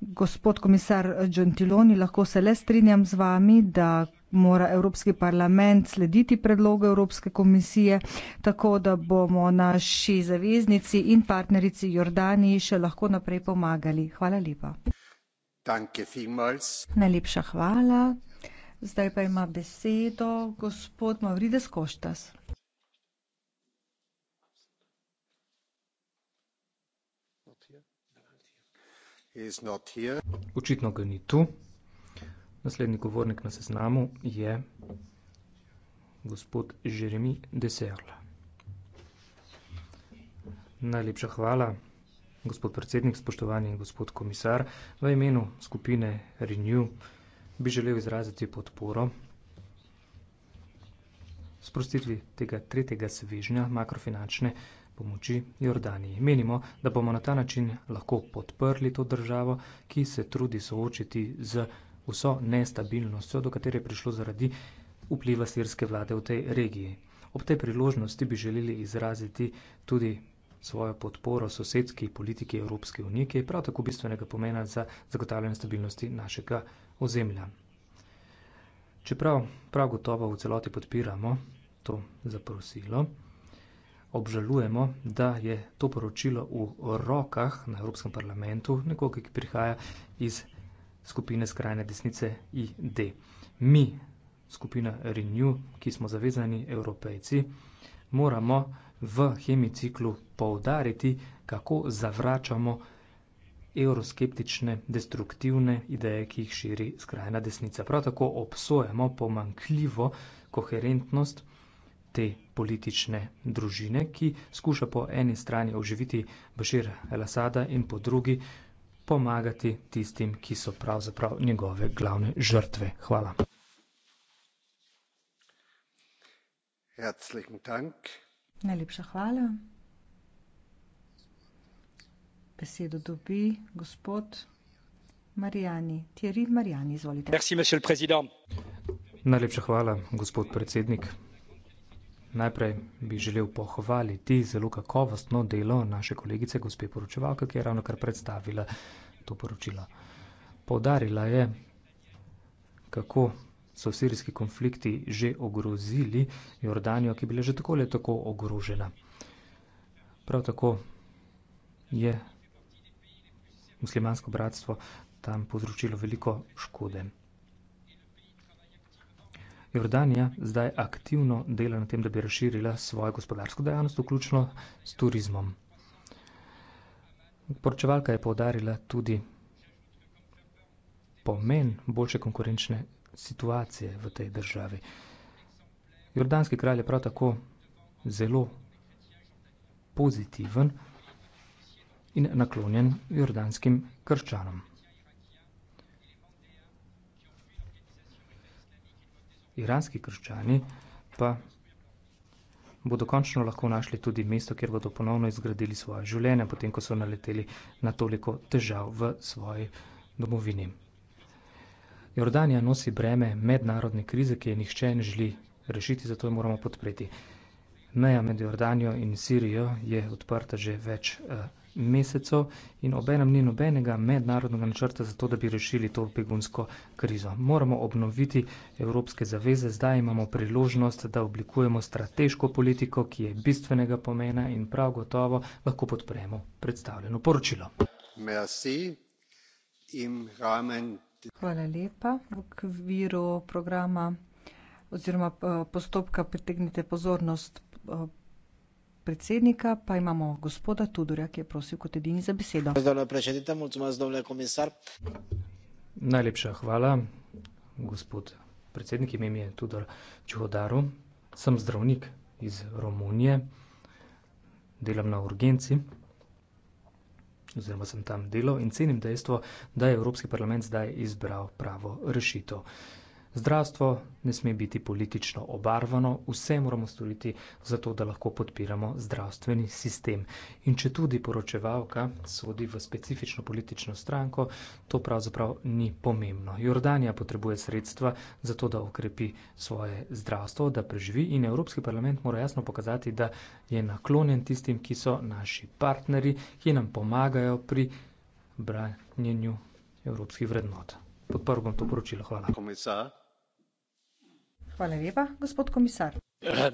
Gospod komisar Džentiloni, lahko se le strinjam z vami, da mora Evropski parlament slediti predlogu Evropske komisije, tako da bomo naši zaveznici in partnerici Jordaniji še lahko naprej pomagali. Hvala lepa. Najlepša hvala. Zdaj pa ima besedo gospod Mavrides Koštas. Očitno ga ni tu. Naslednji govornik na seznamu je gospod Jeremy Deserl. Najlepša hvala, gospod predsednik, spoštovani gospod komisar. V imenu skupine Renew bi želel izraziti podporo sprostitvi tega tretjega svežnja makrofinančne pomoči Jordaniji. Menimo, da bomo na ta način lahko podprli to državo, ki se trudi soočiti z vso nestabilnostjo, do katere je prišlo zaradi vpliva sirske vlade v tej regiji. Ob tej priložnosti bi želeli izraziti tudi svojo podporo sosedski politiki Evropske unije, ki je prav tako bistvenega pomena za zagotavljanje stabilnosti našega ozemlja. Čeprav prav gotovo v celoti podpiramo to zaprosilo, obžalujemo, da je to poročilo v rokah na Evropskem parlamentu nekoga, ki prihaja iz skupine skrajne desnice ID. Mi, skupina Renew, ki smo zavezani evropejci, moramo v hemiciklu poudariti, kako zavračamo euroskeptične, destruktivne ideje, ki jih širi skrajna desnica. Prav tako obsojamo pomankljivo koherentnost te politične družine, ki skuša po eni strani oživiti Bashir el-Assada in po drugi pomagati tistim, ki so pravzaprav njegove glavne žrtve. Hvala. Najlepša hvala. Besedo dobi gospod Marijani. Tjeri Marijani, izvolite. Merci, Najlepša hvala, gospod predsednik. Najprej bi želel pohvaliti zelo kakovostno delo naše kolegice, gospe poročevalke, ki je ravno kar predstavila to poročilo. Povdarila je, kako so sirijski konflikti že ogrozili Jordanijo, ki je bila že tako ali tako ogrožena. Prav tako je muslimansko bratstvo tam povzročilo veliko škode. Jordanija zdaj aktivno dela na tem, da bi razširila svojo gospodarsko dejavnost, vključno s turizmom. Poročevalka je povdarila tudi pomen boljše konkurenčne situacije v tej državi. Jordanski kralj je prav tako zelo pozitiven in naklonjen jordanskim krščanom. iranski krščani pa bodo končno lahko našli tudi mesto, kjer bodo ponovno izgradili svoje življenje, potem ko so naleteli na toliko težav v svoji domovini. Jordanija nosi breme mednarodne krize, ki je nihče ne želi rešiti, zato jo moramo podpreti. Meja med Jordanijo in Sirijo je odprta že več eh, mesecev in obenem ni nobenega mednarodnega načrta za to, da bi rešili to begunsko krizo. Moramo obnoviti evropske zaveze, zdaj imamo priložnost, da oblikujemo strateško politiko, ki je bistvenega pomena in prav gotovo lahko podpremo predstavljeno poročilo. Merci. Hvala lepa. V okviru programa oziroma eh, postopka pritegnite pozornost eh, Predsednika pa imamo gospoda Tudorja, ki je prosil kot edini za besedo. Najlepša hvala, gospod predsednik, ime mi je Tudor Čuhodaru. Sem zdravnik iz Romunije, delam na urgenci, oziroma sem tam delal in cenim dejstvo, da je Evropski parlament zdaj izbral pravo rešitev. Zdravstvo ne sme biti politično obarvano, vse moramo storiti za to, da lahko podpiramo zdravstveni sistem. In če tudi poročevalka sodi v specifično politično stranko, to pravzaprav ni pomembno. Jordanija potrebuje sredstva za to, da okrepi svoje zdravstvo, da preživi in Evropski parlament mora jasno pokazati, da je naklonjen tistim, ki so naši partneri, ki nam pomagajo pri branjenju evropskih vrednot. Podprl bom to poročilo. Hvala. Komisar. Hvala lepa, gospod komisar. Uh,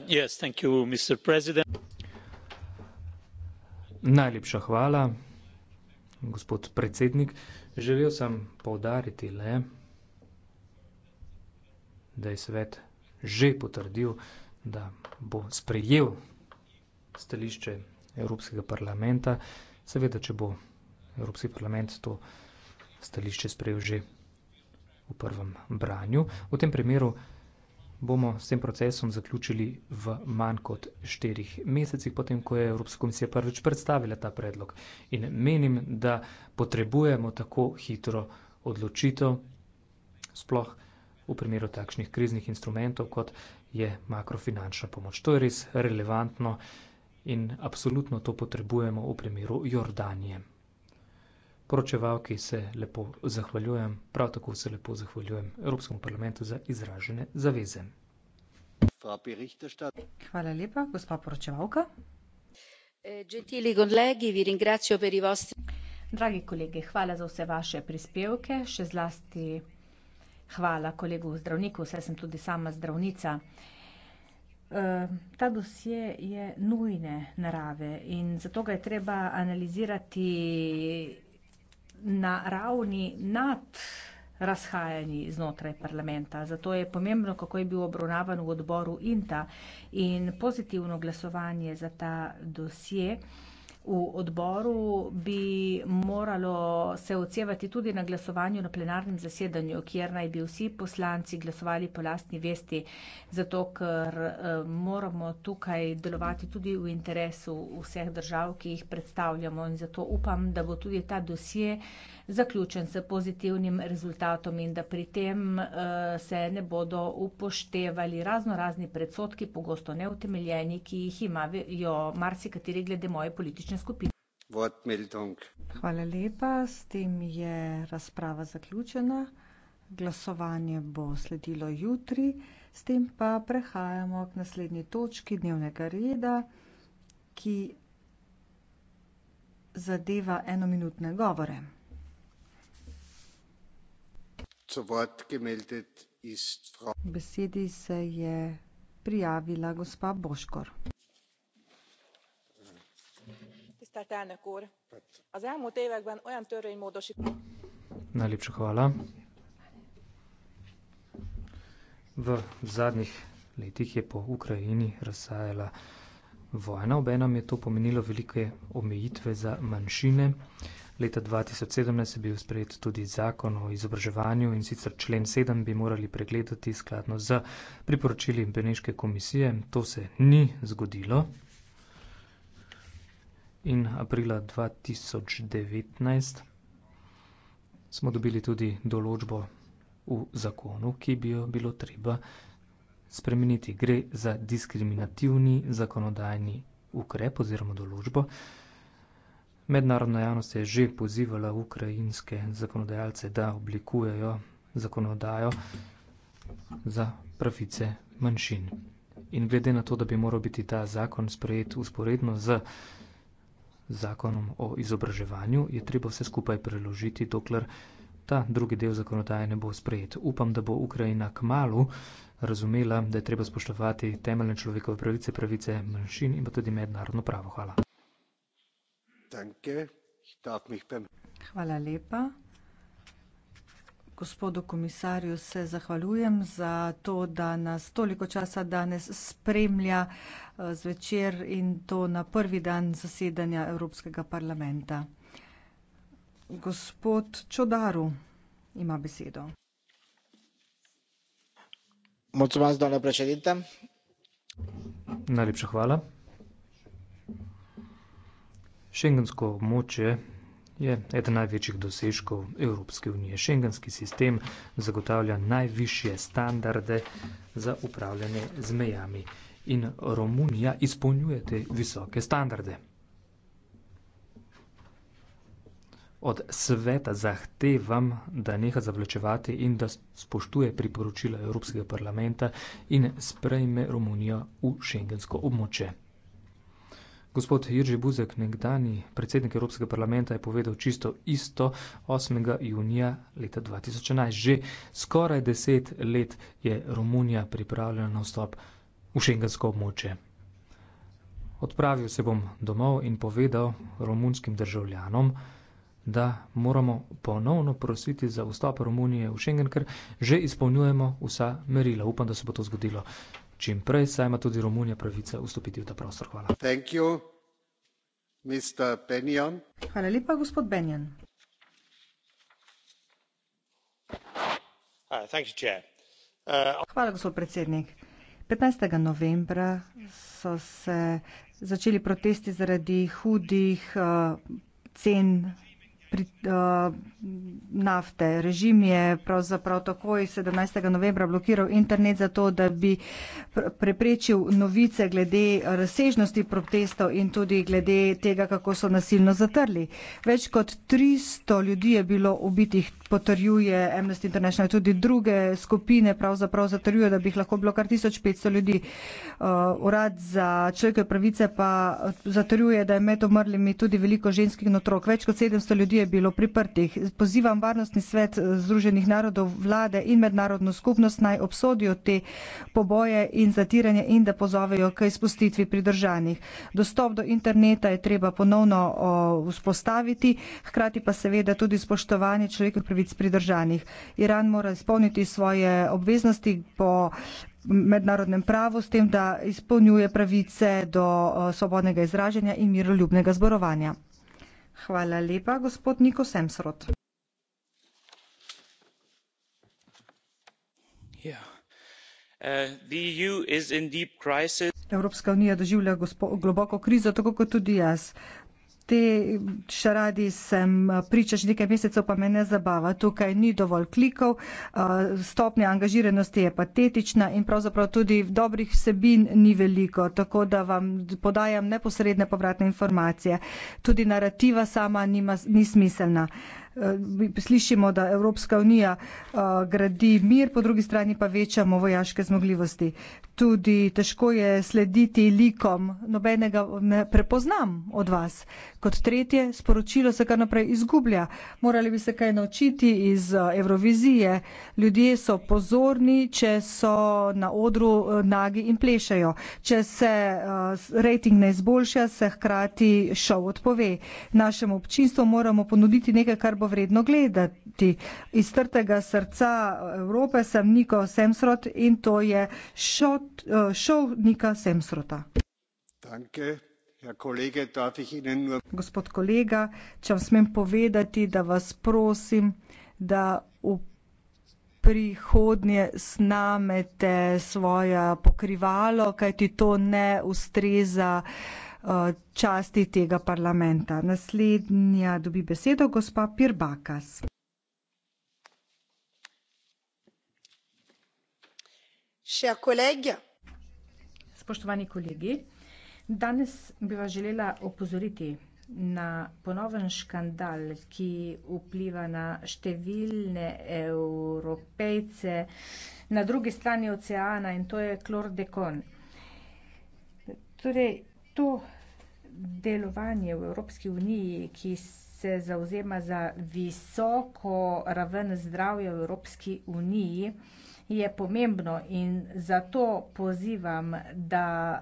Najlepša hvala, gospod predsednik. Želel sem povdariti le, da je svet že potrdil, da bo sprejel stališče Evropskega parlamenta, seveda, če bo Evropski parlament to stališče sprejel že v prvem branju. V tem primeru bomo s tem procesom zaključili v manj kot štirih mesecih, potem ko je Evropska komisija prvič predstavila ta predlog. In menim, da potrebujemo tako hitro odločitev, sploh v primeru takšnih kriznih instrumentov, kot je makrofinančna pomoč. To je res relevantno in absolutno to potrebujemo v primeru Jordanije. Poročevalki se lepo zahvaljujem, prav tako se lepo zahvaljujem Evropskemu parlamentu za izražene zaveze. Hvala lepa, gospa poročevalka. Eh, Dragi kolegi, hvala za vse vaše prispevke, še zlasti hvala kolegu zdravniku, saj sem tudi sama zdravnica. Eh, ta dosje je nujne narave in zato ga je treba analizirati na ravni nad razhajanji znotraj parlamenta. Zato je pomembno, kako je bil obravnavan v odboru INTA in pozitivno glasovanje za ta dosje v odboru bi moralo se odsevati tudi na glasovanju na plenarnem zasedanju, kjer naj bi vsi poslanci glasovali po lastni vesti, zato ker eh, moramo tukaj delovati tudi v interesu vseh držav, ki jih predstavljamo. In zato upam, da bo tudi ta dosje zaključen s pozitivnim rezultatom in da pri tem eh, se ne bodo upoštevali razno razni predsotki, pogosto neutemeljeni, ki jih imajo marsikateri glede moje politične skupine. Hvala lepa, s tem je razprava zaključena. Glasovanje bo sledilo jutri, s tem pa prehajamo k naslednji točki dnevnega reda, ki zadeva enominutne govore besedi se je prijavila gospa boškor. Najlepša hvala. V zadnjih letih je po Ukrajini razsajala vojna, obenem je to pomenilo velike omejitve za manjšine. Leta 2017 je bil sprejet tudi zakon o izobraževanju in sicer člen 7 bi morali pregledati skladno z priporočili Beneške komisije. To se ni zgodilo. In aprila 2019 smo dobili tudi določbo v zakonu, ki bi jo bilo treba spremeniti. Gre za diskriminativni zakonodajni ukrep oziroma določbo, Mednarodna javnost je že pozivala ukrajinske zakonodajalce, da oblikujejo zakonodajo za pravice manjšin. In glede na to, da bi moral biti ta zakon sprejet usporedno z zakonom o izobraževanju, je treba vse skupaj preložiti, dokler ta drugi del zakonodaje ne bo sprejet. Upam, da bo Ukrajina kmalo razumela, da je treba spoštovati temeljne človekove pravice, pravice manjšin in pa tudi mednarodno pravo. Hvala. Hvala lepa. Gospodu komisarju se zahvaljujem za to, da nas toliko časa danes spremlja eh, zvečer in to na prvi dan zasedanja Evropskega parlamenta. Gospod Čodaru ima besedo. Najlepša hvala. Šengensko območje je eden največjih dosežkov Evropske unije. Šengenski sistem zagotavlja najvišje standarde za upravljanje z mejami in Romunija izpolnjuje te visoke standarde. Od sveta zahtevam, da neha zavlačevati in da spoštuje priporočila Evropskega parlamenta in sprejme Romunijo v šengensko območje. Gospod Jerži Buzek, nekdani predsednik Evropskega parlamenta, je povedal čisto isto 8. junija leta 2011. Že skoraj deset let je Romunija pripravljena na vstop v šengensko območje. Odpravil se bom domov in povedal romunskim državljanom, da moramo ponovno prositi za vstop Romunije v Schengen, ker že izpolnjujemo vsa merila. Upam, da se bo to zgodilo čim prej saj ima tudi romunija pravico vstopiti v ta prostor. Hvala. Thank you. Mr. Benjon. Hvala lepa, gospod Benjon. Uh, Hvala, gospod predsednik. 15. novembra so se začeli protesti zaradi hudih uh, cen pri, uh, nafte. Režim je pravzaprav takoj 17. novembra blokiral internet za to, da bi preprečil novice glede razsežnosti protestov in tudi glede tega, kako so nasilno zatrli. Več kot 300 ljudi je bilo ubitih, potrjuje Amnesty International. Tudi druge skupine pravzaprav zatrjujejo, da bi jih lahko bilo kar 1500 ljudi. Uh, urad za človekove pravice pa eh, zatrjuje, da je med umrlimi tudi veliko ženskih otrok. Več kot 700 ljudi je bilo priprtih. Pozivam Varnostni svet Združenih narodov vlade in mednarodno skupnost naj obsodijo te poboje in zatiranje in da pozovejo k izpustitvi pridržanih. Dostop do interneta je treba ponovno vzpostaviti, hkrati pa seveda tudi spoštovanje človekov pravic pridržanih. Iran mora izpolniti svoje obveznosti po mednarodnem pravu s tem, da izpolnjuje pravice do svobodnega izražanja in miroljubnega zborovanja. Hvala lepa, gospod Niko Semsrot. Uh, e Evropska unija doživlja globoko krizo, tako kot tudi jaz te šaradi sem eh, priča že nekaj mesecev, pa me ne zabava. Tukaj ni dovolj klikov, eh, stopnja angažiranosti je patetična in pravzaprav tudi dobrih vsebin ni veliko, tako da vam podajam neposredne povratne informacije. Tudi narativa sama nima, ni smiselna. Eh, slišimo, da Evropska unija eh, gradi mir, po drugi strani pa večamo vojaške zmogljivosti. Tudi težko je slediti likom, nobenega ne prepoznam od vas. Kot tretje, sporočilo se kar naprej izgublja. Morali bi se kaj naučiti iz Eurovizije. Eh, Ljudje so pozorni, če so na odru nagi in plešajo. Če se rejting ne izboljša, se hkrati šov odpove. Našemu občinstvu moramo ponuditi nekaj, kar bo vredno gledati. Iz trtega srca Evrope sem Niko Semsrot in to je eh, šov Nika Semsrota. Danke. Gospod kolega, če vam smem povedati, da vas prosim, da v prihodnje snamete svoje pokrivalo, kajti to ne ustreza uh, Eh, časti tega parlamenta. Naslednja dobi besedo gospa Pirbakas. Spoštovani kolegi, danes bi vas želela opozoriti na ponoven škandal, ki vpliva na številne evropejce na drugi strani oceana in to je klordekon. Torej, to delovanje v Evropski uniji, ki se zauzema za visoko raven zdravja v Evropski uniji, je pomembno in zato pozivam, da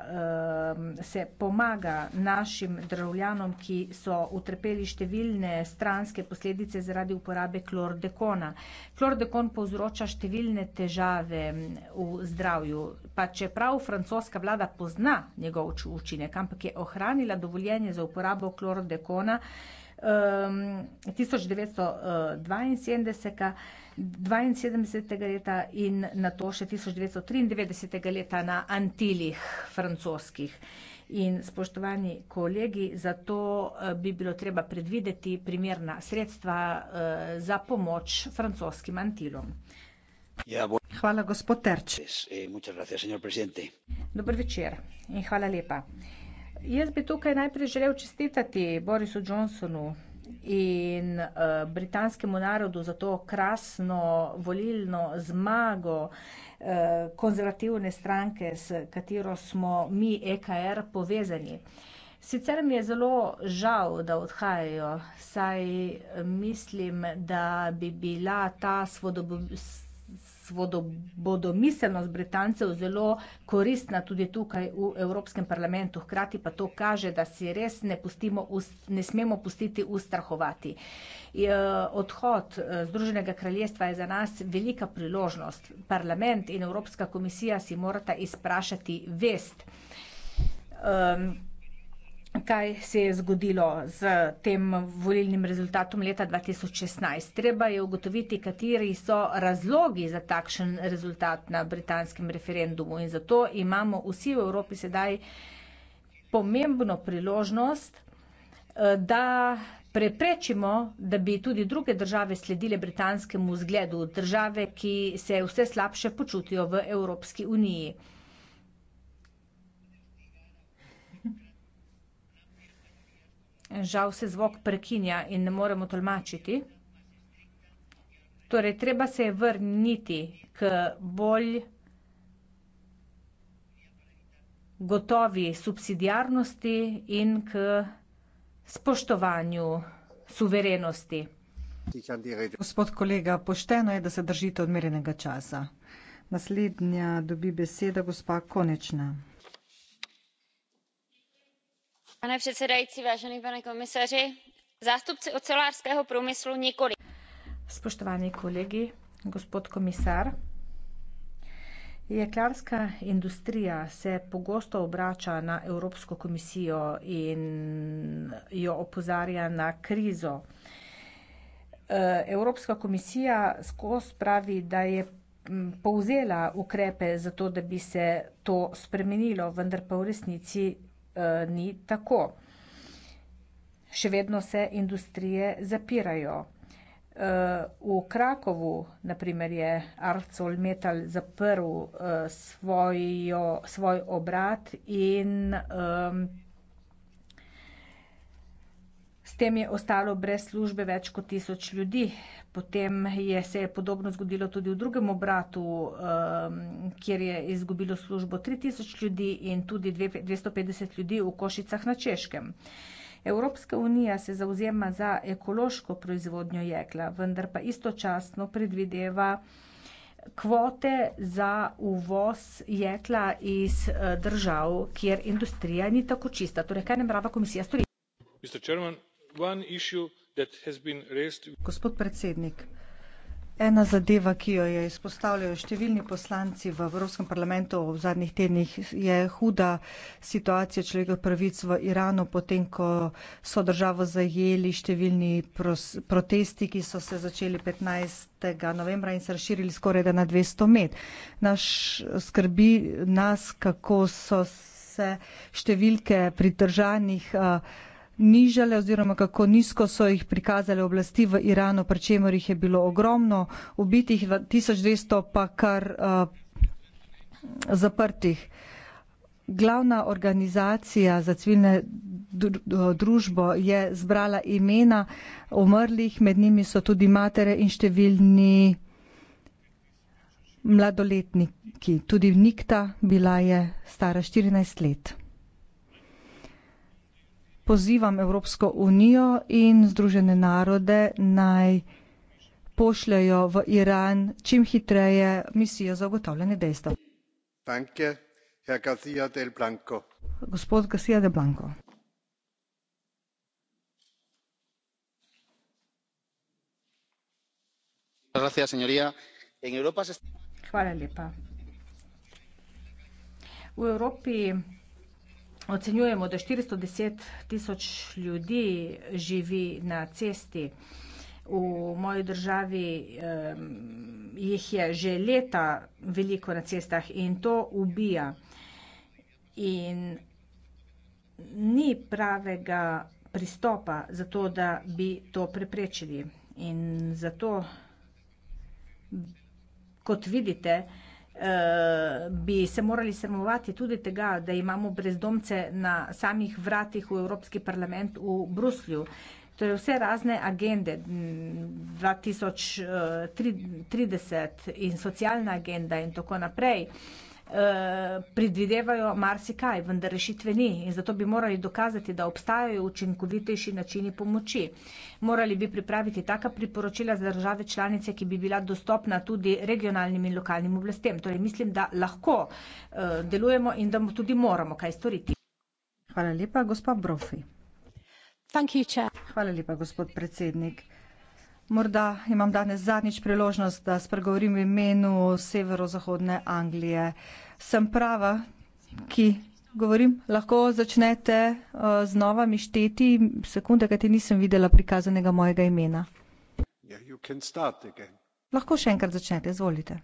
um, se pomaga našim državljanom, ki so utrpeli številne stranske posledice zaradi uporabe klordekona. Klordekon povzroča številne težave um, v zdravju, pa čeprav francoska vlada pozna njegov učinek, ampak je ohranila dovoljenje za uporabo klordekona 1972. Um, 1972. leta in na to še 1993. leta na Antilih francoskih. In spoštovani kolegi, zato eh, bi bilo treba predvideti primerna sredstva eh, za pomoč francoskim Antilom. Ja, bo... Hvala, gospod Terč. Eh, gracias, Dobar večer in hvala lepa. Jaz bi tukaj najprej želel čestitati Borisu Johnsonu in uh, britanskemu narodu za to krasno volilno zmago uh, konzervativne stranke, s katero smo mi EKR povezani. Sicer mi je zelo žal, da odhajajo, saj eh, mislim, da bi bila ta svobodobnost svodo, bodo miselnost Britancev zelo koristna tudi tukaj v Evropskem parlamentu. Hkrati pa to kaže, da si res ne, pustimo, ne smemo pustiti ustrahovati. Odhod eh, Združenega kraljestva je za nas velika priložnost. Parlament in Evropska komisija si morata izprašati vest. Um, kaj se je zgodilo z tem volilnim rezultatom leta 2016. Treba je ugotoviti, kateri so razlogi za takšen rezultat na britanskem referendumu in zato imamo vsi v Evropi sedaj pomembno priložnost, eh, da preprečimo, da bi tudi druge države sledile britanskemu zgledu, države, ki se vse slabše počutijo v Evropski uniji. Žal se zvok prekinja in ne moremo tolmačiti. Torej, treba se je vrniti k bolj gotovi subsidijarnosti in k spoštovanju suverenosti. Gospod kolega, pošteno je, da se držite odmerjenega časa. Naslednja dobi besedo gospa Konečna pane předsedající vážený pane komisaři zástupci ocelářského průmyslu několik. spoštovani kolegi gospod komisar jeklarska industrija se pogosto obrača na evropsko komisijo in jo opozarja na krizo. E, Evropska komisija skozi pravi, da je povzela ukrepe za to, da bi se to spremenilo, vendar pa v resnici Eh, ni tako. Še vedno se industrije zapirajo. Eh, v Krakovu, naprimer, je Arcol Metal zaprl eh, svojo, svoj obrat in um, tem je ostalo brez službe več kot tisoč ljudi. Potem je se je podobno zgodilo tudi v drugem obratu, um, kjer je izgubilo službo 3000 ljudi in tudi 250 ljudi v košicah na Češkem. Evropska unija se zauzema za ekološko proizvodnjo jekla, vendar pa istočasno predvideva kvote za uvoz jekla iz eh, držav, kjer industrija ni tako čista. Torej, kaj namerava komisija storiti? Mr. Chairman, gospod predsednik ena zadeva ki jo je izpostavljajo številni poslanci v evropskem parlamentu v zadnjih tednih je huda situacija človekovih pravic v iranu potem ko so državo zajeli številni protesti ki so se začeli petnajstega novembra in se razširili skorajda na dvesto met naš skrbi nas kako so se številke pridržanih nižale oziroma kako nizko so jih prikazale oblasti v Iranu, pri čemer jih je bilo ogromno, ubitih 1200 pa kar uh, zaprtih. Glavna organizacija za civilne eh, družbo je zbrala imena umrlih, med njimi so tudi matere in številni mladoletniki. Tudi Nikta bila je stara 14 let pozivam Evropsko unijo in Združene narode naj pošljajo v Iran čim hitreje misijo za ugotavljanje dejstev. Danke, Herr Garcia del Blanco. Gospod Garcia del Blanco. Hvala lepa. V Evropi ocenjujemo, da 410 tisoč ljudi živi na cesti. V moji državi eh, jih je že leta veliko na cestah in to ubija. In ni pravega pristopa za to, da bi to preprečili. In zato, kot vidite, eh, bi se morali sramovati tudi tega, da imamo brezdomce na samih vratih v Evropski parlament v Bruslju. To je vse razne agende, 2030 eh, in socialna agenda in tako naprej. Uh, Eh, predvidevajo marsikaj, vendar rešitve ni in zato bi morali dokazati, da obstajajo učinkovitejši načini pomoči. Morali bi pripraviti taka priporočila za države članice, ki bi bila dostopna tudi regionalnim in lokalnim oblastem. Torej mislim, da lahko eh, delujemo in da tudi moramo kaj storiti. Hvala lepa, gospod Brofi. Hvala lepa, gospod predsednik. Morda imam danes zadnjič priložnost, da spregovorim v imenu severozahodne Anglije. Sem prava, ki govorim. Lahko začnete uh, znova mišteti sekunde, kajti nisem videla prikazanega mojega imena. Yeah, Lahko še enkrat začnete, izvolite.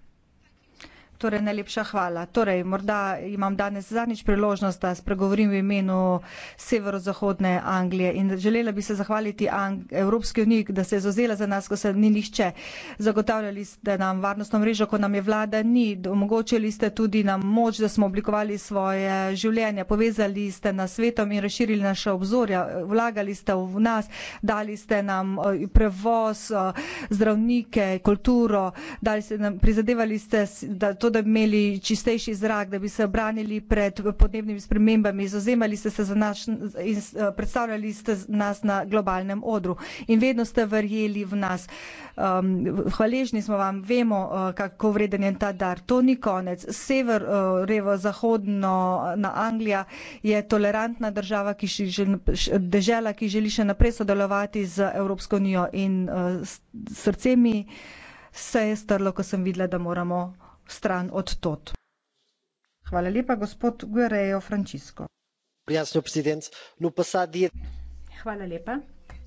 Torej, najlepša hvala. Torej, morda imam danes zadnjič priložnost, da spregovorim v imenu severozahodne Anglije in želela bi se zahvaliti Ang Evropski uniji, da se je zauzela za nas, ko se ni nihče zagotavljali, da nam varnostno mrežo, ko nam je vlada ni, omogočili ste tudi nam moč, da smo oblikovali svoje življenje, povezali ste nas svetom in razširili naša obzorja, vlagali ste v nas, dali ste nam eh, prevoz, eh, zdravnike, kulturo, dali ste nam, prizadevali ste, da to da bi imeli čistejši zrak, da bi se obranili pred podnebnimi spremembami, zazemali ste se za naš in eh, predstavljali ste nas na globalnem odru in vedno ste verjeli v nas. Um, hvaležni smo vam, vemo, uh, kako vreden je ta dar. To ni konec. Sever, uh, revo zahodno na Anglija je tolerantna država, ki še, že, dežela, ki želi še naprej sodelovati z Evropsko unijo in uh, srcemi se je strlo, ko sem videla, da moramo stran od tod. Hvala lepa, gospod Guerrero Francisco. No, Hvala lepa.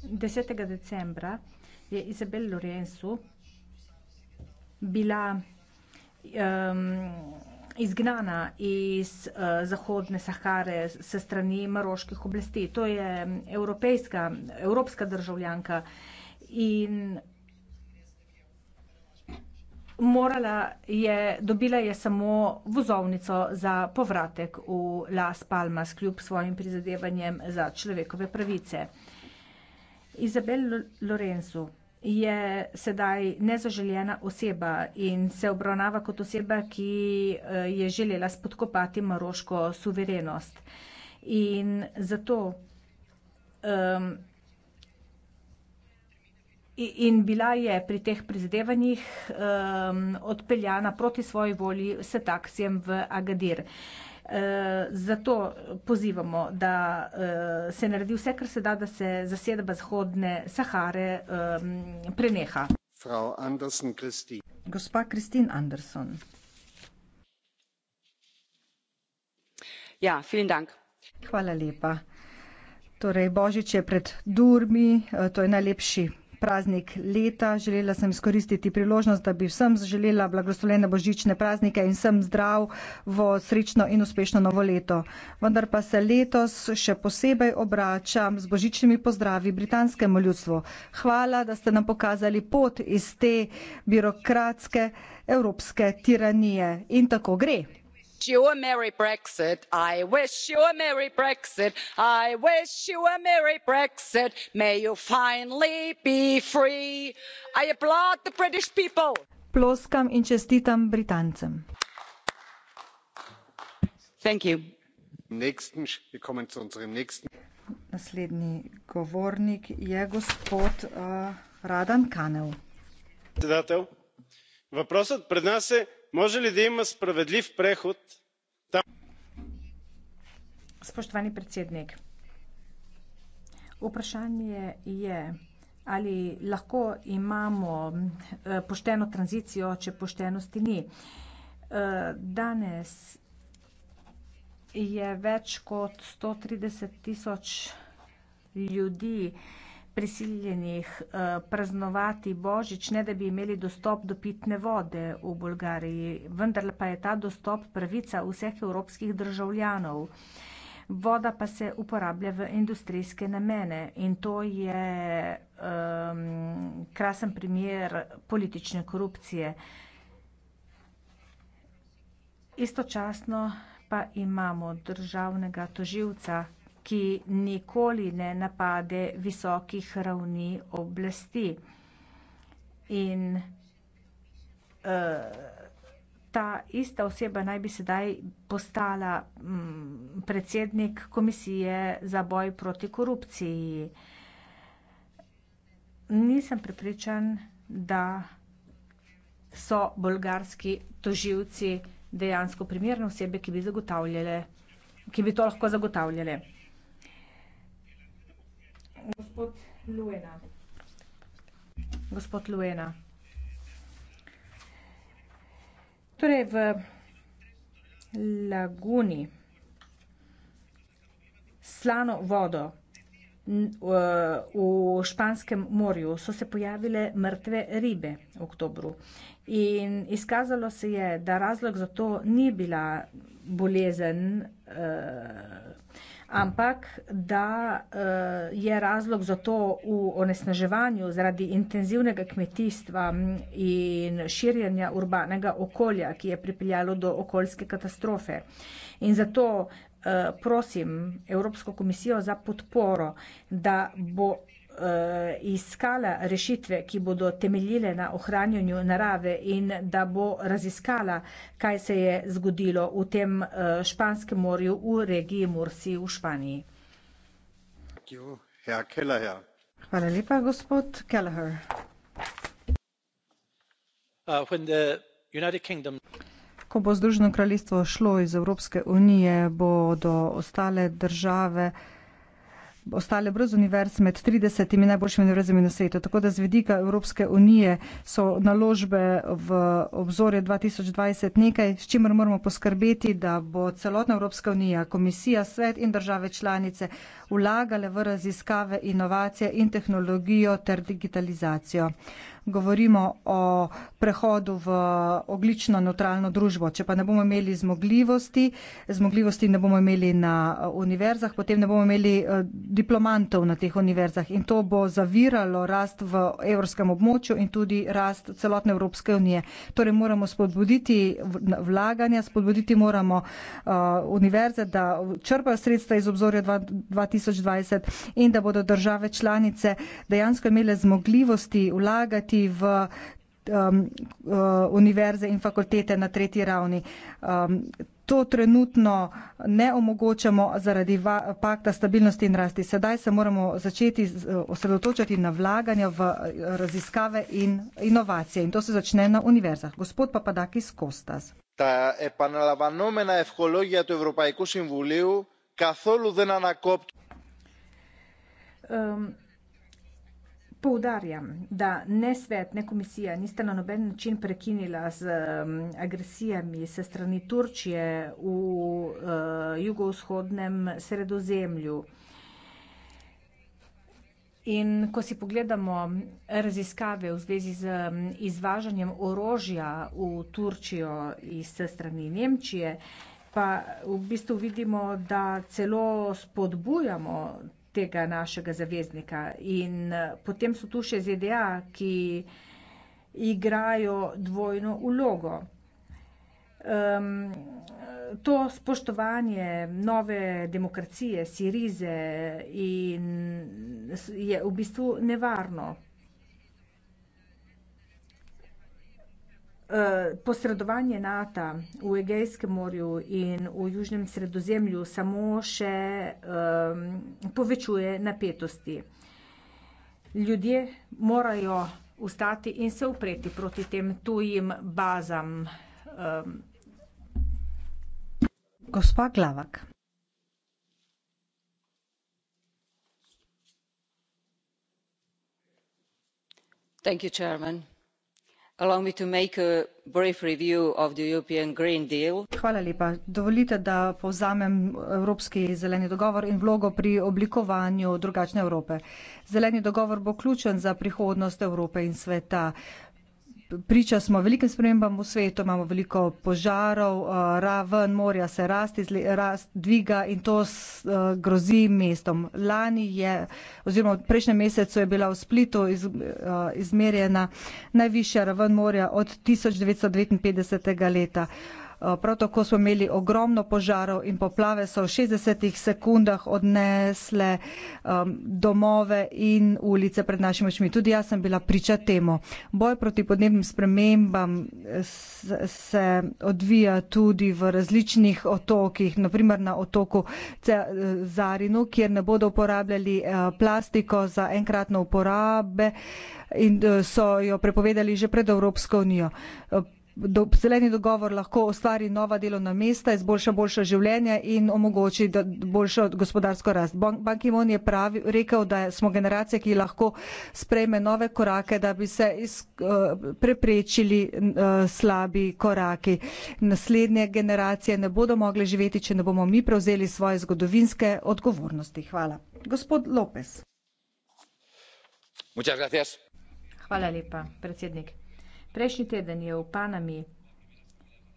10. decembra je Izabel Lorenzu bila um, izgnana iz uh, Zahodne Sahare se strani maroških oblasti. To je evropska državljanka in Morala je, dobila je samo vozovnico za povratek v Las Palmas, kljub svojim prizadevanjem za človekove pravice. Izabel Lorenzo je sedaj nezaželjena oseba in se obravnava kot oseba, ki eh, je želela spodkopati maroško suverenost. In zato um, In bila je pri teh prizadevanjih um, odpeljana proti svoji volji s taksijem v Agadir. Uh, zato pozivamo, da uh, se naredi vse, kar se da, da se zasedba Zahodne Sahare um, preneha. Gospa Kristin Anderson. Ja, dank. Hvala lepa. Torej, Božič je pred durmi, uh, to je najlepši praznik leta. Želela sem izkoristiti priložnost, da bi vsem želela blagoslovljene božične praznike in vsem zdrav v srečno in uspešno novo leto. Vendar pa se letos še posebej obračam z božičnimi pozdravi britanskemu ljudstvu. Hvala, da ste nam pokazali pot iz te birokratske evropske tiranije. In tako gre you a merry brexit i wish you a merry brexit i wish you a merry brexit may you finally be free i applaud the british people. ploskam in čestitam britancem. naslednji govornik je gospod eh, radan kanev. predsedujoča vprašanje pred nas je može ljudem spravedljiv prehod. Spoštovani predsednik, vprašanje je, ali lahko imamo eh, pošteno tranzicijo, če poštenosti ni. Eh, danes je več kot sto trideset tisoč ljudi prisiljenih eh, praznovati Božič, ne da bi imeli dostop do pitne vode v Bolgariji. Vendar pa je ta dostop pravica vseh evropskih državljanov. Voda pa se uporablja v industrijske namene in to je um, krasen primer politične korupcije. Istočasno pa imamo državnega toživca, ki nikoli ne napade visokih ravni oblasti. In uh, ta ista oseba naj bi sedaj postala mm, predsednik komisije za boj proti korupciji. Nisem prepričan, da so bolgarski toživci dejansko primerne osebe, ki bi, ki bi to lahko zagotavljali. Gospod Luena. Torej, v laguni slano vodo v španskem morju so se pojavile mrtve ribe v oktobru in izkazalo se je, da razlog za to ni bila bolezen eh, ampak da uh, je razlog za to v onesnaževanju zaradi intenzivnega kmetijstva mm, in širjenja urbanega okolja, ki je pripeljalo do okoljske katastrofe. In zato uh, prosim Evropsko komisijo za podporo, da bo uh, iskala rešitve, ki bodo temeljile na ohranjanju narave in da bo raziskala, kaj se je zgodilo v tem uh, španskem morju v regiji Mursi v Španiji. Hvala lepa, gospod Kelleher. Uh, Ko bo Združeno kraljestvo šlo iz Evropske unije, bodo ostale države uh, ostale brez univerz med 30 najboljšimi univerzami na svetu. Tako da z vidika Evropske unije so naložbe v obzorje 2020 nekaj, s čimer moramo poskrbeti, da bo celotna Evropska unija, komisija, svet in države članice vlagale v raziskave, inovacije in tehnologijo ter digitalizacijo govorimo o prehodu v oglično neutralno družbo. Če pa ne bomo imeli zmogljivosti, zmogljivosti ne bomo imeli na eh, univerzah, potem ne bomo imeli eh, diplomantov na teh univerzah in to bo zaviralo rast v evropskem območju in tudi rast celotne Evropske unije. Torej moramo spodbuditi vlaganja, spodbuditi moramo eh, univerze, da črpajo sredstva iz obzorja 2020 in da bodo države članice dejansko imele zmogljivosti vlagati vpisati v um, uh, univerze in fakultete na tretji ravni. Um, To trenutno ne omogočamo zaradi pakta stabilnosti in rasti. Sedaj se moramo začeti uh, osredotočati na vlaganja v uh, raziskave in inovacije. In to se začne na univerzah. Gospod Papadakis Kostas. Ta epanalavanomena evkologija to Evropajku simvuliju, katholu den anakopt. Um, Poudarjam, da ne svet, ne komisija nista na noben način prekinila z um, agresijami se strani Turčije v uh, jugovzhodnem sredozemlju. In ko si pogledamo raziskave v zvezi z um, izvažanjem orožja v Turčijo iz strani Nemčije, pa v bistvu vidimo, da celo spodbujamo tega našega zaveznika. In eh, potem so tu še ZDA, ki igrajo dvojno ulogo. Um, to spoštovanje nove demokracije, Sirize, je v bistvu nevarno, Eh, posredovanje NATO v Egejskem morju in v Južnem sredozemlju samo še um, povečuje napetosti. Ljudje morajo ustati in se upreti proti tem tujim bazam. Um. Gospa Glavak. Thank you, Chairman lepa dovolite da povzamem evropski zeleni dogovor in vlogo pri oblikovanju drugačne evrope. zeleni dogovor bo ključen za prihodnost evrope in sveta priča smo velikim spremembam v svetu, imamo veliko požarov, eh, raven morja se rasti, rast dviga in to eh, grozi mestom. Lani je, oziroma v prejšnjem mesecu je bila v Splitu iz, eh, izmerjena najvišja raven morja od 1959. leta. Eh, prav tako smo imeli ogromno požarov in poplave so v 60 sekundah odnesle um, domove in ulice pred našimi očmi. Tudi jaz sem bila priča temu. Boj proti podnebnim spremembam eh, se odvija tudi v različnih otokih, naprimer na otoku Zarinu, kjer ne bodo uporabljali eh, plastiko za enkratno uporabe in so jo prepovedali že pred Evropsko unijo do, zeleni dogovor lahko ustvari nova delovna mesta, izboljša boljša življenja in omogoči boljšo gospodarsko rast. Ban Ki-moon je pravi, rekel, da smo generacija, ki lahko sprejme nove korake, da bi se iz, uh, preprečili uh, slabi koraki. Naslednje generacije ne bodo mogle živeti, če ne bomo mi prevzeli svoje zgodovinske odgovornosti. Hvala. Gospod Lopes. Hvala lepa, predsednik. Prejšnji teden je v Panami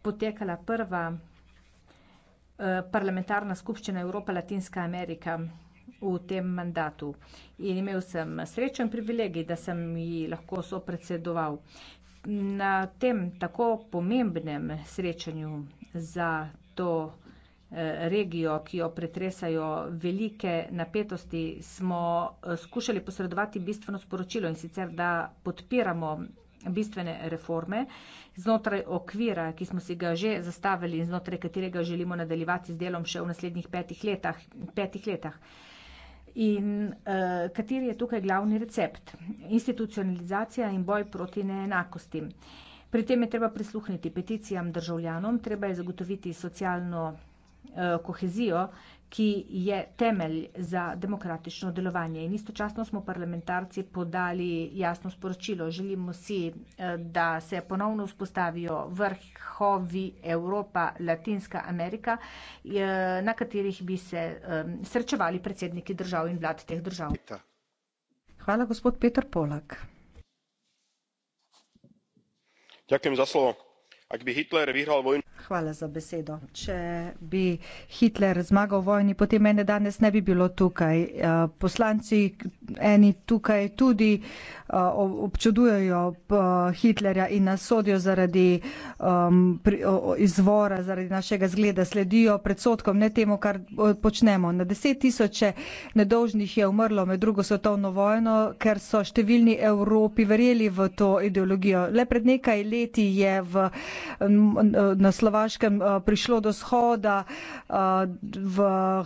potekala prva eh, parlamentarna skupščina Evropa-Latinska Amerika v tem mandatu. In imel sem srečo in privilegij, da sem ji lahko sopredsedoval. Na tem tako pomembnem srečanju za to eh, regijo, ki jo pretresajo velike napetosti, smo eh, skušali posredovati bistveno sporočilo in sicer, da podpiramo bistvene reforme znotraj okvira, ki smo si ga že zastavili in znotraj katerega želimo nadaljevati z delom še v naslednjih petih letah. Petih letah. In eh, kateri je tukaj glavni recept? Institucionalizacija in boj proti neenakosti. Pri tem je treba prisluhniti peticijam državljanom, treba je zagotoviti socialno eh, kohezijo, ki je temelj za demokratično delovanje. In istočasno smo parlamentarci podali jasno sporočilo. Želimo si, eh, da se ponovno vzpostavijo vrhovi Evropa, Latinska Amerika, na katerih bi se srečevali predsedniki držav in vlad teh držav. Hvala, gospod Peter Polak. Hvala za slovo. Ak bi Hitler vyhral vojnu... Hvala za besedo. Če bi Hitler zmagal v vojni, potem mene danes ne bi bilo tukaj. Eh, poslanci eni tukaj tudi eh, občudujejo eh, Hitlerja in nas sodijo zaradi ehm, izvora, zaradi našega zgleda, sledijo predsotkom, ne temu, kar počnemo. Na deset tisoče nedolžnih je umrlo med drugo svetovno vojno, ker so številni Evropi verjeli v to ideologijo. Le pred nekaj leti je v naslov Slovaškem eh, prišlo do shoda eh, v,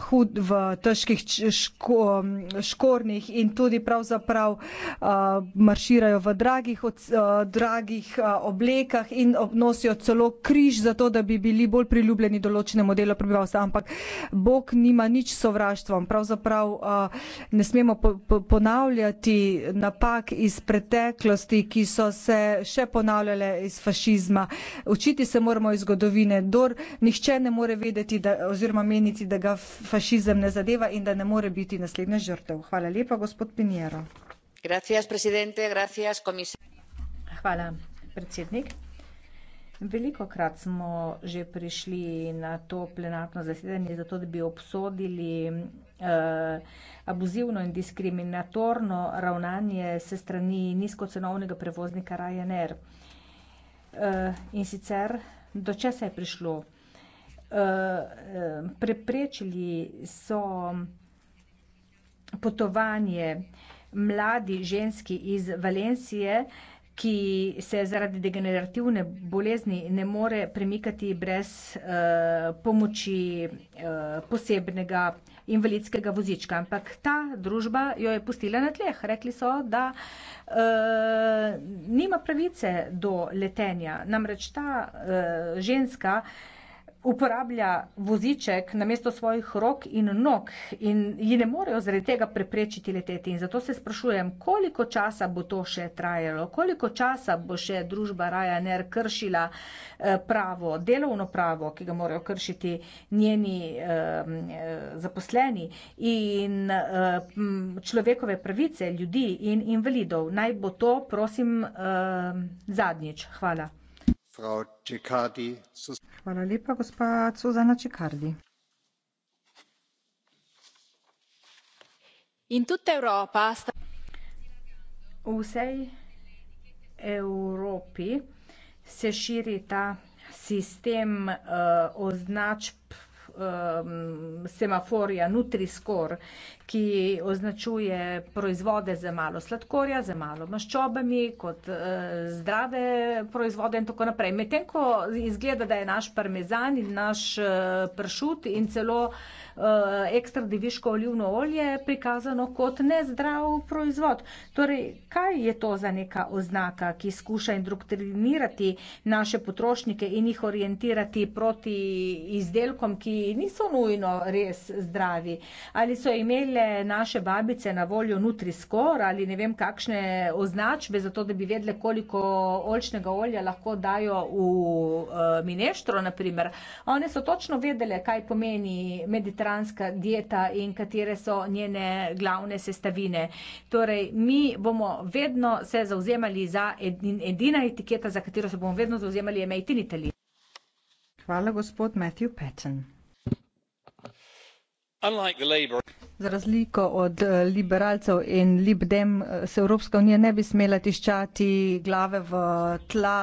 hud, v težkih ško, mm, škornih in tudi pravzaprav eh, marširajo v dragih, dragih oblekah in nosijo celo križ za to, da bi bili bolj priljubljeni določenemu delu prebivalstva. Ampak Bog nima nič s sovraštvom. Pravzaprav ne smemo ponavljati napak iz preteklosti, ki so se še ponavljale iz fašizma. Učiti se moramo iz zgodovine zgodovine. Dor, nihče ne more vedeti da, oziroma meniti, da ga fašizem ne zadeva in da ne more biti naslednja žrtev. Hvala lepa, gospod Pinjero. Gracias, presidente, gracias, Hvala, predsednik. Veliko krat smo že prišli na to plenarno zasedanje, zato da bi obsodili eh, abuzivno in diskriminatorno ravnanje se strani nizkocenovnega prevoznika Ryanair. Eh, in sicer do česa je prišlo. Eh, eh, preprečili so potovanje mladi ženski iz Valencije, ki se zaradi degenerativne bolezni ne more premikati brez eh, pomoči posebnega invalidskega vozička, ampak ta družba jo je pustila na tleh. Rekli so, da e, nima pravice do letenja. Namreč ta e, ženska uporablja voziček namesto svojih rok in nog in ji ne morejo zaradi tega preprečiti leteti. In zato se sprašujem, koliko časa bo to še trajalo, koliko časa bo še družba Ryanair kršila eh, pravo, delovno pravo, ki ga morajo kršiti njeni eh, zaposleni in eh, človekove pravice ljudi in invalidov. Naj bo to, prosim, zadnjič. Hvala. Hvala lepa, gospa Suzana Ciccardi. V vsej Evropi se širi ta sistem, eh, označb, eh, semaforja Nutriscore, ki označuje proizvode za malo sladkorja, za malo maščobami, kot e, zdrave proizvode in tako naprej. Medtem ko izgleda, da je naš parmezan in naš e, pršut in celo e, ekstra diviško olivno olje prikazano kot nezdrav proizvod. Torej, kaj je to za neka oznaka, ki skuša indoktrinirati naše potrošnike in jih orientirati proti izdelkom, ki niso nujno res zdravi? Ali so imeli naše babice na voljo Nutriskor ali ne vem kakšne označbe, zato da bi vedle, koliko olčnega olja lahko dajo v eh, mineštro, naprimer. One so točno vedele, kaj pomeni mediteranska dieta in katere so njene glavne sestavine. Torej, mi bomo vedno se zauzemali za edina etiketa, za katero se bomo vedno zauzemali, je Made in Italy. Hvala, gospod Matthew Patton. Za razliko od eh, liberalcev in libdem eh, se Evropska unija ne bi smela tiščati glave v tla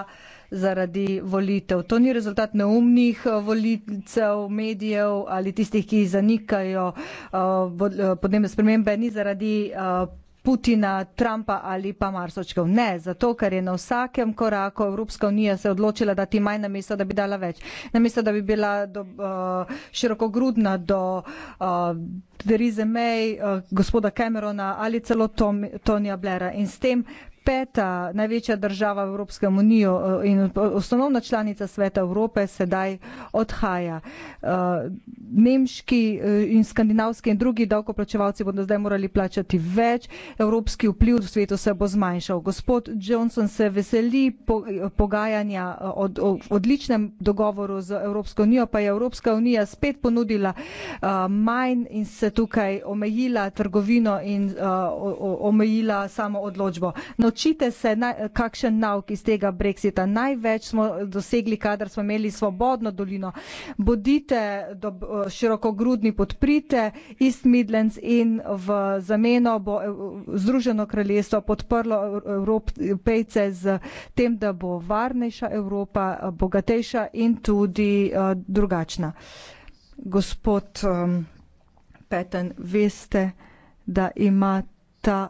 zaradi volitev. To ni rezultat neumnih eh, volitev, medijev ali tistih, ki zanikajo podnebne spremembe, ni zaradi Putina, Trumpa ali pa Marsočkov. Ne, zato ker je na vsakem koraku Evropska unija se odločila dati manj namesto, da bi dala več. Namesto, da bi bila do, uh, širokogrudna do uh, Theresa May, uh, gospoda Camerona ali celo Tom, Tonya Blaira. In s tem peta največja država v Evropske unijo eh, in osnovna članica sveta Evrope sedaj odhaja. Eh, nemški eh, in skandinavski in drugi davkoplačevalci bodo zdaj morali plačati več, evropski vpliv v svetu se bo zmanjšal. Gospod Johnson se veseli pogajanja o odličnem dogovoru z Evropsko unijo, pa je Evropska unija spet ponudila manj in se tukaj omejila trgovino in omejila samo odločbo. No, Učite se, na, kakšen nauk iz tega brexita. Največ smo dosegli, kadar smo imeli svobodno dolino. Bodite do, širokogrudni, podprite East Midlands in v zameno bo e, Združeno kraljestvo podprlo Evropejce z tem, da bo varnejša Evropa, bogatejša in tudi uh, drugačna. Gospod um, e, Peten, veste, da ima ta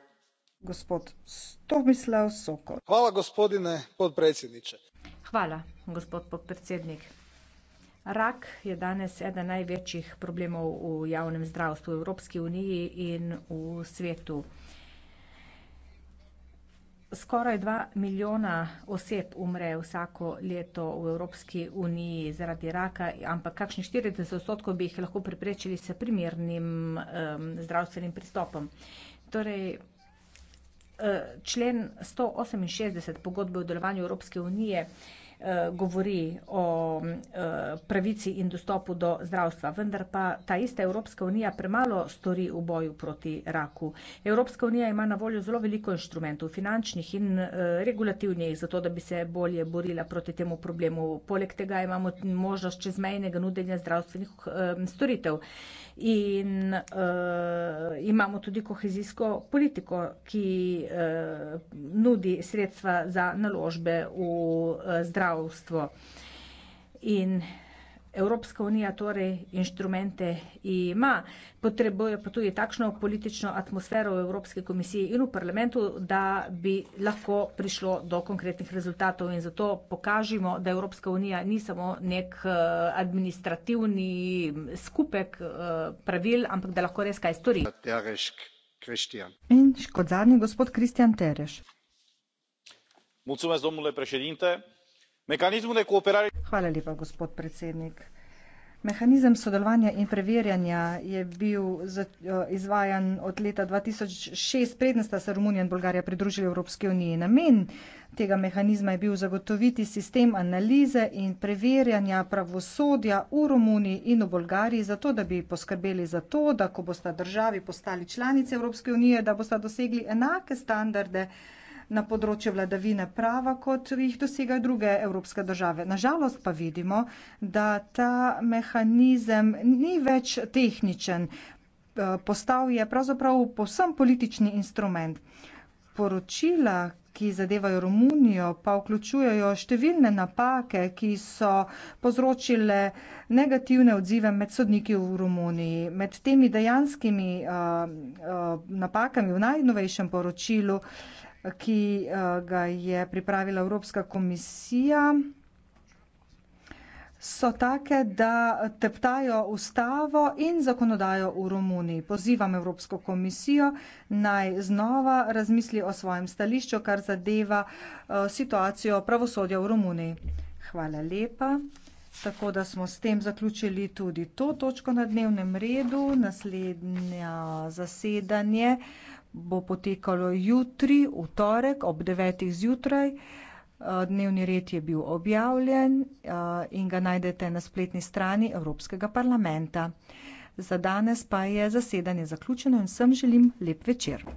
hvala gospodine podpredsjedniče hvala gospod podpredsjednik rak je danes eden največjih problemov v javnem zdravstvu v evropski uniji in v svetu skoraj dva milijona oseb umre vsako leto v evropski uniji zaradi raka ampak kakšnih štirideset odstotkov bi jih lahko preprečili s primernim um, zdravstvenim pristopom torej Eh, člen 168 pogodbe o delovanju Evropske unije Eh, govori o, eh, pravici in dostopu do zdravstva, vendar pa ta ista Evropska unija premalo stori v boju proti raku. Evropska unija ima na voljo zelo veliko inštrumentov, finančnih in eh, regulativnih, zato da bi se bolje borila proti temu problemu. Poleg tega imamo možnost čezmejnega nudenja zdravstvenih storitev in uh, imamo tudi kohezijsko politiko, ki uh, nudi sredstva za naložbe v uh, zdravstvo zdravstvo. In Evropska unija torej inštrumente ima, potrebuje pa tudi takšno politično atmosfero v Evropski komisiji in v parlamentu, da bi lahko prišlo do konkretnih rezultatov in zato pokažimo, da Evropska unija ni samo nek eh, administrativni skupek eh, pravil, ampak da lahko res kaj stori. In kot zadnji gospod Kristjan Tereš. Mucume, zdomule, Mehanizmu ne kooperari. Hvala lepa, gospod predsednik. Mehanizem sodelovanja in preverjanja je bil eh, izvajan od leta 2006, predn sta se Romunija in Bolgarija pridružili Evropski uniji. Namen tega mehanizma je bil zagotoviti sistem analize in preverjanja pravosodja v Romuniji in v Bolgariji, zato da bi poskrbeli za to, da ko bosta državi postali članice Evropske unije, da bosta dosegli enake standarde na področju vladavine prava, kot jih dosegajo druge evropske države. Nažalost pa vidimo, da ta mehanizem ni več tehničen, eh, postal je pravzaprav posem politični instrument. Poročila, ki zadevajo Romunijo, pa vključujejo številne napake, ki so povzročile negativne odzive med sodniki v Romuniji. Med temi dejanskimi uh, uh, napakami v najnovejšem poročilu uh, ki eh, ga je pripravila Evropska komisija, so take, da teptajo ustavo in zakonodajo v Romuniji. Pozivam Evropsko komisijo naj znova razmisli o svojem stališču, kar zadeva eh, situacijo pravosodja v Romuniji. Hvala lepa. Tako da smo s tem zaključili tudi to točko na dnevnem redu. Naslednja zasedanje bo potekalo jutri, v torek, ob 9. zjutraj. Eh, dnevni red je bil objavljen eh, in ga najdete na spletni strani Evropskega parlamenta. Za danes pa je zasedanje zaključeno in vsem želim lep večer.